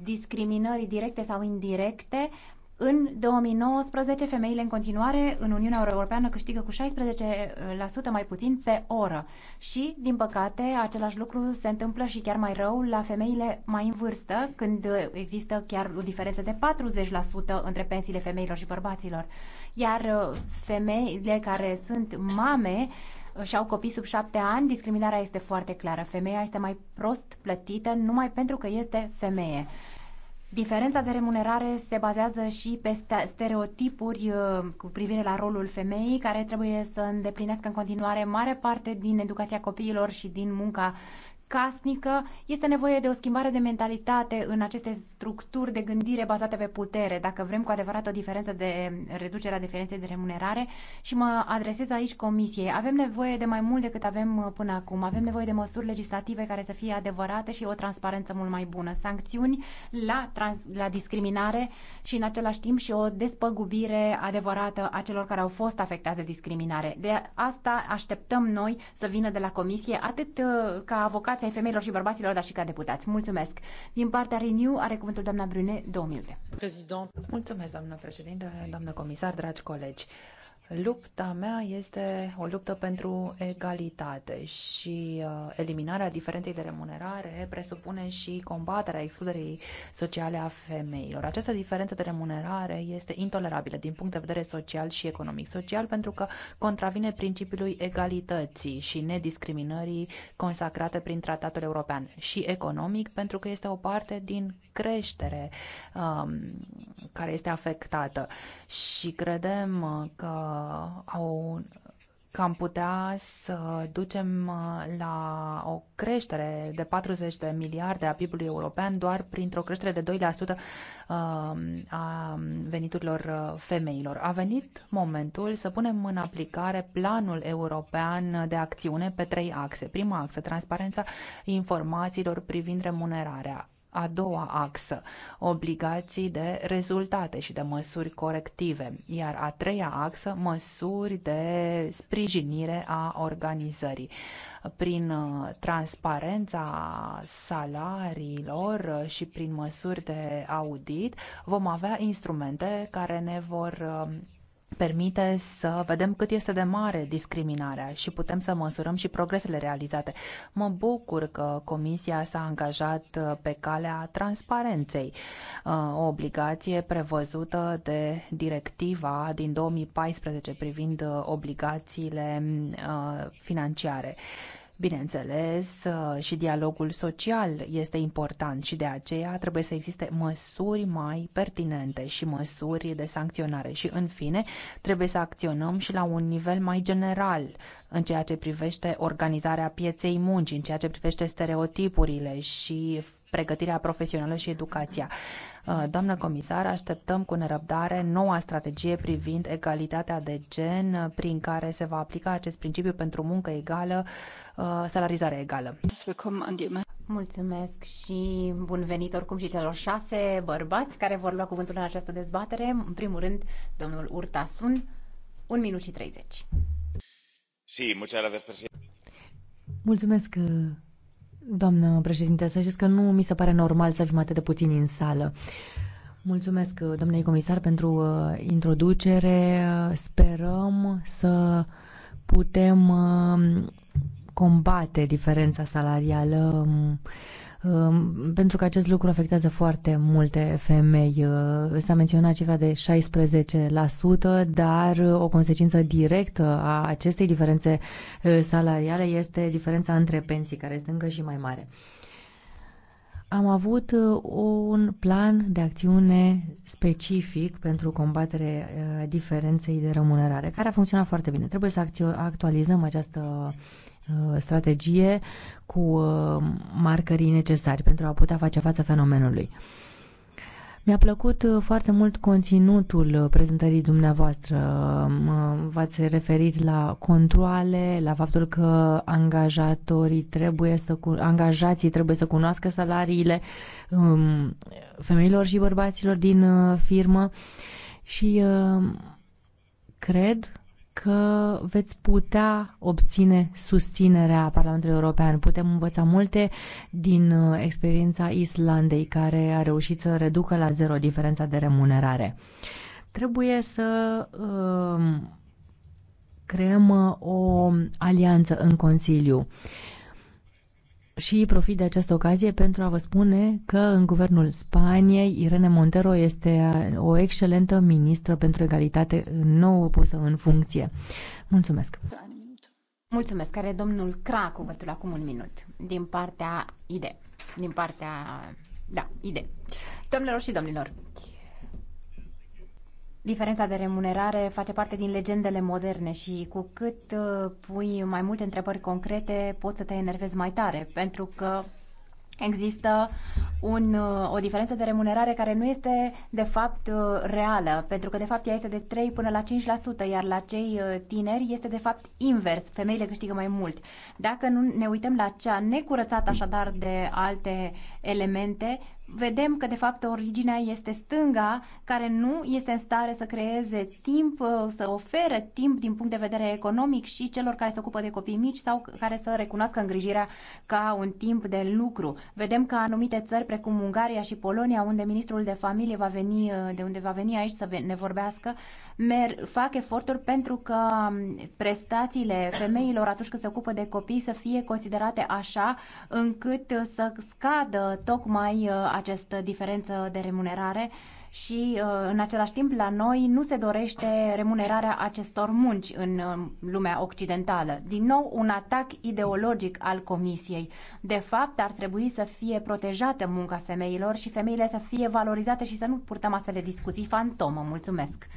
discriminării directe sau indirecte, în 2019, femeile în continuare în Uniunea Europeană câștigă cu 16% mai puțin pe oră și, din păcate, același lucru se întâmplă și chiar mai rău la femeile mai în vârstă, când există chiar o diferență de 40% între pensiile femeilor și bărbaților. Iar uh, femeile care sunt mame uh, și au copii sub șapte ani, discriminarea este foarte clară. Femeia este mai prost plătită numai pentru că este femeie. Diferența de remunerare se bazează și pe stereotipuri uh, cu privire la rolul femeii, care trebuie să îndeplinească în continuare mare parte din educația copiilor și din munca casnică, este nevoie de o schimbare de mentalitate în aceste structuri de gândire bazate pe putere, dacă vrem cu adevărat o diferență de reducerea diferenței de remunerare și mă adresez aici comisiei. Avem nevoie de mai mult decât avem uh, până acum. Avem nevoie de măsuri legislative care să fie adevărate și o transparență mult mai bună. Sancțiuni la, trans, la discriminare și în același timp și o despăgubire adevărată a celor care au fost afectați de discriminare. De asta așteptăm noi să vină de la comisie, atât uh, ca avocat situația femeilor și bărbaților, dar și ca deputați. Mulțumesc. Din partea Renew are cuvântul doamna Brune, două minute. Mulțumesc, doamnă președinte, doamnă comisar, dragi colegi. Lupta mea este o luptă pentru egalitate și uh, eliminarea diferenței de remunerare presupune și combaterea excluderii sociale a femeilor. Această diferență de remunerare este intolerabilă din punct de vedere social și economic. Social pentru că contravine principiului egalității și nediscriminării consacrate prin tratatul european și economic pentru că este o parte din creștere um, care este afectată și credem că au că am putea să ducem uh, la o creștere de 40 de miliarde a PIB-ului european doar printr-o creștere de 2% um, a veniturilor uh, femeilor. A venit momentul să punem în aplicare planul european de acțiune pe trei axe. Prima axă, transparența informațiilor privind remunerarea a doua axă, obligații de rezultate și de măsuri corective, iar a treia axă, măsuri de sprijinire a organizării. Prin uh, transparența salariilor uh, și prin măsuri de audit vom avea instrumente care ne vor uh, permite să vedem cât este de mare discriminarea și putem să măsurăm și progresele realizate. Mă bucur că Comisia s-a angajat uh, pe calea transparenței, uh, o obligație prevăzută de directiva din 2014 privind uh, obligațiile financiare. Bineînțeles, uh, și dialogul social este important și de aceea trebuie să existe măsuri mai pertinente și măsuri de sancționare. Și, în fine, trebuie să acționăm și la un nivel mai general în ceea ce privește organizarea pieței muncii, în ceea ce privește stereotipurile și pregătirea profesională și educația. Uh, doamnă comisar, așteptăm cu nerăbdare noua strategie privind egalitatea de gen uh, prin care se va aplica acest principiu pentru muncă egală, uh, salarizare egală. Mulțumesc și bun venit oricum și celor șase bărbați care vor lua cuvântul în această dezbatere. În primul rând, domnul Urtasun, un minut și 30. Sí, muchas gracias, presidente. Mulțumesc, Doamnă președinte, să știți că nu mi se pare normal să fim atât de puțini în sală. Mulțumesc, domnule comisar, pentru uh, introducere. Sperăm să putem uh, combate diferența salarială um, Um, pentru că acest lucru afectează foarte multe femei. Uh, s-a menționat cifra de 16%, dar uh, o consecință directă a acestei diferențe uh, salariale este diferența între pensii, care este încă și mai mare. Am avut un plan de acțiune specific pentru combaterea diferenței de remunerare, care a funcționat foarte bine. Trebuie să actualizăm această Uh, strategie cu uh, marcării necesari pentru a putea face față fenomenului. Mi-a plăcut uh, foarte mult conținutul prezentării dumneavoastră. V-ați referit la controle, la faptul că angajatorii trebuie să, angajații trebuie să cunoască salariile um, femeilor și bărbaților din firmă și cred că veți putea obține susținerea Parlamentului European. Putem învăța multe din uh, experiența Islandei, care a reușit să reducă la zero diferența de remunerare. Trebuie să um, creăm uh, o alianță în Consiliu. Uh, și profit de această ocazie pentru a vă spune că în guvernul Spaniei Irene Montero este o excelentă ministră pentru egalitate nouă pusă în funcție. Mulțumesc! Mulțumesc! Care domnul Cra cuvântul acum un minut din partea IDE. Din partea... Da, IDE. Domnilor și domnilor, Diferența de remunerare face parte din legendele moderne și cu cât uh, pui mai multe întrebări concrete, poți să te enervezi mai tare, pentru că există un, uh, o diferență de remunerare care nu este de fapt uh, reală, pentru că de fapt ea este de 3 până la 5%, iar la cei tineri este de fapt invers, femeile câștigă mai mult. Dacă nu ne uităm la cea necurățată așadar de alte elemente, vedem că de fapt originea este stânga, care nu este în stare să creeze timp, uh, să oferă timp din punct de vedere economic și celor care se ocupă de copii mici sau care să recunoască îngrijirea ca un timp de lucru. Vedem că anumite țări precum Ungaria și Polonia, unde ministrul de familie va veni, uh, de unde va veni aici să ne vorbească, mer- fac eforturi pentru că prestațiile femeilor atunci când se ocupă de copii să fie considerate așa încât să scadă tocmai uh, această diferență de remunerare și uh, în același timp la noi nu se dorește remunerarea acestor munci în um, lumea occidentală. Din nou un atac ideologic al Comisiei. De fapt, ar trebui să fie protejată munca femeilor și femeile să fie valorizate și să nu purtăm astfel de discuții fantomă. Mulțumesc!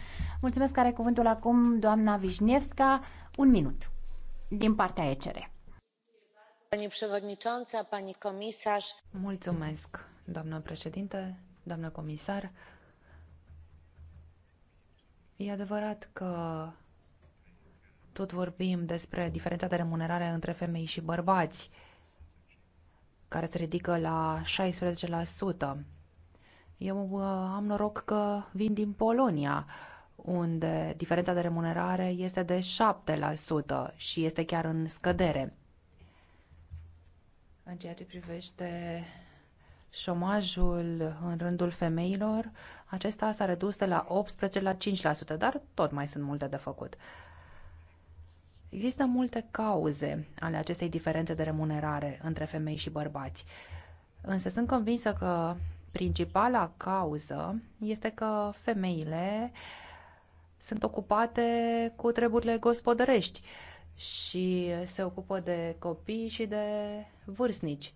Mulțumesc, are cuvântul acum doamna Vișnevska. Un minut din partea ECR. Mulțumesc, doamnă președinte, doamnă comisar. E adevărat că tot vorbim despre diferența de remunerare între femei și bărbați, care se ridică la 16%. Eu uh, am noroc că vin din Polonia, unde diferența de remunerare este de 7% și este chiar în scădere. În ceea ce privește șomajul în rândul femeilor, acesta s-a redus de la 18 la 5%, dar tot mai sunt multe de făcut. Există multe cauze ale acestei diferențe de remunerare între femei și bărbați, însă sunt convinsă că principala cauză este că femeile sunt ocupate cu treburile gospodărești și se ocupă de copii și de vârstnici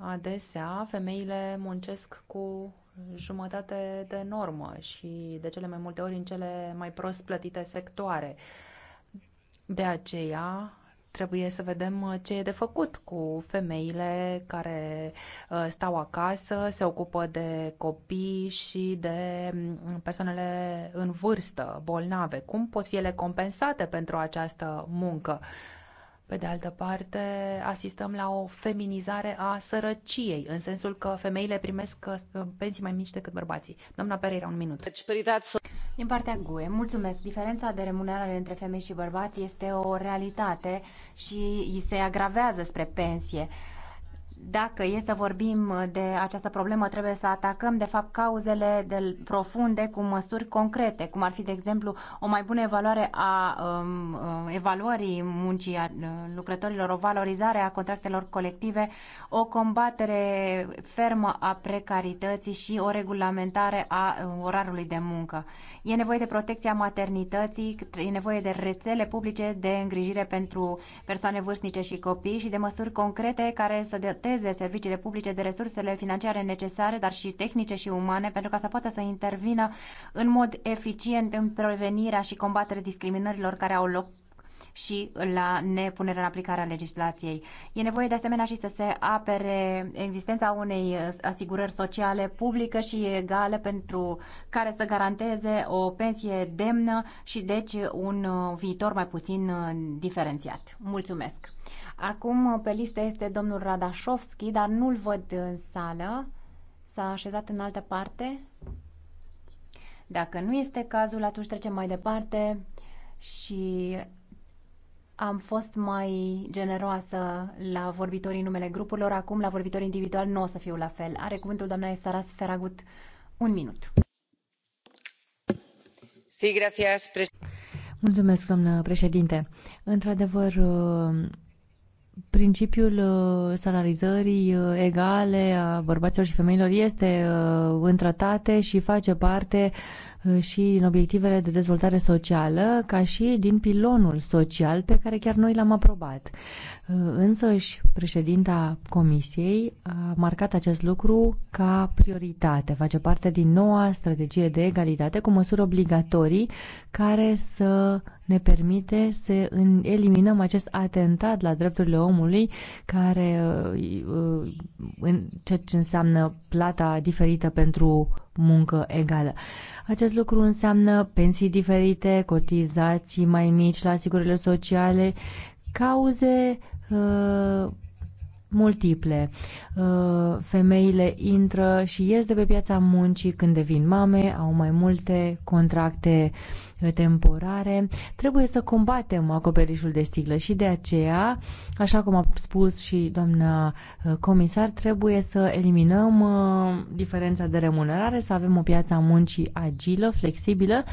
Adesea, femeile muncesc cu jumătate de normă și de cele mai multe ori în cele mai prost plătite sectoare. De aceea, trebuie să vedem ce e de făcut cu femeile care uh, stau acasă, se ocupă de copii și de mm, persoanele în vârstă, bolnave. Cum pot fi ele compensate pentru această muncă? Pe de altă parte, asistăm la o feminizare a sărăciei, în sensul că femeile primesc uh, pensii mai mici decât bărbații. Doamna Pereira, un minut. Din partea GUE, mulțumesc. Diferența de remunerare între femei și bărbați este o realitate și se agravează spre pensie dacă e să vorbim uh, de această problemă, trebuie să atacăm, de fapt, cauzele de profunde cu măsuri concrete, cum ar fi, de exemplu, o mai bună evaluare a um, uh, evaluării muncii a uh, lucrătorilor, o valorizare a contractelor colective, o combatere fermă a precarității și o regulamentare a orarului de muncă. E nevoie de protecția maternității, e nevoie de rețele publice de îngrijire pentru persoane vârstnice și copii și de măsuri concrete care să de doteze serviciile publice de resursele financiare necesare, dar și tehnice și umane, pentru ca să poată să intervină în mod eficient în prevenirea și combaterea discriminărilor care au loc și la nepunerea în aplicare a legislației. E nevoie de asemenea și să se apere existența unei asigurări sociale publică și egale pentru care să garanteze o pensie demnă și deci un viitor mai puțin diferențiat. Mulțumesc! Acum pe listă este domnul Radașovski, dar nu-l văd în sală. S-a așezat în altă parte. Dacă nu este cazul, atunci trecem mai departe și am fost mai generoasă la vorbitorii numele grupurilor, acum la vorbitorii individual nu o să fiu la fel. Are cuvântul doamna Estaras Feragut. Un minut. Sí, gracias, Mulțumesc, doamnă președinte. Într-adevăr, uh, principiul uh, salarizării uh, egale a bărbaților și femeilor este în tratate și face parte Uh, și în obiectivele de dezvoltare socială, ca și din pilonul social pe care chiar noi l-am aprobat. Însăși, președinta Comisiei a marcat acest lucru ca prioritate. Face parte din noua strategie de egalitate cu măsuri obligatorii care să ne permite să eliminăm acest atentat la drepturile omului care în ceea ce înseamnă plata diferită pentru muncă egală. Acest lucru înseamnă pensii diferite, cotizații mai mici la asigurările sociale, cauze Uh, multiple. Uh, femeile intră și ies de pe piața muncii când devin mame, au mai multe contracte temporare, trebuie să combatem acoperișul de sticlă și de aceea, așa cum a spus și doamna uh, comisar, trebuie să eliminăm uh, diferența de remunerare, să avem o piață a muncii agilă, flexibilă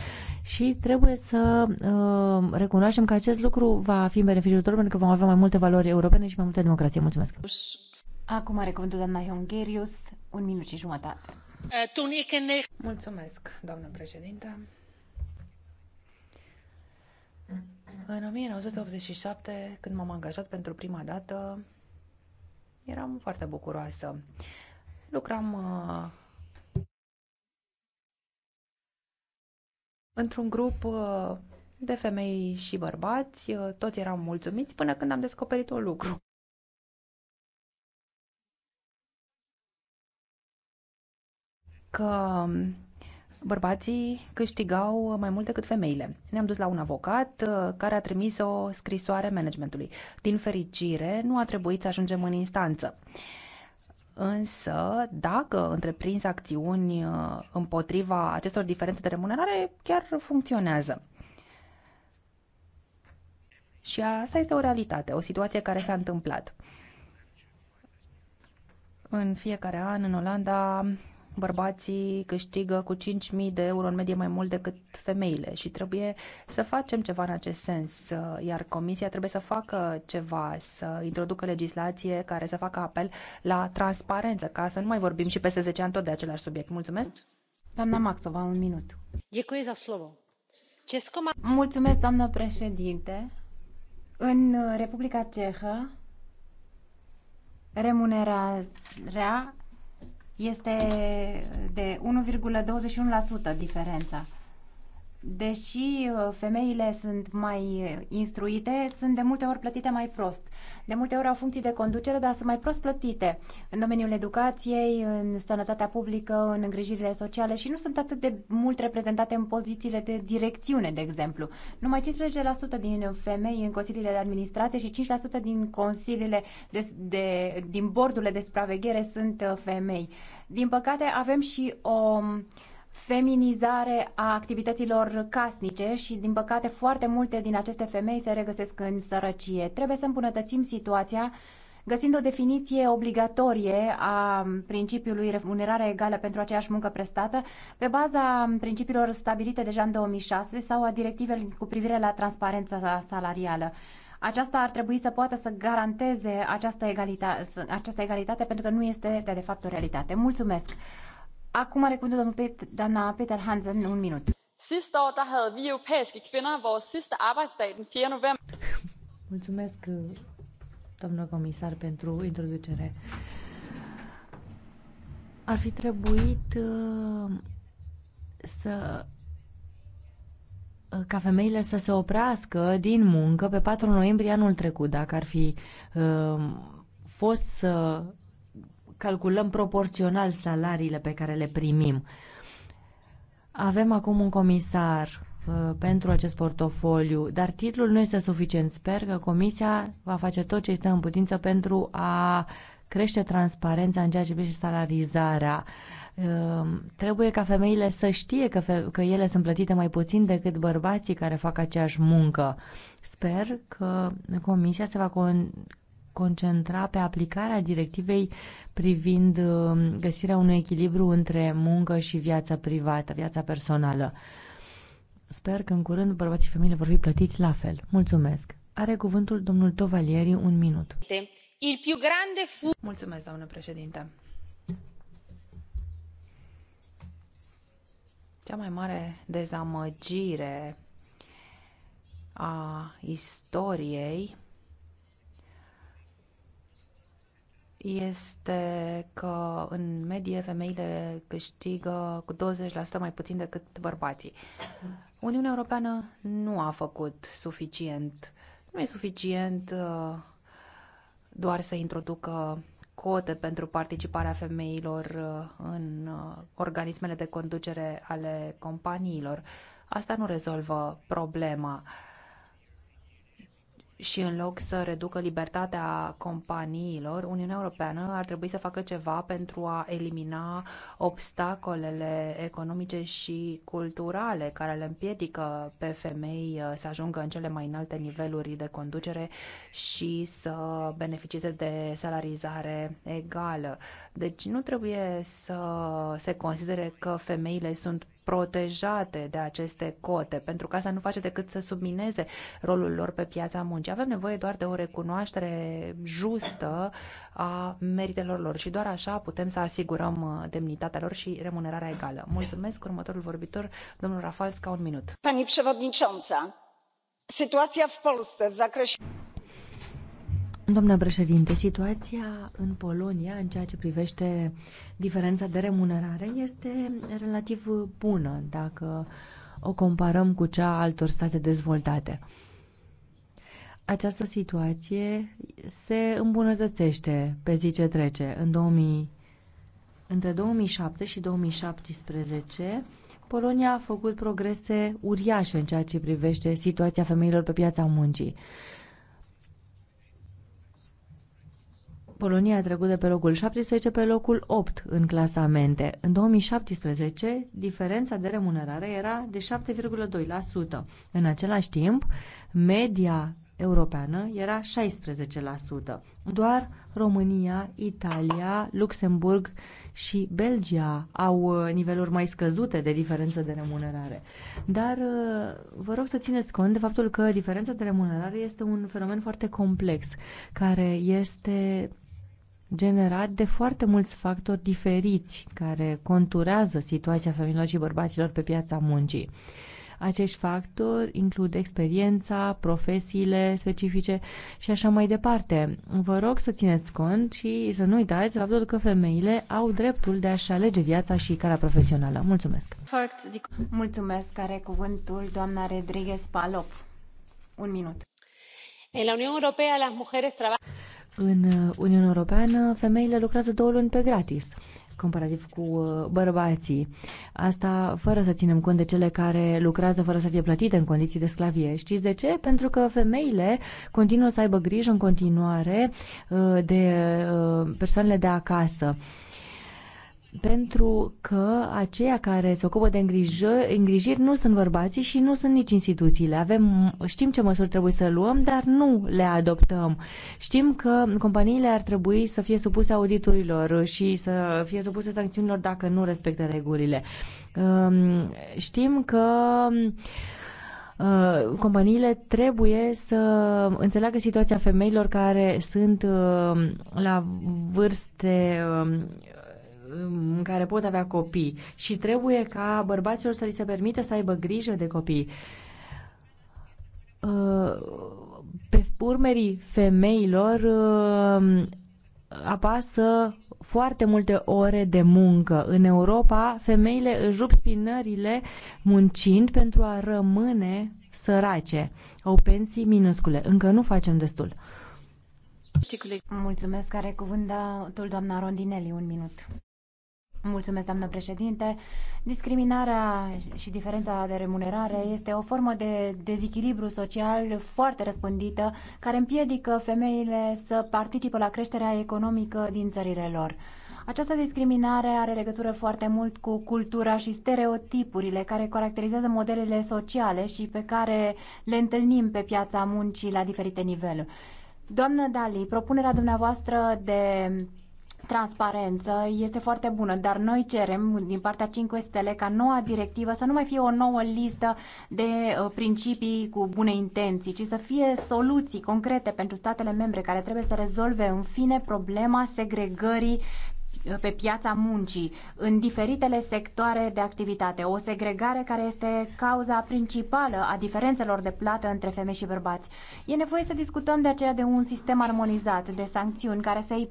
și trebuie să uh, recunoaștem că acest lucru va fi în beneficiul tuturor pentru că vom avea mai multe valori europene și mai multe democrație. Mulțumesc! Acum are cuvântul doamna Iongerius, un minut și jumătate. Eh, Mulțumesc, doamnă președintă. În 1987, când m-am angajat pentru prima dată, eram foarte bucuroasă. Lucram uh, într-un grup uh, de femei și bărbați, uh, toți eram mulțumiți până când am descoperit un lucru. Că um, bărbații câștigau mai mult decât femeile. Ne-am dus la un avocat uh, care a trimis o scrisoare managementului. Din fericire, nu a trebuit să ajungem în instanță. Însă, dacă întreprinzi acțiuni uh, împotriva acestor diferențe de remunerare, chiar funcționează. Și asta este o realitate, o situație care s-a întâmplat. În fiecare an, în Olanda, bărbații câștigă cu 5.000 de euro în medie mai mult decât femeile și trebuie să facem ceva în acest sens, uh, iar Comisia trebuie să facă ceva, să introducă legislație care să facă apel la transparență, ca să nu mai vorbim și peste 10 ani tot de același subiect. Mulțumesc! Doamna Maxova, un minut. Mulțumesc, doamnă președinte. În uh, Republica Cehă, remunerarea este de 1,21% diferența deși uh, femeile sunt mai uh, instruite, sunt de multe ori plătite mai prost. De multe ori au funcții de conducere, dar sunt mai prost plătite în domeniul educației, în sănătatea publică, în îngrijirile sociale și nu sunt atât de mult reprezentate în pozițiile de direcțiune, de exemplu. Numai 15% din femei în consiliile de administrație și 5% din consiliile de, de, din bordurile de supraveghere sunt uh, femei. Din păcate, avem și o feminizare a activităților casnice și, din păcate, foarte multe din aceste femei se regăsesc în sărăcie. Trebuie să îmbunătățim situația găsind o definiție obligatorie a principiului remunerare egală pentru aceeași muncă prestată pe baza principiilor stabilite deja în 2006 sau a directivei cu privire la transparența salarială. Aceasta ar trebui să poată să garanteze această egalitate, această egalitate pentru că nu este de fapt o realitate. Mulțumesc! Acum are cuvântul domnul Pet- doamna Peter Hansen, un minut. Sidste år, der havde vi europæiske kvinder vores sidste arbejdsdag den 4. november. Mulțumesc, doamna comisar, pentru introducere. Ar fi trebuit uh, să ca femeile să se oprească din muncă pe 4 noiembrie anul trecut, dacă ar fi uh, fost să calculăm proporțional salariile pe care le primim. Avem acum un comisar uh, pentru acest portofoliu, dar titlul nu este suficient. Sper că Comisia va face tot ce este în putință pentru a crește transparența în ceea ce privește salarizarea. Uh, trebuie ca femeile să știe că, fe- că ele sunt plătite mai puțin decât bărbații care fac aceeași muncă. Sper că Comisia se va con- concentra pe aplicarea directivei privind um, găsirea unui echilibru între muncă și viața privată, viața personală. Sper că în curând bărbații și femeile vor fi plătiți la fel. Mulțumesc! Are cuvântul domnul Tovalieri un minut. Il più grande fu... Mulțumesc, doamnă președinte. Cea mai mare dezamăgire a istoriei este că în medie femeile câștigă cu 20% mai puțin decât bărbații. Uniunea Europeană nu a făcut suficient. Nu e suficient uh, doar să introducă cote pentru participarea femeilor uh, în uh, organismele de conducere ale companiilor. Asta nu rezolvă problema și în loc să reducă libertatea companiilor, Uniunea Europeană ar trebui să facă ceva pentru a elimina obstacolele economice și culturale care le împiedică pe femei uh, să ajungă în cele mai înalte niveluri de conducere și să beneficieze de salarizare egală. Deci nu trebuie să se considere că femeile sunt protejate de aceste cote, pentru că asta nu face decât să submineze rolul lor pe piața muncii. Avem nevoie doar de o recunoaștere justă a meritelor lor și doar așa putem să asigurăm uh, demnitatea lor și remunerarea egală. Mulțumesc, următorul vorbitor, domnul Rafalsca, un minut. Pani przewodnicząca, situația w Polsce w zakresie Doamna președinte, situația în Polonia în ceea ce privește diferența de remunerare este relativ bună dacă o comparăm cu cea a altor state dezvoltate. Această situație se îmbunătățește pe zi ce trece. În 2000, între 2007 și 2017, Polonia a făcut progrese uriașe în ceea ce privește situația femeilor pe piața muncii. Polonia a trecut de pe locul 17 pe locul 8 în clasamente. În 2017, diferența de remunerare era de 7,2%. În același timp, media europeană era 16%. Doar România, Italia, Luxemburg și Belgia au uh, niveluri mai scăzute de diferență de remunerare. Dar uh, vă rog să țineți cont de faptul că diferența de remunerare este un fenomen foarte complex, care este generat de foarte mulți factori diferiți care conturează situația femeilor și bărbaților pe piața muncii. Acești factori includ experiența, profesiile specifice și așa mai departe. Vă rog să țineți cont și să nu uitați faptul că femeile au dreptul de a-și alege viața și calea profesională. Mulțumesc! Mulțumesc! Are cuvântul doamna Rodriguez Palop. Un minut. În la Unión Europea las mujeres trabajan în uh, Uniunea Europeană, femeile lucrează două luni pe gratis comparativ cu uh, bărbații. Asta fără să ținem cont de cele care lucrează fără să fie plătite în condiții de sclavie. Știți de ce? Pentru că femeile continuă să aibă grijă în continuare uh, de persoanele de acasă pentru că aceia care se ocupă de îngrijă, îngrijiri nu sunt bărbații și nu sunt nici instituțiile. Avem, știm ce măsuri trebuie să luăm, dar nu le adoptăm. Știm că companiile ar trebui să fie supuse auditurilor și să fie supuse sancțiunilor dacă nu respectă regulile. Um, știm că uh, companiile trebuie să înțeleagă situația femeilor care sunt uh, la vârste um, în care pot avea copii și trebuie ca bărbaților să li se permită să aibă grijă de copii. Uh, pe urmerii femeilor uh, apasă foarte multe ore de muncă. În Europa, femeile își rup spinările muncind pentru a rămâne sărace. Au pensii minuscule. Încă nu facem destul. Mulțumesc. Are cuvântul doamna Rondinelli. Un minut. Mulțumesc, doamnă președinte. Discriminarea și diferența de remunerare este o formă de dezechilibru social foarte răspândită care împiedică femeile să participe la creșterea economică din țările lor. Această discriminare are legătură foarte mult cu cultura și stereotipurile care caracterizează modelele sociale și pe care le întâlnim pe piața muncii la diferite niveluri. Doamnă Dali, propunerea dumneavoastră de transparență este foarte bună, dar noi cerem din partea 5 stele ca noua directivă să nu mai fie o nouă listă de uh, principii cu bune intenții, ci să fie soluții concrete pentru statele membre care trebuie să rezolve în fine problema segregării uh, pe piața muncii, în diferitele sectoare de activitate, o segregare care este cauza principală a diferențelor de plată între femei și bărbați. E nevoie să discutăm de aceea de un sistem armonizat de sancțiuni care să-i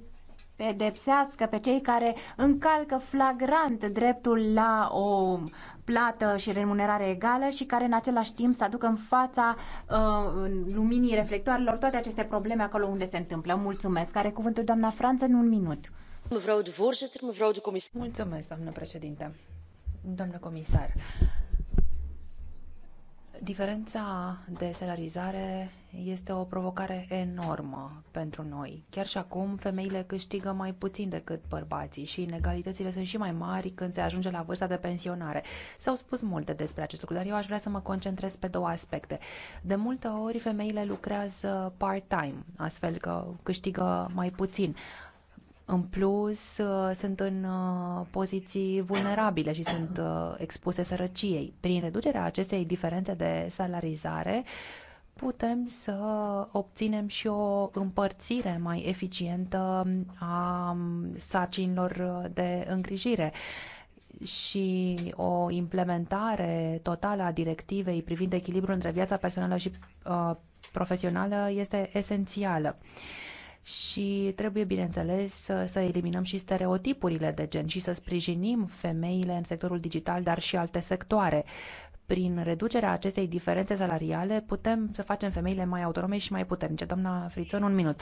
pedepsească pe cei care încalcă flagrant dreptul la o plată și remunerare egală și care în același timp să aducă în fața uh, luminii reflectoarelor toate aceste probleme acolo unde se întâmplă. Mulțumesc. Are cuvântul doamna Franță în un minut. Mulțumesc, doamnă președinte. Doamnă comisar, Diferența de salarizare este o provocare enormă pentru noi. Chiar și acum, femeile câștigă mai puțin decât bărbații și inegalitățile sunt și mai mari când se ajunge la vârsta de pensionare. S-au spus multe despre acest lucru, dar eu aș vrea să mă concentrez pe două aspecte. De multe ori, femeile lucrează part-time, astfel că câștigă mai puțin. În plus, uh, sunt în uh, poziții vulnerabile și sunt uh, expuse sărăciei. Prin reducerea acestei diferențe de salarizare, putem să obținem și o împărțire mai eficientă a um, sarcinilor de îngrijire și o implementare totală a directivei privind echilibrul între viața personală și uh, profesională este esențială. Uh, și trebuie, bineînțeles, să, să eliminăm și stereotipurile de gen și să sprijinim femeile în sectorul digital, dar și alte sectoare. Prin reducerea acestei diferențe salariale putem să facem femeile mai autonome și mai puternice. Doamna Frițon, un minut.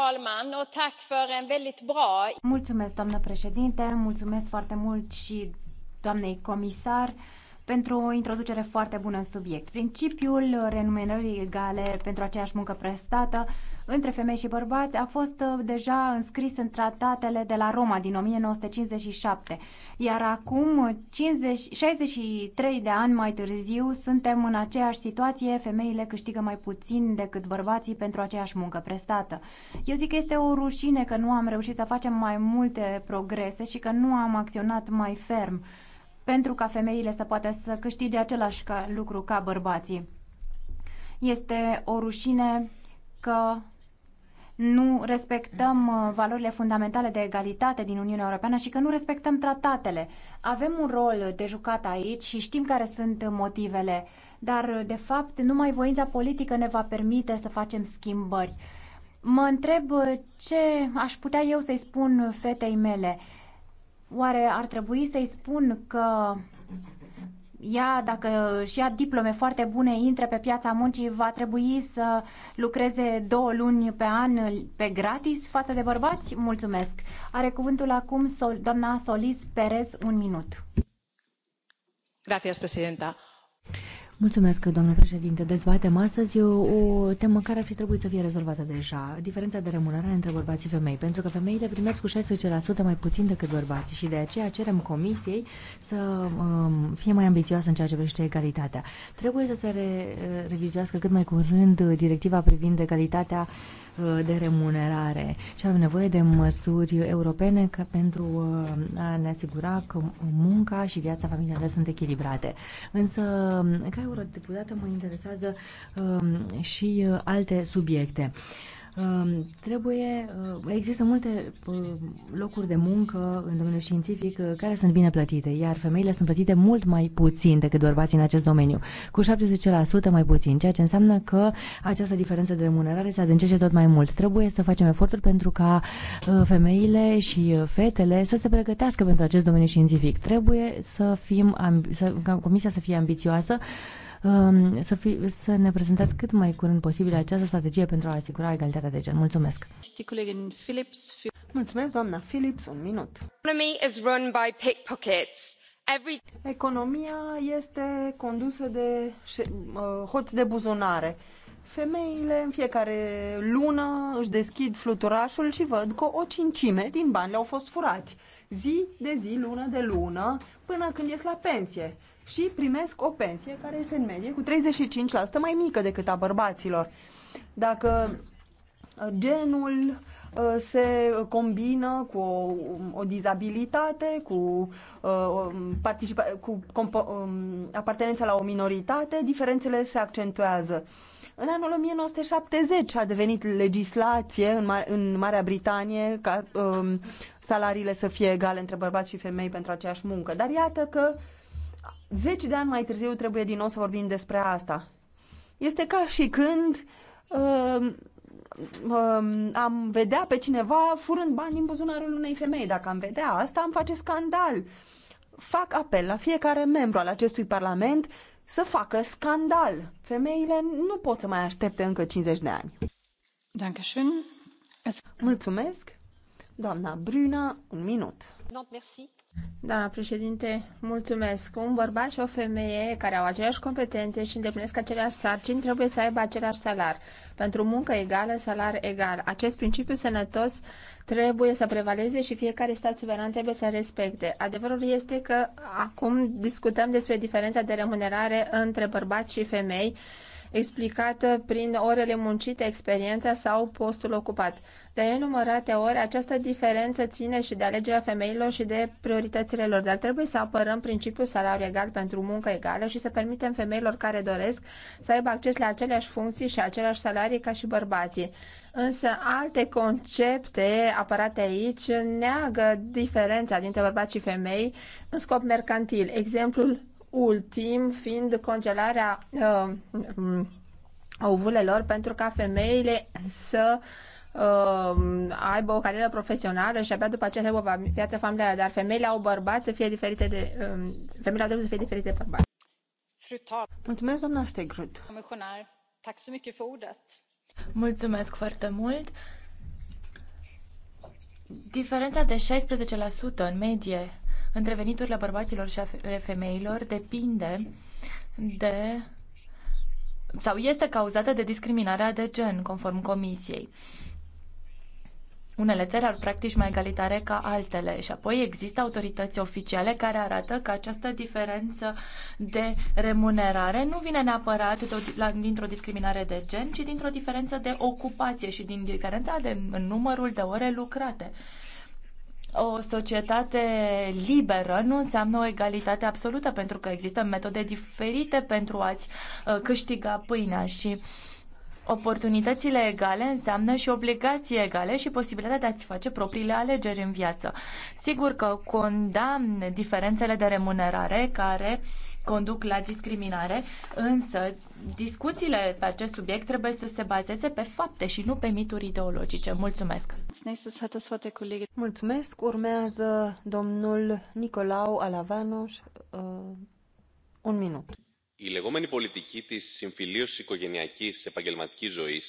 Mulțumesc, doamnă președinte, mulțumesc foarte mult și doamnei comisar pentru o introducere foarte bună în subiect. Principiul renumerării egale pentru aceeași muncă prestată între femei și bărbați a fost uh, deja înscris în tratatele de la Roma din 1957, iar acum, 50, uh, 63 de ani mai târziu, suntem în aceeași situație, femeile câștigă mai puțin decât bărbații pentru aceeași muncă prestată. Eu zic că este o rușine că nu am reușit să facem mai multe progrese și că nu am acționat mai ferm pentru ca femeile să poată să câștige același lucru ca bărbații. Este o rușine că nu respectăm uh, valorile fundamentale de egalitate din Uniunea Europeană și că nu respectăm tratatele. Avem un rol de jucat aici și știm care sunt motivele, dar uh, de fapt numai voința politică ne va permite să facem schimbări. Mă întreb uh, ce aș putea eu să-i spun fetei mele. Oare ar trebui să-i spun că ea, dacă își ia diplome foarte bune, intre pe piața muncii, va trebui să lucreze două luni pe an pe gratis față de bărbați? Mulțumesc! Are cuvântul acum Sol, doamna Solis Perez, un minut. Gracias, presidenta. Mulțumesc, domnul președinte. Dezbatem astăzi o temă care ar fi trebuit să fie rezolvată deja. Diferența de remunerare între bărbați și femei. Pentru că femeile primesc cu 16% mai puțin decât bărbații și de aceea cerem comisiei să um, fie mai ambițioasă în ceea ce privește egalitatea. Trebuie să se re, revizuiască cât mai curând directiva privind egalitatea Uh, de remunerare și avem nevoie de măsuri europene ca pentru uh, a ne asigura că munca și viața familială sunt echilibrate. Însă, ca eurodeputată, mă interesează um, și uh, alte subiecte. Um, trebuie, uh, există multe uh, locuri de muncă în domeniul științific uh, care sunt bine plătite, iar femeile sunt plătite mult mai puțin decât bărbații în acest domeniu, cu 70% mai puțin, ceea ce înseamnă că această diferență de remunerare se adâncește tot mai mult. Trebuie să facem eforturi pentru ca femeile și fetele să se pregătească pentru acest domeniu științific. Trebuie să fim, să, ca comisia să fie ambițioasă, Um, să, fi, să ne prezentați cât mai curând posibil această strategie pentru a asigura egalitatea de gen. Mulțumesc! Mulțumesc, doamna Philips, un minut. Economia este condusă de uh, hoți de buzunare. Femeile în fiecare lună își deschid fluturașul și văd că o cincime din bani le-au fost furați. Zi de zi, lună de lună, până când ies la pensie și primesc o pensie care este în medie cu 35% mai mică decât a bărbaților. Dacă uh, genul uh, se combină cu o, um, o dizabilitate, cu, uh, um, participa- cu um, apartenența la o minoritate, diferențele se accentuează. În anul 1970 a devenit legislație în, Mar în Marea Britanie ca um, salariile să fie egale între bărbați și femei pentru aceeași muncă. Dar iată că uh, zeci de ani mai târziu trebuie din nou să vorbim despre asta. Este ca și când uh, uh, am vedea pe cineva furând bani din buzunarul unei femei. Dacă am vedea asta, am face scandal. Fac apel la fiecare membru al acestui parlament să facă scandal. Femeile nu pot să mai aștepte încă 50 de ani. Mulțumesc. Doamna Bruna, un minut. Non, merci. Doamna președinte, mulțumesc. Un bărbat și o femeie care au aceleași competențe și îndeplinesc aceleași sarcini trebuie să aibă același salar. Pentru muncă egală, salar egal. Acest principiu sănătos trebuie să prevaleze și fiecare stat suveran trebuie să respecte. Adevărul este că acum discutăm despre diferența de remunerare între bărbați și femei explicată prin orele muncite, experiența sau postul ocupat. De enumărate ori, această diferență ține și de alegerea femeilor și de prioritățile lor, dar trebuie să apărăm principiul salariu egal pentru muncă egală și să permitem femeilor care doresc să aibă acces la aceleași funcții și aceleași salarii ca și bărbații. Însă alte concepte apărate aici neagă diferența dintre bărbați și femei în scop mercantil. Exemplul ultim fiind congelarea uh, ovulelor pentru ca femeile să uh, aibă o carieră profesională și abia după aceea să aibă o viață familială. Dar femeile au bărbați să fie diferite de... Uh, femeile au dreptul să fie diferite de bărbați. Mulțumesc, doamna Stegrut. Mulțumesc foarte mult. Diferența de 16% în medie între veniturile bărbaților și ale femeilor depinde de sau este cauzată de discriminarea de gen, conform Comisiei. Unele țări ar practici mai egalitare ca altele și apoi există autorități oficiale care arată că această diferență de remunerare nu vine neapărat dintr-o discriminare de gen, ci dintr-o diferență de ocupație și din diferența de, în numărul de ore lucrate o societate liberă nu înseamnă o egalitate absolută, pentru că există metode diferite pentru a-ți uh, câștiga pâinea și oportunitățile egale înseamnă și obligații egale și posibilitatea de a-ți face propriile alegeri în viață. Sigur că condamn diferențele de remunerare care uh, conduc la discriminare, însă discuțiile pe acest subiect trebuie să se bazeze pe fapte și nu pe mituri ideologice. Mulțumesc! Mulțumesc! Urmează domnul Nicolau Alavanos, uh, un minut. Η λεγόμενη πολιτική τη συμφιλίωση οικογενειακή επαγγελματική ζωή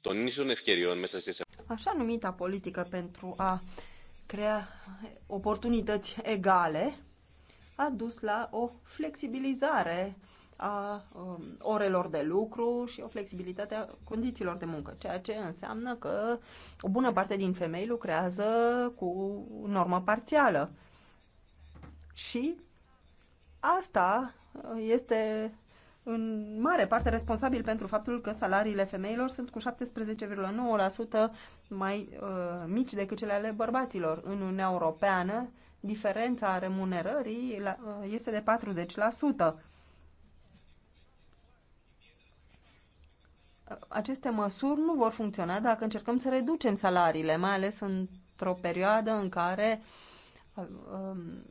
των ίσων ευκαιριών μέσα στι. Așa numita politică pentru a crea oportunități egale a dus la o flexibilizare a um, orelor de lucru și o flexibilitate a condițiilor de muncă, ceea ce înseamnă că o bună parte din femei lucrează cu normă parțială. Și asta uh, este în mare parte responsabil pentru faptul că salariile femeilor sunt cu 17,9% mai uh, mici decât cele ale bărbaților. În Uniunea Europeană diferența remunerării uh, este de 40%. Uh, aceste măsuri nu vor funcționa dacă încercăm să reducem salariile, mai ales într-o perioadă în care uh, um,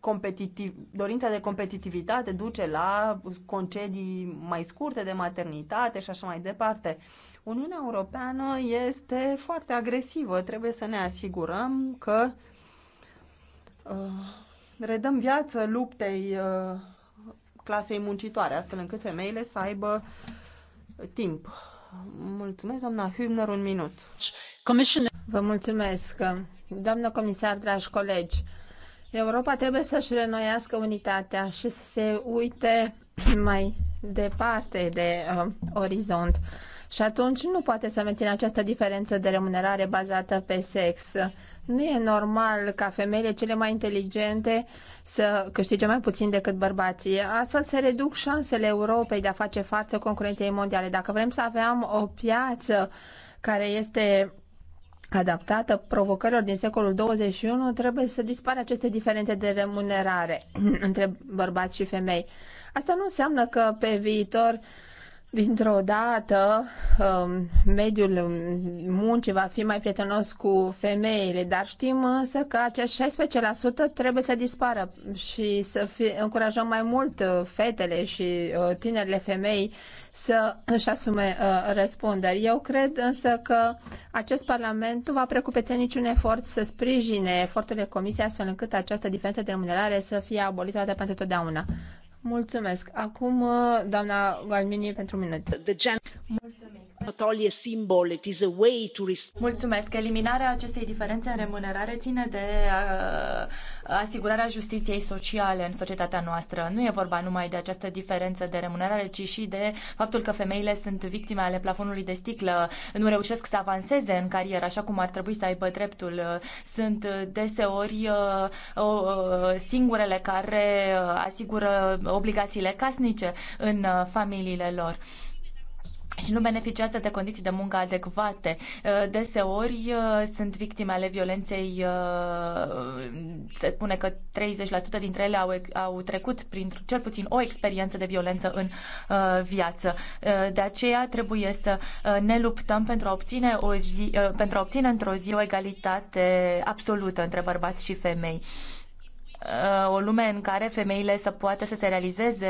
competitiv, dorința de competitivitate duce la concedii mai scurte de maternitate și așa mai departe. Uniunea Europeană este foarte agresivă. Trebuie să ne asigurăm că uh, redăm viață luptei uh, clasei muncitoare, astfel încât femeile să aibă timp. Mulțumesc, doamna Hübner, un minut. Vă mulțumesc. Doamnă comisar, dragi colegi, Europa trebuie să-și renoiască unitatea și să se uite mai departe de uh, orizont. Și atunci nu poate să mențină această diferență de remunerare bazată pe sex. Nu e normal ca femeile cele mai inteligente să câștige mai puțin decât bărbații. Astfel se reduc șansele Europei de a face față concurenței mondiale. Dacă vrem să avem o piață care este adaptată provocărilor din secolul 21, trebuie să dispară aceste diferențe de remunerare [clears throat] între bărbați și femei. Asta nu înseamnă că pe viitor uh, dintr-o dată um, mediul muncii va fi mai prietenos cu femeile, dar știm însă că acești 16% trebuie să dispară și să fie încurajăm mai mult uh, fetele și uh, tinerile femei să își asume uh, răspunderi. Eu cred însă că acest Parlament nu va precupețe niciun efort să sprijine eforturile Comisiei astfel încât această diferență de remunerare să fie abolită de pentru totdeauna. Mulțumesc. Acum, uh, doamna Galmini, pentru minut. Mulțumesc. Mulțumesc. Eliminarea acestei diferențe în remunerare ține de uh, asigurarea justiției sociale în societatea noastră. Nu e vorba numai de această diferență de remunerare, ci și de faptul că femeile sunt victime ale plafonului de sticlă, nu reușesc să avanseze în carieră așa cum ar trebui să aibă dreptul. Sunt deseori uh, uh, singurele care asigură obligațiile casnice în familiile lor și nu beneficiază de condiții de muncă adecvate. Uh, deseori uh, sunt victime ale violenței, uh, se spune că 30% dintre ele au, au trecut prin cel puțin o experiență de violență în viață. De aceea trebuie să ne luptăm pentru a obține, o zi, pentru a obține într-o zi o egalitate absolută între bărbați și femei. Uh, o lume în care femeile să poată să se realizeze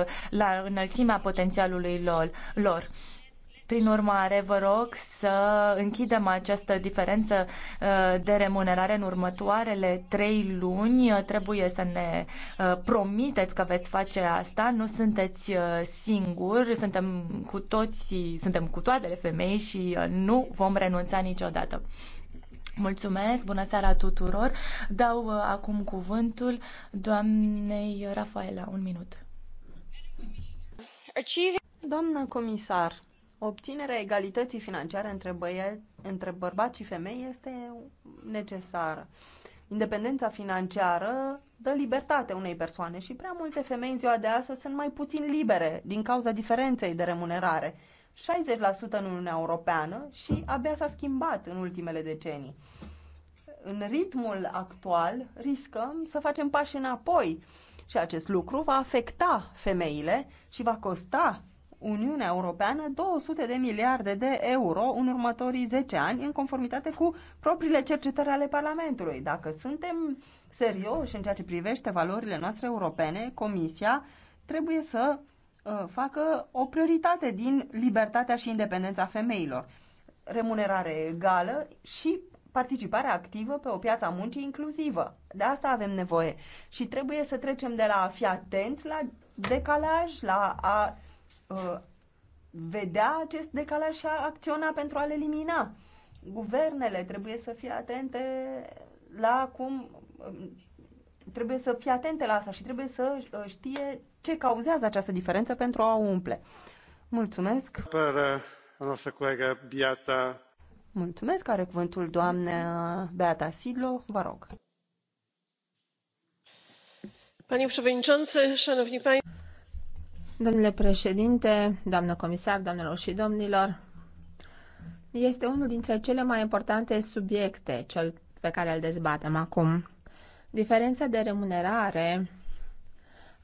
uh, la înălțimea potențialului lor. Prin urmare, vă rog să închidem această diferență uh, de remunerare în următoarele trei luni. Trebuie să ne promiteți că veți face asta. Nu sunteți singuri, suntem cu toții, suntem cu toatele femei și nu vom renunța niciodată. Mulțumesc, bună seara tuturor. Dau uh, acum cuvântul doamnei Rafaela, un minut. Doamnă comisar, obținerea egalității financiare între, băie, între bărbați și femei este necesară. Independența financiară dă libertate unei persoane și prea multe femei în ziua de astăzi sunt mai puțin libere din cauza diferenței de remunerare 60% în Uniunea Europeană și abia s-a schimbat în ultimele decenii. În ritmul actual riscăm să facem pași înapoi și acest lucru va afecta femeile și va costa Uniunea Europeană 200 de miliarde de euro în următorii 10 ani, în conformitate cu propriile cercetări ale Parlamentului. Dacă suntem serioși în ceea ce privește valorile noastre europene, Comisia trebuie să Uh, facă o prioritate din libertatea și independența femeilor. Remunerare egală și participare activă pe o piață a muncii inclusivă. De asta avem nevoie. Și trebuie să trecem de la a fi atenți la decalaj, la a uh, vedea acest decalaj și a acționa pentru a-l elimina. Guvernele trebuie să fie atente la cum. Um, trebuie să fie atente la asta și trebuie să uh, știe ce cauzează această diferență pentru a o umple. Mulțumesc! Per noastră colegă Beata. Mulțumesc, are cuvântul doamna Beata Sidlo, vă rog. Panie președinte, șanovni pani... Domnule președinte, doamnă comisar, doamnelor și domnilor, este unul dintre cele mai importante subiecte, cel pe care îl dezbatem acum. Diferența de remunerare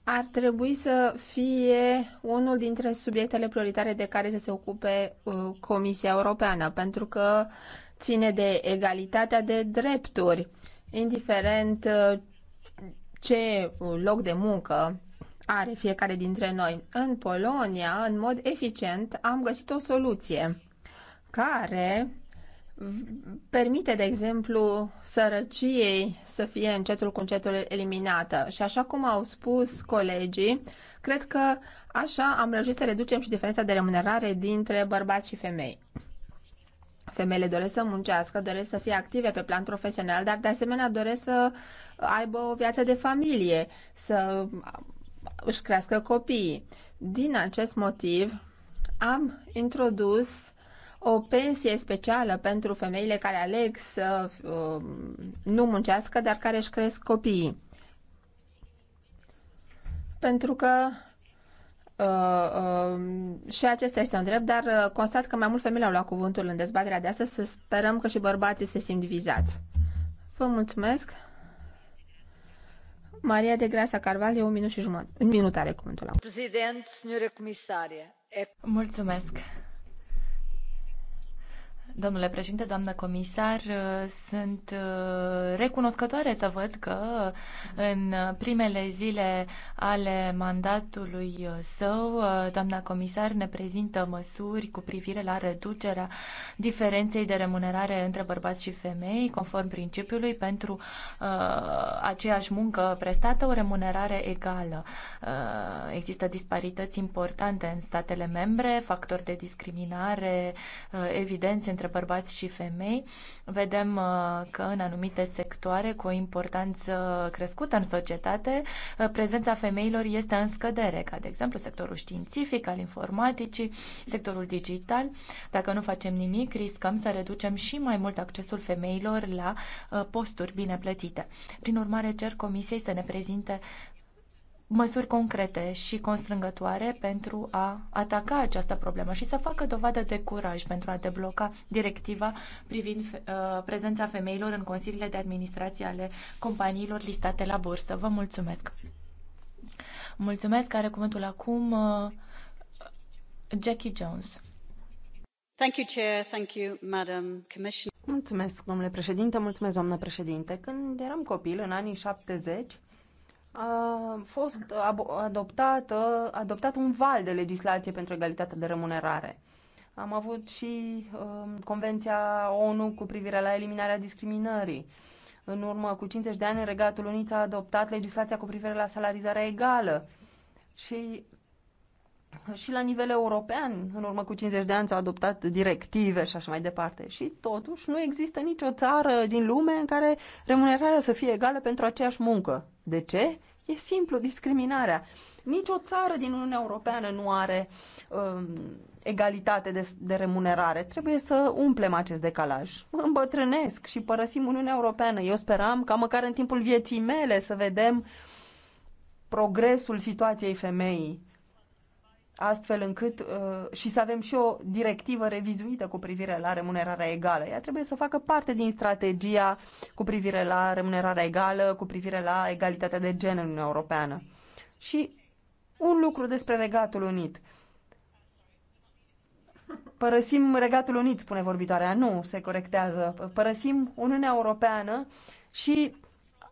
ar trebui să fie unul dintre subiectele prioritare de care să se ocupe uh, Comisia Europeană, pentru că ține de egalitatea de drepturi, indiferent uh, ce loc de muncă are fiecare dintre noi. În Polonia, în mod eficient, am găsit o soluție care permite, de exemplu, sărăciei să fie încetul cu încetul eliminată. Și așa cum au spus colegii, cred că așa am reușit să reducem și diferența de remunerare dintre bărbați și femei. Femeile doresc să muncească, doresc să fie active pe plan profesional, dar de asemenea doresc să aibă o viață de familie, să își crească copiii. Din acest motiv am introdus o pensie specială pentru femeile care aleg să uh, nu muncească, dar care își cresc copiii. Pentru că uh, uh, și acesta este un drept, dar uh, constat că mai mult femeile au luat cuvântul în dezbaterea de astăzi, să sperăm că și bărbații se simt vizați. Vă mulțumesc! Maria de Grasa Carvalho, un minut și jumătate. Un minut are cuvântul. Președinte, Mulțumesc! Domnule președinte, doamnă comisar, uh, sunt uh, recunoscătoare să văd că în primele zile ale mandatului uh, său, doamna comisar ne prezintă măsuri cu privire la reducerea diferenței de remunerare între bărbați și femei, conform principiului pentru aceeași muncă prestată, o remunerare egală. există disparități importante în statele membre, factori de discriminare evidențe evidenți între între bărbați și femei, vedem uh, că în anumite sectoare cu o importanță crescută în societate, uh, prezența femeilor este în scădere, ca de exemplu sectorul științific, al informaticii, sectorul digital. Dacă nu facem nimic, riscăm să reducem și mai mult accesul femeilor la uh, posturi bine plătite. Prin urmare, cer Comisiei să ne prezinte măsuri concrete și constrângătoare pentru a ataca această problemă și să facă dovadă de curaj pentru a debloca directiva privind uh, prezența femeilor în consiliile de administrație ale companiilor listate la bursă. Vă mulțumesc! Mulțumesc, are cuvântul acum uh, Jackie Jones. Thank you, Chair. Thank you, Madam Commissioner. Mulțumesc, domnule președinte, mulțumesc, doamnă președinte. Când eram copil, în anii 70, a fost adoptată, adoptat un val de legislație pentru egalitatea de remunerare. Am avut și um, Convenția ONU cu privire la eliminarea discriminării. În urmă cu 50 de ani, Regatul Unit a adoptat legislația cu privire la salarizarea egală. Și și la nivel european, în urmă cu 50 de ani, s-au adoptat directive și așa mai departe. Și totuși nu există nicio țară din lume în care remunerarea să fie egală pentru aceeași muncă. De ce? E simplu, discriminarea. Nici o țară din Uniunea Europeană nu are um, egalitate de, de remunerare. Trebuie să umplem acest decalaj. Îmbătrânesc și părăsim Uniunea Europeană. Eu speram ca măcar în timpul vieții mele să vedem progresul situației femeii astfel încât uh, și să avem și o directivă revizuită cu privire la remunerarea egală. Ea trebuie să facă parte din strategia cu privire la remunerarea egală, cu privire la egalitatea de gen în Uniunea Europeană. Și un lucru despre Regatul Unit. Părăsim Regatul Unit, spune vorbitoarea. Nu, se corectează. Părăsim Uniunea Europeană și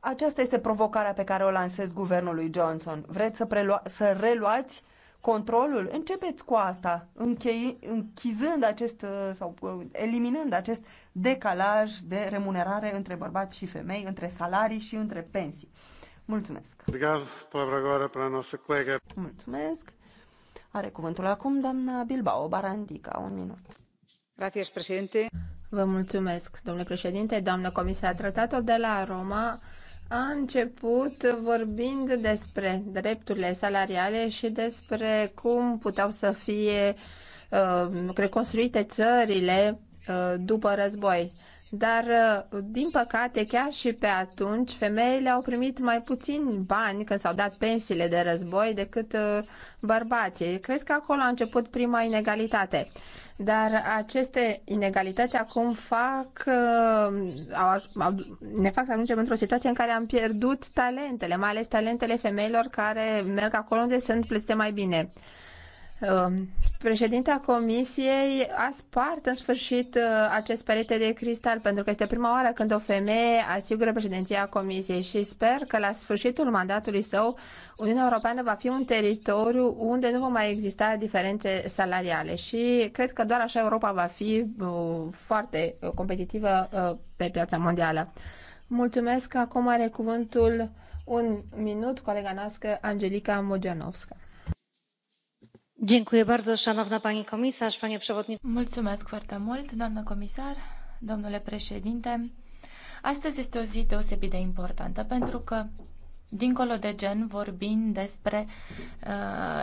aceasta este provocarea pe care o lansez guvernului Johnson. Vreți să, prelua- să reluați uh, controlul, începeți cu asta, închei, închizând acest uh, sau uh, eliminând acest decalaj de remunerare între bărbați și femei, între salarii și între pensii. Mulțumesc! Mulțumesc! Are cuvântul acum doamna Bilbao Barandica. Un minut. președinte. Vă mulțumesc, domnule președinte, doamnă comisar. Tratatul de la Roma a început vorbind despre drepturile salariale și despre cum puteau să fie uh, reconstruite țările uh, după război. Dar, uh, din păcate, chiar și pe atunci, femeile au primit mai puțin bani când s-au dat pensiile de război decât uh, bărbații. Cred că acolo a început prima inegalitate dar aceste inegalități acum fac, uh, au, ne fac să ajungem într-o situație în care am pierdut talentele, mai ales talentele femeilor care merg acolo unde sunt plătite mai bine. Um, Președinta Comisiei a spart în sfârșit uh, acest perete de cristal, pentru că este prima oară când o femeie asigură președinția Comisiei și sper că la sfârșitul mandatului său Uniunea Europeană va fi un teritoriu unde nu vor mai exista diferențe salariale și cred că doar așa Europa va fi uh, foarte uh, competitivă pe piața mondială. Mulțumesc. Acum are cuvântul un minut colega noastră Angelica Mogianovska. Mulțumesc foarte mult, doamnă comisar, domnule președinte. Astăzi este o zi deosebit de importantă pentru că dincolo de gen, vorbim despre uh,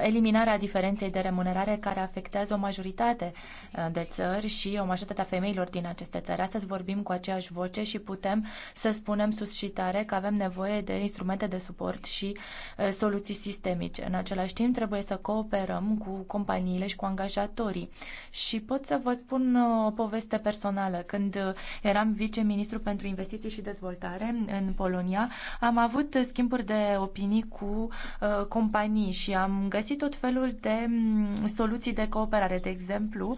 eliminarea diferenței de remunerare care afectează o majoritate uh, de țări și o majoritate a femeilor din aceste țări. Astăzi vorbim cu aceeași voce și putem să spunem sus și tare că avem nevoie de instrumente de suport și uh, soluții sistemice. În același timp, trebuie să cooperăm cu companiile și cu angajatorii. Și pot să vă spun uh, o poveste personală. Când uh, eram viceministru pentru investiții și dezvoltare în Polonia, am avut schimburi schimburi de opinii cu uh, companii și am găsit tot felul de mm, soluții de cooperare. De exemplu,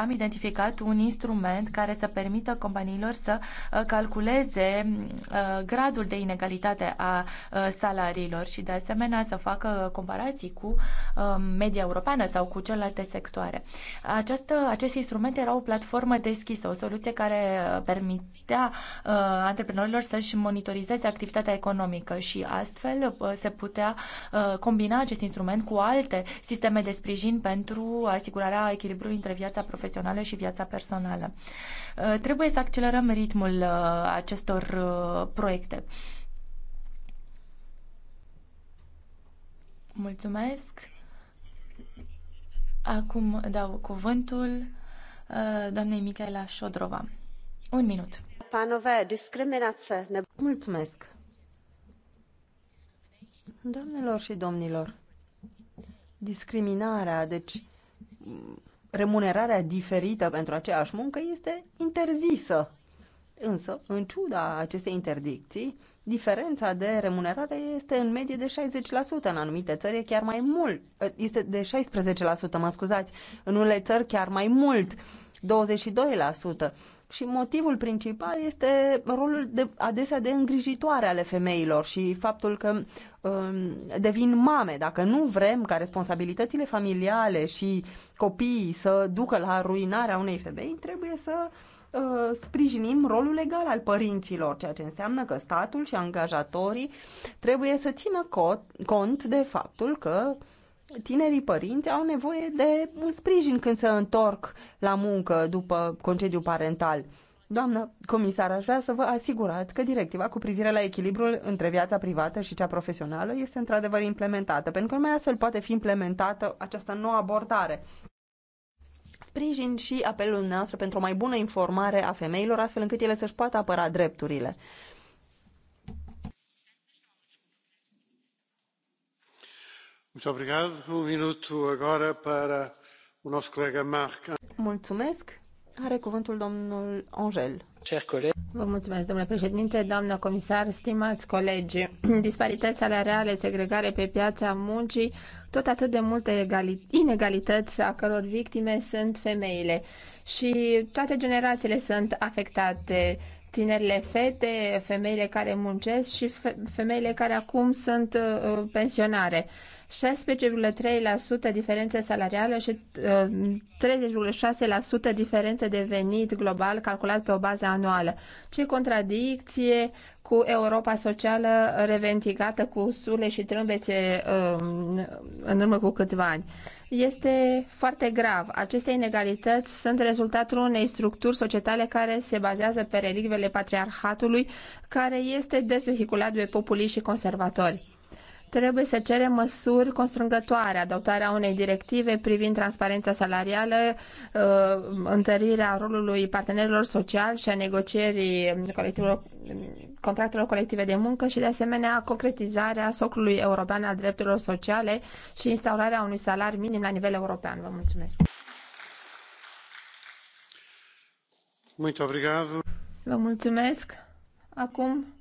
am identificat un instrument care să permită companiilor să uh, calculeze mm, uh, gradul de inegalitate a uh, salariilor și de asemenea să facă comparații cu uh, media europeană sau cu celelalte sectoare. Această, acest instrument era o platformă deschisă, o soluție care uh, permitea uh, antreprenorilor să-și monitorizeze activitatea economică și a astfel uh, se putea uh, combina acest instrument cu alte sisteme de sprijin pentru asigurarea echilibrului între viața profesională și viața personală. Uh, trebuie să accelerăm ritmul acestor proiecte. Mulțumesc. Acum dau cuvântul doamnei Michaela Șodrova. Un minut. Panové, discriminace. Ne... Mulțumesc. Doamnelor și domnilor, discriminarea, deci remunerarea diferită pentru aceeași muncă este interzisă. Însă, în ciuda acestei interdicții, diferența de remunerare este în medie de 60%, în anumite țări e chiar mai mult. Este de 16%, mă scuzați, în unele țări chiar mai mult, 22%. Și motivul principal este rolul de, adesea de îngrijitoare ale femeilor și faptul că um, devin mame. Dacă nu vrem ca responsabilitățile familiale și copiii să ducă la ruinarea unei femei, trebuie să uh, sprijinim rolul legal al părinților, ceea ce înseamnă că statul și angajatorii trebuie să țină cont, de faptul că tinerii părinți au nevoie de un sprijin când se întorc la muncă după concediu parental. Doamnă comisar, aș vrea să vă asigurați că directiva cu privire la echilibrul între viața privată și cea profesională este într-adevăr implementată, pentru că numai astfel poate fi implementată această nouă abordare. Sprijin și apelul nostru pentru o mai bună informare a femeilor, astfel încât ele să-și poată apăra drepturile. Um domnul Angel. domnule președinte, doamnă comisar, stimați colegi. Disparități salariale, segregare pe piața muncii, tot atât de multe inegalități a căror victime sunt femeile. Și toate generațiile sunt afectate tinerile fete, femeile care muncesc și femeile care acum sunt uh, pensionare. 16,3% diferențe salariale și 30,6% uh, diferențe de venit global calculat pe o bază anuală, ce contradicție cu Europa socială revendicată cu sule și trâmbețe uh, în urmă cu câțiva ani. Este foarte grav. Aceste inegalități sunt rezultatul unei structuri societale care se bazează pe relicvele patriarhatului, care este dezvehiculat de populiști și conservatori trebuie să cerem măsuri constrângătoare, adoptarea unei directive privind transparența salarială, uh, întărirea rolului partenerilor sociali și a negocierii colectivelor contractelor colective de muncă și, de asemenea, concretizarea socului european al drepturilor sociale și instaurarea unui salariu minim la nivel european. Vă mulțumesc! Muito obrigado. Vă mulțumesc! Acum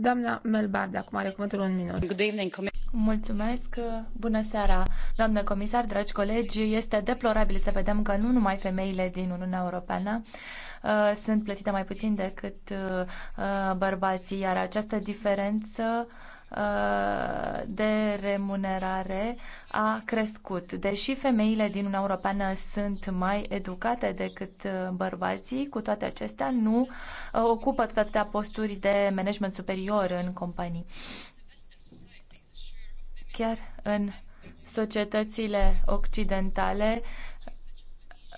Doamna Melbard, acum are cuvântul un minut. Good evening, Mulțumesc. Bună seara, doamnă comisar, dragi colegi. Este deplorabil să vedem că nu numai femeile din Uniunea Europeană uh, sunt plătite mai puțin decât uh, uh bărbații, iar această diferență uh, Uh, de remunerare a crescut. Deși femeile din Uniunea Europeană sunt mai educate decât uh, bărbații, cu toate acestea nu uh, ocupă tot atâtea posturi de management superior în companii. Chiar în societățile occidentale,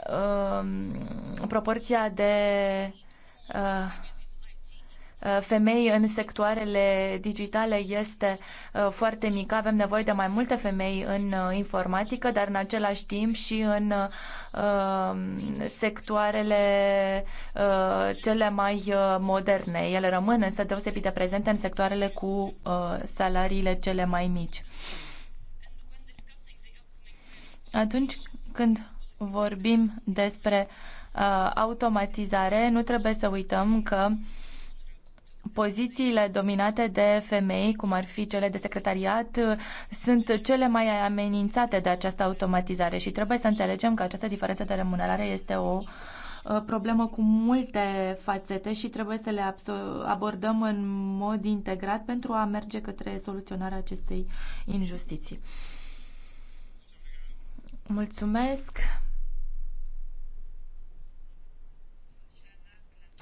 um, proporția de Uh, femei în sectoarele digitale este uh, foarte mică. Avem nevoie de mai multe femei în uh, informatică, dar în același timp și în sectoarele cele mai moderne. Ele rămân însă deosebit de prezente în sectoarele cu salariile cele mai mici. Atunci când vorbim despre automatizare, nu trebuie să uităm că uh, Pozițiile dominate de femei, cum ar fi cele de secretariat, sunt cele mai amenințate de această automatizare și trebuie să înțelegem că această diferență de remunerare este o problemă cu multe fațete și trebuie să le abordăm în mod integrat pentru a merge către soluționarea acestei injustiții. Mulțumesc!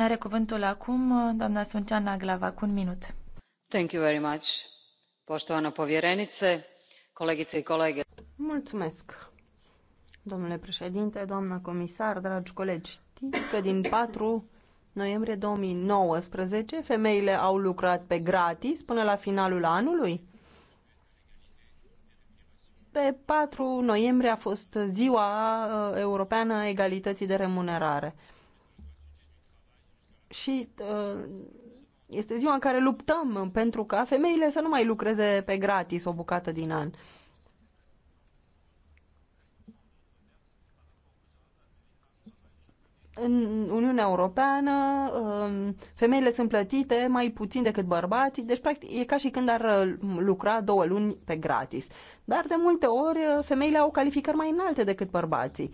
Are cuvântul acum uh, doamna Sunceana cu un minut. Thank you very much. Poștoana povierenice, colegițe și colege. Mulțumesc, domnule președinte, doamna comisar, dragi colegi. Știți că din 4 noiembrie 2019 femeile au lucrat pe gratis până la finalul anului? Pe 4 noiembrie a fost ziua uh, europeană a egalității de remunerare și uh, este ziua în care luptăm pentru ca femeile să nu mai lucreze pe gratis o bucată din an. în Uniunea Europeană um, femeile sunt plătite mai puțin decât bărbații, deci practic e ca și când ar uh, lucra două luni pe gratis. Dar de multe ori uh, femeile au calificări mai înalte decât bărbații.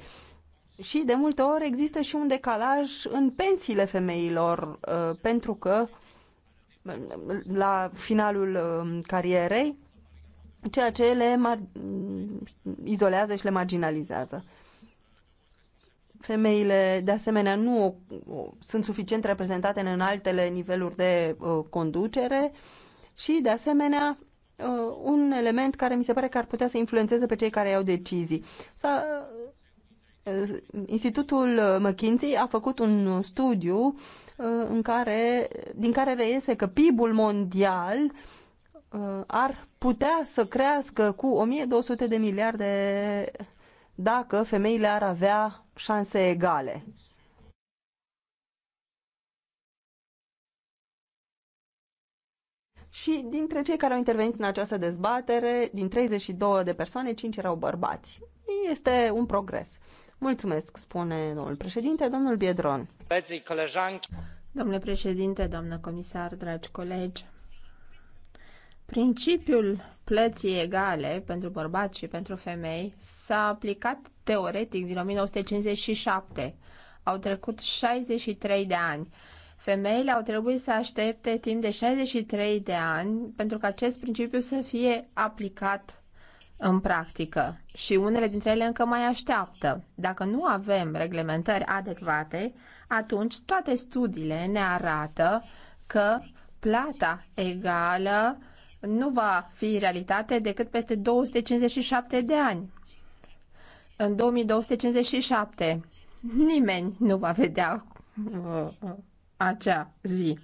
Și de multe ori există și un decalaj în pensiile femeilor, uh, pentru că uh, la finalul uh, carierei, ceea ce le mm, izolează și le marginalizează. Femeile, de asemenea, nu sunt suficient reprezentate în altele niveluri de uh, conducere și, de asemenea, uh, un element care mi se pare că ar putea să influențeze pe cei care iau decizii. S-a Institutul McKinsey a făcut un studiu uh, în care, din care reiese că PIB-ul mondial uh, ar putea să crească cu 1200 de miliarde dacă femeile ar avea șanse egale. Și dintre cei care au intervenit în această dezbatere, din 32 de persoane, 5 erau bărbați. Este un progres. Mulțumesc, spune domnul președinte, domnul Biedron. Domnule președinte, doamnă comisar, dragi colegi, principiul plății egale pentru bărbați și pentru femei s-a aplicat teoretic din 1957. Au trecut 63 de ani. Femeile au trebuit să aștepte timp de 63 de ani pentru ca acest principiu să fie aplicat în practică și unele dintre ele încă mai așteaptă. Dacă nu avem reglementări adecvate, atunci toate studiile ne arată că plata egală nu va fi realitate decât peste 257 de ani. În 2257 nimeni nu va vedea uh, acea zi.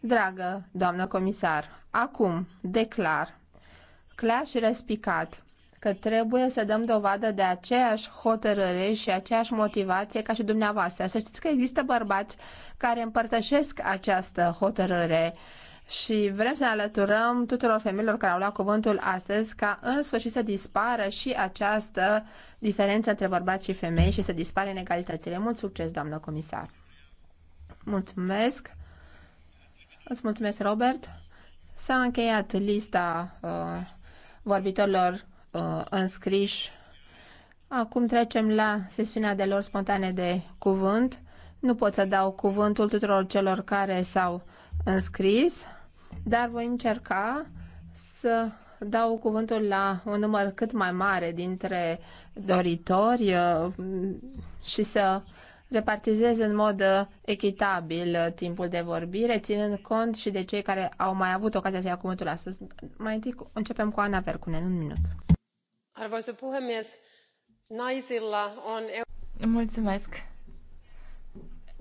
Dragă doamnă comisar, acum declar clar și răspicat că trebuie să dăm dovadă de aceeași hotărâre și aceeași motivație ca și dumneavoastră. Să știți că există bărbați care împărtășesc această hotărâre și vrem să ne alăturăm tuturor femeilor care au luat cuvântul astăzi ca în sfârșit să dispară și această diferență între bărbați și femei și să dispare inegalitățile. Mult succes, doamnă comisar! Mulțumesc! Îți mulțumesc, Robert! S-a încheiat lista uh, vorbitorilor uh, înscriși. Acum trecem la sesiunea de lor spontane de cuvânt. Nu pot să dau cuvântul tuturor celor care s-au înscris, dar voi încerca să dau cuvântul la un număr cât mai mare dintre doritori uh, și să repartizez în mod uh, echitabil uh, timpul de vorbire, ținând cont și de cei care au mai avut ocazia să ia cuvântul la sus. Mai întâi începem cu Ana Vercunen, un minut. Arvoisa puhemies, naisilla on... Mulțumesc.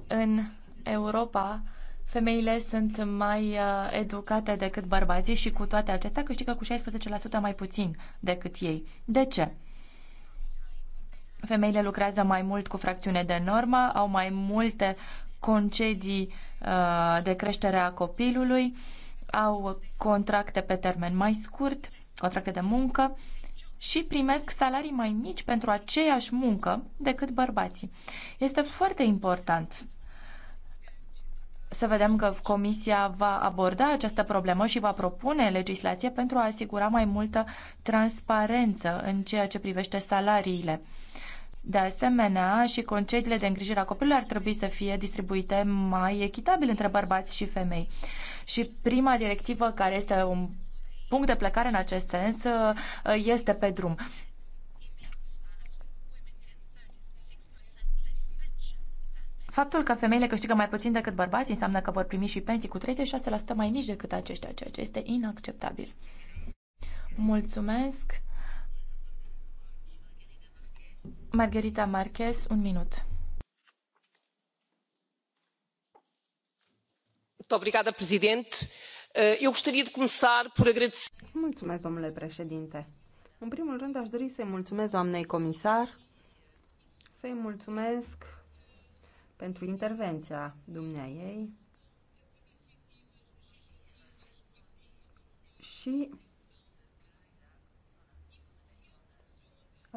În Europa, femeile sunt mai uh, educate decât bărbații și cu toate acestea câștigă cu 16% mai puțin decât ei. De ce? Femeile lucrează mai mult cu fracțiune de normă, au mai multe concedii uh, de creștere a copilului, au contracte pe termen mai scurt, contracte de muncă și primesc salarii mai mici pentru aceeași muncă decât bărbații. Este foarte important să vedem că Comisia va aborda această problemă și va propune legislație pentru a asigura mai multă transparență în ceea ce privește salariile. De asemenea, și concediile de îngrijire a copilului ar trebui să fie distribuite mai echitabil între bărbați și femei. Și prima directivă care este un punct de plecare în acest sens uh, este pe drum. Faptul că femeile câștigă mai puțin decât bărbații înseamnă că vor primi și pensii cu 36% mai mici decât aceștia, ceea ce este inacceptabil. Mulțumesc! Margherita Marquez, un minut. Obrigada, presidente. Eh, eu gostaria de começar por agradecer. Mulțumesc, domnule președinte. În primul rând, aș dori să-i mulțumesc doamnei comisar, să-i mulțumesc pentru intervenția dumneai ei și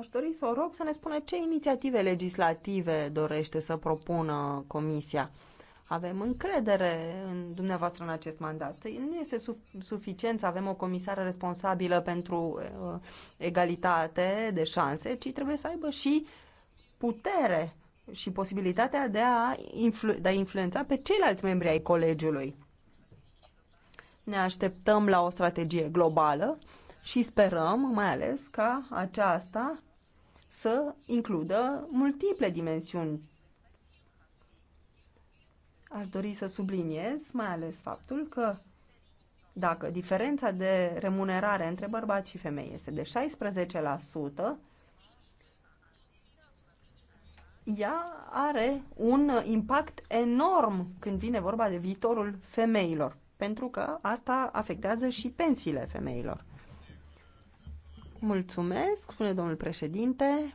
Aș dori să o rog să ne spună ce inițiative legislative dorește să propună Comisia. Avem încredere în dumneavoastră în acest mandat. Nu este su- suficient să avem o comisară responsabilă pentru uh, egalitate de șanse, ci trebuie să aibă și putere și posibilitatea de a, influ- de a influența pe ceilalți membri ai colegiului. Ne așteptăm la o strategie globală și sperăm mai ales ca aceasta să includă multiple dimensiuni. Aș dori să subliniez mai ales faptul că dacă diferența de remunerare între bărbați și femei este de 16%, ea are un impact enorm când vine vorba de viitorul femeilor, pentru că asta afectează și pensiile femeilor. Mulțumesc, spune domnul președinte.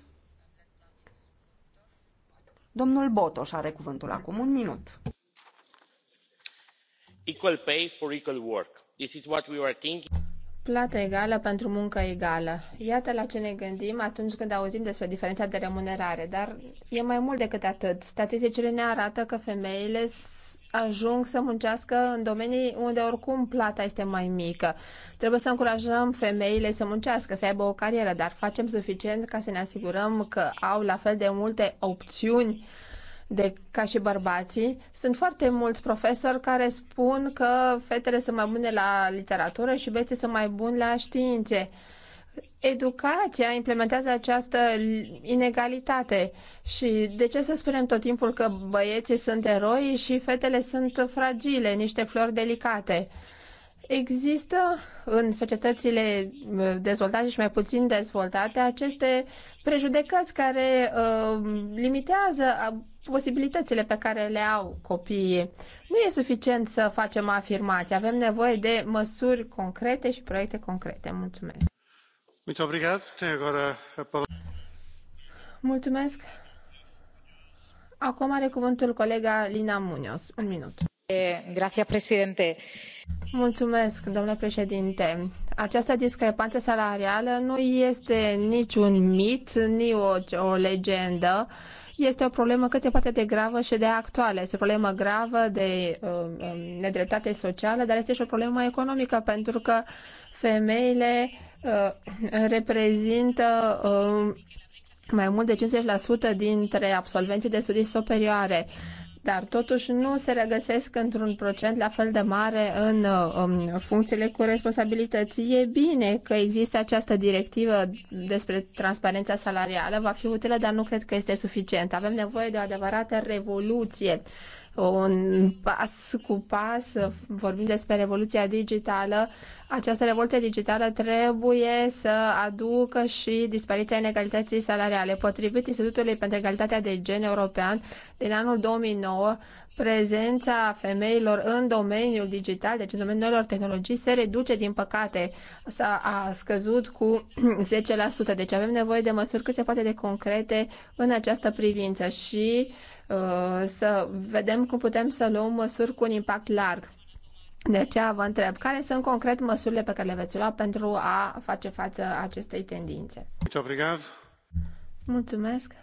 Domnul Botoș are cuvântul acum. Un minut. Equal pay for equal work. This is what we were thinking. Plată egală pentru muncă egală. Iată la ce ne gândim atunci când auzim despre diferența de remunerare, dar e mai mult decât atât. Statisticile ne arată că femeile ajung să muncească în domenii unde oricum plata este mai mică. Trebuie să încurajăm femeile să muncească, să aibă o carieră, dar facem suficient ca să ne asigurăm că au la fel de multe opțiuni de, ca și bărbații. Sunt foarte mulți profesori care spun că fetele sunt mai bune la literatură și băieții sunt mai buni la științe educația implementează această inegalitate. Și de ce să spunem tot timpul că băieții sunt eroi și fetele sunt fragile, niște flori delicate? Există în societățile dezvoltate și mai puțin dezvoltate aceste prejudecăți care uh, limitează posibilitățile pe care le au copiii. Nu e suficient să facem afirmații, avem nevoie de măsuri concrete și proiecte concrete. Mulțumesc! Mulțumesc. Acum are cuvântul colega Lina Munoz. Un minut. Eh, grazie, președinte. Mulțumesc, domnule președinte. Această discrepanță salarială nu este niciun mit, nici o, o legendă. Este o problemă cât se poate de gravă și de actuală. Este o problemă gravă de um, um, nedreptate socială, dar este și o problemă economică, pentru că femeile Uh, reprezintă uh, mai mult de 50% dintre absolvenții de studii superioare, dar totuși nu se regăsesc într-un procent la fel de mare în, uh, în funcțiile cu responsabilități. E bine că există această directivă despre transparența salarială, va fi utilă, dar nu cred că este suficient. Avem nevoie de o adevărată revoluție un pas cu pas, vorbim despre revoluția digitală, această revoluție digitală trebuie să aducă și dispariția inegalității salariale. Potrivit Institutului pentru Egalitatea de Gen European, din anul 2009, prezența femeilor în domeniul digital, deci în domeniul noilor tehnologii, se reduce, din păcate, s-a a scăzut cu 10%. [clears throat] Deci avem nevoie de măsuri cât se poate de concrete în această privință și uh, Uh, să vedem cum putem să luăm măsuri cu un impact larg. De aceea vă întreb, care sunt concret măsurile pe care le veți lua pentru a face față acestei tendințe? Mulțumesc!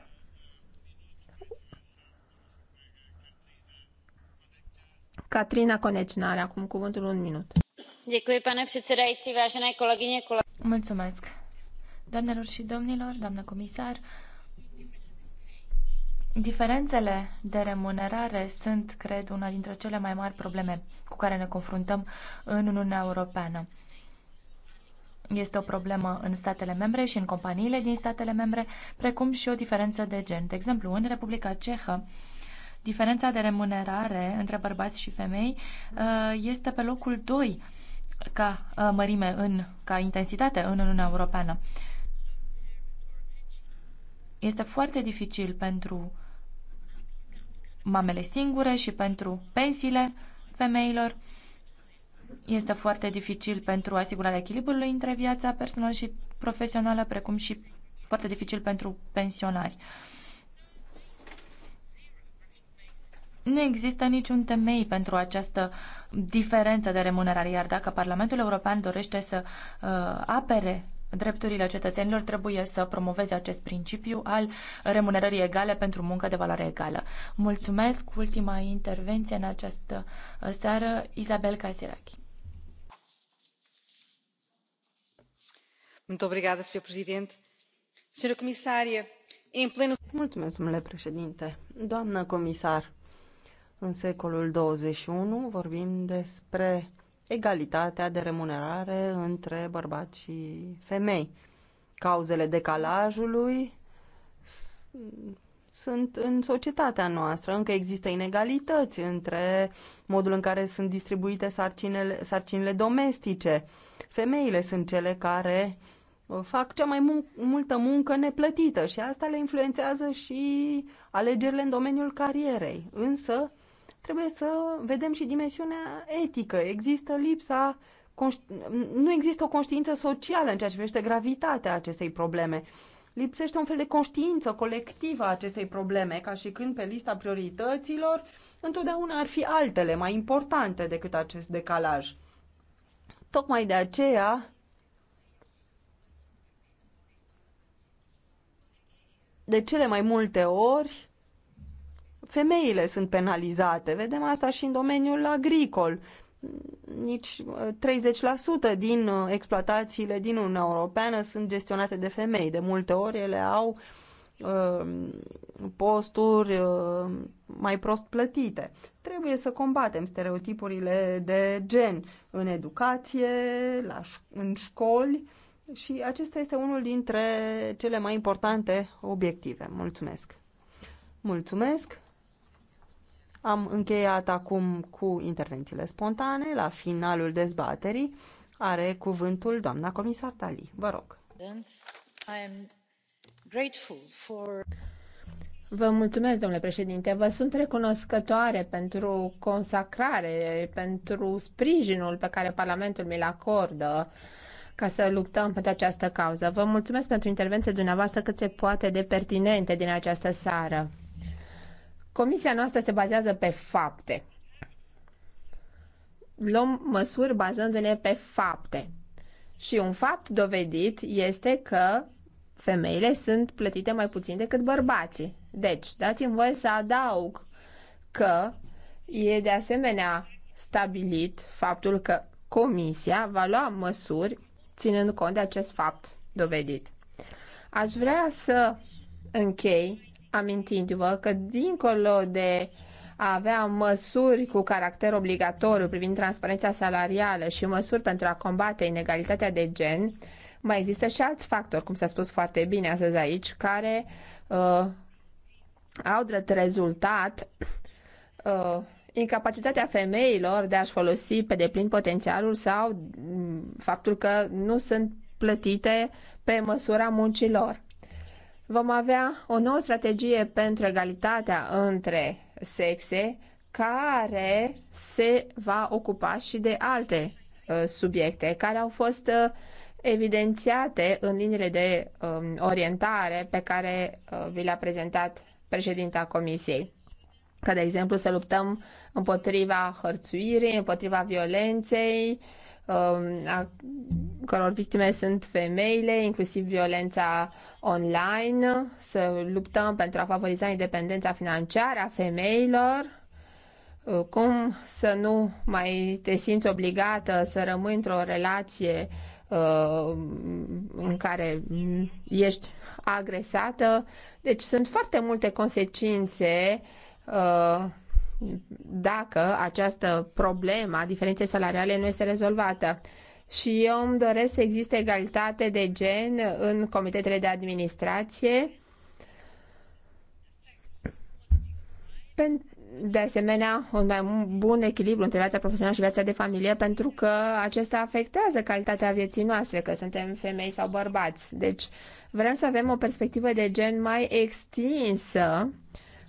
Catrina Conecina are acum cuvântul un minut. Děkuji, pane předsedající, vážené kolegyně, kolegové. Mulțumesc. Doamnelor și domnilor, doamnă comisar, Diferențele de remunerare sunt, cred, una dintre cele mai mari probleme cu care ne confruntăm în Uniunea Europeană. Este o problemă în statele membre și în companiile din statele membre, precum și o diferență de gen. De exemplu, în Republica Cehă, diferența de remunerare între bărbați și femei uh, este pe locul 2 ca uh, mărime, în, ca intensitate în Uniunea Europeană. Este foarte dificil pentru mamele singure și pentru pensiile femeilor. Este foarte dificil pentru asigurarea echilibrului între viața personală și profesională, precum și foarte dificil pentru pensionari. Nu există niciun temei pentru această diferență de remunerare, iar dacă Parlamentul European dorește să uh, apere drepturile cetățenilor trebuie să promoveze acest principiu al remunerării egale pentru muncă de valoare egală. Mulțumesc! Ultima intervenție în această uh, seară, Isabel Casirachi. Mulțumesc, domnule președinte. Doamnă comisar, în secolul 21 vorbim despre egalitatea de remunerare între bărbați și femei. Cauzele decalajului sunt în societatea noastră. Încă există inegalități între modul în care sunt distribuite sarcinile, sarcinile domestice. Femeile sunt cele care uh, fac cea mai mun- multă muncă neplătită și asta le influențează și alegerile în domeniul carierei. Însă, trebuie să vedem și dimensiunea etică. Există lipsa, nu există o conștiință socială în ceea ce privește gravitatea acestei probleme. Lipsește un fel de conștiință colectivă a acestei probleme, ca și când pe lista priorităților întotdeauna ar fi altele mai importante decât acest decalaj. Tocmai de aceea, de cele mai multe ori, femeile sunt penalizate. Vedem asta și în domeniul agricol. Nici 30% din uh, exploatațiile din Uniunea Europeană sunt gestionate de femei. De multe ori ele au uh, posturi uh, mai prost plătite. Trebuie să combatem stereotipurile de gen în educație, la în școli și acesta este unul dintre cele mai importante obiective. Mulțumesc! Mulțumesc! Am încheiat acum cu intervențiile spontane. La finalul dezbaterii are cuvântul doamna comisar Dali. Vă rog. Vă mulțumesc, domnule președinte. Vă sunt recunoscătoare pentru consacrare, pentru sprijinul pe care Parlamentul mi-l acordă ca să luptăm pentru această cauză. Vă mulțumesc pentru intervenția dumneavoastră cât se poate de pertinente din această seară. Comisia noastră se bazează pe fapte. Luăm măsuri bazându-ne pe fapte. Și un fapt dovedit este că femeile sunt plătite mai puțin decât bărbații. Deci, dați-mi voie să adaug că e de asemenea stabilit faptul că comisia va lua măsuri ținând cont de acest fapt dovedit. Aș vrea să închei amintindu-vă că dincolo de a avea măsuri cu caracter obligatoriu privind transparența salarială și măsuri pentru a combate inegalitatea de gen, mai există și alți factori, cum s-a spus foarte bine astăzi aici, care uh, au drept rezultat uh, incapacitatea femeilor de a-și folosi pe deplin potențialul sau mm, faptul că nu sunt plătite pe măsura muncilor. Vom avea o nouă strategie pentru egalitatea între sexe care se va ocupa și de alte uh, subiecte care au fost uh, evidențiate în liniile de um, orientare pe care uh, vi le-a prezentat președinta Comisiei. Ca de exemplu să luptăm împotriva hărțuirii, împotriva violenței, uh, Um, a căror victime sunt femeile, inclusiv violența online, să luptăm pentru a favoriza independența financiară a femeilor, uh, cum să nu mai te simți obligată să rămâi într-o relație uh, în care ești agresată. Deci sunt foarte multe consecințe uh, dacă această problemă a diferenței salariale nu este rezolvată. Și eu îmi doresc să existe egalitate de gen în comitetele de administrație. De asemenea, un mai bun echilibru între viața profesională și viața de familie, pentru că acesta afectează calitatea vieții noastre, că suntem femei sau bărbați. Deci, vrem să avem o perspectivă de gen mai extinsă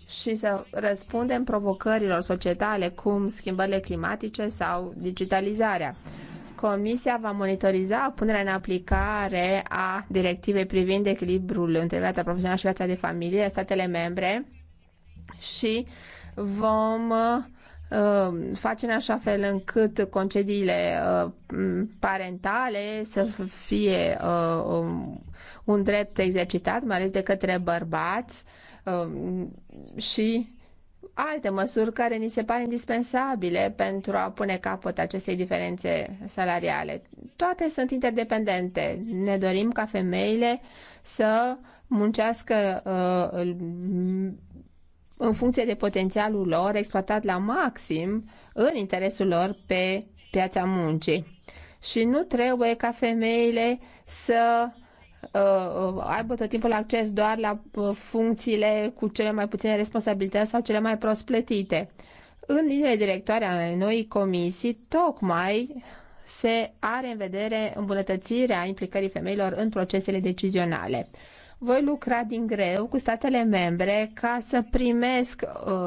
și să răspundem provocărilor societale, cum schimbările climatice sau digitalizarea. Comisia va monitoriza punerea în aplicare a directivei privind echilibrul între viața profesională și viața de familie, a statele membre și vom uh, face în așa fel încât concediile uh, parentale să fie uh, um, un drept exercitat, mai ales de către bărbați, Um, și alte măsuri care ni se par indispensabile pentru a pune capăt acestei diferențe salariale. Toate sunt interdependente. Ne dorim ca femeile să muncească uh, în funcție de potențialul lor, exploatat la maxim în interesul lor pe piața muncii. Și nu trebuie ca femeile să Uh, uh, aibă tot timpul acces doar la uh, funcțiile cu cele mai puține responsabilități sau cele mai prost plătite. În liniile directoare ale noii comisii, tocmai se are în vedere îmbunătățirea implicării femeilor în procesele decizionale. Voi lucra din greu cu statele membre ca să primesc,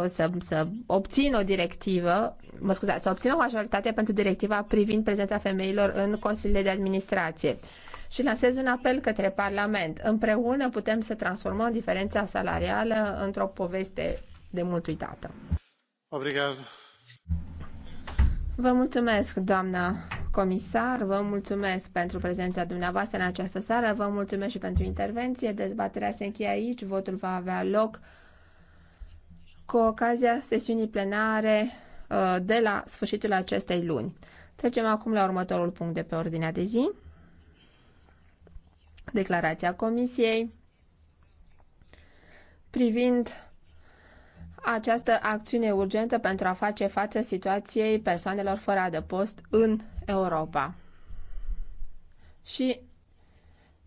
să, să obțin o directivă, mă scuzați, să obțin o majoritate pentru directiva privind prezența femeilor în consiliile de administrație și lansez un apel către Parlament. Împreună putem să transformăm diferența salarială într-o poveste de mult uitată. Obrigado. Vă mulțumesc, doamna comisar, vă mulțumesc pentru prezența dumneavoastră în această seară, vă mulțumesc și pentru intervenție. Dezbaterea se încheie aici, votul va avea loc cu ocazia sesiunii plenare uh, de la sfârșitul acestei luni. Trecem acum la următorul punct de pe ordinea de zi declarația Comisiei privind această acțiune urgentă pentru a face față situației persoanelor fără adăpost în Europa. Și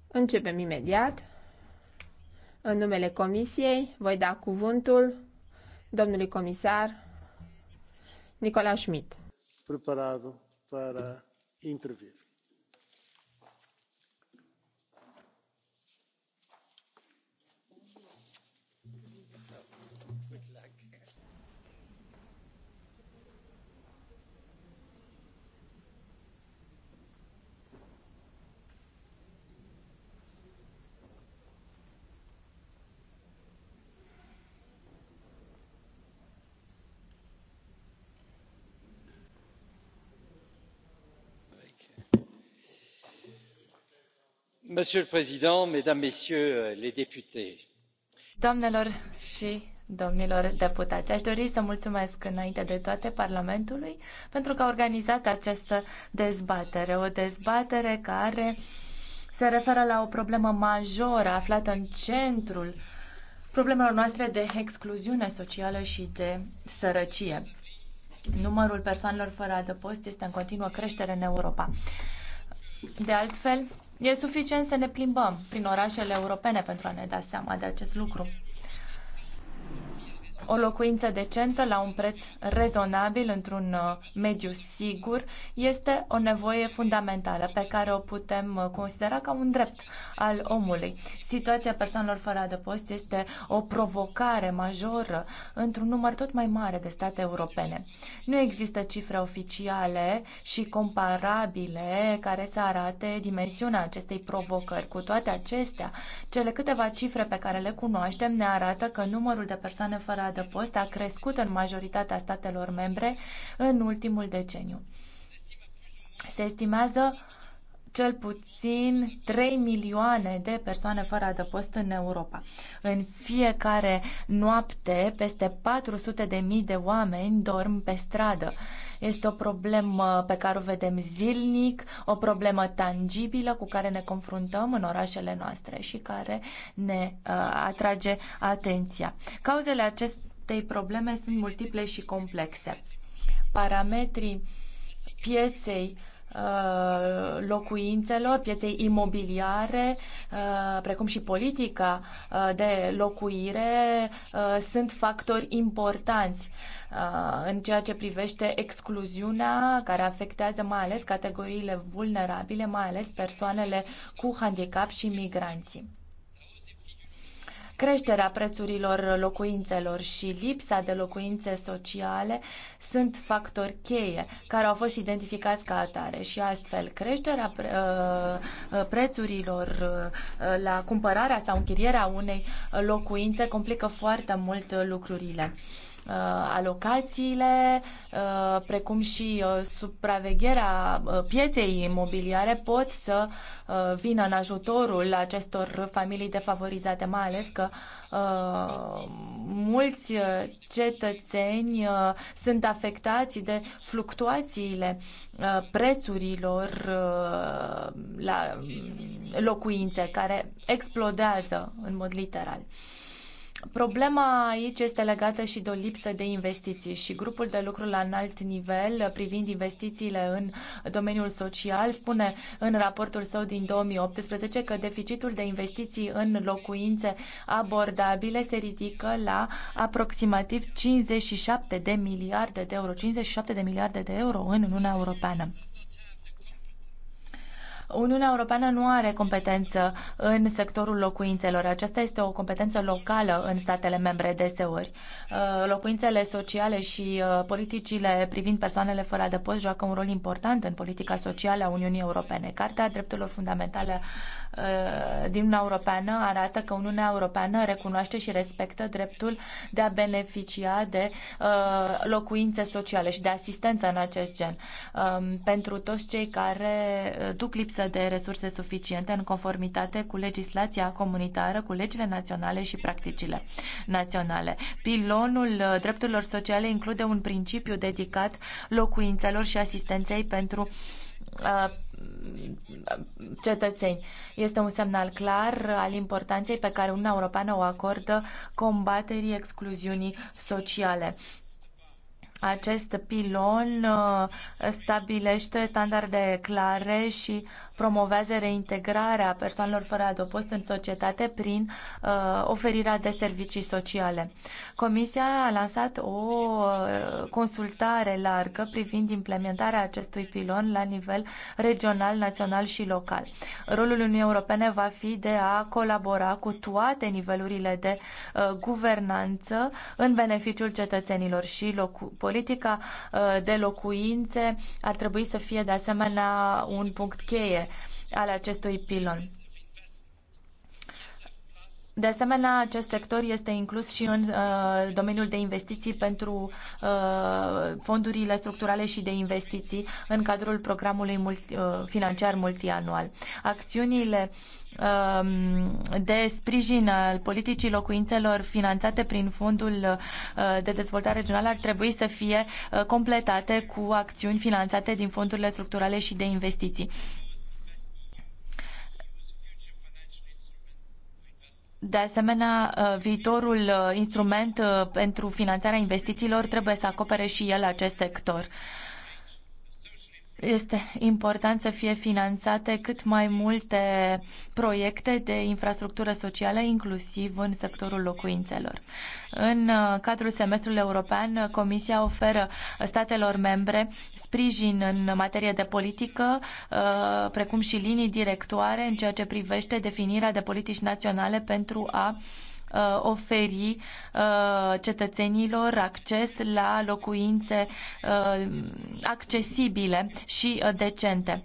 începem imediat. În numele Comisiei voi da cuvântul domnului comisar Nicola Schmidt. Preparat pentru interviu. monsieur le président mesdames messieurs euh, les députés doamnelor și domnilor deputați aș dori să mulțumesc înainte de toate parlamentului pentru că a organizat această dezbatere o dezbatere care se referă la o problemă majoră aflată în centrul problemelor noastre de excluziune socială și de sărăcie. Numărul persoanelor fără adăpost este în continuă creștere în Europa. De altfel, E suficient să ne plimbăm prin orașele europene pentru a ne da seama de acest lucru o locuință decentă la un preț rezonabil într-un uh, mediu sigur este o nevoie fundamentală pe care o putem uh, considera ca un drept al omului. Situația persoanelor fără adăpost este o provocare majoră într-un număr tot mai mare de state europene. Nu există cifre oficiale și comparabile care să arate dimensiunea acestei provocări. Cu toate acestea, cele câteva cifre pe care le cunoaștem ne arată că numărul de persoane fără adăpost adăpost a crescut în majoritatea statelor membre în ultimul deceniu. Se estimează cel puțin 3 milioane de persoane fără adăpost în Europa. În fiecare noapte, peste 400 de mii de oameni dorm pe stradă. Este o problemă pe care o vedem zilnic, o problemă tangibilă cu care ne confruntăm în orașele noastre și care ne uh, atrage atenția. Cauzele acest, acestei probleme sunt multiple și complexe. Parametrii pieței uh, locuințelor, pieței imobiliare, uh, precum și politica uh, de locuire, sunt factori importanți în ceea ce privește excluziunea care afectează mai ales categoriile vulnerabile, mai ales persoanele cu handicap și migranții. Creșterea prețurilor locuințelor și lipsa de locuințe sociale sunt factori cheie care au fost identificați ca atare și astfel creșterea uh, uh, prețurilor uh, la cumpărarea sau închirierea unei locuințe complică foarte mult lucrurile. Uh, alocațiile, uh, precum și uh, supravegherea pieței imobiliare pot să vină în ajutorul acestor familii defavorizate, mai ales că mulți cetățeni sunt afectați de fluctuațiile prețurilor la mm, locuințe care explodează în mod literal. Problema aici este legată și de o lipsă de investiții și grupul de lucru la înalt nivel privind investițiile în domeniul social spune în raportul său din 2018 că deficitul de investiții în locuințe abordabile se ridică la aproximativ 57 de miliarde de euro, 57 de miliarde de euro în Uniunea Europeană. Uniunea Europeană nu are competență în sectorul locuințelor. Aceasta este o competență locală în statele membre deseori. Uh, locuințele sociale și uh, politicile privind persoanele fără adăpost joacă un rol important în politica socială a Uniunii Europene. Cartea Drepturilor Fundamentale Uh, din Uniunea Europeană arată că Uniunea Europeană recunoaște și respectă dreptul de a beneficia de uh, locuințe sociale și de asistență în acest gen um, pentru toți cei care uh, duc lipsă de resurse suficiente în conformitate cu legislația comunitară, cu legile naționale și practicile naționale. Pilonul drepturilor sociale include un principiu dedicat locuințelor și asistenței pentru cetățeni. Este un semnal clar al importanței pe care Uniunea Europeană o acordă combaterii excluziunii sociale. Acest pilon uh, stabilește standarde clare și promovează reintegrarea persoanelor fără adăpost în societate prin uh, oferirea de servicii sociale. Comisia a lansat o uh, consultare largă privind implementarea acestui pilon la nivel regional, național și local. Rolul Uniunii Europene va fi de a colabora cu toate nivelurile de uh, guvernanță în beneficiul cetățenilor și locu- politica uh, de locuințe ar trebui să fie de asemenea un punct cheie ale acestui pilon. De asemenea, acest sector este inclus și în uh, domeniul de investiții pentru uh, fondurile structurale și de investiții în cadrul programului multi, uh, financiar multianual. Acțiunile um, de sprijin al politicii locuințelor finanțate prin Fondul uh, de Dezvoltare Regională ar trebui să fie uh, completate cu acțiuni finanțate din fondurile structurale și de investiții. De asemenea, uh, viitorul uh, instrument uh, pentru finanțarea investițiilor trebuie să acopere și el acest sector este important să fie finanțate cât mai multe proiecte de infrastructură socială, inclusiv în sectorul locuințelor. În uh, cadrul semestrului european, uh, Comisia oferă statelor membre sprijin în materie de politică, uh, precum și linii directoare în ceea ce privește definirea de politici naționale pentru a Uh, oferi uh, cetățenilor acces la locuințe uh, accesibile și decente.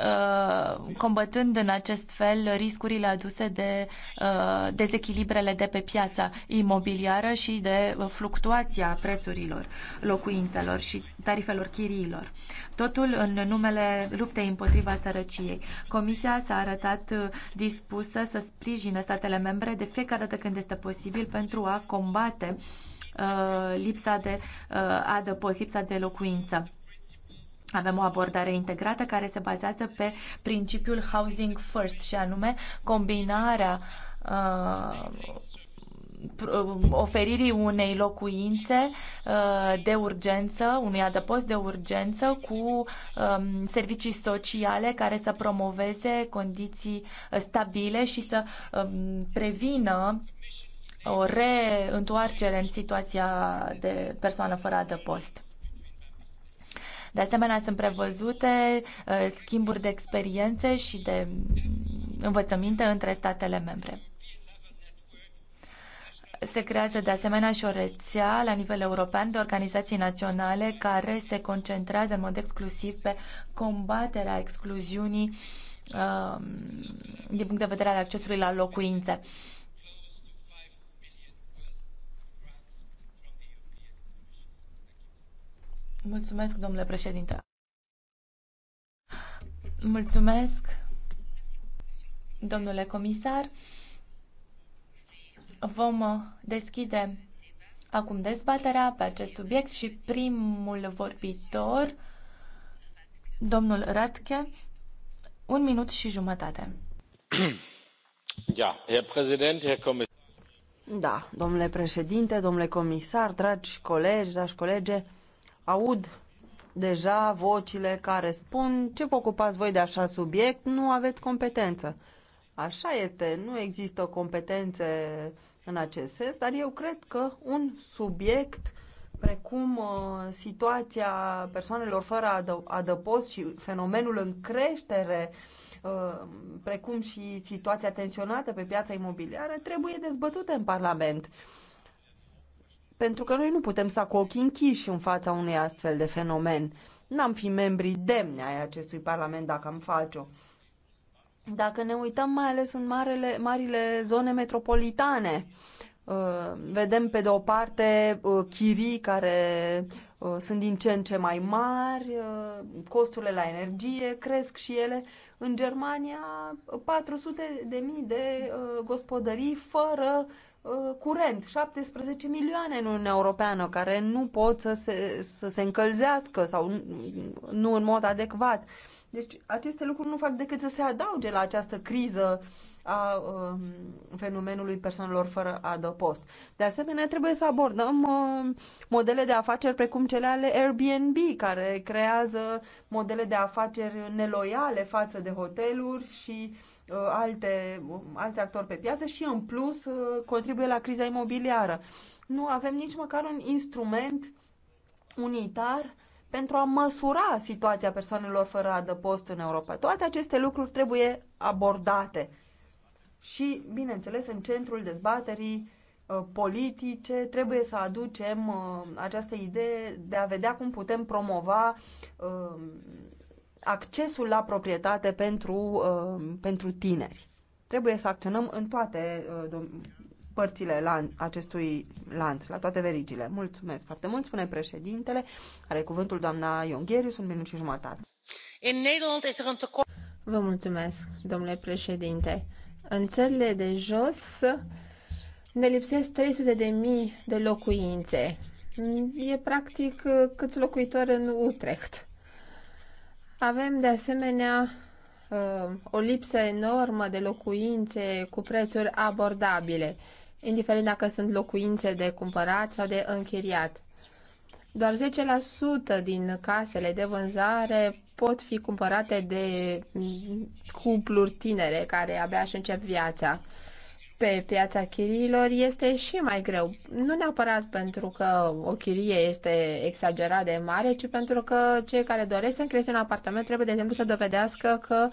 Uh, combătând în acest fel riscurile aduse de uh, dezechilibrele de pe piața imobiliară și de fluctuația prețurilor locuințelor și tarifelor chiriilor. Totul în numele luptei împotriva sărăciei. Comisia s-a arătat dispusă să sprijine statele membre de fiecare dată când este posibil pentru a combate uh, lipsa de adăpost, lipsa de locuință avem o abordare integrată care se bazează pe principiul housing first și anume combinarea uh, oferirii unei locuințe uh, de urgență, unui adăpost de urgență cu um, servicii sociale care să promoveze condiții uh, stabile și să um, prevină o reîntoarcere în situația de persoană fără adăpost. De asemenea, sunt prevăzute uh, schimburi de experiențe și de învățăminte între statele membre. Se creează de asemenea și o rețea la nivel european de organizații naționale care se concentrează în mod exclusiv pe combaterea excluziunii uh, din punct de vedere al accesului la locuințe. Mulțumesc, domnule președinte. Mulțumesc, domnule comisar. Vom deschide acum dezbaterea pe acest subiect și primul vorbitor, domnul Radke, un minut și jumătate. Da, domnule președinte, domnule comisar, dragi colegi, dragi colege, aud deja vocile care spun ce vă ocupați voi de așa subiect, nu aveți competență. Așa este, nu există competențe în acest sens, dar eu cred că un subiect precum uh, situația persoanelor fără adă adăpost și fenomenul în creștere, uh, precum și situația tensionată pe piața imobiliară, trebuie dezbătute în Parlament. Uh, pentru că noi nu putem sta cu ochii închiși în fața unui astfel de fenomen. N-am fi membri demni ai acestui parlament dacă am face-o. Dacă ne uităm mai ales în marele, marile zone metropolitane, uh, vedem pe de o parte uh, chirii care uh, sunt din ce în ce mai mari, costurile la energie cresc și ele. În Germania, 400 de mii de gospodării fără Uh, curent, 17 milioane în Uniunea Europeană care nu pot să se, să se încălzească sau nu în mod adecvat. Deci aceste lucruri nu fac decât să se adauge la această criză a um, fenomenului persoanelor fără adăpost. De asemenea, trebuie să abordăm uh, modele de afaceri precum cele ale Airbnb, care creează modele de afaceri neloiale față de hoteluri și Uh, alte, um, alți actori pe piață și, în plus, uh, contribuie la criza imobiliară. Nu avem nici măcar un instrument unitar pentru a măsura situația persoanelor fără adăpost în Europa. Toate aceste lucruri trebuie abordate. Și, bineînțeles, în centrul dezbaterii uh, politice trebuie să aducem această idee de a vedea cum putem promova accesul la proprietate pentru, uh, pentru tineri. Trebuie să acționăm în toate uh, părțile la acestui lanț, la toate verigile. Mulțumesc foarte mult, spune președintele. Are cuvântul doamna Iongheriu, un minut și jumătate. Nederland er Vă mulțumesc, domnule președinte. În țările de jos ne lipsesc 300 de mii de locuințe. E practic uh, câți locuitori în Utrecht. Avem de asemenea uh, o lipsă enormă de locuințe cu prețuri abordabile, indiferent dacă sunt locuințe de cumpărat sau de închiriat. Doar 10% din casele de vânzare pot fi cumpărate de cupluri tinere care abia își încep viața pe piața chiriilor este și mai greu. Nu neapărat pentru că o chirie este exagerat de mare, ci pentru că cei care doresc să încreze un apartament trebuie, de exemplu, să dovedească că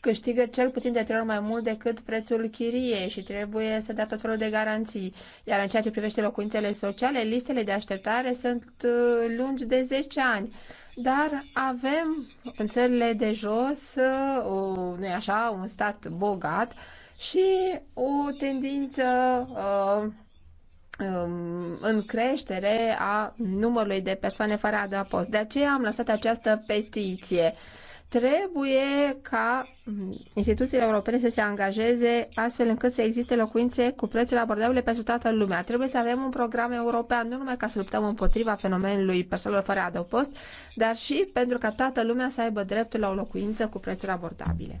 câștigă cel puțin de trei ori mai mult decât prețul chiriei și trebuie să dea tot felul de garanții. Iar în ceea ce privește locuințele sociale, listele de așteptare sunt uh, lungi de 10 ani. Dar avem în țările de jos, uh, nu așa, un stat bogat, și o tendință uh, um, în creștere a numărului de persoane fără adăpost. De aceea am lăsat această petiție. Trebuie ca instituțiile europene să se angajeze astfel încât să existe locuințe cu prețuri abordabile pentru toată lumea. Trebuie să avem un program european, nu numai ca să luptăm împotriva fenomenului persoanelor fără adăpost, dar și pentru ca toată lumea să aibă dreptul la o locuință cu prețuri abordabile.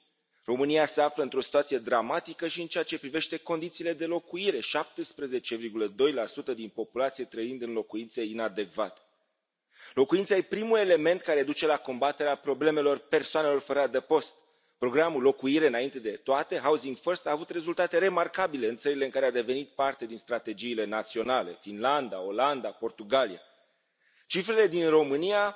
românia se află într o situație dramatică și în ceea ce privește condițiile de locuire șaptesprezece doi din populație trăind în locuințe inadecvate. locuința e primul element care duce la combaterea problemelor persoanelor fără adăpost. programul locuire înainte de toate housing first a avut rezultate remarcabile în țările în care a devenit parte din strategiile naționale finlanda olanda portugalia. cifrele din românia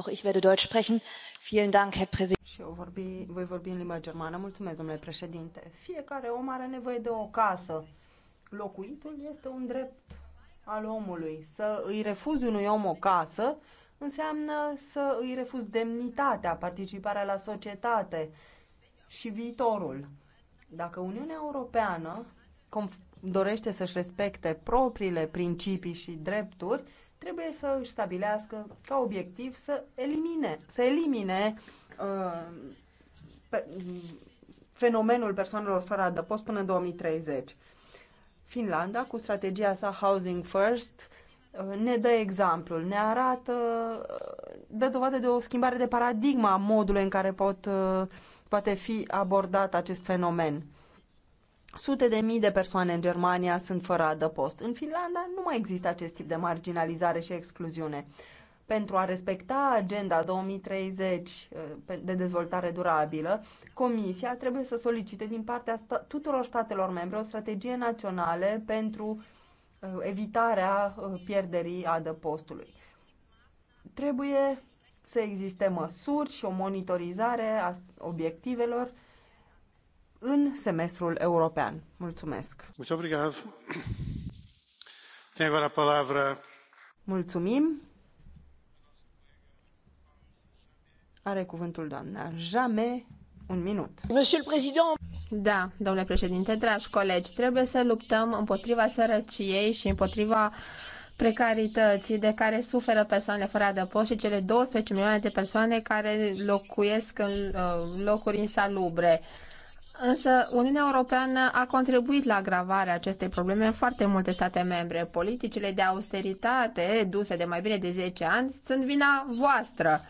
Auch ich werde Deutsch sprechen. Vielen Dank, Herr Präsident. Și eu vorbi, voi vorbi în limba germană. Mulțumesc, domnule președinte. Fiecare om are nevoie de o casă. Locuitul este un drept al omului. Să îi refuzi unui om o casă înseamnă să îi refuzi demnitatea, participarea la societate și viitorul. Dacă Uniunea Europeană dorește să-și respecte propriile principii și drepturi, trebuie să își stabilească ca obiectiv să elimine, să elimine uh, pe, fenomenul persoanelor fără adăpost până în 2030. Finlanda, cu strategia sa Housing First, uh, ne dă exemplul, ne arată, uh, dă dovadă de o schimbare de paradigma a modului în care pot, uh, poate fi abordat acest fenomen. Sute de mii de persoane în Germania sunt fără adăpost. În Finlanda nu mai există acest tip de marginalizare și excluziune. Pentru a respecta agenda 2030 eh, de dezvoltare durabilă, Comisia trebuie să solicite din partea tuturor statelor membre o strategie națională pentru eh, evitarea eh, pierderii adăpostului. Trebuie să existe măsuri și o monitorizare a obiectivelor în semestrul european. Mulțumesc! Mulțumim! Are cuvântul doamna Jame, un minut. Monsieur le Président! Da, domnule președinte, dragi colegi, trebuie să luptăm împotriva sărăciei și împotriva precarității de care suferă persoanele fără adăpost și cele 12 milioane de persoane care locuiesc în uh, locuri insalubre. Însă Uniunea Europeană a contribuit la agravarea acestei probleme în foarte multe state membre. Politicile de austeritate duse de mai bine de 10 ani sunt vina voastră.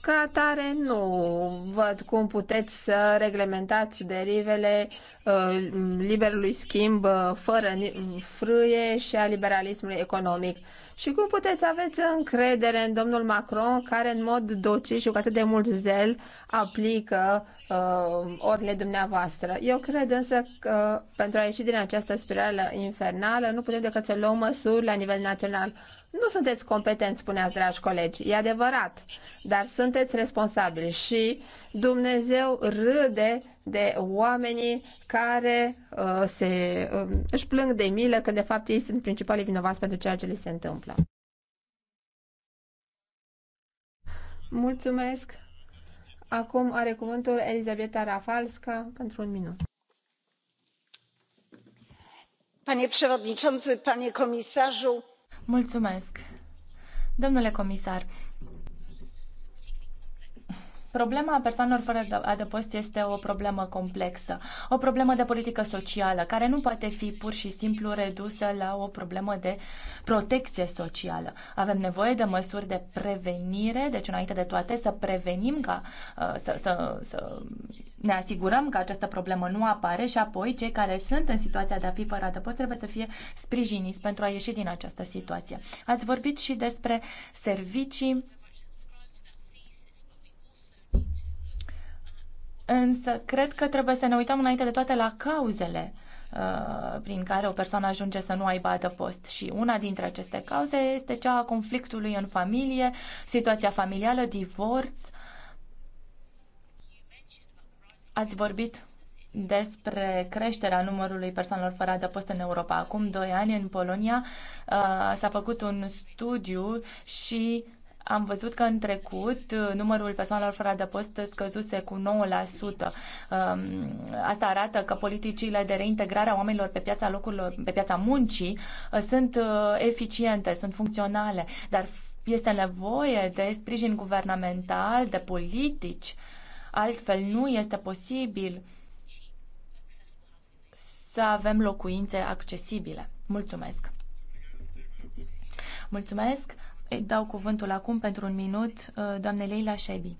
Ca atare nu văd cum puteți să reglementați derivele uh, liberului schimb uh, fără frâie și a liberalismului economic. Și cum puteți aveți încredere în domnul Macron, care în mod docil și cu atât de mult zel aplică uh, orile dumneavoastră? Eu cred însă că pentru a ieși din această spirală infernală nu putem decât să luăm măsuri la nivel național. Nu sunteți competenți, spuneați, dragi colegi, e adevărat, dar sunteți responsabili și Dumnezeu râde de oamenii care uh, se, uh, își plâng de milă când de fapt ei sunt principalii vinovați pentru ceea ce li se întâmplă. Mulțumesc! Acum are cuvântul Elizabeta Rafalska pentru un minut. Panie przewodniczący, panie komisarzu, Mulțumesc. Domnule comisar, Problema persoanelor fără adăpost este o problemă complexă, o problemă de politică socială, care nu poate fi pur și simplu redusă la o problemă de protecție socială. Avem nevoie de măsuri de prevenire, deci înainte de toate să prevenim ca ă, să, să, să ne asigurăm că această problemă nu apare și apoi cei care sunt în situația de a fi fără adăpost trebuie să fie sprijiniți pentru a ieși din această situație. Ați vorbit și despre servicii Însă, cred că trebuie să ne uităm înainte de toate la cauzele uh, prin care o persoană ajunge să nu aibă adăpost. Și una dintre aceste cauze este cea a conflictului în familie, situația familială, divorț. Ați vorbit despre creșterea numărului persoanelor fără adăpost în Europa. Acum doi ani, în Polonia, uh, s-a făcut un studiu și am văzut că în trecut uh, numărul persoanelor fără adăpost scăzuse cu 9%. Um, asta arată că politicile de reintegrare a oamenilor pe piața locurilor, pe piața muncii uh, sunt uh, eficiente, sunt funcționale, dar este nevoie de sprijin guvernamental, de politici. Altfel nu este posibil să avem locuințe accesibile. Mulțumesc! Mulțumesc! Îi dau cuvântul acum pentru un minut uh, doamnei Leila Shebi.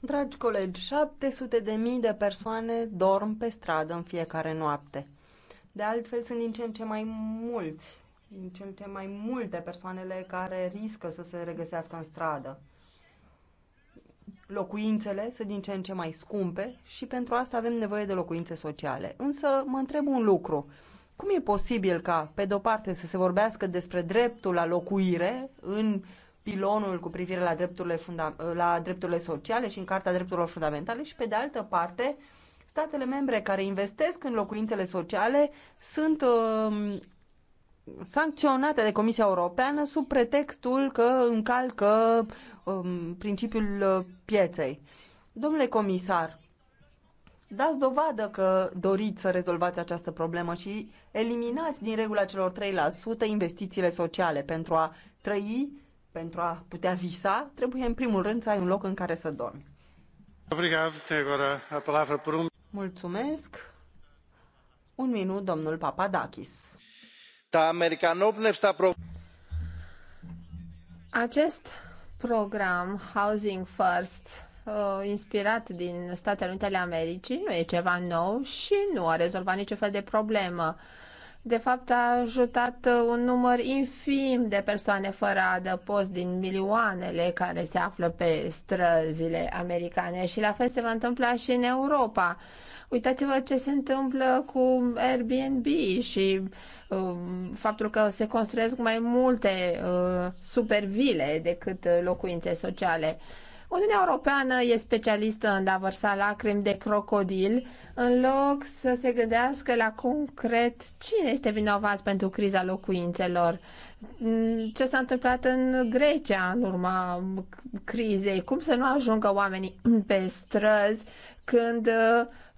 Dragi colegi, 700 de mii de persoane dorm pe stradă în fiecare noapte. De altfel, sunt din ce în ce mai mulți, din ce în ce mai multe persoanele care riscă să se regăsească în stradă. Locuințele sunt din ce în ce mai scumpe și pentru asta avem nevoie de locuințe sociale. Însă mă întreb un lucru. Cum e posibil ca, pe de-o parte, să se vorbească despre dreptul la locuire în pilonul cu privire la drepturile, funda- la drepturile sociale și în Carta Drepturilor Fundamentale și, pe de altă parte, statele membre care investesc în locuințele sociale sunt uh, sancționate de Comisia Europeană sub pretextul că încalcă um, uh, principiul pieței. Domnule comisar, dați dovadă că doriți să rezolvați această problemă și eliminați din regula celor 3% investițiile sociale. Pentru a trăi, pentru a putea visa, trebuie în primul rând să ai un loc în care să dormi. Um Mulțumesc. Un minut, domnul Papadakis. Da, Acest program Housing First uh, inspirat din Statele Unite ale Americii nu e ceva nou și nu a rezolvat nicio fel de problemă. De fapt, a ajutat uh, un număr infim de persoane fără adăpost din milioanele care se află pe străzile americane și la fel se va întâmpla și în Europa. Uitați-vă ce se întâmplă cu Airbnb și uh, faptul că se construiesc mai multe uh, supervile decât uh, locuințe sociale. Uh, Uniunea Europeană e specialistă în a vărsa lacrimi de crocodil, în loc să se gândească la concret cine este vinovat pentru criza locuințelor, ce s-a întâmplat în Grecia în urma crizei, cum să nu ajungă oamenii [clears throat] pe străzi când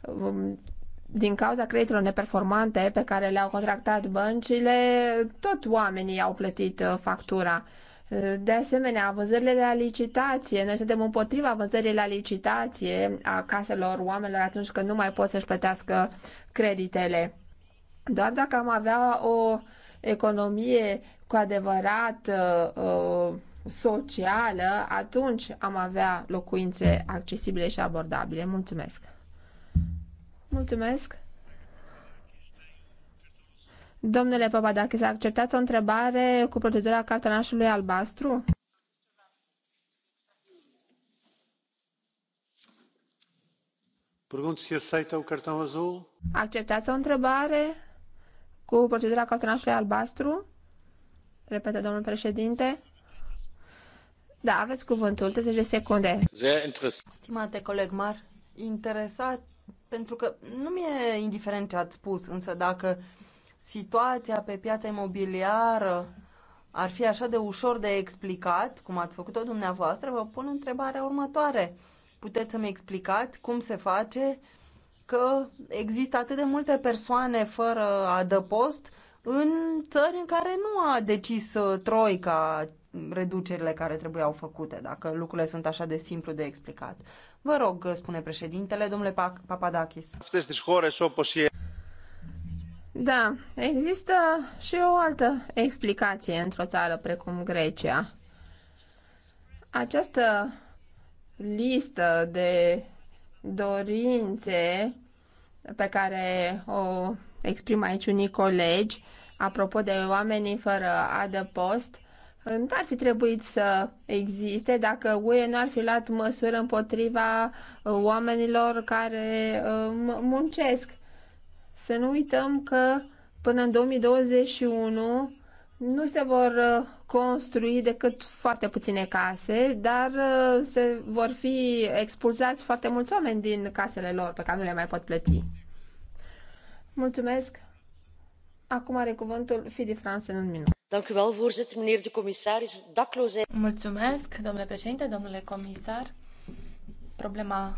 um, din cauza creditelor neperformante pe care le-au contractat băncile, tot oamenii au plătit uh, factura. De asemenea, vânzările la licitație. Noi suntem împotriva vânzării la licitație a caselor oamenilor atunci când nu mai pot să-și plătească creditele. Doar dacă am avea o economie cu adevărat uh, socială, atunci am avea locuințe accesibile și abordabile. Mulțumesc! Mulțumesc! Domnule Papadakis, acceptați o întrebare cu procedura cartonașului albastru? Pergunto se aceita o cartão azul. Acceptați o întrebare cu procedura cartonașului albastru? Repetă domnul președinte. Da, aveți cuvântul, 30 de secunde. Stimate coleg Mar, interesat, pentru că nu mi-e indiferent ce ați spus, însă dacă uh, situația pe piața imobiliară ar fi așa de ușor de explicat, cum ați făcut-o dumneavoastră, vă pun întrebarea următoare. Puteți să-mi explicați cum se face că există atât de multe persoane fără adăpost în țări în care nu a decis uh, Troica reducerile care trebuiau făcute, dacă lucrurile sunt așa de simplu de explicat. Vă rog, uh, spune președintele, domnule Papadakis. Da, există și o altă explicație într-o țară precum Grecia. Această listă de dorințe pe care o exprimă aici unii colegi, apropo de oamenii fără adăpost, n ar fi trebuit să existe dacă UE nu ar fi luat măsuri împotriva oamenilor care uh, muncesc. Să nu uităm că până în 2021 nu se vor uh, construi decât foarte puține case, dar uh, se vor fi expulzați foarte mulți oameni din casele lor pe care nu le mai pot plăti. Mulțumesc. Acum are cuvântul Fidi France în un minut. Mulțumesc, domnule președinte, domnule comisar. Problema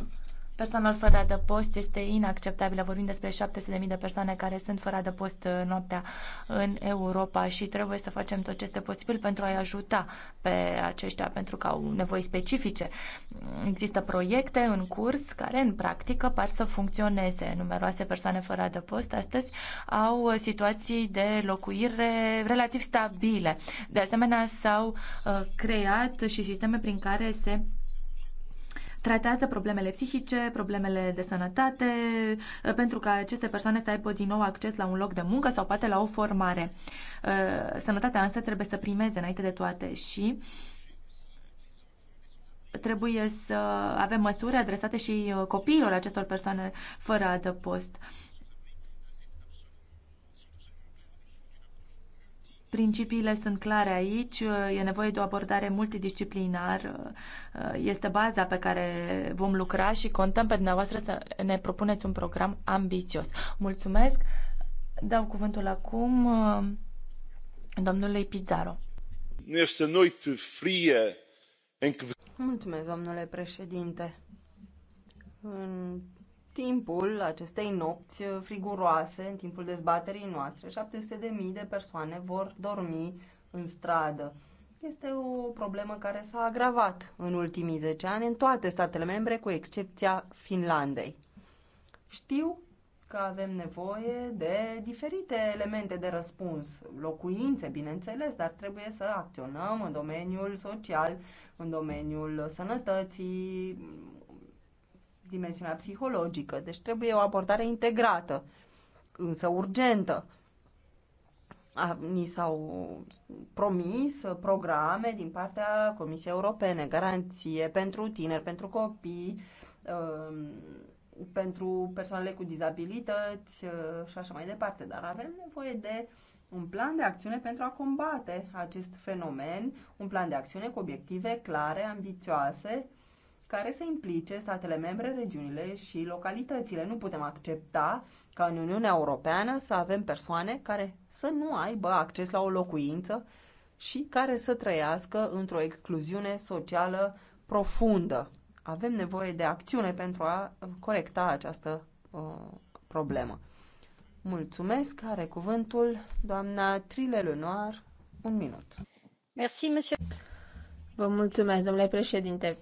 Persoanelor fără adăpost este inacceptabilă. Vorbim despre 700.000 de persoane care sunt fără adăpost uh, noaptea în Europa și trebuie să facem tot ce este posibil pentru a-i ajuta pe aceștia, pentru că au nevoi specifice. Există proiecte în curs care, în practică, par să funcționeze. Numeroase persoane fără adăpost astăzi au uh, situații de locuire relativ stabile. De asemenea, s-au uh, creat și sisteme prin care se tratează problemele psihice, problemele de sănătate, uh, pentru ca aceste persoane să aibă din nou acces la un loc de muncă sau poate la o formare. Uh, sănătatea însă trebuie să primeze înainte de toate și trebuie să avem măsuri adresate și uh, copiilor acestor persoane fără adăpost. post Principiile sunt clare aici, e nevoie de o abordare multidisciplinar, este baza pe care vom lucra și contăm pe dumneavoastră să ne propuneți un program ambițios. Mulțumesc! Dau cuvântul acum uh, domnului Pizarro. Este noi frie în... Mulțumesc, domnule președinte. În timpul acestei nopți friguroase, în timpul dezbaterii noastre, 700.000 de, de persoane vor dormi în stradă. Este o problemă care s-a agravat în ultimii 10 ani în toate statele membre, cu excepția Finlandei. Știu că avem nevoie de diferite elemente de răspuns, locuințe, bineînțeles, dar trebuie să acționăm în domeniul social, în domeniul sănătății, dimensiunea psihologică. Deci trebuie o abordare integrată, însă urgentă. A, ni s-au promis programe din partea Comisiei Europene, garanție pentru tineri, pentru copii, um, pentru persoanele cu dizabilități uh, și așa mai departe, dar avem nevoie de un plan de acțiune pentru a combate acest fenomen, un plan de acțiune cu obiective clare, ambițioase, care să implice statele membre, regiunile și localitățile. Nu putem accepta ca în Uniunea Europeană să avem persoane care să nu aibă acces la o locuință și care să trăiască într-o excluziune socială profundă. Avem nevoie de acțiune pentru a uh, corecta această uh, problemă. Mulțumesc, are cuvântul doamna Trile Lenoir. Un minut. Merci, monsieur. Vă mulțumesc, domnule președinte.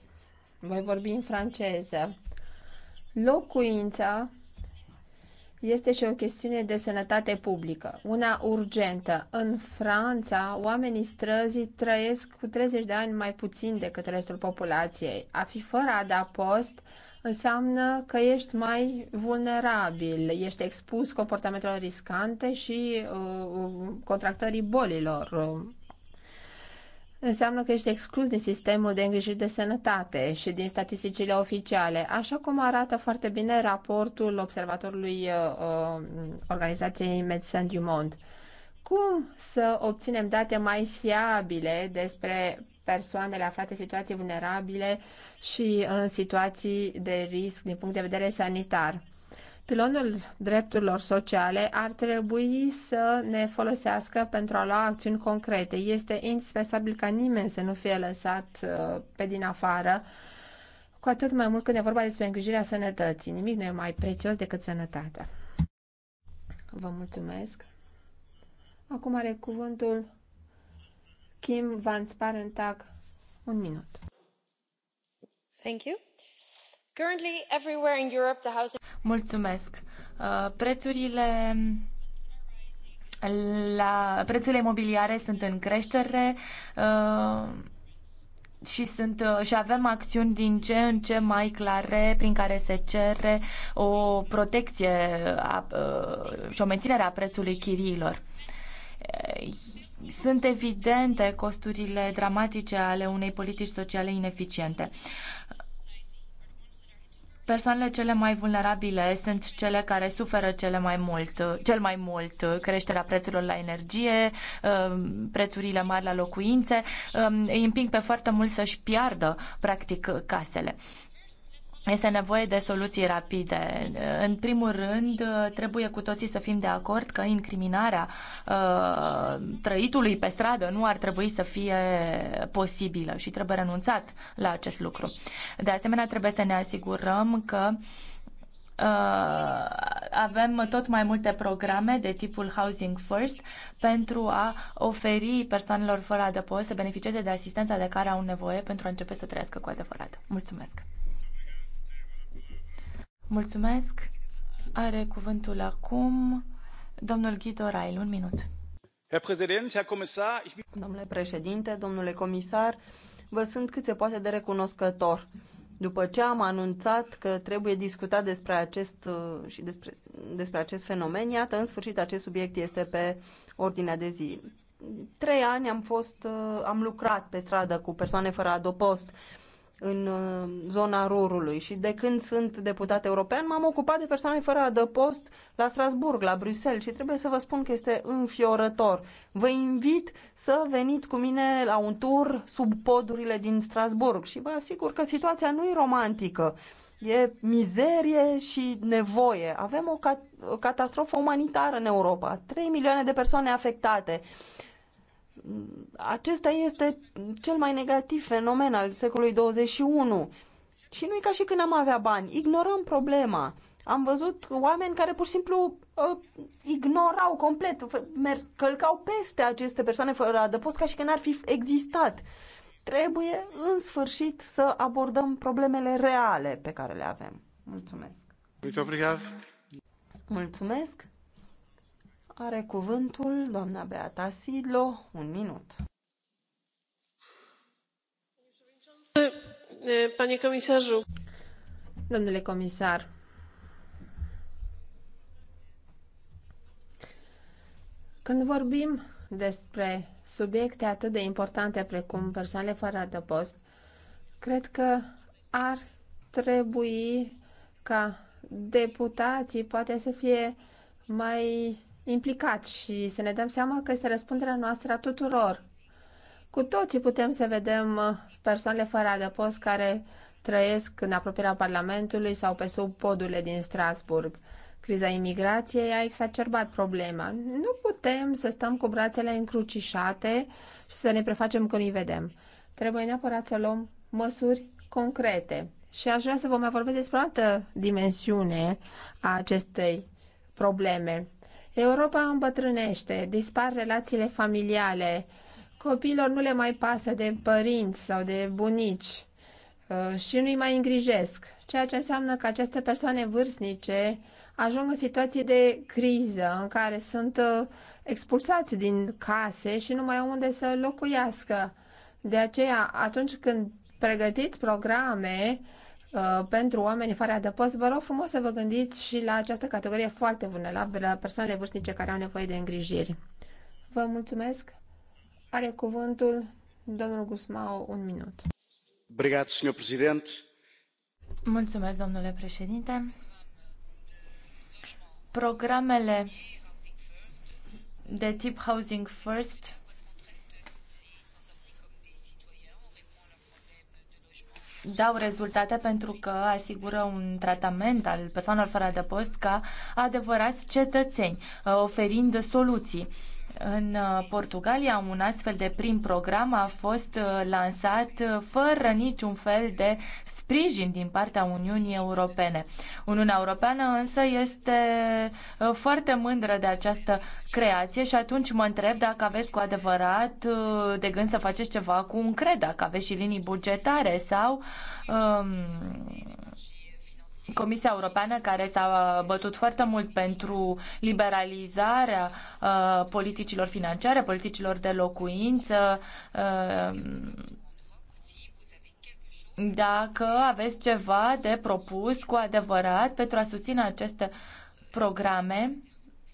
Voi vorbi în franceză. Locuința este și o chestiune de sănătate publică, una urgentă. În Franța, oamenii străzii trăiesc cu 30 de ani mai puțin decât restul populației. A fi fără adapost înseamnă că ești mai vulnerabil, ești expus comportamentelor riscante și uh, uh contractării bolilor uh, înseamnă că ești exclus din sistemul de îngrijiri de sănătate și din statisticile oficiale, așa cum arată foarte bine raportul observatorului uh, uh organizației Medicine du Monde. Cum să obținem date mai fiabile despre persoanele aflate în situații vulnerabile și în situații de risc din punct de vedere sanitar? Pilonul drepturilor sociale ar trebui să ne folosească pentru a lua acțiuni concrete. Este indispensabil ca nimeni să nu fie lăsat uh, pe din afară, cu atât mai mult când e vorba despre îngrijirea sănătății. Nimic nu e mai prețios decât sănătatea. Vă mulțumesc. Acum are cuvântul Kim Van Sparentag. Un minut. Thank you. Currently, everywhere in Europe, the Mulțumesc. Uh, prețurile la prețurile imobiliare sunt în creștere uh, și sunt uh, și avem acțiuni din ce în ce mai clare prin care se cere o protecție a, și o menținere a prețului chiriilor. Sunt evidente costurile dramatice ale unei politici sociale ineficiente. Persoanele cele mai vulnerabile sunt cele care suferă cele mai mult, cel mai mult creșterea prețurilor la energie, um, prețurile mari la locuințe, um, îi împing pe foarte mult să-și piardă practic casele. Este nevoie de soluții rapide. În primul rând, trebuie cu toții să fim de acord că incriminarea uh, trăitului pe stradă nu ar trebui să fie posibilă și trebuie renunțat la acest lucru. De asemenea, trebuie să ne asigurăm că uh, avem tot mai multe programe de tipul Housing First pentru a oferi persoanelor fără adăpost să beneficieze de asistența de care au nevoie pentru a începe să trăiască cu adevărat. Mulțumesc! Mulțumesc. Are cuvântul acum domnul Guido Rail. Un minut. Domnule președinte, domnule comisar, vă sunt cât se poate de recunoscător. După ce am anunțat că trebuie discutat despre acest, uh, și despre, despre acest fenomen, iată, în sfârșit, acest subiect este pe ordinea de zi. Trei ani am, fost, uh, am lucrat pe stradă cu persoane fără adopost în uh, zona Rurului și de când sunt deputat european m-am ocupat de persoane fără adăpost la Strasburg, la Bruxelles și trebuie să vă spun că este înfiorător. Vă invit să veniți cu mine la un tur sub podurile din Strasburg și vă asigur că situația nu e romantică. E mizerie și nevoie. Avem o, cat- o catastrofă umanitară în Europa. 3 milioane de persoane afectate. Uh, acesta este cel mai negativ fenomen al secolului 21. Și nu e ca și când am avea bani. Ignorăm problema. Am văzut oameni care pur și simplu uh, ignorau complet, mer- călcau peste aceste persoane fără adăpost ca și când n-ar fi existat. Trebuie în sfârșit să abordăm problemele reale pe care le avem. Mulțumesc. Mulțumesc. Are cuvântul doamna Beata Sidlo, un minut. Panie comisarzu. Domnule comisar, când vorbim despre subiecte atât de importante precum persoanele fără adăpost, cred că ar trebui ca deputații poate să fie mai implicați și să ne dăm seama că este răspunderea noastră a tuturor. Cu toții putem să vedem uh, persoanele fără adăpost care trăiesc în apropierea Parlamentului sau pe sub podurile din Strasburg. Criza imigrației a exacerbat problema. Nu putem să stăm cu brațele încrucișate și să ne prefacem că nu-i vedem. Trebuie neapărat să luăm măsuri concrete. Și aș vrea să vă mai vorbesc despre o altă dimensiune a acestei probleme. Europa îmbătrânește, dispar relațiile familiale, copiilor nu le mai pasă de părinți sau de bunici uh, și nu-i mai îngrijesc, ceea ce înseamnă că aceste persoane vârstnice ajung în situații de criză în care sunt uh, expulsați din case și nu mai au unde să locuiască. De aceea, atunci când pregătiți programe Uh, pentru oamenii fără adăpost, vă rog frumos să vă gândiți și la această categorie foarte vulnerabilă, persoanele vârstnice care au nevoie de îngrijiri. Vă mulțumesc. Are cuvântul domnul Gusmau, un minut. Brigat, domnul președinte. Mulțumesc, domnule președinte. Programele de tip Housing First dau rezultate pentru că asigură un tratament al persoanelor fără adăpost ca adevărați cetățeni, uh, oferind soluții. În uh, Portugalia, un astfel de prim program a fost uh, lansat uh, fără niciun fel de sprijin din partea Uniunii Europene. Uniunea Europeană însă este foarte mândră de această creație și atunci mă întreb dacă aveți cu adevărat de gând să faceți ceva cu un cred, dacă aveți și linii bugetare sau um, Comisia Europeană, care s-a bătut foarte mult pentru liberalizarea uh, politicilor financiare, politicilor de locuință, uh, dacă aveți ceva de propus cu adevărat pentru a susține aceste programe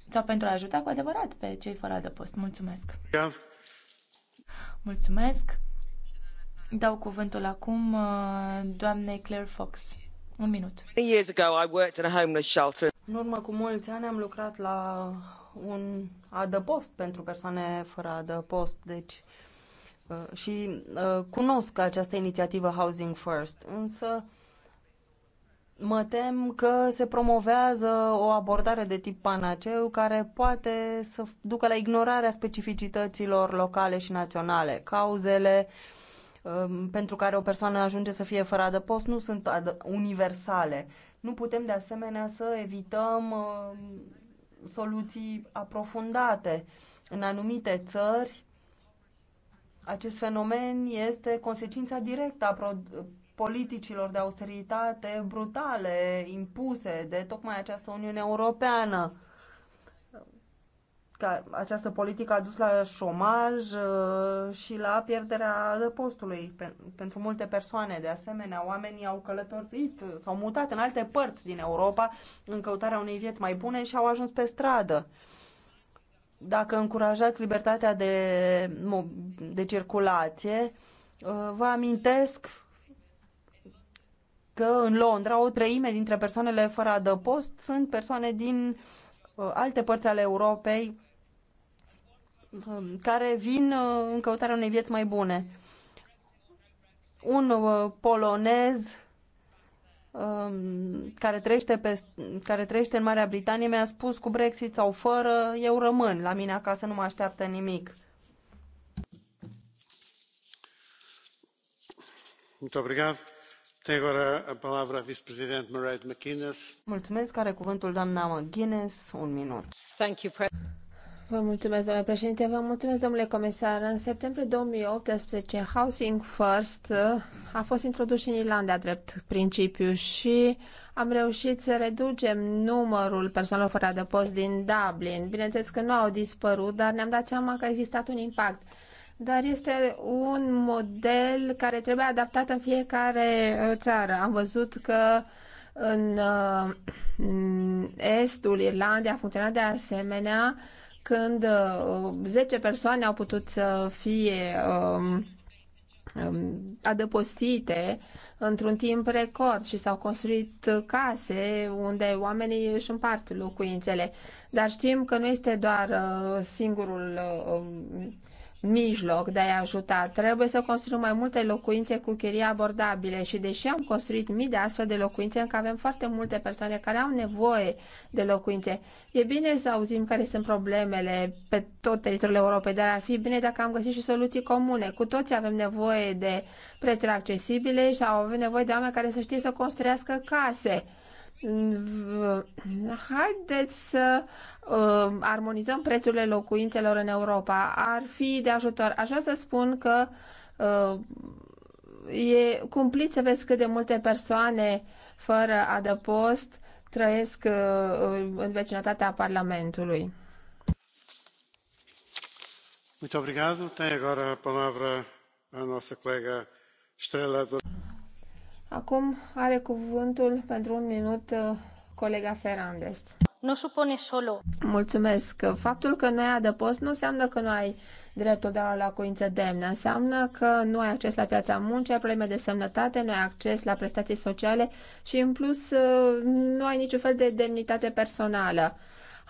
sau pentru a ajuta cu adevărat pe cei fără adăpost. Mulțumesc! Mulțumesc! Dau cuvântul acum uh, doamnei Claire Fox. Un minut. În urmă cu mulți ani am lucrat la un adăpost pentru persoane fără adăpost, deci uh, și uh, cunosc această inițiativă Housing First, însă mă tem că se promovează o abordare de tip panaceu care poate să ducă la ignorarea specificităților locale și naționale, cauzele uh, Um, pentru care o persoană ajunge să fie fără adăpost nu sunt universale. Nu putem de asemenea să evităm um, soluții aprofundate. În anumite țări, acest fenomen este consecința directă a politicilor de austeritate brutale impuse de tocmai această Uniune Europeană că această politică a dus la șomaj uh, și la pierderea postului pentru multe persoane. De asemenea, oamenii au călătorit, uh, s-au mutat în alte părți din Europa în căutarea unei vieți mai bune și au ajuns pe stradă. Dacă încurajați libertatea de, de circulație, uh, vă amintesc că în Londra o treime dintre persoanele fără adăpost sunt persoane din alte părți ale Europei Um, care vin uh, în căutarea unei vieți mai bune. Un uh, polonez um, care trăiește, pe, care trăiește în Marea Britanie mi-a spus cu Brexit sau fără, eu rămân la mine acasă, nu mă așteaptă nimic. Mulțumesc. Are cuvântul doamna McGuinness. Un minut. Thank you, Vă mulțumesc, domnule președinte, vă mulțumesc, domnule comisar. În septembrie 2018, Housing First uh, a fost introdus în Irlanda drept principiu și am reușit să reducem numărul persoanelor fără adăpost din Dublin. Bineînțeles că nu au dispărut, dar ne-am dat seama că a existat un impact dar este un model care trebuie adaptat în fiecare uh, țară. Am văzut că uh, în estul Irlandei a funcționat de asemenea când 10 uh, persoane au putut să fie um, um, adăpostite într-un timp record și s-au construit case unde oamenii își împart locuințele. Dar știm că nu este doar uh, singurul uh, um, mijloc de a-i ajuta. Trebuie să construim mai multe locuințe cu chirii abordabile și deși am construit mii de astfel de locuințe încă avem foarte multe persoane care au nevoie de locuințe. E bine să auzim care sunt problemele pe tot teritoriul Europei, dar ar fi bine dacă am găsit și soluții comune. Cu toți avem nevoie de prețuri accesibile și avem nevoie de oameni care să știe să construiască case Haideți să uh, armonizăm prețurile locuințelor în Europa. Ar fi de ajutor. Așa să spun că uh, e cumplit să vezi cât de multe persoane fără adăpost trăiesc uh, în vecinătatea Parlamentului. Muito obrigado. Tem agora a palavra a nossa colega Estrela. Acum are cuvântul pentru un minut uh, colega Ferrandez. Nu supune solo. Mulțumesc. Faptul că nu ai adăpost nu înseamnă că nu ai dreptul de la locuință demnă. Înseamnă că nu ai acces la piața muncii, ai probleme de sănătate, nu ai acces la prestații sociale și, în plus, uh, nu ai niciun fel de demnitate personală.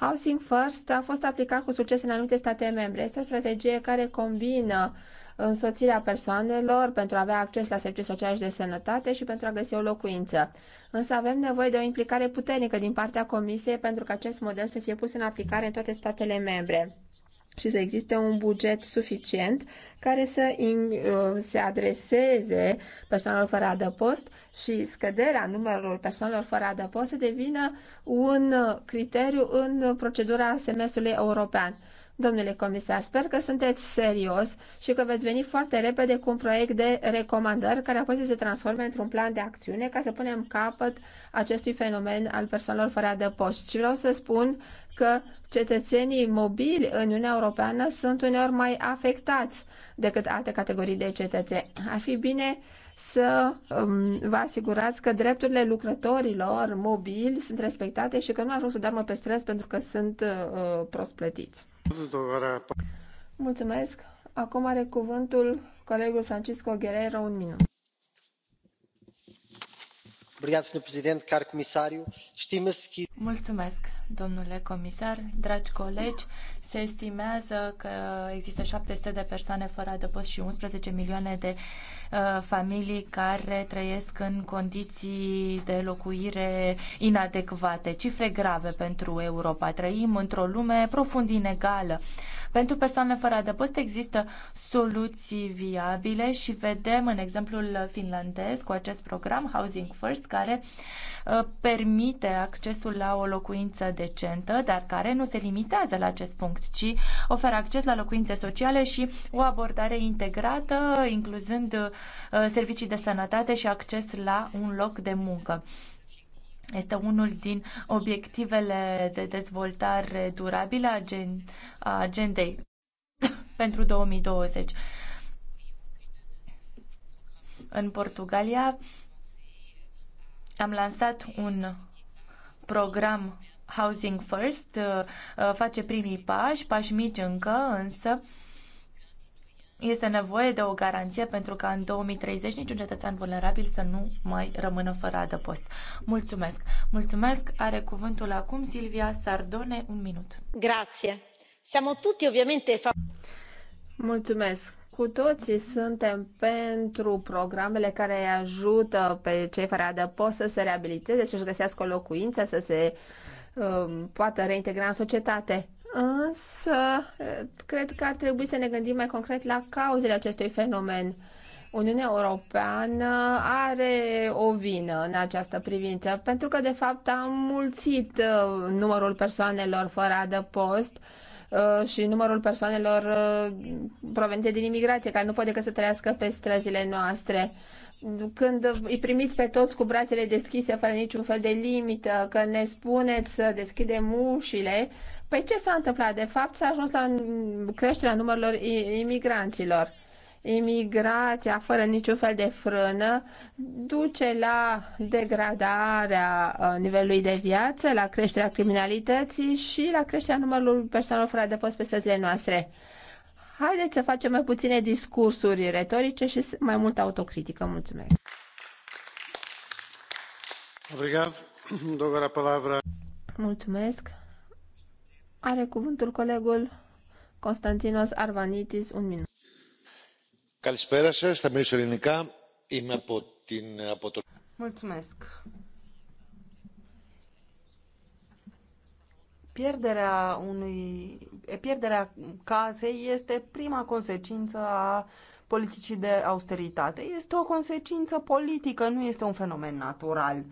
Housing First a fost aplicat cu succes în anumite state membre. Este o strategie care combină uh, însoțirea persoanelor pentru a avea acces la servicii sociale și de sănătate și pentru a găsi o locuință. Însă avem nevoie de o implicare puternică din partea Comisiei pentru că acest model să fie pus în aplicare în toate statele membre și să existe un buget suficient care să uh, se adreseze persoanelor fără adăpost și scăderea numărului persoanelor fără adăpost să devină un uh, criteriu în procedura semestrului european. Domnule comisar, sper că sunteți serios și că veți veni foarte repede cu un proiect de recomandări care apoi să se transforme într-un plan de acțiune ca să punem capăt acestui fenomen al persoanelor fără adăpost. Și vreau să spun că cetățenii mobili în Uniunea Europeană sunt uneori mai afectați decât alte categorii de cetățeni. Ar fi bine să um, vă asigurați că drepturile lucrătorilor mobili sunt respectate și că nu ajung să doarmă pe stres pentru că sunt uh, prost plătiți. Mulțumesc. Acum are cuvântul colegul Francisco Guerrero, un minut. Mulțumesc, domnule comisar, dragi colegi. Se estimează că există 700 de persoane fără adăpost și 11 milioane de uh, familii care trăiesc în condiții de locuire inadecvate. Cifre grave pentru Europa. Trăim într-o lume profund inegală. Pentru persoanele fără adăpost există soluții viabile și vedem în exemplul finlandez cu acest program Housing First care uh, permite accesul la o locuință decentă, dar care nu se limitează la acest punct, ci oferă acces la locuințe sociale și o abordare integrată, incluzând uh, servicii de sănătate și acces la un loc de muncă. Este unul din obiectivele de dezvoltare durabilă a, gen, a agendei [coughs] pentru 2020. În Portugalia am lansat un program Housing First, uh, face primii pași, pași mici încă, însă este nevoie de o garanție pentru ca în 2030 niciun cetățean vulnerabil să nu mai rămână fără adăpost. Mulțumesc! Mulțumesc! Are cuvântul acum Silvia Sardone, un minut. Grație! Siamo tutti ovviamente... Mulțumesc! Cu toții suntem pentru programele care îi ajută pe cei fără adăpost să se reabiliteze, să-și găsească o locuință, să se um, poată reintegra în societate însă cred că ar trebui să ne gândim mai concret la cauzele acestui fenomen. Uniunea Europeană are o vină în această privință, pentru că, de fapt, a mulțit uh, numărul persoanelor fără adăpost uh, și numărul persoanelor uh, provenite din imigrație, care nu pot decât să trăiască pe străzile noastre când îi primiți pe toți cu brațele deschise, fără niciun fel de limită, că ne spuneți să deschidem ușile, Păi ce s-a întâmplat? De fapt s-a ajuns la creșterea numărilor imigranților. Imigrația fără niciun fel de frână duce la degradarea uh, nivelului de viață, la creșterea criminalității și la creșterea numărului persoanelor fără adăpost pe stățile noastre. Haideți să facem mai puține discursuri retorice și mai multă autocritică. Mulțumesc! Obrigado. Dou agora a palavra. Mulțumesc. Are cuvântul colegul Constantinos Arvanitis, un minut. Καλησπέρα σα, θα μιλήσω ελληνικά. Είμαι από την... Από το... Mulțumesc. Pierderea, unui, pierderea casei este prima consecință a politicii de austeritate. Este o consecință politică, nu este un fenomen natural.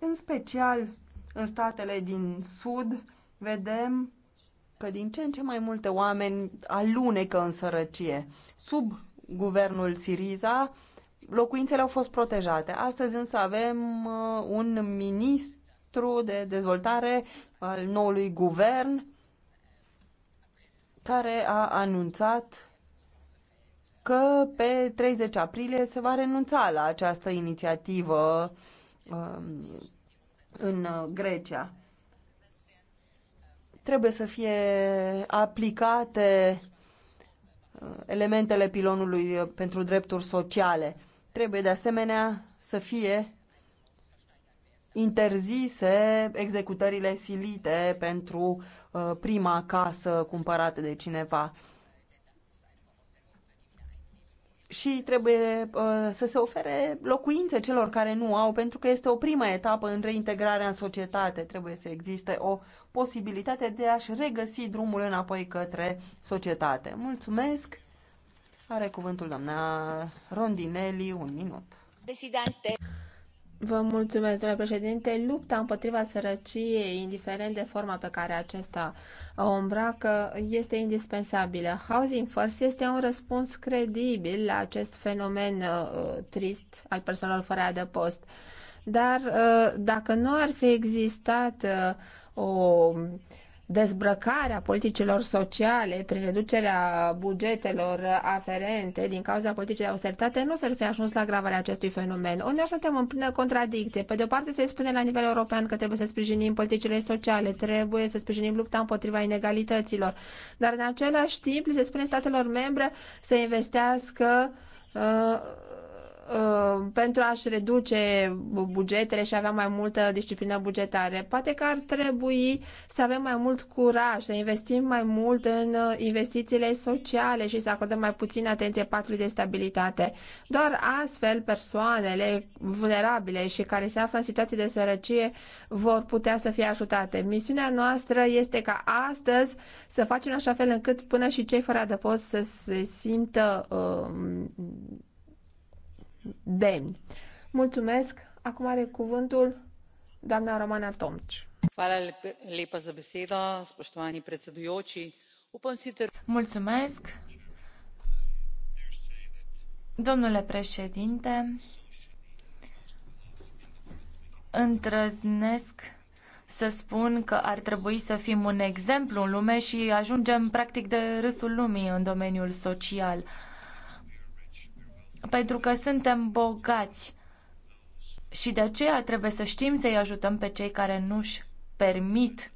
În special în statele din Sud, vedem că din ce în ce mai multe oameni alunecă în sărăcie. Sub guvernul Siriza, locuințele au fost protejate. Astăzi însă avem uh, un ministru de dezvoltare al noului guvern care a anunțat că pe 30 aprilie se va renunța la această inițiativă um, uh, în Grecia trebuie să fie aplicate uh, elementele pilonului uh, pentru drepturi sociale. Trebuie de asemenea să fie interzise executările silite pentru uh, prima casă cumpărată de cineva și trebuie uh, să se ofere locuințe celor care nu au, pentru că este o primă etapă în reintegrarea în societate. Trebuie să existe o posibilitate de a-și regăsi drumul înapoi către societate. Mulțumesc! Are cuvântul doamna Rondinelli, un minut. Presidente. Vă mulțumesc, domnule președinte. Lupta împotriva sărăciei, indiferent de forma pe care acesta o îmbracă, este indispensabilă. Housing First este un răspuns credibil la acest fenomen uh, trist al persoanelor fără adăpost. Dar uh, dacă nu ar fi existat uh, o dezbrăcarea politicilor sociale prin reducerea bugetelor aferente din cauza politicii de austeritate nu s-ar fi ajuns la gravarea acestui fenomen. Uneori suntem în plină contradicție. Pe de o parte se spune la nivel european că trebuie să sprijinim politicile sociale, trebuie să sprijinim lupta împotriva inegalităților, dar în același timp se spune statelor membre să investească uh, Uh, pentru a-și reduce bugetele și avea mai multă disciplină bugetare. Poate că ar trebui să avem mai mult curaj, să investim mai mult în uh, investițiile sociale și să acordăm mai puțin atenție patului de stabilitate. Doar astfel persoanele vulnerabile și care se află în situații de sărăcie vor putea să fie ajutate. Misiunea noastră este ca astăzi să facem așa fel încât până și cei fără adăpost să se simtă uh, demni. Mulțumesc! Acum are cuvântul doamna Romana Tomci. Da- Mulțumesc! Domnule președinte, întrăznesc să spun că ar trebui să fim un exemplu în lume și ajungem practic de râsul lumii în domeniul social pentru că suntem bogați și de aceea trebuie să știm să-i ajutăm pe cei care nu-și permit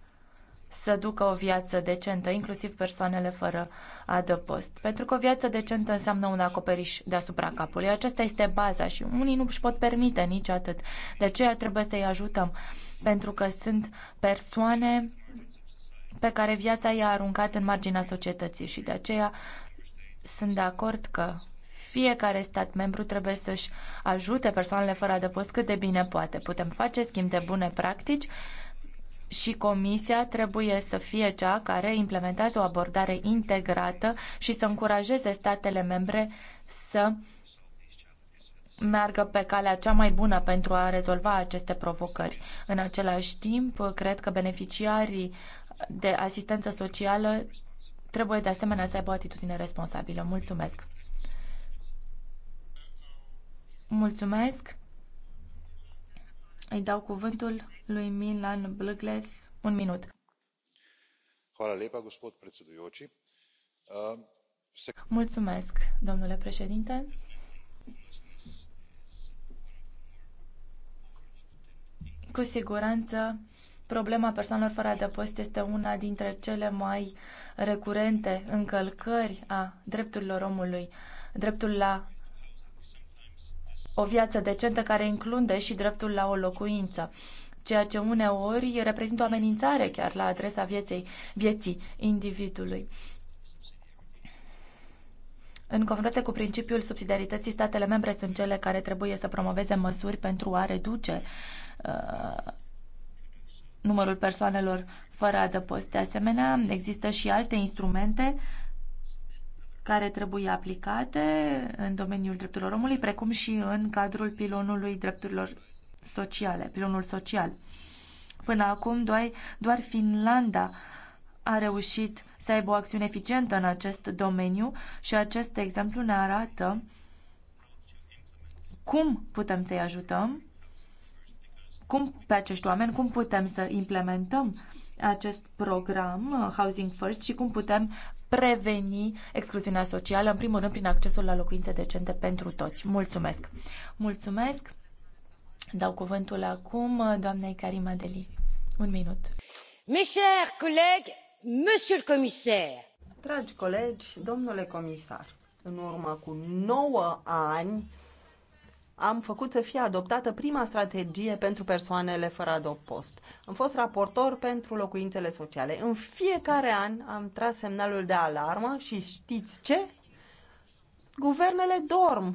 să ducă o viață decentă, inclusiv persoanele fără adăpost. Pentru că o viață decentă înseamnă un acoperiș deasupra capului. Aceasta este baza și unii nu își pot permite nici atât. De aceea trebuie să-i ajutăm, pentru că sunt persoane pe care viața i-a aruncat în marginea societății și de aceea sunt de acord că fiecare stat membru trebuie să-și ajute persoanele fără adăpost cât de bine poate. Putem face schimb de bune practici și Comisia trebuie să fie cea care implementează o abordare integrată și să încurajeze statele membre să meargă pe calea cea mai bună pentru a rezolva aceste provocări. În același timp, cred că beneficiarii de asistență socială trebuie de asemenea să aibă o atitudine responsabilă. Mulțumesc! Mulțumesc. Îi dau cuvântul lui Milan Blăgles. Un minut. Mulțumesc, domnule președinte. Cu siguranță, problema persoanelor fără adăpost este una dintre cele mai recurente încălcări a drepturilor omului. Dreptul la o viață decentă care include și dreptul la o locuință ceea ce uneori reprezintă o amenințare chiar la adresa vieței, vieții individului. În confruntate cu principiul subsidiarității, statele membre sunt cele care trebuie să promoveze măsuri pentru a reduce uh, numărul persoanelor fără adăpost. De asemenea, există și alte instrumente uh, care trebuie aplicate în domeniul drepturilor omului, precum și în cadrul pilonului drepturilor sociale, pilonul social. Până acum, doar, doar Finlanda a reușit să aibă o acțiune eficientă în acest domeniu și acest exemplu ne arată cum putem să-i ajutăm, cum pe acești oameni, cum putem să implementăm acest program uh, Housing First și cum putem preveni excluziunea socială, în primul rând prin accesul la locuințe decente pentru toți. Mulțumesc! Mulțumesc! Dau cuvântul acum doamnei Karima Deli. Un minut. Mes chers collègues, monsieur le commissaire. Dragi colegi, domnule comisar, în urmă cu 9 ani, am făcut să fie adoptată prima strategie pentru persoanele fără adopost. Am fost raportor pentru locuințele sociale. În fiecare an am tras semnalul de alarmă și știți ce? Guvernele dorm.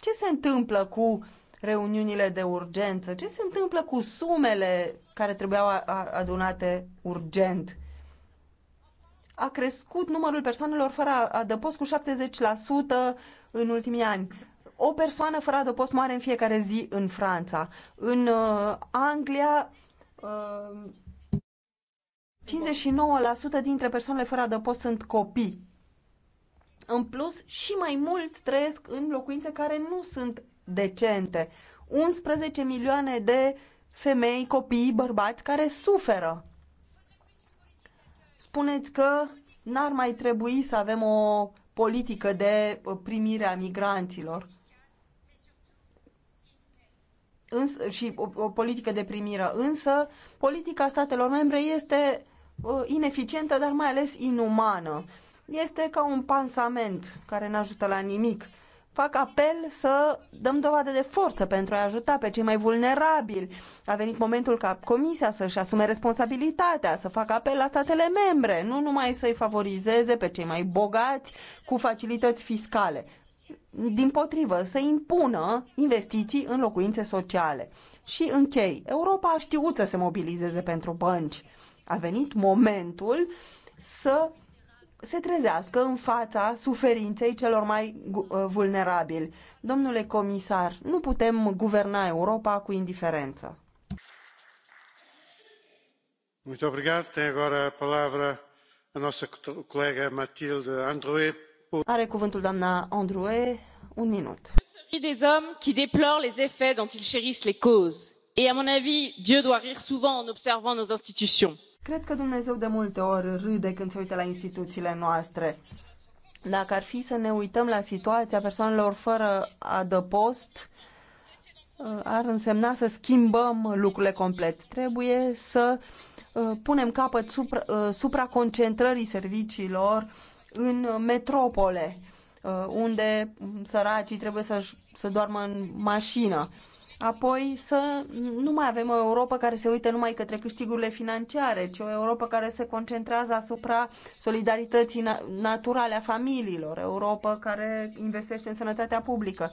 Ce se întâmplă cu reuniunile de urgență? Ce se întâmplă cu sumele care trebuiau adunate urgent? A crescut numărul persoanelor fără adăpost cu 70% în ultimii ani o persoană fără adăpost mare în fiecare zi în Franța. În uh, Anglia, uh, 59% dintre persoanele fără adăpost sunt copii. În plus, și mai mult trăiesc în locuințe care nu sunt decente. 11 milioane de femei, copii, bărbați care suferă. Spuneți că n-ar mai trebui să avem o politică de uh, primire a migranților îns, și o, o politică de primiră. Însă, politica statelor membre este uh, ineficientă, dar mai ales inumană. Este ca un pansament care nu ajută la nimic. Fac apel să dăm dovadă de forță pentru a ajuta pe cei mai vulnerabili. A venit momentul ca Comisia să-și asume responsabilitatea, să facă apel la statele membre, nu numai să-i favorizeze pe cei mai bogați cu facilități fiscale din potrivă, să impună investiții în locuințe sociale. Și închei, Europa a știut să se mobilizeze pentru bănci. A venit momentul să se trezească în fața suferinței celor mai uh, vulnerabili. Domnule comisar, nu putem guverna Europa cu indiferență. Mulțumesc, obrigado. agora a palavra a nossa colega Matilde Androe are cuvântul doamna Androuet, un minut. des hommes qui déplorent les effets dont ils chérissent les causes. Et à mon avis, Dieu doit rire souvent en observant nos institutions. Cred că Dumnezeu de multe ori râde când se uită la instituțiile noastre. Dacă ar fi să ne uităm la situația persoanelor fără adăpost, ar însemna să schimbăm lucrurile complet. Trebuie să uh, punem capăt supra, uh, supraconcentrării serviciilor în metropole, uh, unde săracii trebuie să, să doarmă în mașină. Apoi să nu mai avem o Europa care se uită numai către câștigurile financiare, ci o Europa care se concentrează asupra solidarității naturale a familiilor, Europa care investește în sănătatea publică.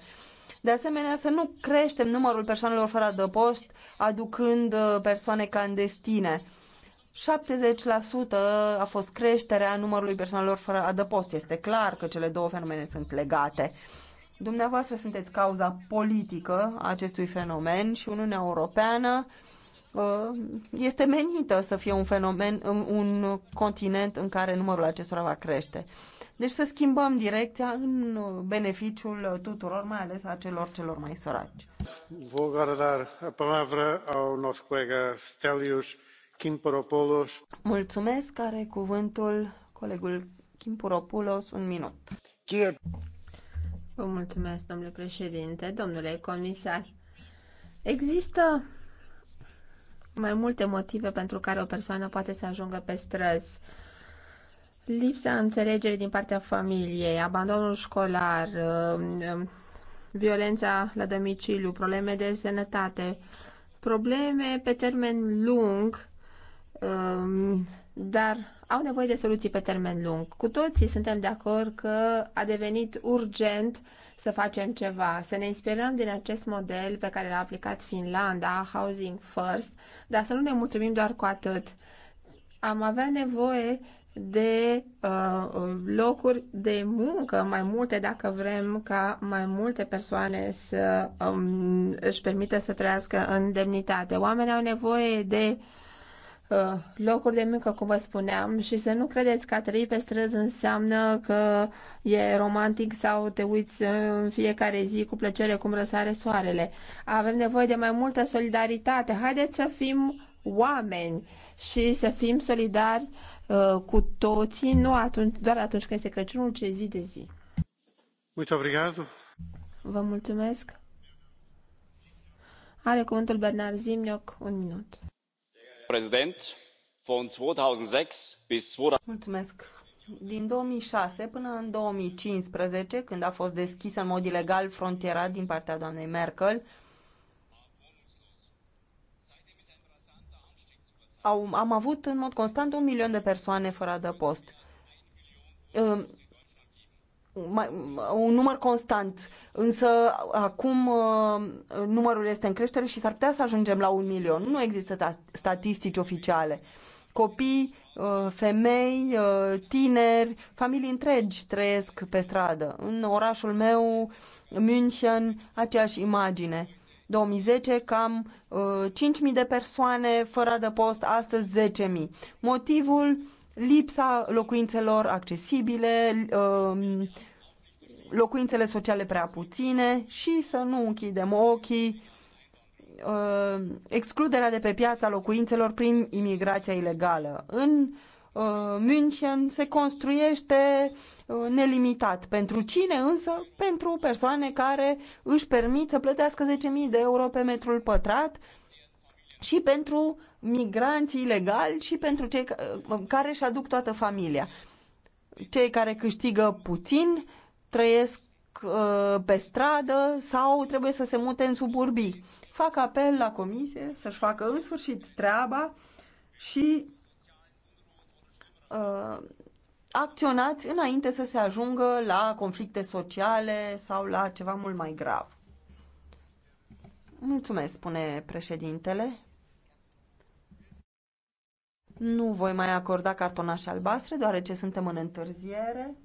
De asemenea, să nu creștem numărul persoanelor fără adăpost, aducând uh, persoane clandestine 70% a fost creșterea numărului persoanelor fără adăpost. Este clar că cele două fenomene sunt legate. Dumneavoastră sunteți cauza politică a acestui fenomen și Uniunea Europeană uh, este menită să fie un fenomen, un continent în care numărul acestora va crește. Deci să schimbăm direcția în beneficiul tuturor, mai ales a celor celor mai săraci. Vă la palavra ao nosso colega Stelios Kimporopoulos. Mulțumesc, are cuvântul colegul Kimporopoulos, un minut. Vă mulțumesc, domnule președinte, domnule comisar. Există mai multe motive pentru care o persoană poate să ajungă pe străzi. Lipsa înțelegerii din partea familiei, abandonul școlar, um, um, violența la domiciliu, probleme de sănătate, probleme pe termen lung Ehm, dar au nevoie de soluții pe termen lung. Cu toții suntem de acord că a devenit urgent să facem ceva, să ne inspirăm din acest model pe care l-a aplicat Finlanda, Housing First, dar să nu ne mulțumim doar cu atât. Am avea nevoie de uh, locuri de muncă mai multe dacă vrem ca mai multe persoane să um, își permită să trăiască în demnitate. Oamenii au nevoie de uh, Uh, locuri de muncă, cum vă spuneam, și să nu credeți că a trăi pe străzi înseamnă că e romantic sau te uiți în fiecare zi cu plăcere cum răsare soarele. Avem nevoie de mai multă solidaritate. Haideți să fim oameni și să fim solidari uh, cu toții, nu atunci, doar atunci când este Crăciunul, ci zi de zi. Mulțumesc! obrigado. Vă mulțumesc. Are cuvântul Bernard Zimnioc, un minut președinte Din 2006 până în 2015, când a fost deschisă în mod ilegal frontiera din partea doamnei Merkel, au, am avut în mod constant un milion de persoane fără adăpost un număr constant, însă acum uh, numărul este în creștere și s-ar putea să ajungem la un milion. Nu există statistici oficiale. Copii, uh, femei, uh, tineri, familii întregi trăiesc pe stradă. În orașul meu, München, aceeași imagine. 2010 cam 5.000 de persoane fără adăpost, astăzi 10.000. Motivul lipsa locuințelor accesibile, um, locuințele sociale prea puține și să nu închidem ochii um, excluderea de pe piața locuințelor prin imigrația ilegală. În uh, München se construiește uh, nelimitat. Pentru cine însă? Pentru persoane care își permit să plătească 10.000 de euro pe metrul pătrat și pentru migranți ilegali și pentru cei care își aduc toată familia. Cei care câștigă puțin trăiesc uh, pe stradă sau trebuie să se mute în suburbii. Fac apel la comisie să-și facă în sfârșit treaba și uh, acționați înainte să se ajungă la conflicte sociale sau la ceva mult mai grav. Mulțumesc, spune președintele. Nu voi mai acorda cartonașe albastre, deoarece suntem în întârziere.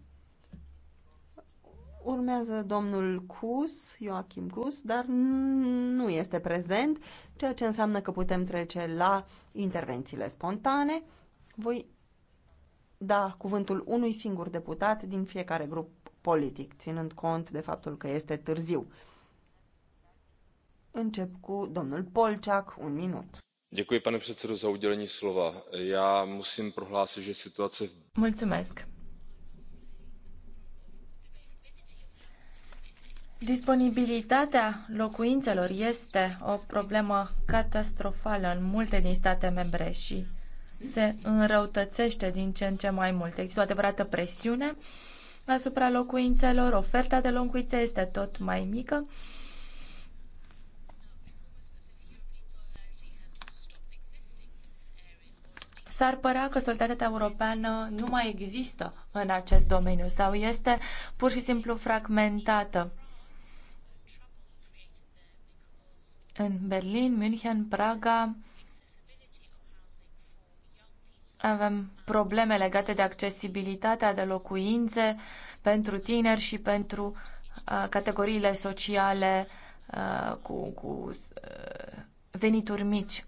Urmează domnul Cus, Joachim Cus, dar nu este prezent, ceea ce înseamnă că putem trece la intervențiile spontane. Voi da cuvântul unui singur deputat din fiecare grup politic, ținând cont de faptul că este târziu. Încep cu domnul Polceac, un minut pane předsedající já musím prohlásit že situace. disponibilitatea locuințelor este o problemă catastrofală în multe din state membre și se înrăutățește din ce în ce mai mult. Există o adevărată presiune asupra locuințelor, oferta de locuințe este tot mai mică. s-ar părea că solidaritatea europeană nu mai există în acest domeniu sau este pur și simplu fragmentată. În Berlin, München, Praga avem probleme legate de accesibilitatea de locuințe pentru tineri și pentru uh, categoriile sociale uh, cu, cu uh, venituri mici.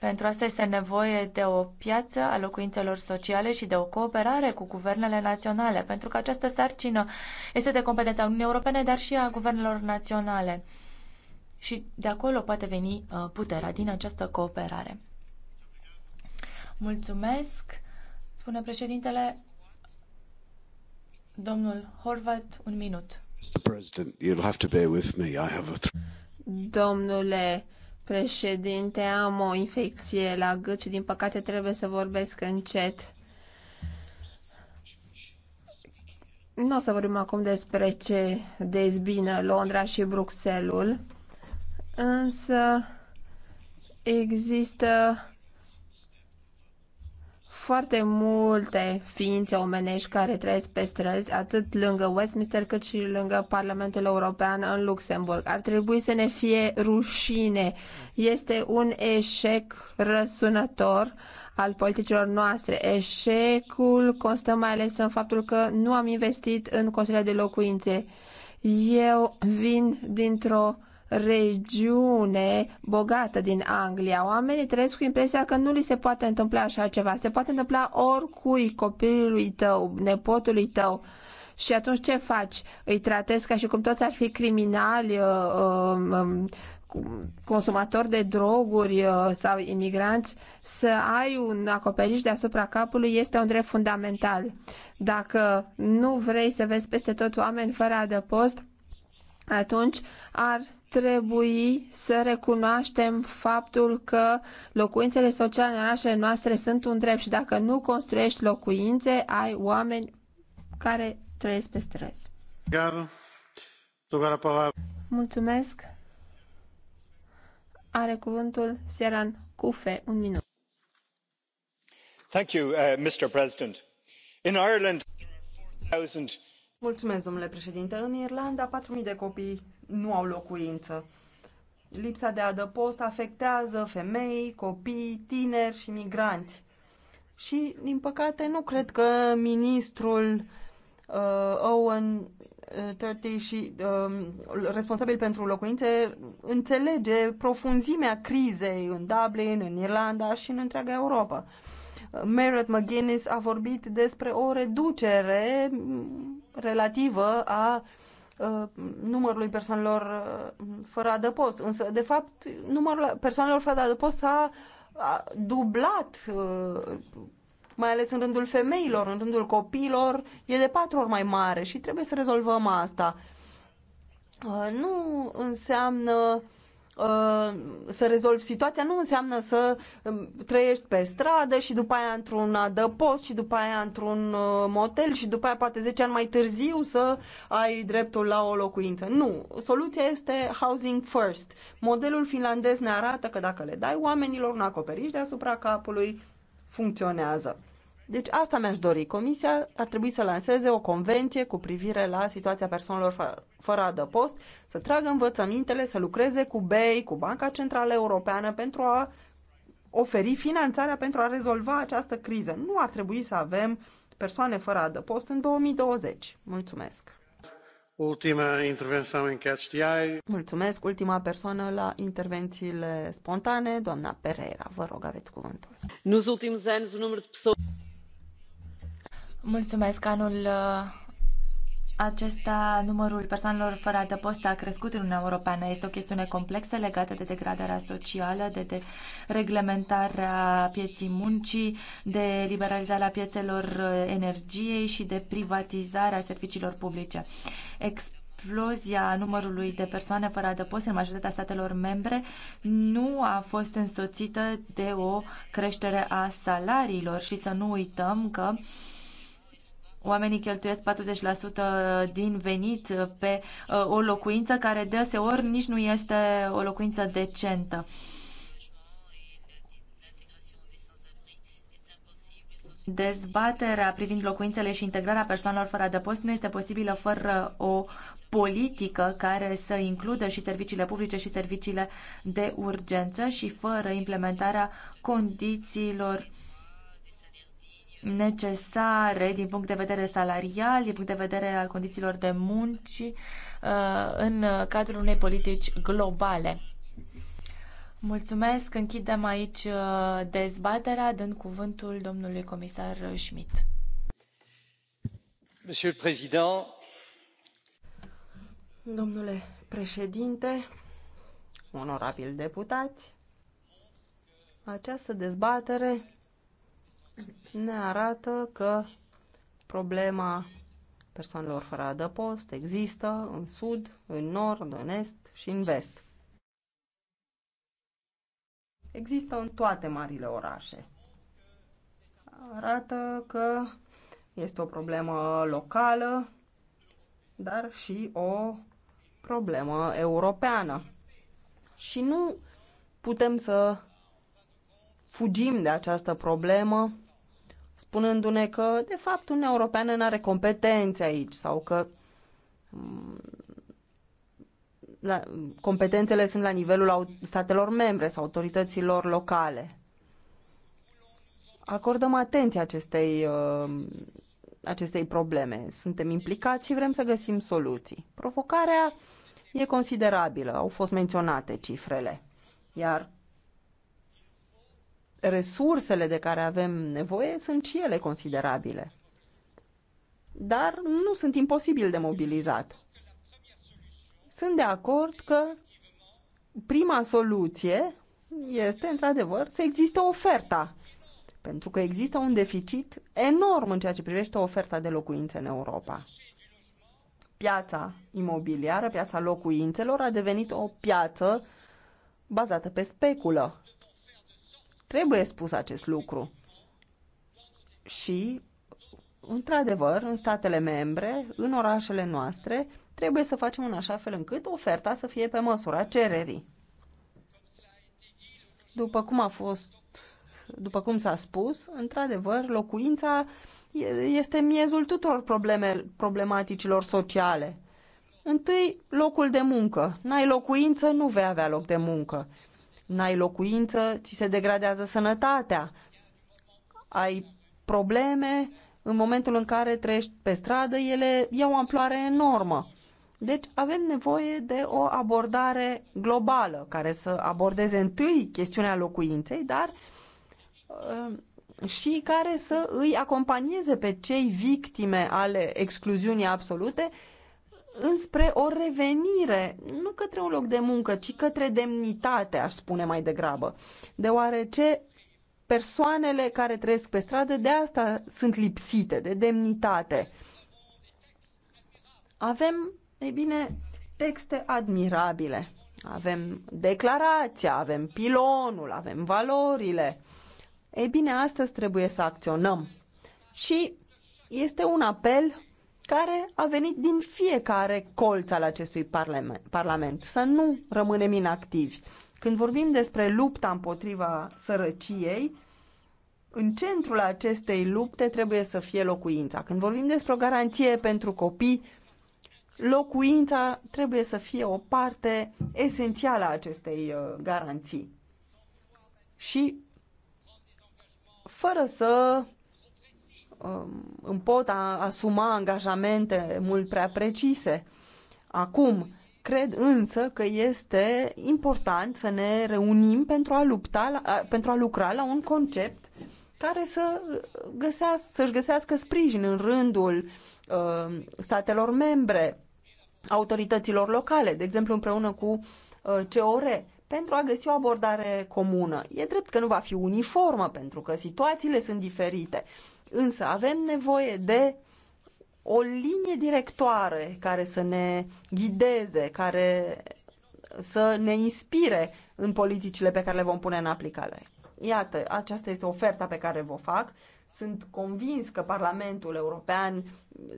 Pentru asta este nevoie de o piață a locuințelor sociale și de o cooperare cu guvernele naționale, pentru că această sarcină este de competența Uniunii Europene, dar și a guvernelor naționale. Și de acolo poate veni uh, puterea din această cooperare. Mulțumesc, spune președintele. Domnul Horvat, un minut. Domnule Președinte, am o infecție la gât și din păcate trebuie să vorbesc încet. Nu o să vorbim acum despre ce dezbină Londra și Bruxelles, însă există foarte multe ființe omenești care trăiesc pe străzi, atât lângă Westminster cât și lângă Parlamentul European în Luxemburg. Ar trebui să ne fie rușine. Este un eșec răsunător al politicilor noastre. Eșecul constă mai ales în faptul că nu am investit în construirea de locuințe. Eu vin dintr-o regiune bogată din Anglia. Oamenii trăiesc cu impresia că nu li se poate întâmpla așa ceva. Se poate întâmpla oricui copilului tău, nepotului tău. Și atunci ce faci? Îi tratezi ca și cum toți ar fi criminali, uh, um, um, consumatori de droguri uh, sau imigranți, să ai un acoperiș deasupra capului este un drept fundamental. Dacă nu vrei să vezi peste tot oameni fără adăpost, atunci ar trebui să recunoaștem faptul că locuințele sociale în orașele noastre sunt un drept și dacă nu construiești locuințe, ai oameni care trăiesc pe străzi. Mulțumesc. Are cuvântul Sieran Cufe, un minut. Thank you, uh, Mr. President. In Ireland, 4, 000... Mulțumesc, domnule președinte. În Irlanda, 4.000 de copii nu au locuință. Lipsa de adăpost afectează femei, copii, tineri și migranți. Și, din păcate, nu cred că ministrul uh, Owen uh, Turty și uh, responsabil pentru locuințe înțelege profunzimea crizei în Dublin, în Irlanda și în întreaga Europa. Merritt McGuinness a vorbit despre o reducere relativă a uh, Uh, numărului persoanelor uh, fără adăpost. Însă, de fapt, numărul persoanelor fără adăpost s-a dublat, uh, mai ales în rândul femeilor, în rândul copiilor, e de patru ori mai mare și trebuie să rezolvăm asta. Nu înseamnă Uh, să rezolvi situația nu înseamnă să um, trăiești pe stradă și după aia într-un adăpost și după aia într-un uh, motel și după aia poate 10 ani mai târziu să ai dreptul la o locuință. Nu. Soluția este housing first. Modelul finlandez ne arată că dacă le dai oamenilor un acoperiș deasupra capului, funcționează. Deci asta mi-aș dori. Comisia ar trebui să lanseze o convenție cu privire la situația persoanelor fără adăpost, să tragă învățămintele, să lucreze cu BEI, cu Banca Centrală Europeană pentru a oferi finanțarea pentru a rezolva această criză. Nu ar trebui să avem persoane fără adăpost în 2020. Mulțumesc! Ultima intervenție în Catch the Eye. Mulțumesc, ultima persoană la intervențiile spontane, doamna Pereira. Vă rog, aveți cuvântul. Nu ultimii ani, o de persoane. Mulțumesc. Anul uh, acesta numărul persoanelor fără adăpost a crescut în Uniunea Europeană. Este o chestiune complexă legată de degradarea socială, de, de reglementarea pieții muncii, de liberalizarea piețelor uh, energiei și de privatizarea serviciilor publice. Ex- explozia numărului de persoane fără adăpost în majoritatea statelor membre nu a fost însoțită de o creștere a salariilor și să nu uităm că uh, Oamenii cheltuiesc 40% din venit pe uh, o locuință care deseori nici nu este o locuință decentă. Dezbaterea privind locuințele și integrarea persoanelor fără adăpost nu este posibilă fără o politică care să includă și serviciile publice și serviciile de urgență și fără implementarea condițiilor necesare din punct de vedere salarial, din punct de vedere al condițiilor de munci uh, în cadrul unei politici globale. Mulțumesc, închidem aici uh, dezbaterea, dând cuvântul domnului comisar Schmidt. Monsieur le Président, Domnule președinte, onorabil deputați, această dezbatere ne arată că problema persoanelor fără adăpost există în sud, în nord, în est și în vest. Există în toate marile orașe. Arată că este o problemă locală, dar și o problemă europeană. Și nu putem să fugim de această problemă spunându-ne că, de fapt, Uniunea Europeană nu are competențe aici sau că mm, la, competențele sunt la nivelul statelor membre sau autorităților locale. Acordăm atenție acestei, uh, acestei probleme. Suntem implicați și vrem să găsim soluții. Provocarea e considerabilă, au fost menționate cifrele. Iar resursele de care avem nevoie sunt și ele considerabile. Dar nu sunt imposibil de mobilizat. Sunt de acord că prima soluție este, într-adevăr, să existe oferta. Pentru că există un deficit enorm în ceea ce privește oferta de locuințe în Europa. Piața imobiliară, piața locuințelor, a devenit o piață bazată pe speculă Trebuie spus acest lucru. Și, într-adevăr, în statele membre, în orașele noastre, trebuie să facem în așa fel încât oferta să fie pe măsura cererii. După cum a fost, după cum s-a spus, într-adevăr, locuința este miezul tuturor probleme, problematicilor sociale. Întâi, locul de muncă. N-ai locuință, nu vei avea loc de muncă n-ai locuință, ți se degradează sănătatea, ai probleme, în momentul în care trăiești pe stradă, ele iau amploare enormă. Deci avem nevoie de o abordare globală care să abordeze întâi chestiunea locuinței, dar uh, și care să îi acompanieze pe cei victime ale excluziunii absolute înspre o revenire, nu către un loc de muncă, ci către demnitate, aș spune mai degrabă. Deoarece persoanele care trăiesc pe stradă de asta sunt lipsite, de demnitate. Avem, ei bine, texte admirabile. Avem declarația, avem pilonul, avem valorile. Ei bine, astăzi trebuie să acționăm. Și este un apel care a venit din fiecare colț al acestui parlament. Să nu rămânem inactivi. Când vorbim despre lupta împotriva sărăciei, în centrul acestei lupte trebuie să fie locuința. Când vorbim despre o garanție pentru copii, locuința trebuie să fie o parte esențială a acestei uh, garanții. Și fără să Um, îmi pot a asuma angajamente mult prea precise. Acum, cred însă că este important să ne reunim pentru a, lupta, pentru a lucra la un concept care să uh, găsească, să-și găsească sprijin în rândul uh, statelor membre, autorităților locale, de exemplu împreună cu uh, COR, pentru a găsi o abordare comună. E drept că nu va fi uniformă, pentru că situațiile sunt diferite, Însă avem nevoie de o linie directoare care să ne ghideze, care să ne inspire în politicile pe care le vom pune în aplicare. Iată, aceasta este oferta pe care vă fac. Sunt convins că Parlamentul European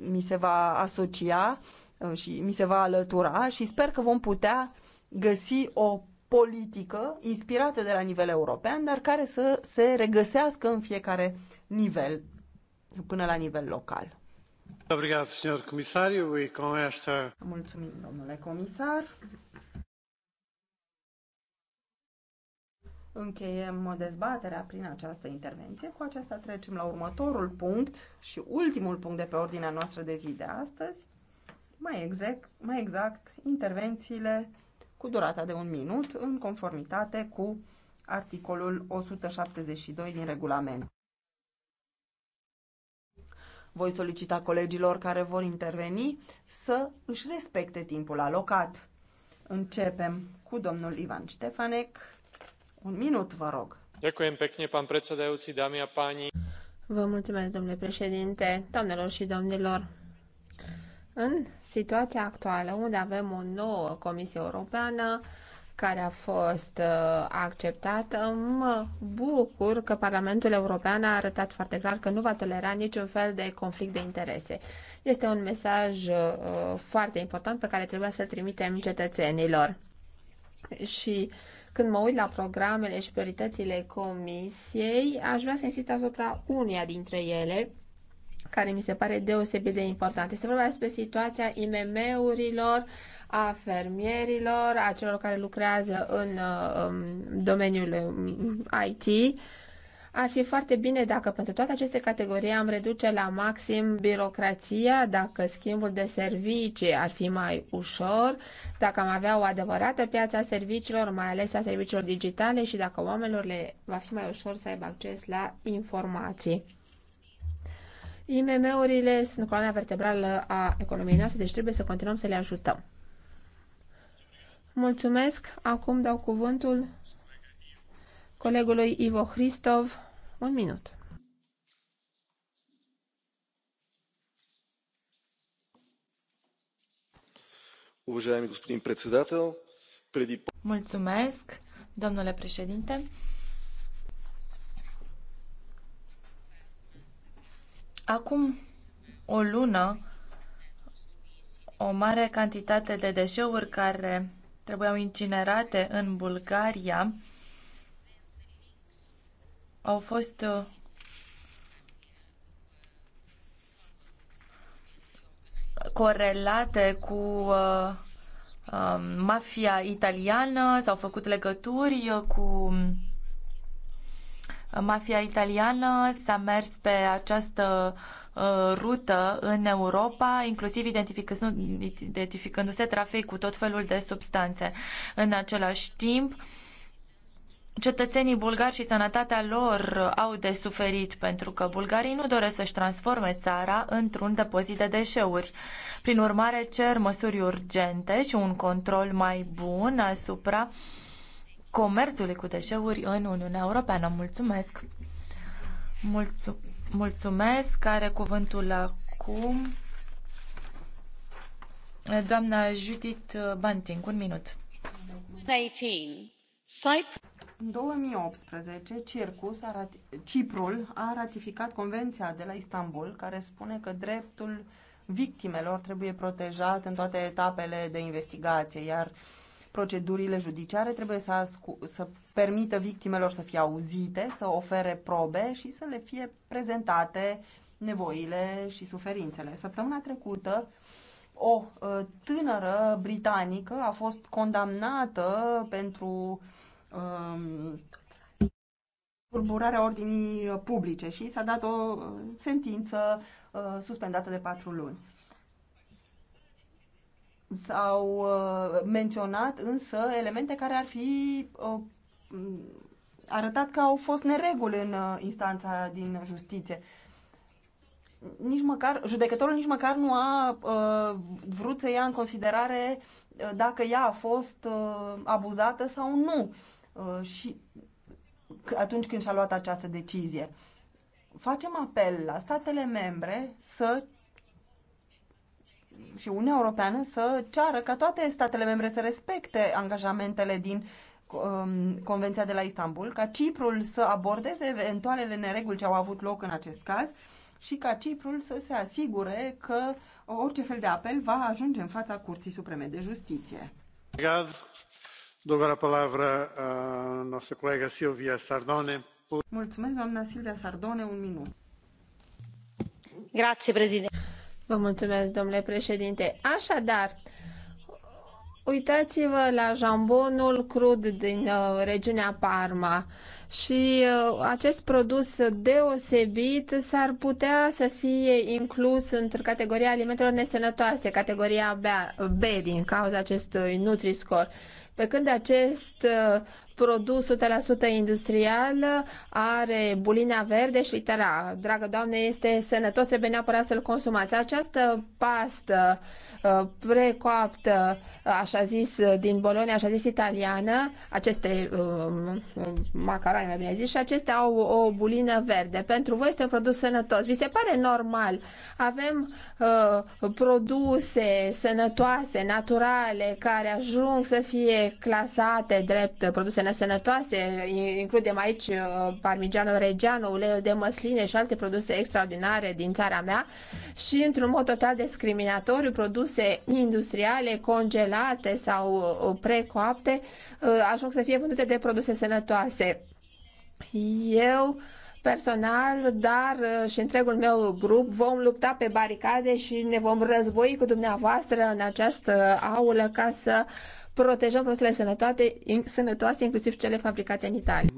mi se va asocia uh, și mi se va alătura și sper că vom putea găsi o politică inspirată de la nivel european, dar care să se regăsească în fiecare nivel până la nivel local. Mulțumim, domnule comisar. Încheiem dezbaterea prin această intervenție. Cu aceasta trecem la următorul punct și ultimul punct de pe ordinea noastră de zi de astăzi. Mai exact, mai exact intervențiile cu durata de un minut în conformitate cu articolul 172 din regulament. Voi solicita colegilor care vor interveni să își respecte timpul alocat. Începem cu domnul Ivan Ștefanec. Un minut, vă rog. Ďakujem pekne, pán predsedajúci, dámy a páni. Vă mulțumesc, domnule președinte, doamnelor și domnilor. În situația actuală, unde avem o nouă Comisie Europeană, care a fost uh, acceptată. Mă bucur că Parlamentul European a arătat foarte clar că nu va tolera niciun fel de conflict de interese. Este un mesaj uh, foarte important pe care trebuia să-l trimitem cetățenilor. Și când mă uit la programele și prioritățile Comisiei, aș vrea să insist asupra uneia dintre ele, care mi se pare deosebit de important. Este vorba despre situația IMM-urilor, a fermierilor, a celor care lucrează în, um, domeniul um, IT. Ar fi foarte bine dacă pentru toate aceste categorii am reduce la maxim birocrația, dacă schimbul de servicii ar fi mai ușor, dacă am avea o adevărată piață a serviciilor, mai ales a serviciilor digitale și dacă oamenilor le va fi mai ușor să aibă acces la informații. IMM-urile sunt coloana vertebrală a economiei noastre, deci trebuie să continuăm să le ajutăm. Mulțumesc. Acum dau cuvântul colegului Ivo Hristov. Un minut. Mulțumesc, domnule președinte. Acum o lună, o mare cantitate de deșeuri care trebuiau incinerate în Bulgaria au fost uh, corelate cu uh, uh, mafia italiană, s-au făcut legături uh, cu Mafia italiană s-a mers pe această uh, rută în Europa, inclusiv identificându-se trafic cu tot felul de substanțe. În același timp, cetățenii bulgari și sănătatea lor au de suferit pentru că bulgarii nu doresc să-și transforme țara într-un depozit de deșeuri. Prin urmare, cer măsuri urgente și un control mai bun asupra uh, comerțului cu deșeuri în Uniunea Europeană. Mulțumesc! Mulțu- mulțumesc! Care cuvântul acum? Doamna Judith Banting, un minut. 18. În 2018, Circus a Ciprul a ratificat Convenția de la Istanbul, care spune că dreptul victimelor trebuie protejat în toate etapele de investigație, iar uh, Procedurile judiciare trebuie să, ascu- să permită victimelor să fie auzite, să ofere probe și să le fie prezentate nevoile și suferințele. Săptămâna trecută, o ă, tânără britanică a fost condamnată pentru um, ordinii publice și s-a dat o ă, sentință uh, suspendată de patru luni. S-au uh, menționat însă elemente care ar fi uh, arătat că au fost nereguli în uh, instanța din justiție. Nici măcar, judecătorul nici măcar nu a uh, vrut să ia în considerare uh, dacă ea a fost uh, abuzată sau nu. Uh, și atunci când și-a luat această decizie. Facem apel la statele membre să și Uniunea Europeană să ceară ca toate statele membre să respecte angajamentele din um, Convenția de la Istanbul, ca Ciprul să abordeze eventualele nereguli ce au avut loc în acest caz și ca Ciprul să se asigure că orice fel de apel va ajunge în fața Curții Supreme de Justiție. Mulțumesc, doamna Silvia Sardone, un minut. Grazie, Presidente. Vă mulțumesc, domnule președinte. Așadar, uitați-vă la jambonul crud din uh, regiunea Parma și uh, acest produs deosebit s-ar putea să fie inclus într categoria alimentelor nesănătoase, categoria B, B din cauza acestui Nutri-Score. Pe când acest uh, produs 100% industrial, are bulina verde și litera. Dragă doamne, este sănătos, trebuie neapărat să-l consumați. Această pastă uh, precoaptă, uh, așa zis, uh, din Bolonia, așa zis italiană, aceste uh, macaroni, mai bine zis, și acestea au o bulină verde. Pentru voi este un produs sănătos. Vi se pare normal? Avem uh, produse sănătoase, naturale, care ajung să fie clasate drept produse carne sănătoase, includem aici uh, parmigiano reggiano, uleiul de măsline și alte produse extraordinare din țara mea și într-un mod total discriminatoriu produse industriale congelate sau uh, precoapte uh, ajung să fie vândute de produse sănătoase. Eu personal, dar și întregul meu grup vom lupta pe baricade și ne vom război cu dumneavoastră în această aulă ca să uh, protejăm produsele sănătoase, sănătoase, inclusiv cele fabricate în Italia.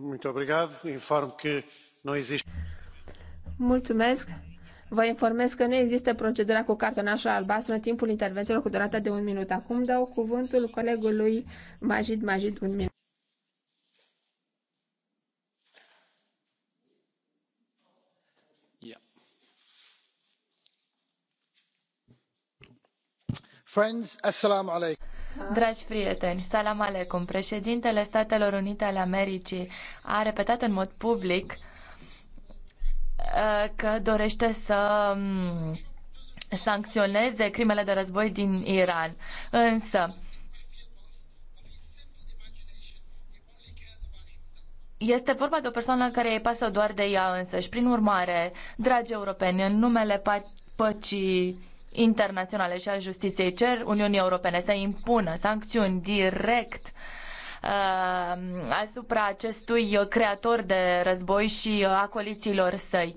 Mulțumesc. Vă informez că nu există procedura cu cartonașul albastru în timpul intervențiilor cu durata de un minut. Acum dau cuvântul colegului Majid Majid un minut. Friends, assalamu alaikum Dragi prieteni, salam alecum. Președintele Statelor Unite ale Americii a repetat în mod public uh, că dorește să mm, sancționeze crimele de război din Iran. Însă, Este vorba de o persoană care îi pasă doar de ea însăși. Prin urmare, dragi europeni, în numele păcii internaționale și a justiției cer Uniunii Europene să impună sancțiuni direct uh, asupra acestui creator de război și uh, acoliților săi.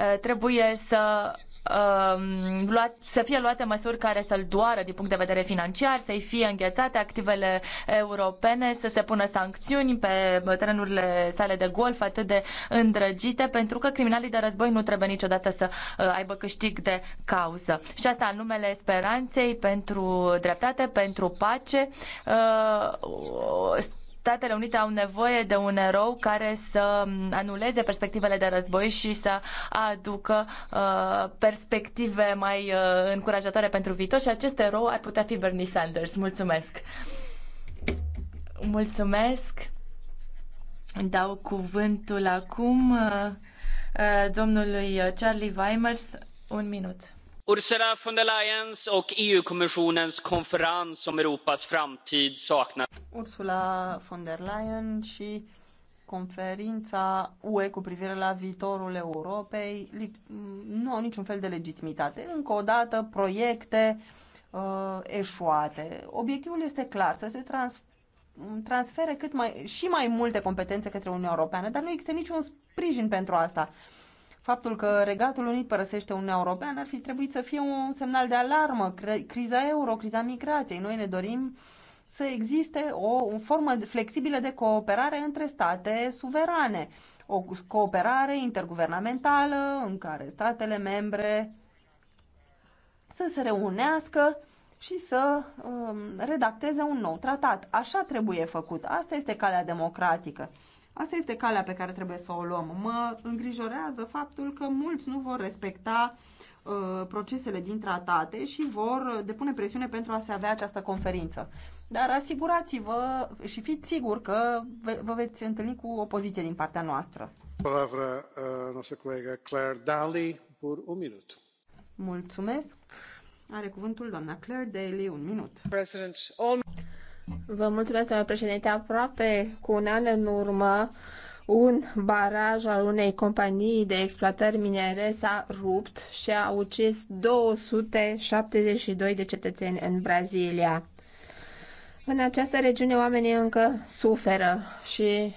Uh, trebuie să Um, luat, să fie luate măsuri care să-l doară din punct de vedere financiar, să-i fie înghețate activele europene, să se pună sancțiuni pe terenurile sale de golf atât de îndrăgite, pentru că criminalii de război nu trebuie niciodată să uh, aibă câștig de cauză. Și asta în numele speranței pentru dreptate, pentru pace. Uh, Statele Unite au nevoie de un erou care să mm, anuleze perspectivele de război și să aducă uh, perspective mai uh, încurajatoare pentru viitor și acest erou ar putea fi Bernie Sanders. Mulțumesc! Mulțumesc! Dau cuvântul acum uh, uh domnului Charlie Weimers. Un minut ursula von der leyens och eu kommissionens konferens om europas framtid saknas. ursula von der leyen și conferința ue cu privire la viitorul europei nu au niciun fel de legitimitate. încă o dată proiecte uh, eșuate. obiectivul este clar să se trans- transfere cât mai și mai multe competențe către Uniunea Europeană, dar nu există niciun sprijin pentru asta Faptul că Regatul Unit părăsește Uniunea Europeană ar fi trebuit să fie un semnal de alarmă. Criza euro, criza migrației. Noi ne dorim să existe o, o formă flexibilă de cooperare între state suverane. O cooperare interguvernamentală în care statele membre să se reunească și să um, redacteze un nou tratat. Așa trebuie făcut. Asta este calea democratică. Asta este calea pe care trebuie să o luăm. Mă îngrijorează faptul că mulți nu vor respecta uh, procesele din tratate și vor uh, depune presiune pentru a se avea această conferință. Dar asigurați-vă și fiți siguri că vă veți întâlni cu opoziție din partea noastră. Palavra uh, noastră colegă Claire Daly, pur un minut. Mulțumesc. Are cuvântul doamna Claire Daly, un minut. President, all... Vă mulțumesc, domnule președinte. Aproape cu un an în urmă, un baraj al unei companii de exploatări minere s-a rupt și a ucis 272 de cetățeni în Brazilia. În această regiune oamenii încă suferă și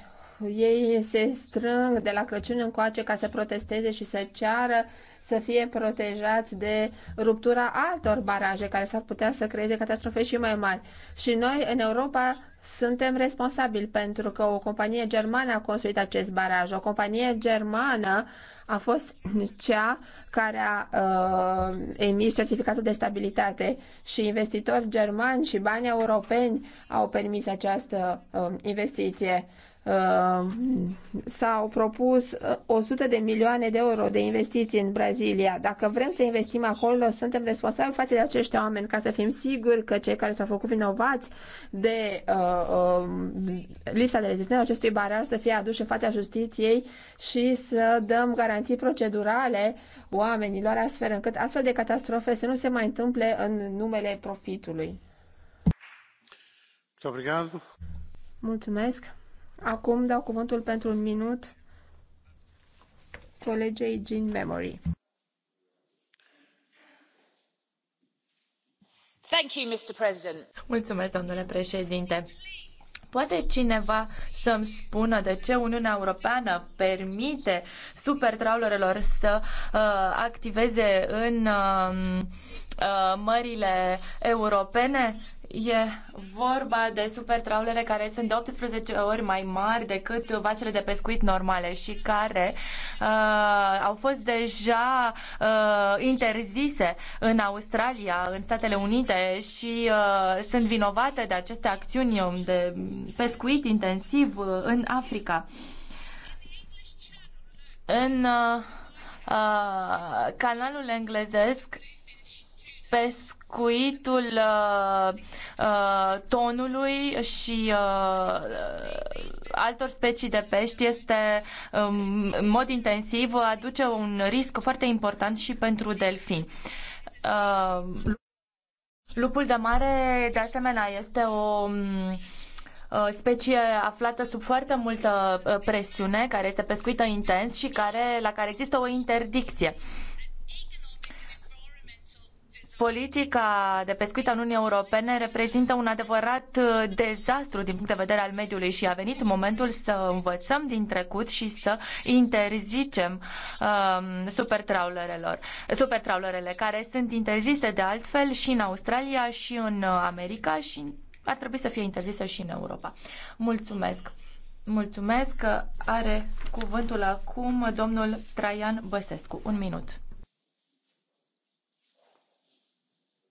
ei se strâng de la Crăciun încoace ca să protesteze și să ceară să fie protejați de ruptura altor baraje care s-ar putea să creeze catastrofe și mai mari. Și noi, în Europa, suntem responsabili pentru că o companie germană a construit acest baraj. O companie germană a fost cea care a uh, emis certificatul de stabilitate și investitori germani și bani europeni au permis această uh, investiție. Uh, s-au propus 100 uh, de milioane de euro de investiții în Brazilia. Dacă vrem să investim acolo, suntem responsabili față de acești oameni ca să fim siguri că cei care s-au făcut vinovați de uh, uh, lipsa de rezistență acestui baraj să fie aduși în fața justiției și să dăm garanții procedurale oamenilor astfel încât astfel de catastrofe să nu se mai întâmple în numele profitului. Mulțumesc. Acum dau cuvântul pentru un minut colegei Jean Memory. Thank you, Mr. President. Mulțumesc, domnule președinte. Poate cineva să-mi spună de ce Uniunea Europeană permite supertrawlerelor să uh, activeze în uh, uh, mările europene? E vorba de supertraulere care sunt de 18 ori mai mari decât vasele de pescuit normale și care uh, au fost deja uh, interzise în Australia, în Statele Unite și uh, sunt vinovate de aceste acțiuni de pescuit intensiv uh, în Africa. În uh, uh, canalul englezesc pescuit circuitul uh, uh, tonului și uh, uh, altor specii de pești este um, în mod intensiv, aduce un risc foarte important și pentru delfini. Uh, lupul de mare, de asemenea, este o um, uh, specie aflată sub foarte multă presiune, care este pescuită intens și care, la care există o interdicție. Uh, Politica de pescuit a Uniunii Europene reprezintă un adevărat uh, dezastru din punct de vedere al mediului și a venit momentul să învățăm din trecut și să interzicem um, supertraulerelor, supertraulerele care sunt interzise de altfel și în Australia și în uh, America și ar trebui să fie interzise și în Europa. Mulțumesc! Mulțumesc! Are cuvântul acum domnul Traian Băsescu. Un minut.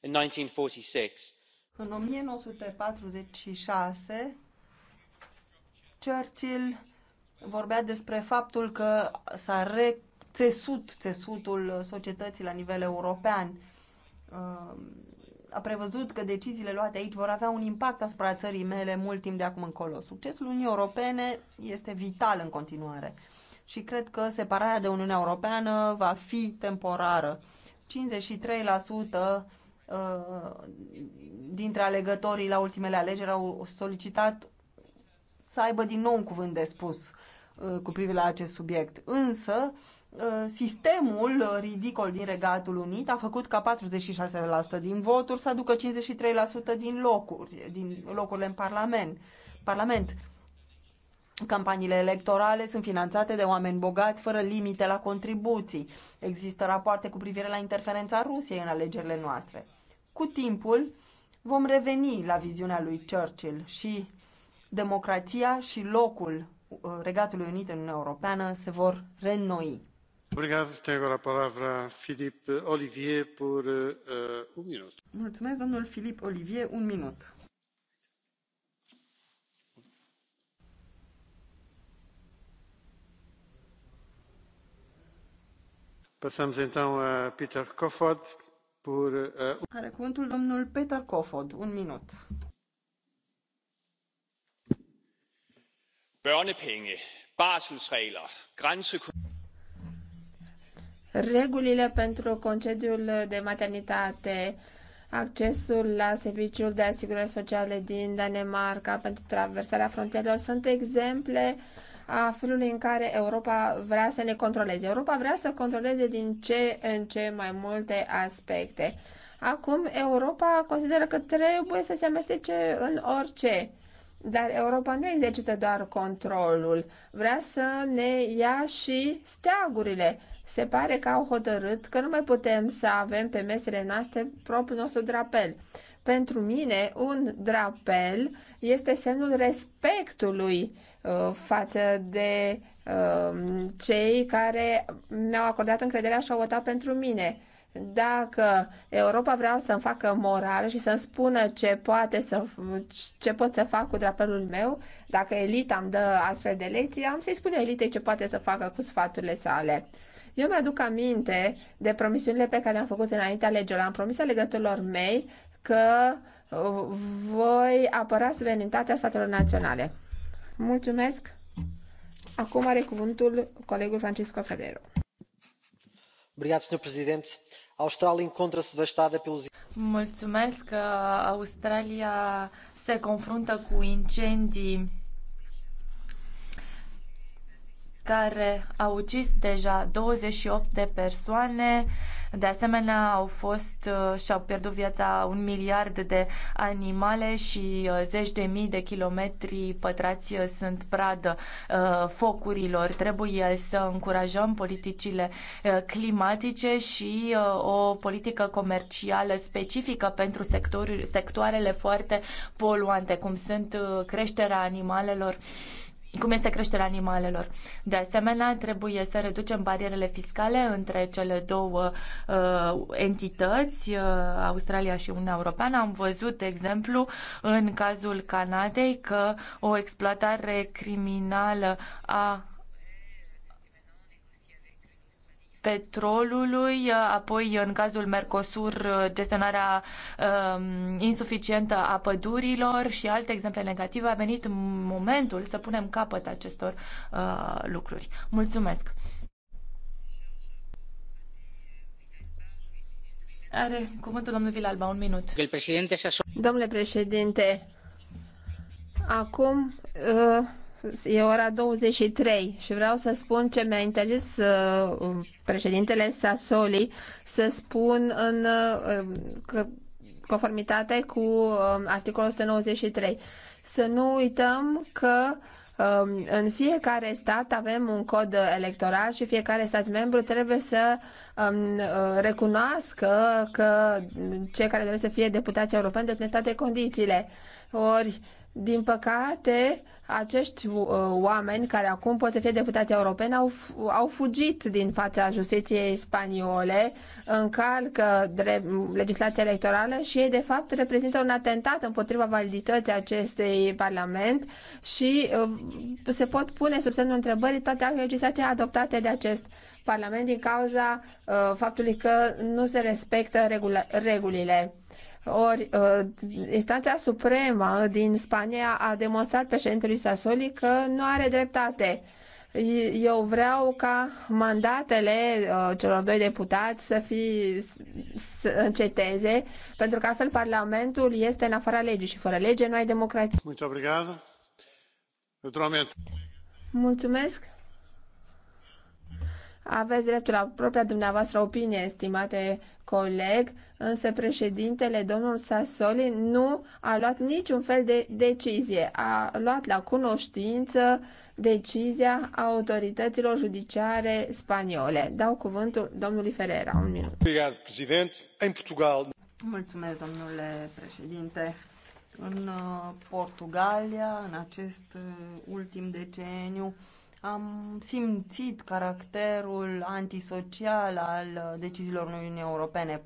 în 1946, Churchill vorbea despre faptul că s-a rețesut țesutul societății la nivel european. A prevăzut că deciziile luate aici vor avea un impact asupra țării mele mult timp de acum încolo. Succesul Uniunii Europene este vital în continuare și cred că separarea de Uniunea Europeană va fi temporară. 53% Uh, dintre alegătorii la ultimele alegeri au solicitat să aibă din nou un cuvânt de spus uh, cu privire la acest subiect. Însă, uh, sistemul ridicol din Regatul Unit a făcut ca 46% din voturi să aducă 53% din locuri, din locurile în Parlament. Parlament. Campaniile electorale sunt finanțate de oameni bogați fără limite la contribuții. Există rapoarte cu privire la interferența Rusiei în alegerile noastre. Cu timpul vom reveni la viziunea lui Churchill și democrația și locul uh, Regatului Unit în Uniunea Europeană se vor reînnoi. Uh, uh, um Mulțumesc, domnul Filip Olivier, un minut. Passamos então a Peter Kofod Pur, uh... Are cuvântul domnul Peter Kofod. Un minut. Børnepenge, barselsregler, grænsekontrol. Regulile pentru concediul de maternitate, accesul la serviciul de asigurări sociale din Danemarca pentru traversarea frontierelor sunt exemple uh, a felului în care Europa vrea să ne controleze. Europa vrea să controleze din ce în ce mai multe aspecte. Acum Europa consideră că trebuie să se amestece în orice. Dar Europa nu exercită doar controlul, vrea să ne ia și steagurile. Se pare că au hotărât că nu mai putem să avem pe mesele noastre propriul nostru drapel. Pentru mine, un drapel este semnul respectului Uh, față de uh, cei care mi-au acordat încrederea și au votat pentru mine. Dacă Europa vrea să-mi facă moral și să-mi spună ce, poate să, ce pot să fac cu drapelul meu, dacă elita îmi dă astfel de lecții, am să-i spun eu elitei ce poate să facă cu sfaturile sale. Eu mi-aduc aminte de promisiunile pe care le-am făcut înainte alegerilor. Am promis alegătorilor mei că uh, voi apăra suverenitatea statelor naționale. Mulțumesc. Acum are cuvântul colegul Francisco Ferrero. Obrigado, Sr. Presidente. A Austrália encontra-se devastada pelos. Mulțumesc. Australia se confruntă cu incendii care a ucis deja 28 de persoane. De asemenea, au fost uh, și-au pierdut viața un miliard de animale și uh, zeci de mii de kilometri pătrați uh, sunt pradă focurilor. Trebuie să încurajăm politicile climatice și o politică comercială specifică pentru sectoarele foarte poluante, cum sunt creșterea animalelor cum este creșterea animalelor. De asemenea, trebuie să reducem barierele fiscale între cele două uh, entități, uh, Australia și Uniunea Europeană. Am văzut, de exemplu, în cazul Canadei că o exploatare criminală a petrolului, apoi în cazul Mercosur gestionarea um, insuficientă a pădurilor și alte exemple negative, a venit momentul să punem capăt acestor uh, lucruri. Mulțumesc! Are cuvântul domnul Vilalba, un minut. Domnule președinte, acum uh e ora 23 și vreau să spun ce mi-a interzis uh, președintele Sassoli să spun în uh, că, conformitate cu uh, articolul 193. Să nu uităm că um, în fiecare stat avem un cod electoral și fiecare stat membru trebuie să um, uh, recunoască că cei care doresc să fie deputați europeni trebuie să state condițiile. Ori din păcate, acești uh, oameni care acum pot să fie deputați europeni au, au fugit din fața justiției spaniole, încalcă legislația electorală și ei de fapt reprezintă un atentat împotriva validității acestei parlament și uh, se pot pune sub semnul întrebării toate actele legislative adoptate de acest parlament din cauza uh, faptului că nu se respectă regula, regulile. Ori uh, instanța supremă din Spania a demonstrat președintelui Sassoli că nu are dreptate. Eu vreau ca mandatele uh, celor doi deputați să, fie să înceteze, pentru că altfel Parlamentul este în afara legii și fără lege nu ai democrație. Mulțumesc. Aveți dreptul la propria dumneavoastră opinie, estimate coleg, însă președintele, domnul Sassoli, nu a luat niciun fel de decizie. A luat la cunoștință decizia autorităților judiciare spaniole. Dau cuvântul domnului Ferreira. Un minut. Mulțumesc, domnule președinte. În uh, Portugalia, în acest uh, ultim deceniu, am simțit caracterul antisocial al uh, deciziilor Uniunii Europene.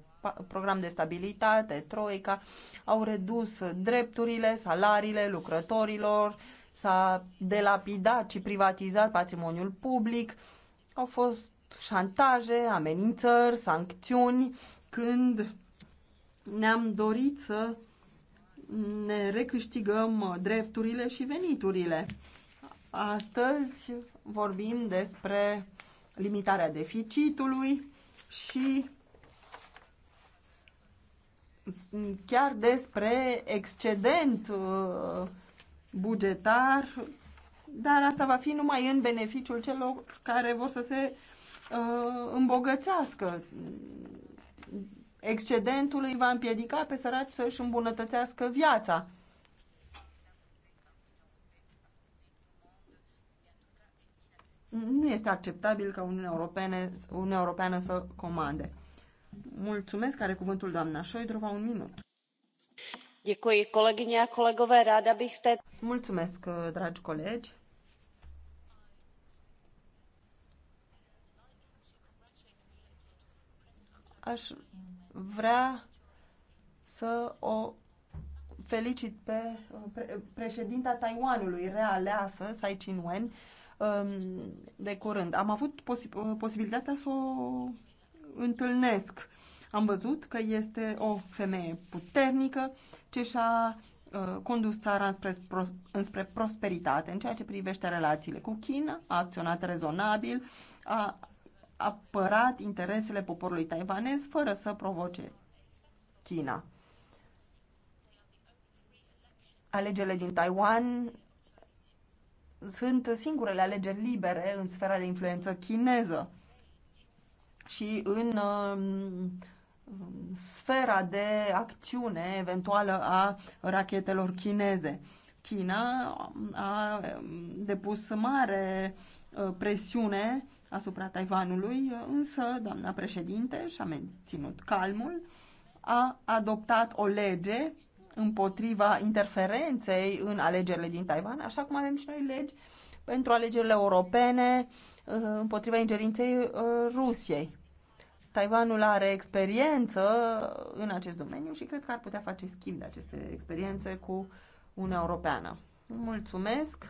Program de stabilitate, troica, au redus drepturile, salariile lucrătorilor, s-a delapidat și privatizat patrimoniul public, au fost șantaje, amenințări, sancțiuni, când ne-am dorit să ne recâștigăm drepturile și veniturile. Astăzi vorbim despre limitarea deficitului și chiar despre excedent uh, bugetar, dar asta va fi numai în beneficiul celor care vor să se uh, îmbogățească. Excedentul îi va împiedica pe săraci să își îmbunătățească viața nu este acceptabil ca Uniunea Europeană, Uniunea Europeană să comande. Mulțumesc, are cuvântul doamna Șoidrova, un minut. Děkuji, kolegyně a kolegové, ráda bych Mulțumesc, dragi colegi. Aș vrea să o felicit pe președinta Taiwanului realeasă, Tsai Chin wen Um, de curând. Am avut posi uh, posibilitatea să o întâlnesc. Am văzut că este o femeie puternică ce și-a uh, condus țara înspre, înspre prosperitate în ceea ce privește relațiile cu China, a acționat rezonabil, a apărat interesele poporului taiwanez fără să provoce China. Alegerile din Taiwan sunt singurele alegeri libere în sfera de influență chineză. Și în um, sfera de acțiune eventuală a rachetelor chineze. China a um, depus mare uh, presiune asupra Taiwanului, însă doamna președinte și-a menținut calmul, a adoptat o lege împotriva interferenței în alegerile din Taiwan, așa cum avem și noi legi pentru alegerile europene uh, împotriva ingerinței uh, Rusiei. Taiwanul are experiență în acest domeniu și cred că ar putea face schimb de aceste experiențe cu Uniunea Europeană. Mulțumesc!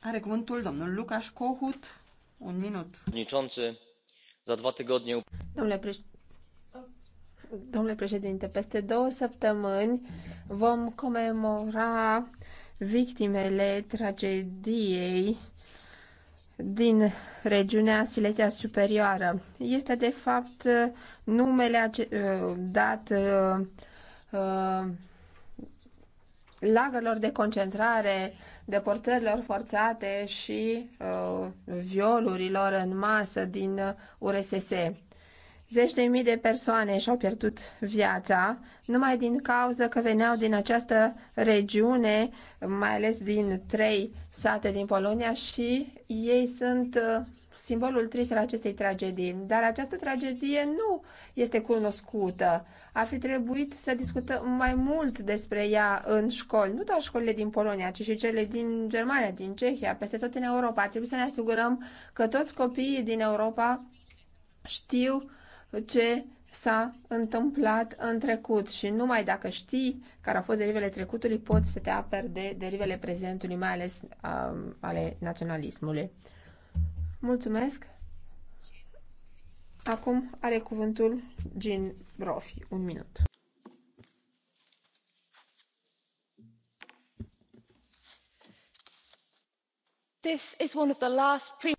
Are cuvântul domnul Lucas Cohut. Un minut. Domnule președinte, Domnule președinte, peste două săptămâni vom comemora victimele tragediei din regiunea Silesia Superioară. Este de fapt numele uh, dat uh, uh, lagărilor de concentrare, deportărilor forțate și violurilor în masă din URSS. Zeci de mii de persoane și-au pierdut viața numai din cauza că veneau din această regiune, mai ales din trei sate din Polonia și ei sunt uh, simbolul trist al acestei tragedii. Dar această tragedie nu este cunoscută. Ar fi trebuit să discutăm mai mult despre ea în școli, nu doar școlile din Polonia, ci și cele din Germania, din Cehia, peste tot în Europa. Ar trebui să ne asigurăm că toți copiii din Europa știu ce s-a întâmplat în trecut și numai dacă știi care au fost derivele trecutului poți să te aperi de derivele prezentului, mai ales um, ale naționalismului. Mulțumesc! Acum are cuvântul Jean Brophy. Un minut. This is one of the last pre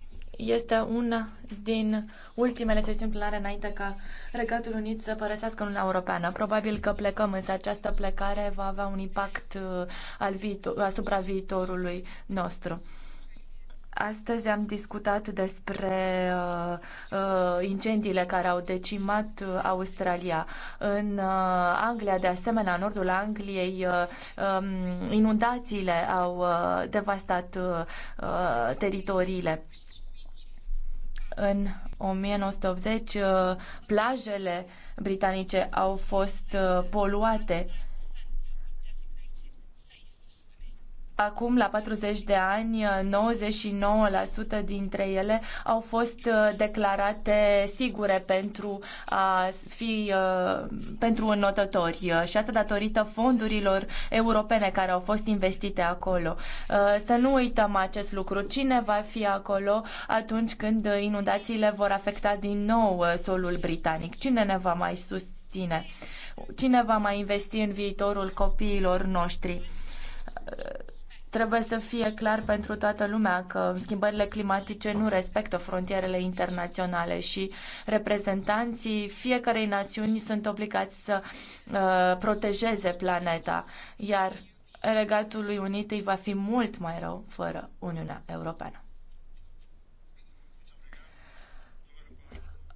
este una din ultimele sesiuni plenare înainte ca Regatul Unit să părăsească Uniunea Europeană. Probabil că plecăm, însă această plecare va avea un impact uh, al viitor, asupra viitorului nostru. Astăzi am discutat despre uh, uh, incendiile care au decimat uh, Australia. În uh, Anglia, de asemenea, în nordul Angliei, uh, um, inundațiile au uh, devastat uh, uh teritoriile în 1980 uh, plajele britanice au fost uh, poluate Acum, la 40 de ani, 99% dintre ele au fost uh, declarate sigure pentru a fi uh, pentru înnotători uh, și asta datorită fondurilor europene care au fost investite acolo. Să nu uităm acest lucru. Cine va fi acolo atunci când inundațiile vor afecta din nou solul britanic? Cine ne va mai susține? Cine va mai investi în viitorul copiilor noștri? Trebuie să fie clar pentru toată lumea că schimbările climatice nu respectă frontierele internaționale și reprezentanții fiecarei națiuni sunt obligați să uh, protejeze planeta, iar Regatului Unit îi va fi mult mai rău fără Uniunea Europeană.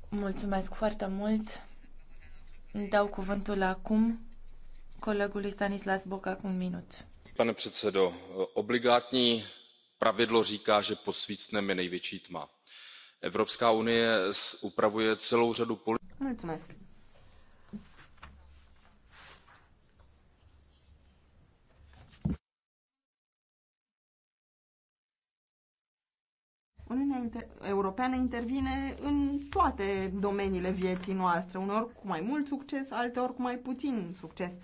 Mulțumesc foarte mult. Dau cuvântul acum colegului Stanislas Boca cu un minut pane předsedající obligátní pravidlo říká že pod svícnem je největší tma. evropská unie upravuje celou řadu Uniunea Europeană intervine în toate domeniile vieții noastre, uneori cu mai mult succes, alteori cu mai puțin succes.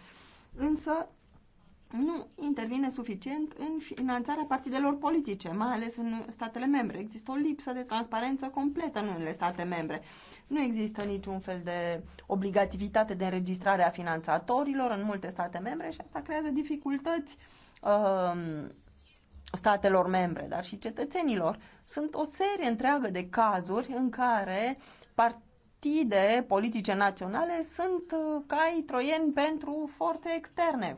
Însă, nu intervine suficient în finanțarea partidelor politice, mai ales în statele membre. Există o lipsă de transparență completă în unele state membre. Nu există niciun fel de obligativitate de înregistrare a finanțatorilor în multe state membre și asta creează dificultăți um, statelor membre, dar și cetățenilor. Sunt o serie întreagă de cazuri în care part partide politice naționale sunt uh, cai troieni pentru forțe externe,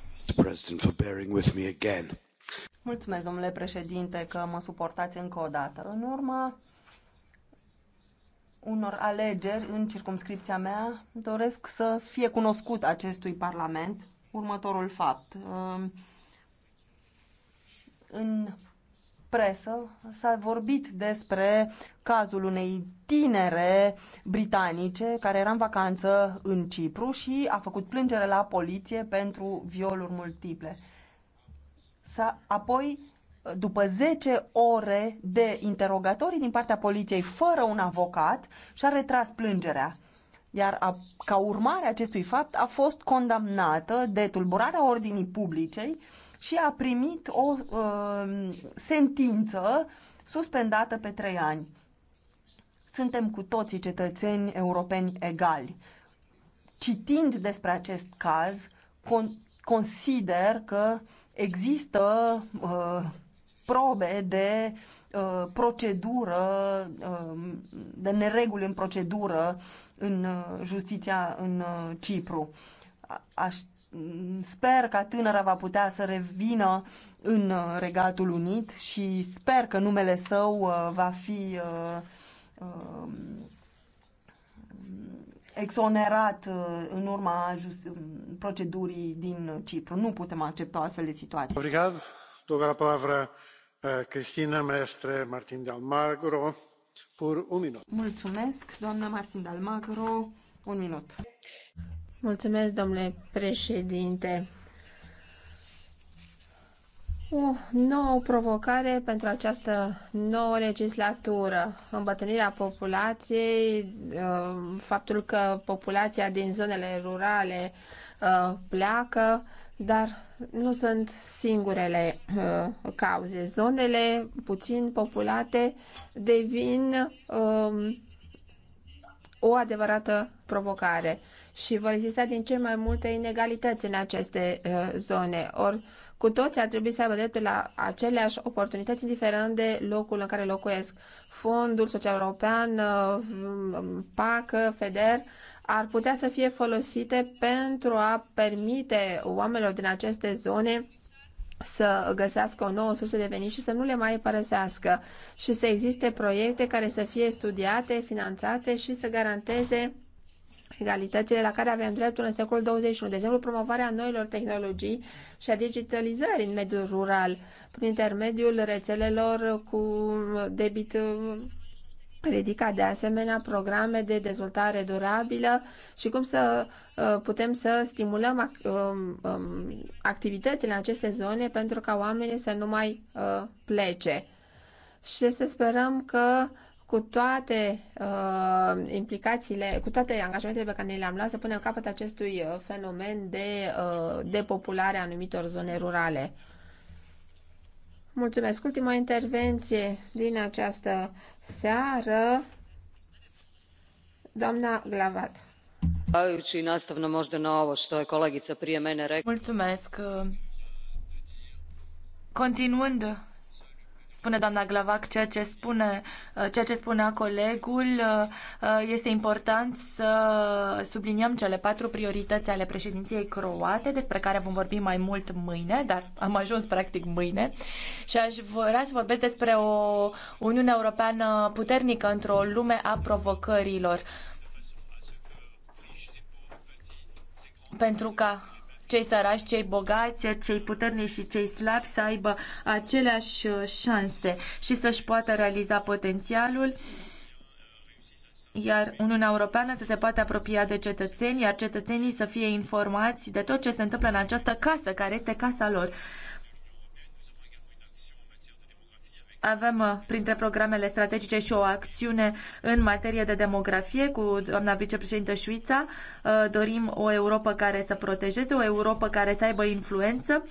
Mr. President, for bearing with me again. Mulțumesc, domnule președinte, că mă suportați încă o dată. În urma unor alegeri în circumscripția mea, doresc să fie cunoscut acestui Parlament următorul fapt. În presă s-a vorbit despre cazul unei tinere britanice care era în vacanță în Cipru și a făcut plângere la poliție pentru violuri multiple. S-a, apoi, după 10 ore de interogatorii din partea poliției fără un avocat, și-a retras plângerea iar a, ca urmare acestui fapt a fost condamnată de tulburarea ordinii publicei și a primit o uh, sentință suspendată pe trei ani. Suntem cu toții cetățeni europeni egali. Citind despre acest caz, con- consider că există uh, probe de uh, procedură, uh, de nereguli în procedură în uh, justiția în uh, Cipru. A- aș sper ca tânăra va putea să revină în uh, Regatul Unit și sper că numele său uh, va fi uh, um, exonerat în urma procedurii din Cipru. Nu putem accepta o astfel de situație. Obrigat. Dou la palavra Cristina Mestre Martin de Almagro pur un um minut. Mulțumesc, doamna Martin de Almagro. Un minut Mulțumesc, domnule președinte. O nouă provocare pentru această nouă legislatură, îmbătrânirea populației, uh, faptul că populația din zonele rurale uh, pleacă, dar nu sunt singurele uh, cauze. Zonele puțin populate devin um, o adevărată provocare și vor exista din ce mai multe inegalități în aceste uh, zone. Ori cu toți ar trebui să aibă dreptul la aceleași oportunități, indiferent de locul în care locuiesc. Fondul Social European, uh, PAC, FEDER ar putea să fie folosite pentru a permite oamenilor din aceste zone să găsească o nouă sursă de venit și să nu le mai părăsească și să existe proiecte care să fie studiate, finanțate și să garanteze egalitățile la care avem dreptul în secolul 21, de exemplu promovarea noilor tehnologii și a digitalizării în mediul rural prin intermediul rețelelor cu debit uh, ridica de asemenea programe de dezvoltare durabilă și cum să uh, putem să stimulăm uh, um, activitățile în aceste zone pentru ca oamenii să nu mai plece. Și să sperăm că cu toate uh, implicațiile, cu toate angajamentele pe care ne le-am luat să punem capăt acestui uh, fenomen de uh, depopulare a anumitor zone rurale. Mulțumesc. Ultima intervenție din această seară, doamna Glavat. Mulțumesc. Continuând spune doamna Glavac, ceea ce, spune, uh, ceea ce spunea colegul, uh, uh, este important să subliniem cele patru priorități ale președinției croate, despre care vom vorbi mai mult mâine, dar am ajuns practic mâine și aș vrea să vorbesc despre o Uniune Europeană puternică într-o lume a provocărilor. Pentru ca cei săraci, cei bogați, cei puternici și cei slabi să aibă aceleași uh, șanse și să-și poată realiza potențialul iar Uniunea Europeană să se poată apropia de cetățeni, iar cetățenii să fie informați de tot ce se întâmplă în această casă, care este casa lor. Avem uh, printre programele strategice și o acțiune în materie de demografie cu doamna vicepreședintă Șuița. Uh, dorim o Europa care să protejeze, o Europa care să aibă influență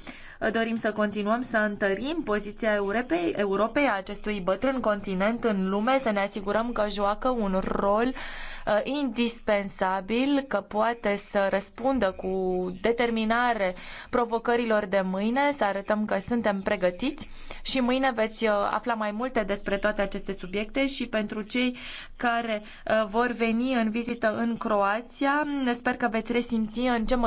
Dorim să continuăm să întărim poziția Europei, Europei a acestui bătrân continent în lume, să ne asigurăm că joacă un rol uh, indispensabil, că poate să răspundă cu determinare provocărilor de mâine, să arătăm că suntem pregătiți și mâine veți uh, afla mai multe despre toate aceste subiecte și pentru cei care uh, vor veni în vizită în Croația, sper că veți resimți în ce